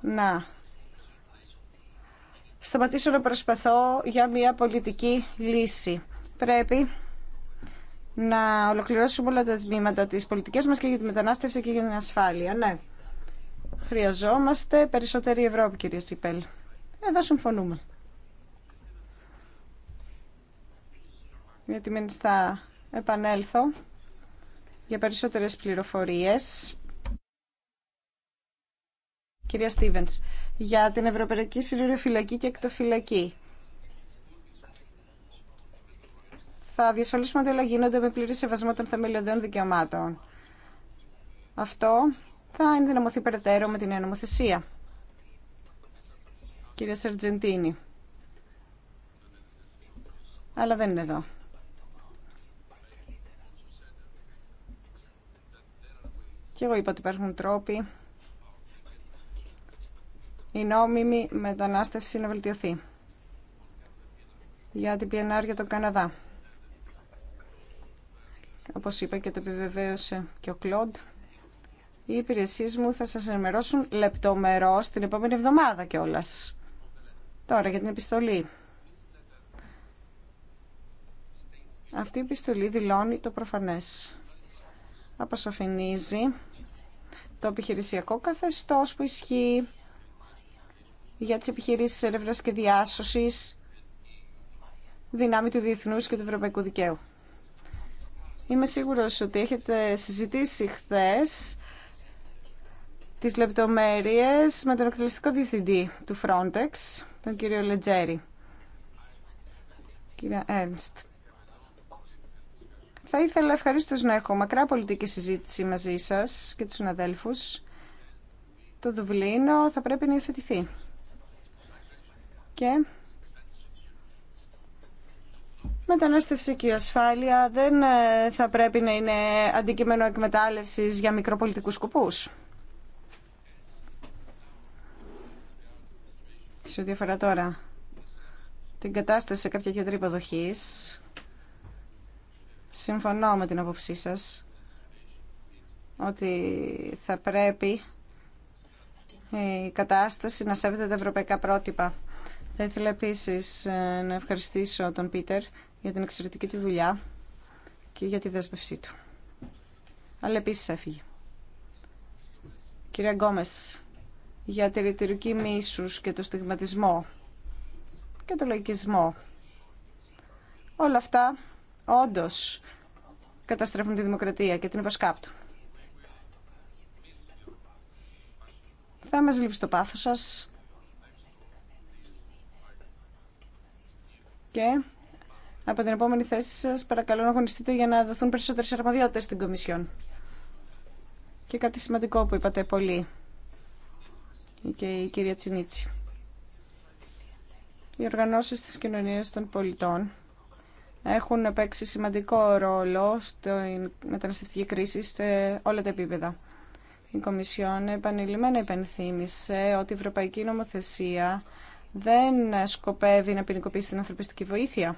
Speaker 2: να σταματήσω να προσπαθώ για μια πολιτική λύση. Πρέπει να ολοκληρώσουμε όλα τα τμήματα της πολιτικής μας και για τη μετανάστευση και για την ασφάλεια. Ναι, χρειαζόμαστε περισσότερη Ευρώπη, κυρία Σιπέλ. Εδώ συμφωνούμε. Γιατί μην θα επανέλθω για περισσότερες πληροφορίες. Κυρία Στίβενς, για την Ευρωπαϊκή Φυλακή και Εκτοφυλακή. Θα διασφαλίσουμε ότι όλα γίνονται με πλήρη σεβασμό των θεμελιωδών δικαιωμάτων. Αυτό θα ενδυναμωθεί περαιτέρω με την νέα νομοθεσία. Κύριε Σερτζεντίνη. Αλλά δεν είναι εδώ. Και εγώ είπα ότι υπάρχουν τρόποι η νόμιμη μετανάστευση να βελτιωθεί για την PNR για τον Καναδά. Όπως είπα και το επιβεβαίωσε και ο Κλοντ, οι υπηρεσίε μου θα σας ενημερώσουν λεπτομερώς την επόμενη εβδομάδα κιόλα. Τώρα για την επιστολή. Αυτή η επιστολή δηλώνει το προφανές. Αποσαφηνίζει το επιχειρησιακό καθεστώς που ισχύει για τις επιχειρήσεις έρευνα και διάσωσης δυνάμει του διεθνούς και του ευρωπαϊκού δικαίου. Είμαι σίγουρος ότι έχετε συζητήσει χθες τις λεπτομέρειες με τον εκτελεστικό διευθυντή του Frontex, τον κύριο Λετζέρη. Κύριε Έρνστ. Θα ήθελα ευχαρίστως να έχω μακρά πολιτική συζήτηση μαζί σας και τους συναδέλφους. Το Δουβλίνο θα πρέπει να υιοθετηθεί και Μετανάστευση και ασφάλεια δεν ε, θα πρέπει να είναι αντικείμενο εκμετάλλευσης για μικροπολιτικούς σκοπούς. Σε ό,τι αφορά τώρα την κατάσταση σε κάποια κεντρή υποδοχή, συμφωνώ με την απόψή σας ότι θα πρέπει η κατάσταση να σέβεται τα ευρωπαϊκά πρότυπα. Θα ήθελα επίσης ε, να ευχαριστήσω τον Πίτερ για την εξαιρετική του δουλειά και για τη δέσμευσή του. Αλλά επίσης έφυγε. Κυρία Γκόμες, για τη ρητηρική μίσους και το στιγματισμό και το λογικισμό. Όλα αυτά όντως καταστρέφουν τη δημοκρατία και την υποσκάπτουν. Θα μας λείψει το πάθος σας, Και από την επόμενη θέση σα παρακαλώ να αγωνιστείτε για να δοθούν περισσότερε αρμοδιότητες στην Κομισιόν. Και κάτι σημαντικό που είπατε πολύ και η κυρία Τσινίτση. Οι οργανώσεις της κοινωνίας των πολιτών έχουν παίξει σημαντικό ρόλο στην μεταναστευτική κρίση σε όλα τα επίπεδα. Η Κομισιόν επανειλημμένα υπενθύμησε ότι η Ευρωπαϊκή Νομοθεσία δεν σκοπεύει να ποινικοποιήσει την ανθρωπιστική βοήθεια.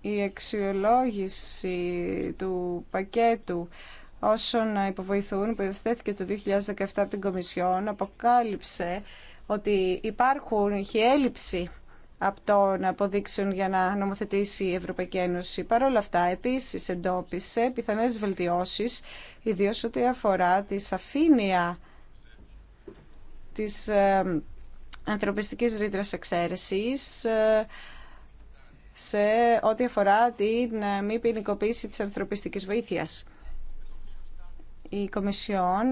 Speaker 2: Η αξιολόγηση του πακέτου όσων υποβοηθούν που υιοθετήθηκε το 2017 από την Κομισιόν αποκάλυψε ότι υπάρχουν, έχει έλλειψη από των αποδείξεων για να νομοθετήσει η Ευρωπαϊκή Ένωση. Παρ' όλα αυτά, επίσης εντόπισε πιθανές βελτιώσεις, ιδίως ό,τι αφορά τη σαφήνεια της ε, ανθρωπιστικής ρήτρας εξαίρεσης ε, σε ό,τι αφορά την ε, μη ποινικοποίηση της ανθρωπιστικής βοήθειας. Η Κομισιόν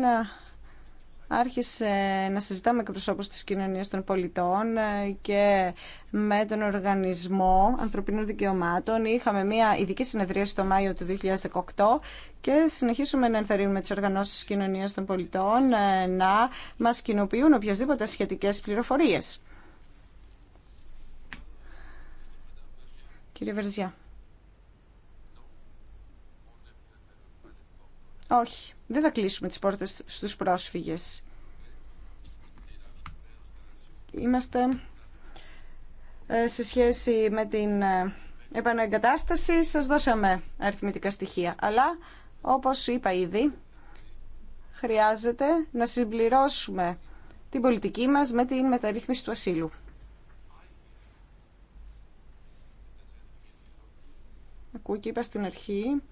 Speaker 2: άρχισε να συζητά με προσώπους της κοινωνίας των πολιτών και με τον Οργανισμό Ανθρωπίνων Δικαιωμάτων. Είχαμε μια ειδική συνεδρία στο Μάιο του 2018 και συνεχίσουμε να ενθαρρύνουμε τι οργανώσει κοινωνία των πολιτών ε, να μα κοινοποιούν οποιασδήποτε σχετικέ πληροφορίε. Κύριε Βερζιά. Όχι, δεν θα κλείσουμε τις πόρτες στους πρόσφυγες. Είμαστε ε, σε σχέση με την ε, επαναγκατάσταση. Σας δώσαμε αριθμητικά στοιχεία, αλλά όπως είπα ήδη, χρειάζεται να συμπληρώσουμε την πολιτική μας με την μεταρρύθμιση του ασύλου. Ακούω και είπα στην αρχή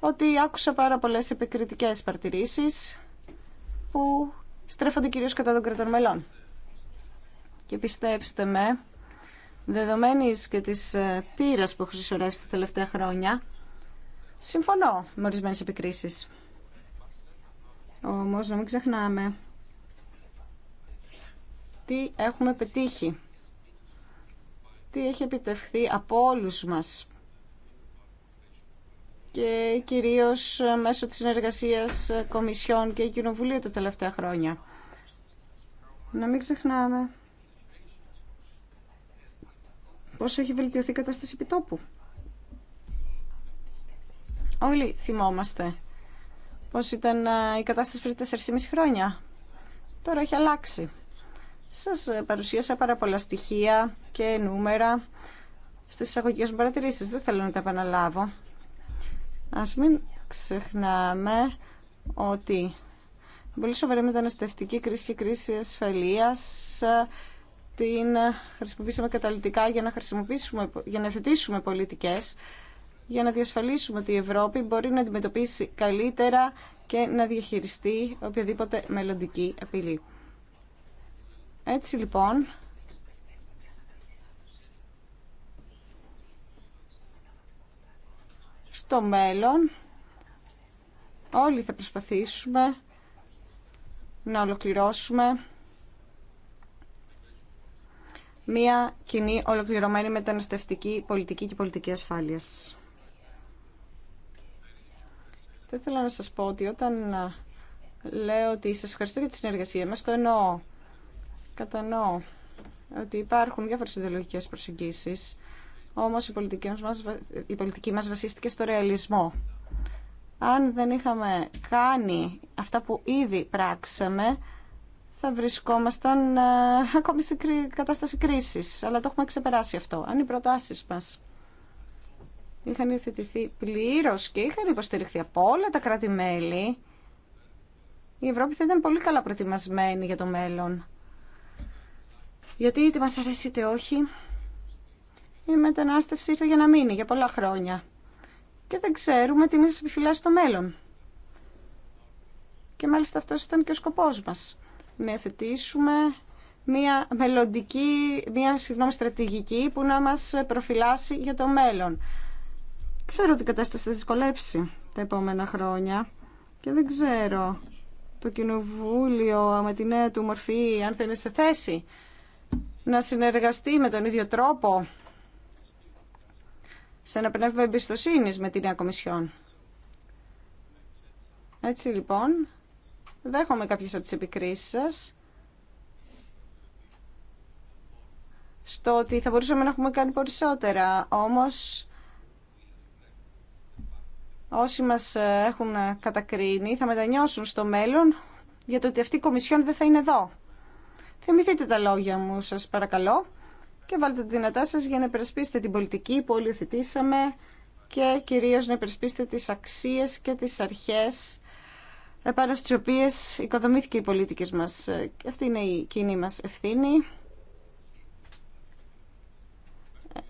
Speaker 2: ότι άκουσα πάρα πολλές επικριτικές παρτηρήσεις που στρέφονται κυρίως κατά των κρατών μελών. Και πιστέψτε με, δεδομένης και της ε, πείρας που έχω συσσωρεύσει τα τελευταία χρόνια, Συμφωνώ με ορισμένε επικρίσει. Όμω να μην ξεχνάμε τι έχουμε πετύχει. Τι έχει επιτευχθεί από όλους μας και κυρίως μέσω της συνεργασίας Κομισιών και Κοινοβουλίου τα τελευταία χρόνια. Να μην ξεχνάμε πώς έχει βελτιωθεί η κατάσταση επιτόπου. Όλοι θυμόμαστε πώς ήταν ε, η κατάσταση πριν 4,5 χρόνια. Τώρα έχει αλλάξει. Σας ε, παρουσίασα πάρα πολλά στοιχεία και νούμερα στις εισαγωγικές μου παρατηρήσεις. Δεν θέλω να τα επαναλάβω. Ας μην ξεχνάμε ότι πολύ σοβαρή μεταναστευτική κρίση, κρίση ασφαλείας, ε, την χρησιμοποιήσαμε καταλητικά για να, χρησιμοποιήσουμε, για να θετήσουμε πολιτικές για να διασφαλίσουμε ότι η Ευρώπη μπορεί να αντιμετωπίσει καλύτερα και να διαχειριστεί οποιαδήποτε μελλοντική απειλή. Έτσι λοιπόν, στο μέλλον όλοι θα προσπαθήσουμε να ολοκληρώσουμε μία κοινή ολοκληρωμένη μεταναστευτική πολιτική και πολιτική ασφάλειας. Θα ήθελα να σας πω ότι όταν λέω ότι σας ευχαριστώ για τη συνεργασία μας, το εννοώ. Κατανοώ ότι υπάρχουν διάφορε ιδεολογικές προσεγγίσεις, όμως η πολιτική μας, η πολιτική μας βασίστηκε στο ρεαλισμό. Αν δεν είχαμε κάνει αυτά που ήδη πράξαμε, θα βρισκόμασταν ακόμη στην κατάσταση κρίσης, αλλά το έχουμε ξεπεράσει αυτό. Αν οι προτάσεις μας είχαν υιοθετηθεί πλήρω και είχαν υποστηριχθεί από όλα τα κράτη-μέλη, η Ευρώπη θα ήταν πολύ καλά προετοιμασμένη για το μέλλον. Γιατί είτε μας αρέσει είτε όχι, η μετανάστευση ήρθε για να μείνει για πολλά χρόνια. Και δεν ξέρουμε τι μας επιφυλάσσει το μέλλον. Και μάλιστα αυτό ήταν και ο σκοπό μα. Να εθετήσουμε μια μελλοντική, μια συγγνώμη στρατηγική που να μας προφυλάσει για το μέλλον. Ξέρω ότι η κατάσταση θα δυσκολέψει τα επόμενα χρόνια και δεν ξέρω το Κοινοβούλιο με τη νέα του μορφή αν θα είναι σε θέση να συνεργαστεί με τον ίδιο τρόπο σε ένα πνεύμα εμπιστοσύνη με τη νέα Κομισιόν. Έτσι λοιπόν, δέχομαι κάποιες από τις επικρίσεις σας στο ότι θα μπορούσαμε να έχουμε κάνει περισσότερα, όμως όσοι μας ε, έχουν ε, κατακρίνει θα μετανιώσουν στο μέλλον για το ότι αυτή η Κομισιόν δεν θα είναι εδώ. Θυμηθείτε τα λόγια μου, σας παρακαλώ, και βάλτε τη δυνατά σας για να υπερασπίσετε την πολιτική που όλοι και κυρίως να υπερασπίσετε τις αξίες και τις αρχές επάνω στις οποίες οικοδομήθηκε η πολιτική μας. Ε, αυτή είναι η κοινή μας ευθύνη.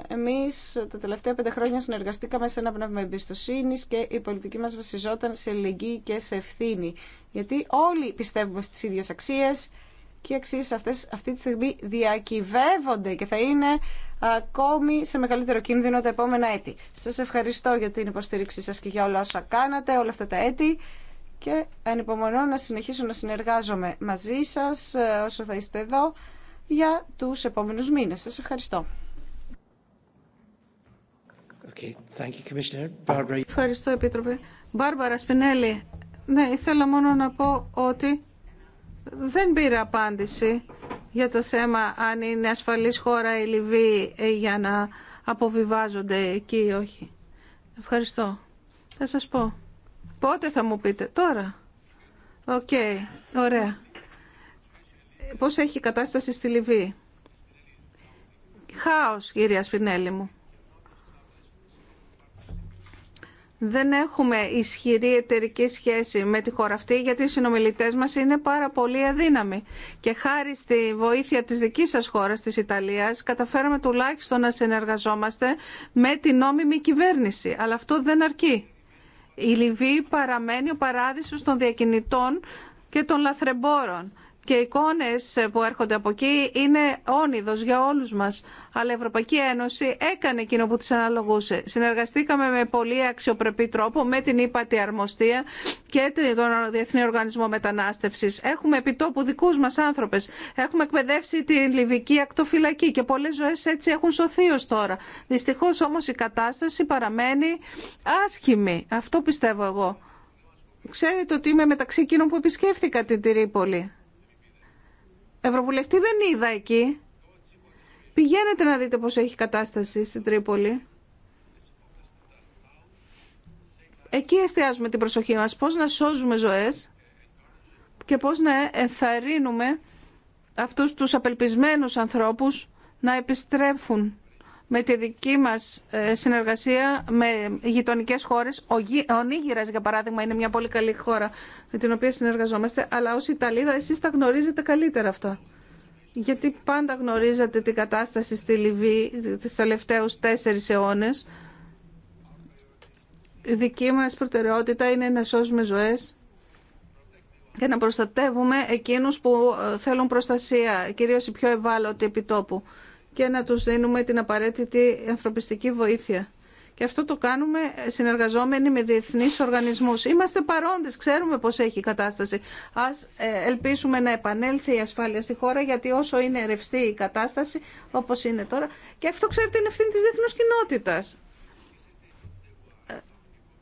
Speaker 2: Εμεί τα τελευταία πέντε χρόνια συνεργαστήκαμε σε ένα πνεύμα εμπιστοσύνη και η πολιτική μα βασιζόταν σε ελληνική και σε ευθύνη. Γιατί όλοι πιστεύουμε στι ίδιε αξίε και οι αξίες αυτές αυτή τη στιγμή διακυβεύονται και θα είναι ακόμη σε μεγαλύτερο κίνδυνο τα επόμενα έτη. Σα ευχαριστώ για την υποστήριξή σα και για όλα όσα κάνατε όλα αυτά τα έτη και ανυπομονώ να συνεχίσω να συνεργάζομαι μαζί σα ε, όσο θα είστε εδώ για τους επόμενους μήνες. Σας ευχαριστώ.
Speaker 3: Ευχαριστώ, Επίτροπε. Μπάρμπαρα Σπινέλη, ναι, ήθελα μόνο να πω ότι δεν πήρα απάντηση για το θέμα αν είναι ασφαλής χώρα η Λιβύη ε, για να αποβιβάζονται εκεί ή όχι. Ευχαριστώ. Θα σας πω. Πότε θα μου πείτε. Τώρα. Οκ. Okay. Ωραία. Πώς έχει η κατάσταση στη Λιβύη. Χάος, κυρία Σπινέλη μου. δεν έχουμε ισχυρή εταιρική σχέση με τη χώρα αυτή γιατί οι συνομιλητέ μας είναι πάρα πολύ αδύναμοι. Και χάρη στη βοήθεια της δικής σα χώρα, της Ιταλίας, καταφέραμε τουλάχιστον να συνεργαζόμαστε με την νόμιμη κυβέρνηση. Αλλά αυτό δεν αρκεί. Η Λιβύη παραμένει ο παράδεισος των διακινητών και των λαθρεμπόρων και οι εικόνες που έρχονται από εκεί είναι όνειδος για όλους μας. Αλλά η Ευρωπαϊκή Ένωση έκανε εκείνο που της αναλογούσε. Συνεργαστήκαμε με πολύ αξιοπρεπή τρόπο με την ΥΠΑΤΗ Αρμοστία και τον Διεθνή Οργανισμό Μετανάστευσης. Έχουμε επιτόπου δικούς μας άνθρωπες. Έχουμε εκπαιδεύσει την Λιβική ακτοφυλακή και πολλές ζωές έτσι έχουν σωθεί ως τώρα. Δυστυχώς όμως η κατάσταση παραμένει άσχημη. Αυτό πιστεύω εγώ. Ξέρετε ότι είμαι μεταξύ εκείνων που επισκέφθηκα την Τυρίπολη. Ευρωβουλευτή δεν είδα εκεί. Πηγαίνετε να δείτε πώς έχει κατάσταση στην Τρίπολη. Εκεί εστιάζουμε την προσοχή μας. Πώς να σώζουμε ζωές και πώς να ενθαρρύνουμε αυτούς τους απελπισμένους ανθρώπους να επιστρέφουν με τη δική μας ε, συνεργασία με γειτονικές χώρες. Ο Νίγηρας, για παράδειγμα, είναι μια πολύ καλή χώρα με την οποία συνεργαζόμαστε, αλλά ως Ιταλίδα εσείς τα γνωρίζετε καλύτερα αυτά. Γιατί πάντα γνωρίζατε την κατάσταση στη Λιβύη τις τελευταίους τέσσερις αιώνες. Η δική μας προτεραιότητα είναι να σώσουμε ζωές και να προστατεύουμε εκείνους που ε, θέλουν προστασία, κυρίως οι πιο ευάλωτοι επιτόπου και να τους δίνουμε την απαραίτητη ανθρωπιστική βοήθεια. Και αυτό το κάνουμε συνεργαζόμενοι με διεθνείς οργανισμούς. Είμαστε παρόντες, ξέρουμε πώς έχει η κατάσταση. Ας ε, ελπίσουμε να επανέλθει η ασφάλεια στη χώρα, γιατί όσο είναι ρευστή η κατάσταση, όπως είναι τώρα, και αυτό ξέρετε είναι ευθύνη της διεθνούς κοινότητας. Ε,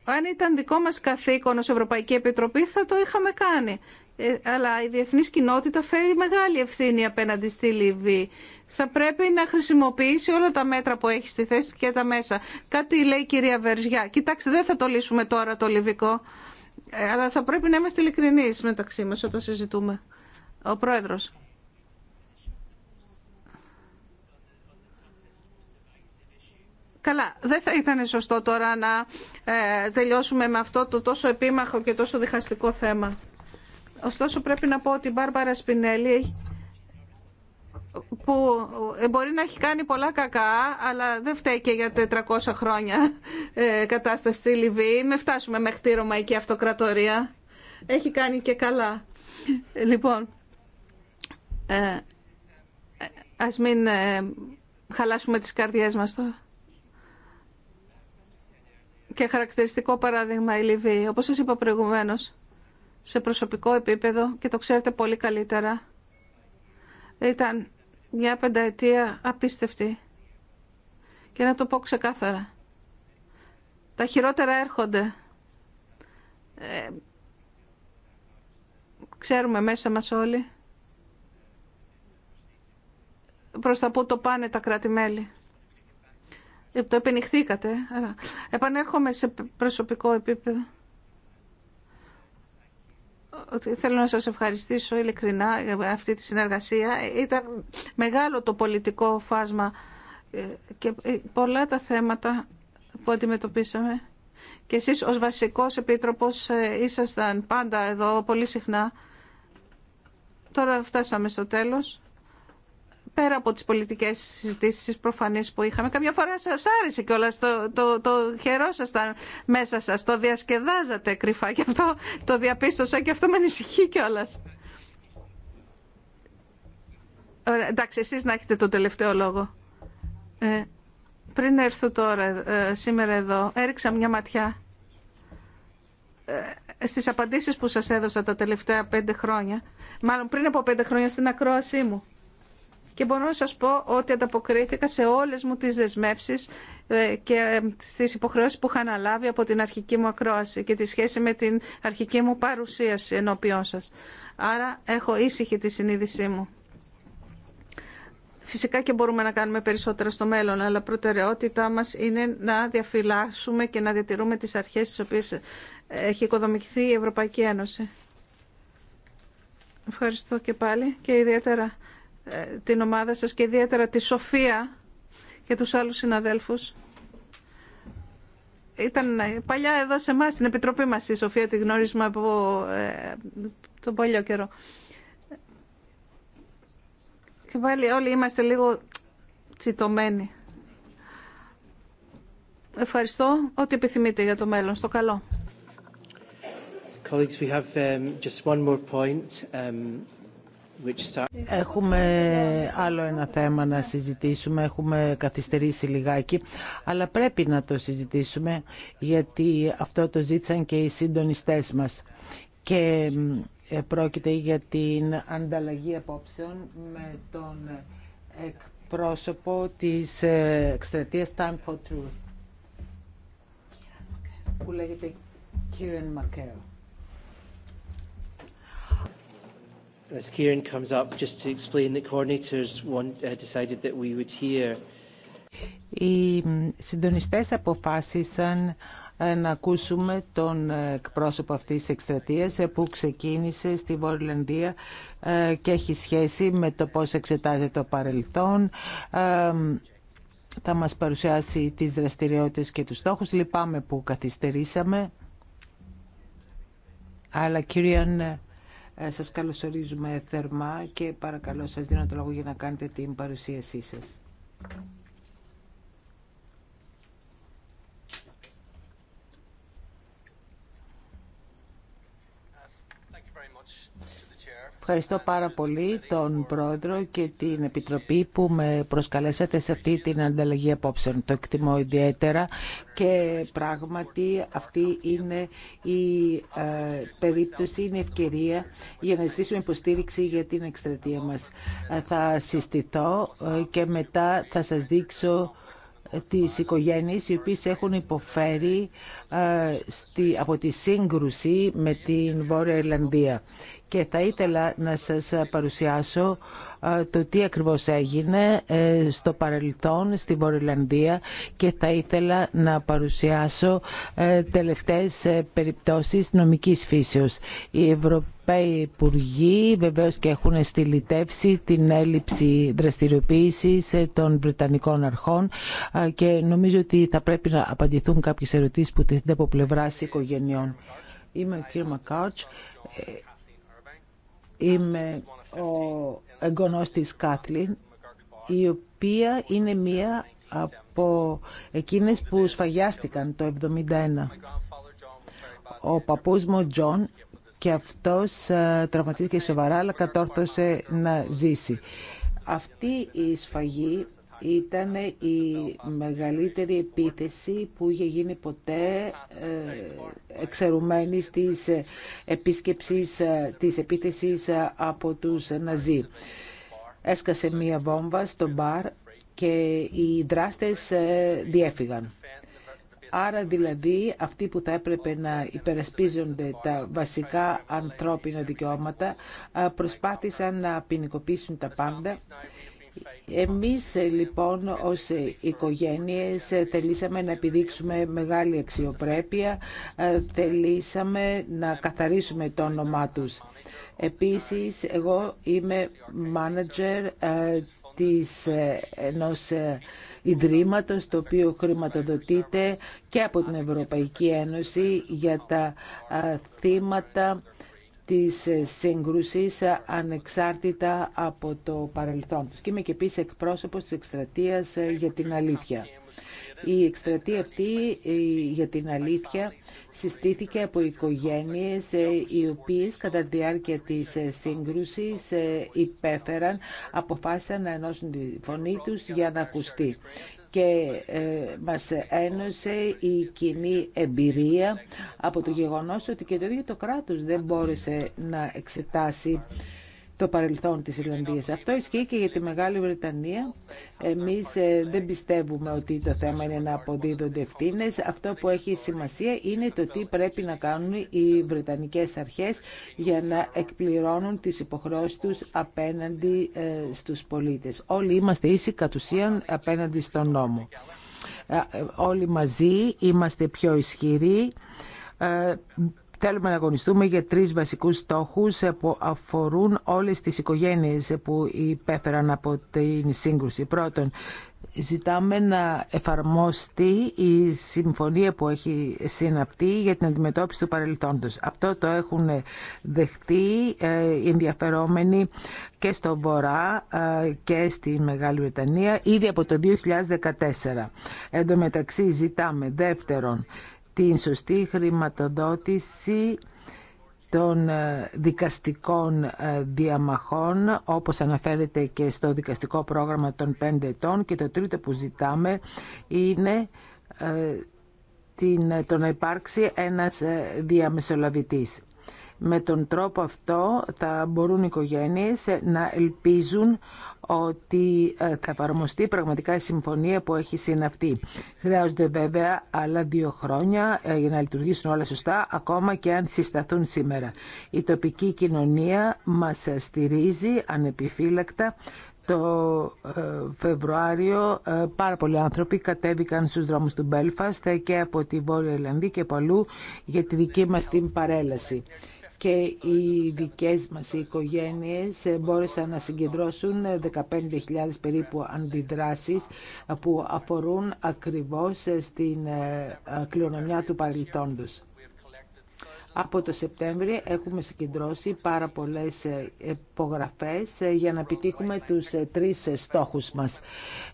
Speaker 3: αν ήταν δικό μας καθήκον ως Ευρωπαϊκή Επιτροπή θα το είχαμε κάνει. Ε, αλλά η διεθνής κοινότητα φέρει μεγάλη ευθύνη απέναντι στη Λιβύη. Θα πρέπει να χρησιμοποιήσει όλα τα μέτρα που έχει στη θέση και τα μέσα. Κάτι λέει η κυρία Βερζιά. Κοιτάξτε, δεν θα το λύσουμε τώρα το Λιβικό, ε, αλλά θα πρέπει να είμαστε ειλικρινεί μεταξύ μας όταν συζητούμε. Ο Πρόεδρος. Καλά, δεν θα ήταν σωστό τώρα να ε, τελειώσουμε με αυτό το τόσο επίμαχο και τόσο διχαστικό θέμα. Ωστόσο πρέπει να πω ότι η Μπάρμπαρα Σπινέλη που ε, μπορεί να έχει κάνει πολλά κακά, αλλά δεν φταίει και για 400 χρόνια ε, κατάσταση στη Λιβύη. Με φτάσουμε μέχρι τη Ρωμαϊκή Αυτοκρατορία. Έχει κάνει και καλά. Λοιπόν, ε, ε ας μην χαλάσουμε τις καρδιές μας τώρα. Και χαρακτηριστικό παράδειγμα η Λιβύη. Όπως σας είπα προηγουμένως, σε προσωπικό επίπεδο και το ξέρετε πολύ καλύτερα. Ήταν μια πενταετία απίστευτη. Και να το πω ξεκάθαρα. Τα χειρότερα έρχονται. Ε, ξέρουμε μέσα μας όλοι προς τα που το πάνε τα κράτη-μέλη. Ε, το επενηχθήκατε. Επανέρχομαι σε προσωπικό επίπεδο θέλω να σας ευχαριστήσω ειλικρινά για αυτή τη συνεργασία. Ήταν μεγάλο το πολιτικό φάσμα ε, και ε, πολλά τα θέματα που αντιμετωπίσαμε. Και εσείς ως βασικός επίτροπος ε, ήσασταν πάντα εδώ πολύ συχνά. Τώρα φτάσαμε στο τέλος πέρα από τις πολιτικές συζητήσεις προφανείς που είχαμε, καμιά φορά σας άρεσε και όλα το το, το χαιρόσασταν μέσα σας, το διασκεδάζατε κρυφά και αυτό το διαπίστωσα και αυτό με ανησυχεί κιόλα. εντάξει, εσείς να έχετε το τελευταίο λόγο. Ε, πριν έρθω τώρα, ε, σήμερα εδώ, έριξα μια ματιά ε, στις απαντήσεις που σας έδωσα τα τελευταία πέντε χρόνια, μάλλον πριν από πέντε χρόνια στην ακρόασή μου και μπορώ να σας πω ότι ανταποκρίθηκα σε όλες μου τις δεσμεύσεις ε, και ε, στις υποχρεώσεις που είχα αναλάβει από την αρχική μου ακρόαση και τη σχέση με την αρχική μου παρουσίαση ενώπιόν σας. Άρα έχω ήσυχη τη συνείδησή μου. Φυσικά και μπορούμε να κάνουμε περισσότερα στο μέλλον, αλλά προτεραιότητά μας είναι να διαφυλάσσουμε και να διατηρούμε τις αρχές τις οποίες έχει οικοδομηθεί η Ευρωπαϊκή Ένωση. Ευχαριστώ και πάλι και ιδιαίτερα ε, την ομάδα σας και ιδιαίτερα τη Σοφία και τους άλλους συναδέλφους. Ήταν ε, παλιά εδώ σε εμά στην Επιτροπή μας η Σοφία, τη γνώρισμα από ε, τον παλιό καιρό. Και πάλι όλοι είμαστε λίγο τσιτωμένοι. Ευχαριστώ. Ό,τι επιθυμείτε για το μέλλον. Στο καλό.
Speaker 1: we have um, just one more point. Um,
Speaker 3: Έχουμε
Speaker 4: άλλο ένα θέμα να συζητήσουμε, έχουμε καθυστερήσει λιγάκι, αλλά πρέπει να το συζητήσουμε γιατί αυτό το ζήτησαν και οι συντονιστές μας. Και ε, πρόκειται για την ανταλλαγή απόψεων με τον εκπρόσωπο της ε, εκστρατείας Time for Truth που λέγεται Kieran
Speaker 1: as Kieran comes up, just to explain that coordinators uh, decided that we would hear.
Speaker 4: Οι συντονιστές αποφάσισαν ε, να ακούσουμε τον ε, εκπρόσωπο αυτής της εκστρατείας ε, που ξεκίνησε στη Βορειολανδία και έχει σχέση με το πώς εξετάζεται το παρελθόν θα μας παρουσιάσει τις δραστηριότητες και τους στόχους. Λυπάμαι που καθυστερήσαμε. Αλλά ε, σας καλωσορίζουμε θερμά και παρακαλώ σας δίνω το λόγο για να κάνετε την παρουσίασή σας. Ευχαριστώ πάρα πολύ τον Πρόεδρο και την Επιτροπή που με προσκαλέσατε σε αυτή την ανταλλαγή απόψεων. Το εκτιμώ ιδιαίτερα και πράγματι αυτή είναι η ε, περίπτωση, είναι η ευκαιρία για να ζητήσουμε υποστήριξη για την εκστρατεία μας. Ε, θα συστηθώ ε, και μετά θα σας δείξω τις οικογένειες οι οποίες έχουν υποφέρει στη, από τη σύγκρουση με την Βόρεια Ιρλανδία και θα ήθελα να σας παρουσιάσω ε, το τι ακριβώς έγινε ε, στο παρελθόν στη Βορειολανδία και θα ήθελα να παρουσιάσω ε, τελευταίες περιπτώσεις νομικής φύσεως. Οι Ευρωπαίοι Υπουργοί βεβαίως και έχουν στυλιτεύσει την έλλειψη δραστηριοποίησης των Βρετανικών αρχών και νομίζω ότι θα πρέπει να απαντηθούν κάποιες ερωτήσεις που τίθενται από πλευρά οικογενειών. Είμαι ο κ. Μακάουτς, Είμαι ο εγγονός της Κάτλιν, η οποία είναι μία από εκείνες που σφαγιάστηκαν το 1971. Ο παππούς μου, Τζον, και αυτός ε, τραυματίστηκε σοβαρά, αλλά κατόρθωσε να ζήσει. Αυτή η σφαγή ήταν η μεγαλύτερη επίθεση που είχε γίνει ποτέ ε, εξαιρουμένη της επίσκεψης, ε, της επίθεσης ε, από τους Ναζί. Έσκασε μία βόμβα στο μπαρ και οι δράστες διέφυγαν. Άρα δηλαδή αυτοί που θα έπρεπε να υπερασπίζονται τα βασικά ανθρώπινα δικαιώματα προσπάθησαν να ποινικοποιήσουν τα πάντα εμείς λοιπόν ως οικογένειες θελήσαμε να επιδείξουμε μεγάλη αξιοπρέπεια, ε, θελήσαμε να καθαρίσουμε το όνομά τους. Επίσης, εγώ είμαι μάνατζερ της, ε, ενός ε, ιδρύματος το οποίο χρηματοδοτείται και από την Ευρωπαϊκή Ένωση για τα θύματα της σύγκρουσης ανεξάρτητα από το παρελθόν τους. Και είμαι και επίσης εκπρόσωπος της εκστρατείας για την αλήθεια. Η εκστρατεία αυτή για την αλήθεια συστήθηκε από οικογένειες ε, οι οποίες κατά τη διάρκεια της ε, σύγκρουσης ε, υπέφεραν, αποφάσισαν να ενώσουν τη φωνή τους για να ακουστεί και ε, μας ένωσε η κοινή εμπειρία από το γεγονός ότι και το ίδιο το κράτος δεν μπόρεσε να εξετάσει το παρελθόν της Ιρλανδίας. Αυτό ισχύει και για τη Μεγάλη Βρετανία. Εμείς ε, δεν πιστεύουμε ότι το θέμα είναι να αποδίδονται ευθύνε. Αυτό που έχει σημασία είναι το τι πρέπει να κάνουν οι Βρετανικές αρχές για να εκπληρώνουν τις υποχρεώσεις τους απέναντι ε, στους πολίτες. Όλοι είμαστε ίσοι κατ' ουσίαν απέναντι στον νόμο. Ε, όλοι μαζί είμαστε πιο ισχυροί Θέλουμε να αγωνιστούμε για τρεις βασικούς στόχους που αφορούν όλες τις οικογένειες που υπέφεραν από την σύγκρουση. Πρώτον, ζητάμε να εφαρμοστεί η συμφωνία που έχει συναπτεί για την αντιμετώπιση του παρελθόντος. Αυτό το έχουν δεχτεί ε, οι ενδιαφερόμενοι και στο Βορρά ε, και στη Μεγάλη Βρετανία ήδη από το 2014. Εν τω μεταξύ ζητάμε δεύτερον την σωστή χρηματοδότηση των ε, δικαστικών ε, διαμαχών, όπως αναφέρεται και στο δικαστικό πρόγραμμα των 5 ετών. Και το τρίτο που ζητάμε είναι ε, το να υπάρξει ένας διαμεσολαβητής. Με τον τρόπο αυτό θα μπορούν οι οικογένειες να ελπίζουν ότι ε, θα εφαρμοστεί πραγματικά η συμφωνία που έχει συναυτεί. Χρειάζονται βέβαια άλλα δύο χρόνια ε, για να λειτουργήσουν όλα σωστά, ακόμα και αν συσταθούν σήμερα. Η τοπική κοινωνία μας στηρίζει ανεπιφύλακτα το ε, Φεβρουάριο πάρα πολλοί άνθρωποι κατέβηκαν στους δρόμους του Μπέλφαστ και από τη Βόρεια και από για τη δική μας την παρέλαση και οι δικές μας οικογένειες μπόρεσαν να συγκεντρώσουν 15.000 περίπου αντιδράσεις που αφορούν ακριβώς στην ε, κληρονομιά του παρελθόντος. Από το Σεπτέμβριο έχουμε συγκεντρώσει πάρα πολλές ε, υπογραφές ε, για να επιτύχουμε τους τρεις στόχους μας.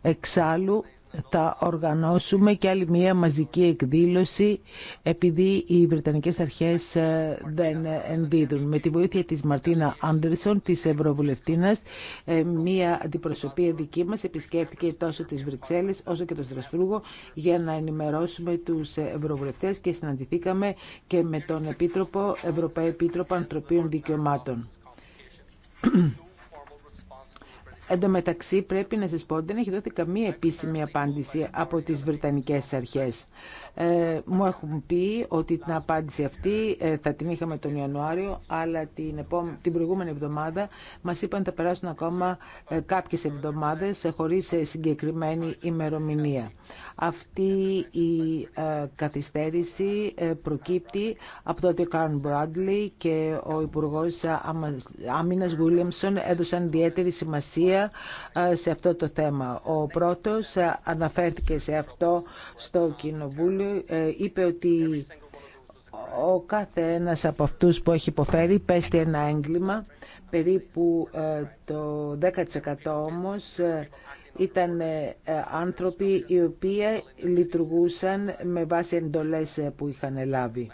Speaker 4: Εξάλλου, θα οργανώσουμε και άλλη μια μαζική εκδήλωση επειδή οι Βρετανικές αρχές ε, δεν ενδίδουν. Με τη βοήθεια της Μαρτίνα Άντερσον, της Ευρωβουλευτίνας, ε, μια αντιπροσωπεία δική μας επισκέφθηκε τόσο τις Βρυξέλλες όσο και το Στρασβούργο για να ενημερώσουμε τους Ευρωβουλευτές και συναντηθήκαμε και με τον Επίτροπο, Ευρωπαϊκό Επίτροπο Ανθρωπίων Δικαιωμάτων. Εν τω μεταξύ πρέπει να σας πω ότι δεν έχει δώσει καμία επίσημη απάντηση από τις Βρετανικές αρχές. Ε, μου έχουν πει ότι την απάντηση αυτή ε, θα την είχαμε τον Ιανουάριο, αλλά την, την προηγούμενη εβδομάδα μας είπαν θα περάσουν ακόμα ε, κάποιες εβδομάδες ε, χωρίς συγκεκριμένη ημερομηνία. Αυτή η ε, καθυστέρηση ε, προκύπτει από το ότι ο Κάρν Μπράντλι και ο Υπουργό Άμυνα Γουίλιαμσον έδωσαν ιδιαίτερη σημασία ε, σε αυτό το θέμα. Ο πρώτος αναφέρθηκε σε αυτό στο Κοινοβούλιο, είπε ότι ο κάθε ένας από αυτούς που έχει υποφέρει πέστη ένα έγκλημα, περίπου το 10% όμως ήταν ε, ε, άνθρωποι οι οποίοι λειτουργούσαν με βάση εντολές ε, που είχαν λάβει.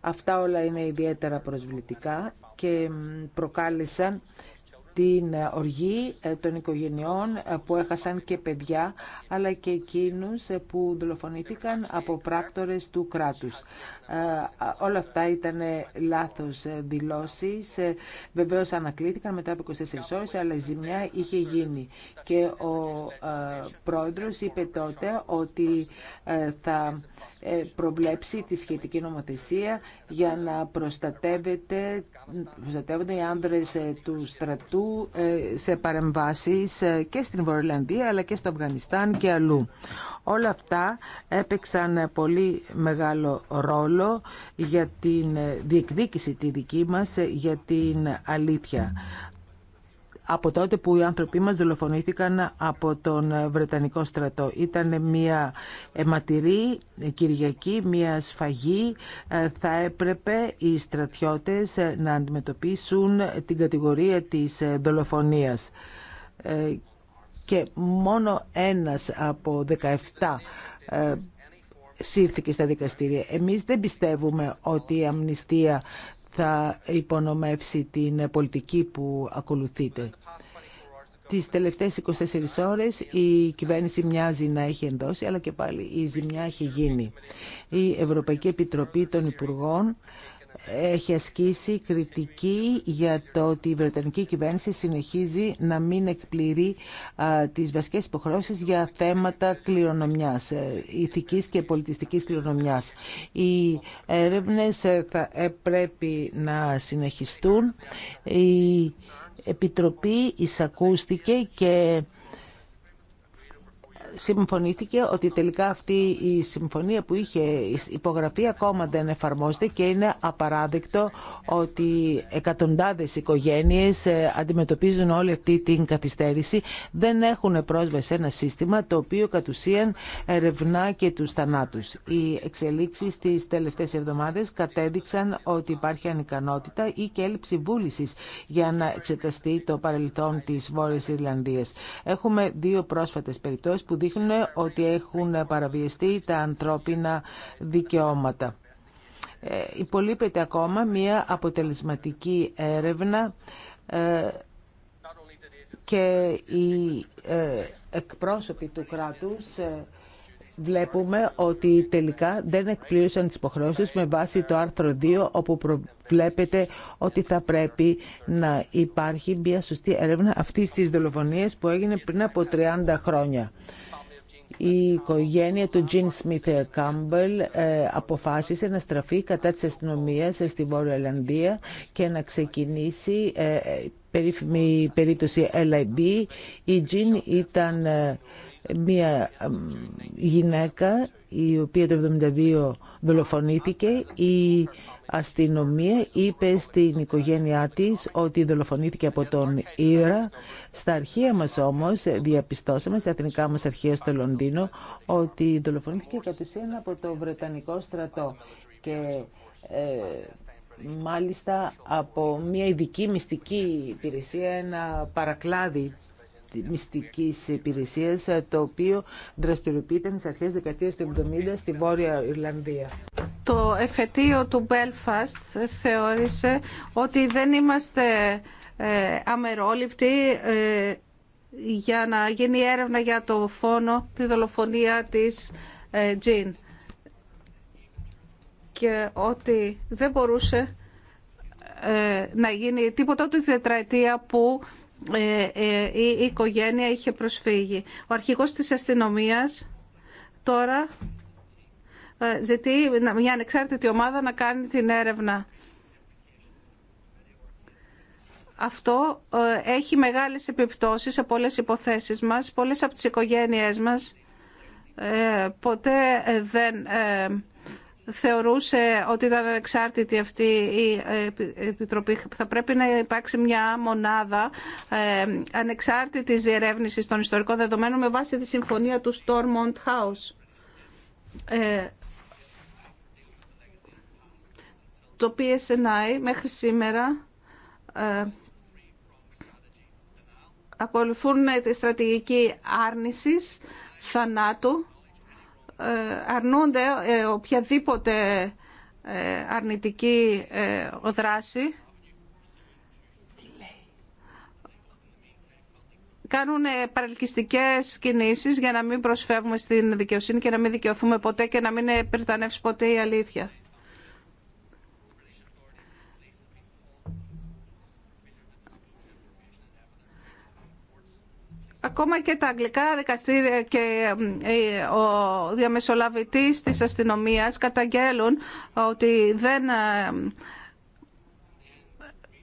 Speaker 4: Αυτά όλα είναι ιδιαίτερα προσβλητικά και προκάλεσαν την οργή των οικογενειών που έχασαν και παιδιά, αλλά και εκείνους που δολοφονήθηκαν από πράκτορες του κράτους. Ε, όλα αυτά ήταν λάθος δηλώσεις. Ε, βεβαίως ανακλήθηκαν μετά από 24 ώρες, αλλά η ζημιά είχε γίνει. Και ο ε, πρόεδρος είπε τότε ότι θα προβλέψει τη σχετική νομοθεσία για να προστατεύεται, προστατεύονται οι άνδρες του στρατού σε παρεμβάσεις και στην Βορειολανδία αλλά και στο Αφγανιστάν και αλλού. Όλα αυτά έπαιξαν πολύ μεγάλο ρόλο για την ε, διεκδίκηση τη δική μας ε, για την αλήθεια. Από τότε που οι άνθρωποι μας δολοφονήθηκαν από τον ε, Βρετανικό στρατό. Ήταν μια αιματηρή Κυριακή, μια σφαγή. Θα έπρεπε οι στρατιώτες να αντιμετωπίσουν την κατηγορία της δολοφονίας και μόνο ένας από 17 ε, σύρθηκε στα δικαστήρια. Εμείς δεν πιστεύουμε ότι η αμνηστία θα υπονομεύσει την πολιτική που ακολουθείτε. Τις τελευταίες 24 ώρες η κυβέρνηση μοιάζει να έχει ενδώσει, αλλά και πάλι η ζημιά έχει γίνει. Η Ευρωπαϊκή Επιτροπή των Υπουργών έχει ασκήσει κριτική για το ότι η Βρετανική κυβέρνηση συνεχίζει να μην εκπληρεί τις βασικές υποχρεώσεις για θέματα κληρονομιάς, ε, ηθικής και πολιτιστικής κληρονομιάς. Οι έρευνες ε, θα ε, πρέπει να συνεχιστούν. Η Επιτροπή εισακούστηκε και συμφωνήθηκε ότι τελικά αυτή η συμφωνία που είχε υπογραφεί ακόμα δεν εφαρμόζεται και είναι απαράδεκτο ότι εκατοντάδες οικογένειες ε, αντιμετωπίζουν όλη αυτή την καθυστέρηση. Δεν έχουν πρόσβαση σε ένα σύστημα το οποίο κατ' ουσίαν ερευνά και τους θανάτους. Οι εξελίξεις στις τελευταίες εβδομάδες κατέδειξαν ότι υπάρχει ανικανότητα ή και έλλειψη βούλησης για να εξεταστεί το παρελθόν της Βόρειας Ιρλανδίας. Έχουμε δύο πρόσφατες περιπτώσεις που δείχνουν ότι έχουν παραβιαστεί τα ανθρώπινα δικαιώματα. Ε, υπολείπεται ακόμα μία αποτελεσματική έρευνα ε, και οι ε, εκπρόσωποι του κράτους βλέπουμε ότι τελικά δεν εκπλήρωσαν τις υποχρεώσεις με βάση το άρθρο 2 όπου βλέπετε ότι θα πρέπει να υπάρχει μια σωστή έρευνα αυτής της δολοφονίας που έγινε πριν από 30 χρόνια η οικογένεια του Τζιν Σμιθ Κάμπελ αποφάσισε να στραφεί κατά της αστυνομία στη Βόρεια Ελλανδία και να ξεκινήσει ε, περίφημη περίπτωση LIB. Η Τζιν ήταν ε, μια γυναίκα η οποία το 1972 δολοφονήθηκε. Η αστυνομία είπε στην οικογένειά της ότι δολοφονήθηκε από τον Ήρα. Στα αρχεία μας όμως διαπιστώσαμε, στα εθνικά μας αρχεία στο Λονδίνο, ότι δολοφονήθηκε κατ' ουσίαν από το Βρετανικό στρατό. Και ε, μάλιστα από μια ειδική μυστική υπηρεσία, ένα παρακλάδι μυστικής υπηρεσίας ε, το οποίο δραστηριοποιείται στις αρχές δεκαετίας του 70 στη Βόρεια Ιρλανδία.
Speaker 3: Το εφετείο του Belfast θεώρησε ότι δεν είμαστε ε, αμερόληπτοι ε, για να γίνει έρευνα για το φόνο, τη δολοφονία της Τζιν και ότι δεν μπορούσε να γίνει τίποτα τη τετραετία που ε, ε, η οικογένεια είχε προσφύγει. Ο αρχηγός της αστυνομίας τώρα ε, ζητεί μια ανεξάρτητη ομάδα να κάνει την έρευνα. Αυτό έχει μεγάλες επιπτώσεις σε πολλές υποθέσεις μας, πολλές από τις οικογένειές μας ποτέ δεν θεωρούσε ότι ήταν ανεξάρτητη αυτή η ε, Επιτροπή. Θα πρέπει να υπάρξει μια μονάδα ε, ανεξάρτητη διερεύνησης των ιστορικών δεδομένων με βάση τη συμφωνία του Stormont House. Ε, το PSNI μέχρι σήμερα ακολουθούν τη στρατηγική άρνησης θανάτου ε, αρνούνται ε, οποιαδήποτε ε, αρνητική δράση. Κάνουν παρελκυστικές κινήσεις για να μην προσφεύγουμε στην δικαιοσύνη και να μην δικαιωθούμε ποτέ και να μην επερτανεύσει ποτέ η αλήθεια. Ακόμα και τα αγγλικά δικαστήρια και ο διαμεσολαβητής της αστυνομίας καταγγέλουν ότι δεν ε,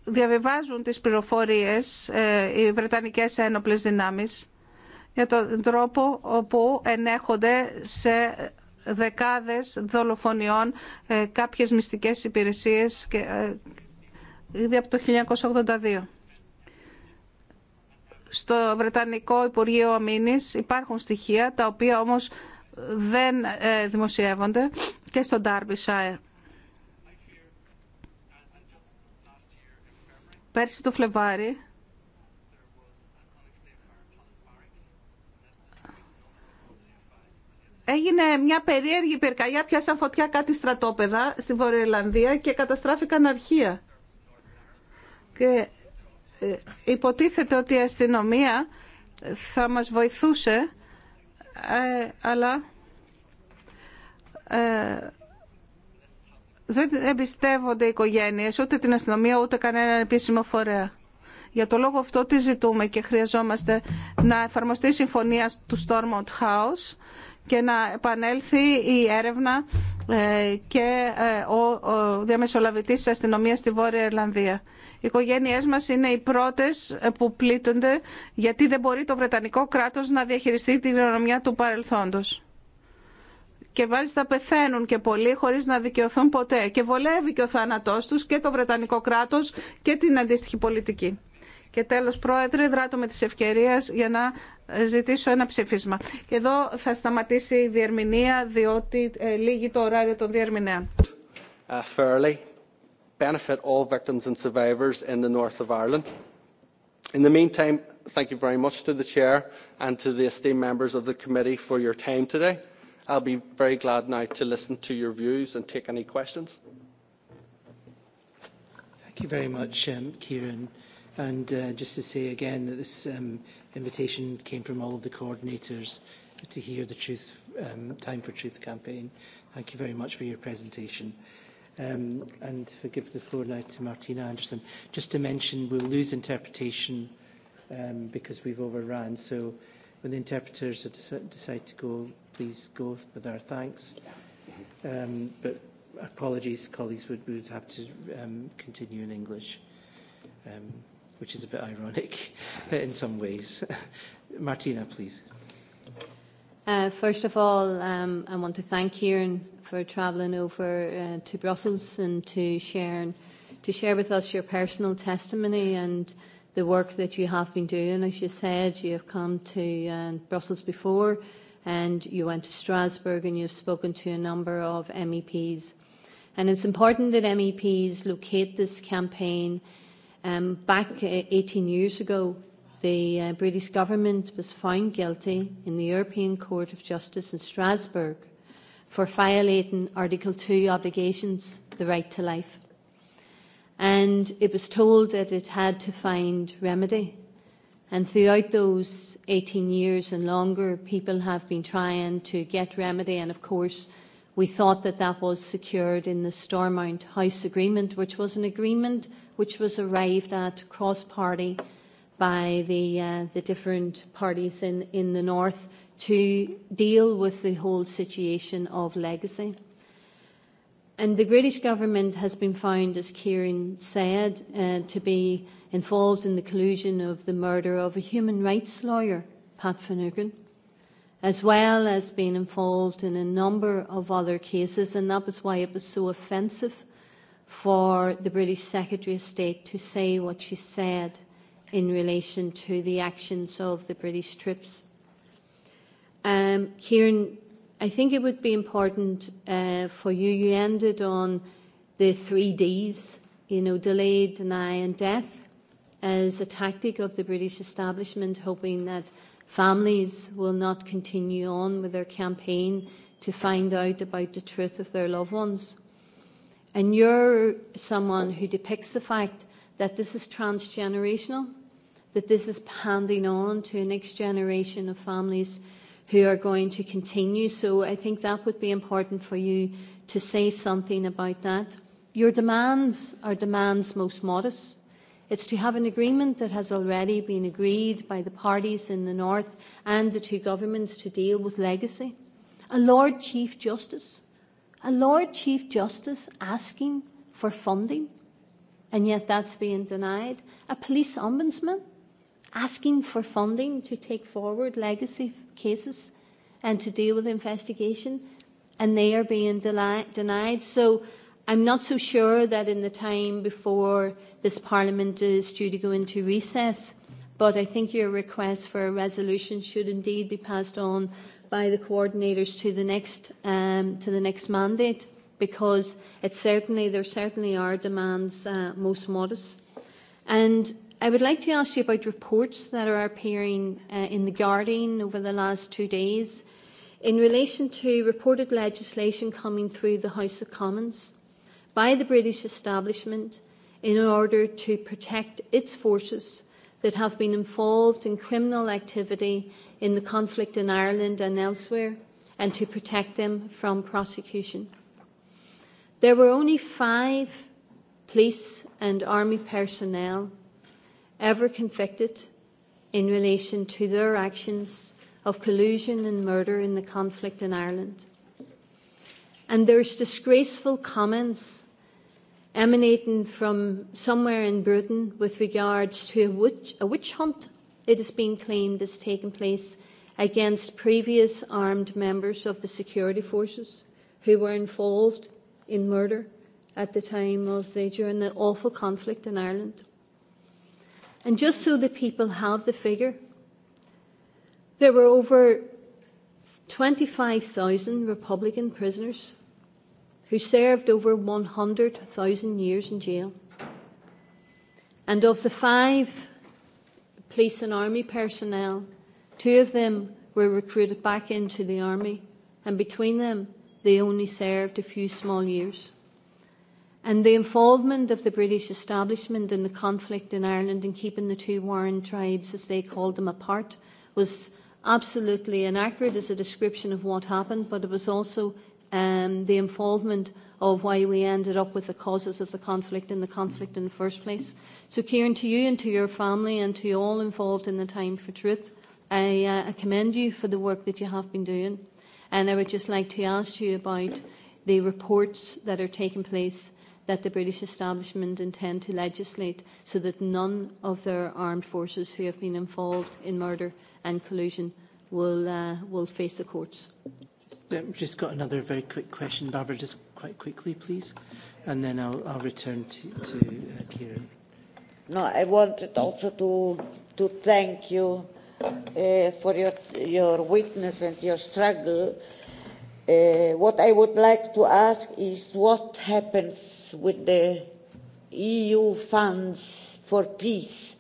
Speaker 3: διαβιβάζουν τις πληροφορίες ε, οι Βρετανικές ένοπλες δυνάμεις για τον τρόπο όπου ενέχονται σε δεκάδες δολοφονιών ε, κάποιες μυστικές υπηρεσίες ήδη από το 1982. Στο Βρετανικό Υπουργείο Αμήνης υπάρχουν στοιχεία τα οποία όμως δεν ε, δημοσιεύονται και στο Derbyshire. Πέρσι το Φλεβάρι έγινε μια περίεργη πυρκαγιά, πιάσαν φωτιά κάτι στρατόπεδα στη Βορειοελλανδία και καταστράφηκαν αρχεία. Και υποτίθεται ότι η αστυνομία θα μας βοηθούσε, ε, αλλά ε, δεν εμπιστεύονται οι οικογένειες, ούτε την αστυνομία, ούτε κανέναν επίσημο φορέα. Για το λόγο αυτό τι ζητούμε και χρειαζόμαστε να εφαρμοστεί η συμφωνία του Stormont House και να επανέλθει η έρευνα ε, και ε, ο διαμεσολαβητής της αστυνομίας στη Βόρεια Ιρλανδία. Οι οικογένειές μας είναι οι πρώτες ε, που πλήττονται γιατί δεν μπορεί το Βρετανικό κράτος να διαχειριστεί την κληρονομιά του παρελθόντος. Και μάλιστα πεθαίνουν και πολλοί χωρίς να δικαιωθούν ποτέ. Και βολεύει και ο θάνατός τους και το Βρετανικό κράτος και την αντίστοιχη πολιτική. Και τέλος, Πρόεδρε, δράτω με τις ευκαιρίες για να ζητήσω ένα ψήφισμα. Και εδώ θα σταματήσει η διερμηνία, διότι ε, λύγει το ωράριο των διερμηνέων.
Speaker 5: Uh, fairly benefit all victims and survivors in the north of Ireland. In the meantime, thank you very much to the Chair and to the esteemed members of the committee for your time today. I'll be very glad now to listen to your views and take any questions.
Speaker 1: Thank you very much, um, Kieran. And just to say again that this invitation came from all of the coordinators to hear the Truth, Time for Truth campaign. Thank you very much for your presentation. Um, and if give the floor now to Martina Anderson, just to mention we'll lose interpretation um, because we've overrun. So when the interpreters decide to go, please go with our thanks. Um, but apologies, colleagues would, would have to um, continue in English. Um, which is a bit ironic in some ways. Martina, please.
Speaker 7: Uh, first of all, um, I want to thank Kieran for travelling over uh, to Brussels and to share, to share with us your personal testimony and the work that you have been doing. As you said, you have come to uh, Brussels before and you went to Strasbourg and you've spoken to a number of MEPs. And it's important that MEPs locate this campaign Um, back 18 years ago, the British government was found guilty in the European Court of Justice in Strasbourg for violating Article 2 obligations, the right to life. And it was told that it had to find remedy. And throughout those 18 years and longer, people have been trying to get remedy. And of course, we thought that that was secured in the Stormont House Agreement, which was an agreement which was arrived at cross-party by the, uh, the different parties in, in the north to deal with the whole situation of legacy. And the British government has been found, as Kieran said, to be involved in the collusion of the murder of a human rights lawyer, Pat Finnegan, as well as being involved in a number of other cases, and that was why it was so offensive for the British Secretary of State to say what she said in relation to the actions of the British troops. Um, Kieran, I think it would be important uh, for you, you ended on the three Ds, you know, delay, deny and death as a tactic of the British establishment, hoping that families will not continue on with their campaign to find out about the truth of their loved ones. And you're someone who depicts the fact that this is transgenerational, that this is handing on to a next generation of families who are going to continue. So I think that would be important for you to say something about that. Your demands are demands most modest. It's to have an agreement that has already been agreed by the parties in the North and the two governments to deal with legacy. A Lord Chief Justice a Lord Chief Justice asking for funding, and yet that's being denied, a police ombudsman asking for funding to take forward legacy cases and to deal with investigation, and they are being denied. So I'm not so sure that in the time before this Parliament is due to go into recess, but I think your request for a resolution should indeed be passed on by the coordinators to the next um, to the next mandate because it certainly there certainly are demands uh, most modest. And I would like to ask you about reports that are appearing in the Guardian over the last two days in relation to reported legislation coming through the House of Commons by the British establishment in order to protect its forces that have been involved in criminal activity in the conflict in Ireland and elsewhere, and to protect them from prosecution. There were only five police and army personnel ever convicted in relation to their actions of collusion and murder in the conflict in Ireland. And there's disgraceful comments emanating from somewhere in Britain with regards to a witch, a witch hunt, it is been claimed, has taken place against previous armed members of the security forces who were involved in murder at the time of the during the awful conflict in Ireland. And just so the people have the figure, there were over 25,000 Republican prisoners who served over 100,000 years in jail. And of the five police and army personnel, two of them were recruited back into the army, and between them, they only served a few small years. And the involvement of the British establishment in the conflict in Ireland and keeping the two Warren tribes, as they called them, apart was absolutely inaccurate as a description of what happened, but it was also the involvement of why we ended up with the causes of the conflict and the conflict in the first place. So, Kieran, to you and to your family and to all involved in the Time for Truth, I commend you for the work that you have been doing. And I would just like to ask you about the reports that are taking place that the British establishment intend to legislate so that none of their armed forces who have been involved in murder and collusion will, will face the courts
Speaker 1: just got another very quick question, Barbara, just quite quickly, please, and then I'll, I'll return to, to Kieran.
Speaker 8: No, I wanted also to, to thank you for your, your witness and your struggle. what I would like to ask is what happens with the EU funds for peace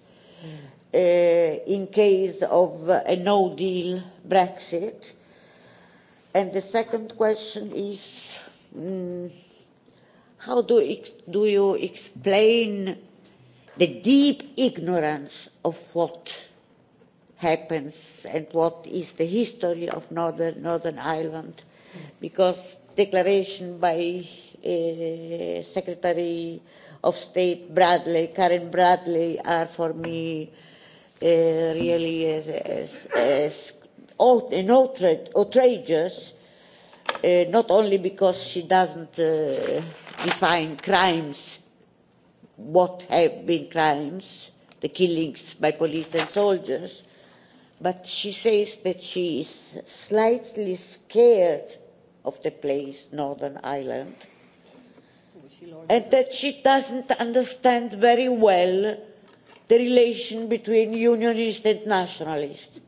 Speaker 8: in case of a no-deal Brexit And the second question is, how do do you explain the deep ignorance of what happens and what is the history of Northern Northern Ireland? Because declaration by Secretary of State Bradley, Karen Bradley, are for me really as and outrageous, not only because she doesn't define crimes, what have been crimes, the killings by police and soldiers, but she says that she is slightly scared of the place, Northern Ireland, and that she doesn't understand very well the relation between unionists and nationalists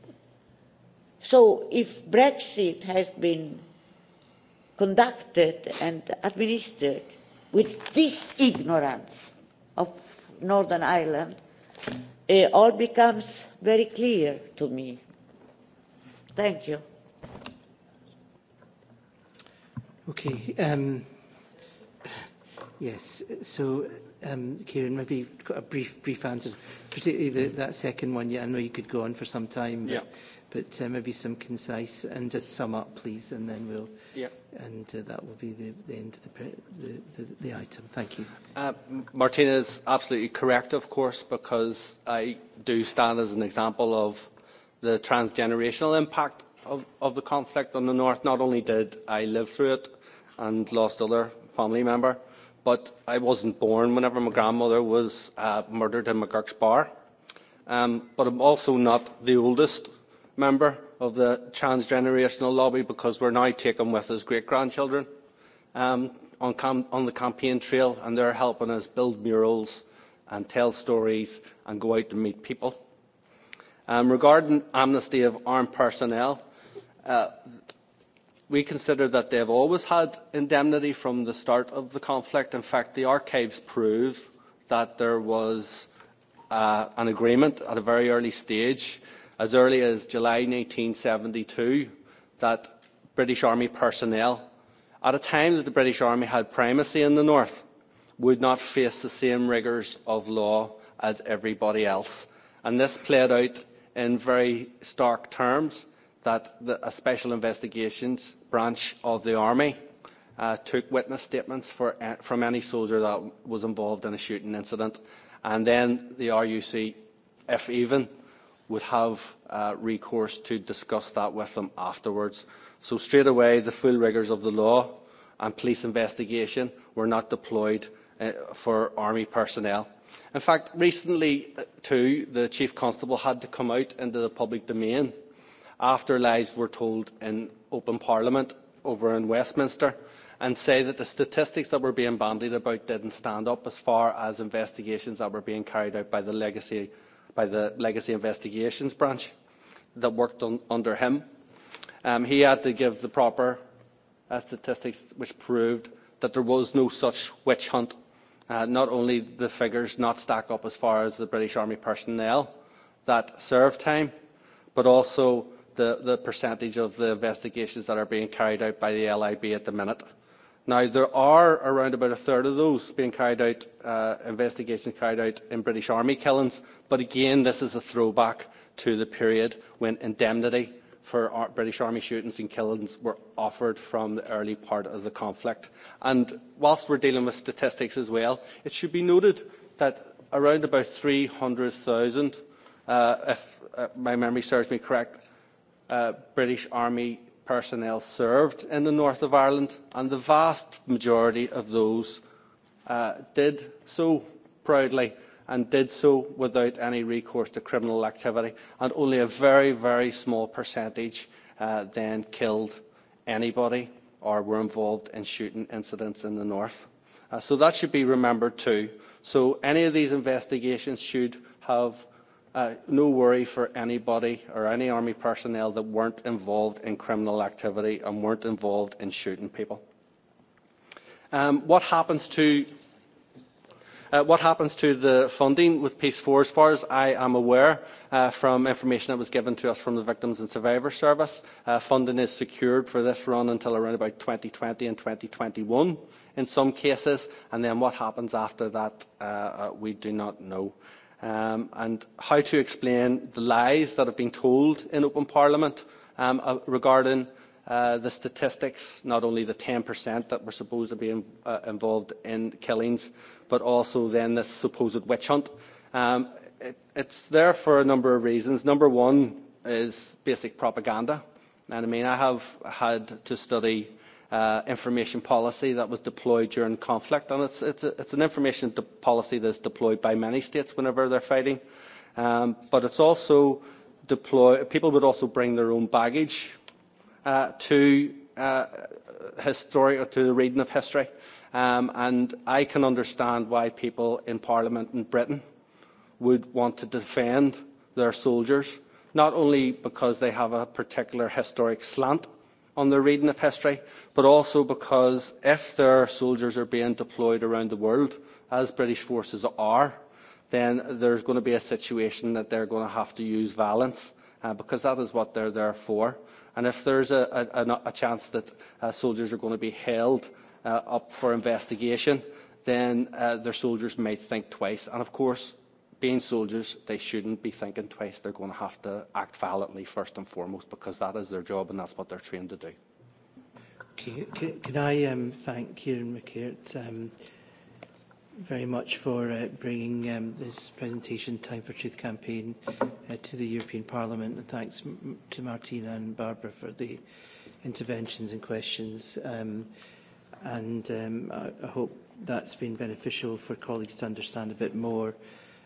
Speaker 8: So if Brexit has been conducted and administered with this ignorance of Northern Ireland, it all becomes very clear to me. Thank you.
Speaker 1: Okay. Um, yes. So, um, Kieran, maybe got a brief, brief answer, particularly the, that second one. Yeah, I know you could go on for some time. yeah but maybe some concise and just sum up, please, and then we'll. Yeah. And that will be the, the end of the, the, the, item. Thank you.
Speaker 5: Martina is absolutely correct, of course, because I do stand as an example of the transgenerational impact of, the conflict on the north. Not only did I live through it and lost other family member, but I wasn't born whenever my grandmother was uh, murdered in McGurk's bar. Um, but I'm also not the oldest member of the transgenerational lobby because we're now taking with us great-grandchildren on the campaign trail and they're helping us build murals and tell stories and go out to meet people. Regarding amnesty of armed personnel, we consider that they've always had indemnity from the start of the conflict. In fact, the archives prove that there was an agreement at a very early stage as early as July 1972 that British Army personnel, at a time that the British Army had primacy in the north, would not face the same rigours of law as everybody else. And this played out in very stark terms that a special investigations branch of the Army took witness statements from any soldier that was involved in a shooting incident. And then the RUC, if even, would have recourse to discuss that with them afterwards. So straight away, the full rigours of the law and police investigation were not deployed for army personnel. In fact, recently too, the chief constable had to come out into the public domain after lies were told in open parliament over in Westminster and say that the statistics that were being bandied about didn't stand up as far as investigations that were being carried out by the legacy by the Legacy Investigations Branch that worked under him. He had to give the proper statistics which proved that there was no such witch hunt. Not only the figures not stack up as far as the British Army personnel that served time, but also the percentage of the investigations that are being carried out by the LIB at the minute. Now, there are around about a third of those being carried out, investigations carried out in British Army killings, but again, this is a throwback to the period when indemnity for British Army shootings and killings were offered from the early part of the conflict. And whilst we're dealing with statistics as well, it should be noted that around about 300,000, if my memory serves me correct, British Army personnel served in the north of Ireland, and the vast majority of those did so proudly and did so without any recourse to criminal activity, and only a very, very small percentage then killed anybody or were involved in shooting incidents in the north. So that should be remembered too. So any of these investigations should have no worry for anybody or any army personnel that weren't involved in criminal activity and weren't involved in shooting people. What happens to the funding with Peace Four? As far as I am aware, from information that was given to us from the Victims and Survivors Service, funding is secured for this run until around about 2020 and 2021 in some cases, and then what happens after that we do not know and how to explain the lies that have been told in open parliament regarding the statistics, not only the 10% that were supposed to be involved in killings, but also then this supposed witch hunt. It's there for a number of reasons. Number one is basic propaganda. And I mean, I have had to study information policy that was deployed during conflict. And it's, it's, an information policy that is deployed by many states whenever they're fighting. but it's also people would also bring their own baggage to to the reading of history. and I can understand why people in Parliament in Britain would want to defend their soldiers, not only because they have a particular historic slant, on their reading of history, but also because if their soldiers are being deployed around the world, as British forces are, then there's going to be a situation that they're going to have to use violence, because that is what they're there for. And if there's a, a, chance that soldiers are going to be held up for investigation, then their soldiers may think twice. And of course, being soldiers, they shouldn't be thinking twice. They're going to have to act violently first and foremost because that is their job and that's what they're trained to do.
Speaker 1: Can I um, thank Kieran McCart um, very much for bringing um, this presentation, Time for Truth campaign, to the European Parliament. And thanks to Martina and Barbara for the interventions and questions. Um, and um, I, I hope that's been beneficial for colleagues to understand a bit more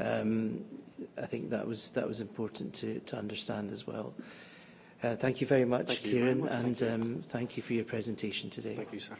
Speaker 1: Um, I think that was that was important to, to understand as well. thank you very much, Kieran, and um, thank you for your presentation today. Thank you, sir.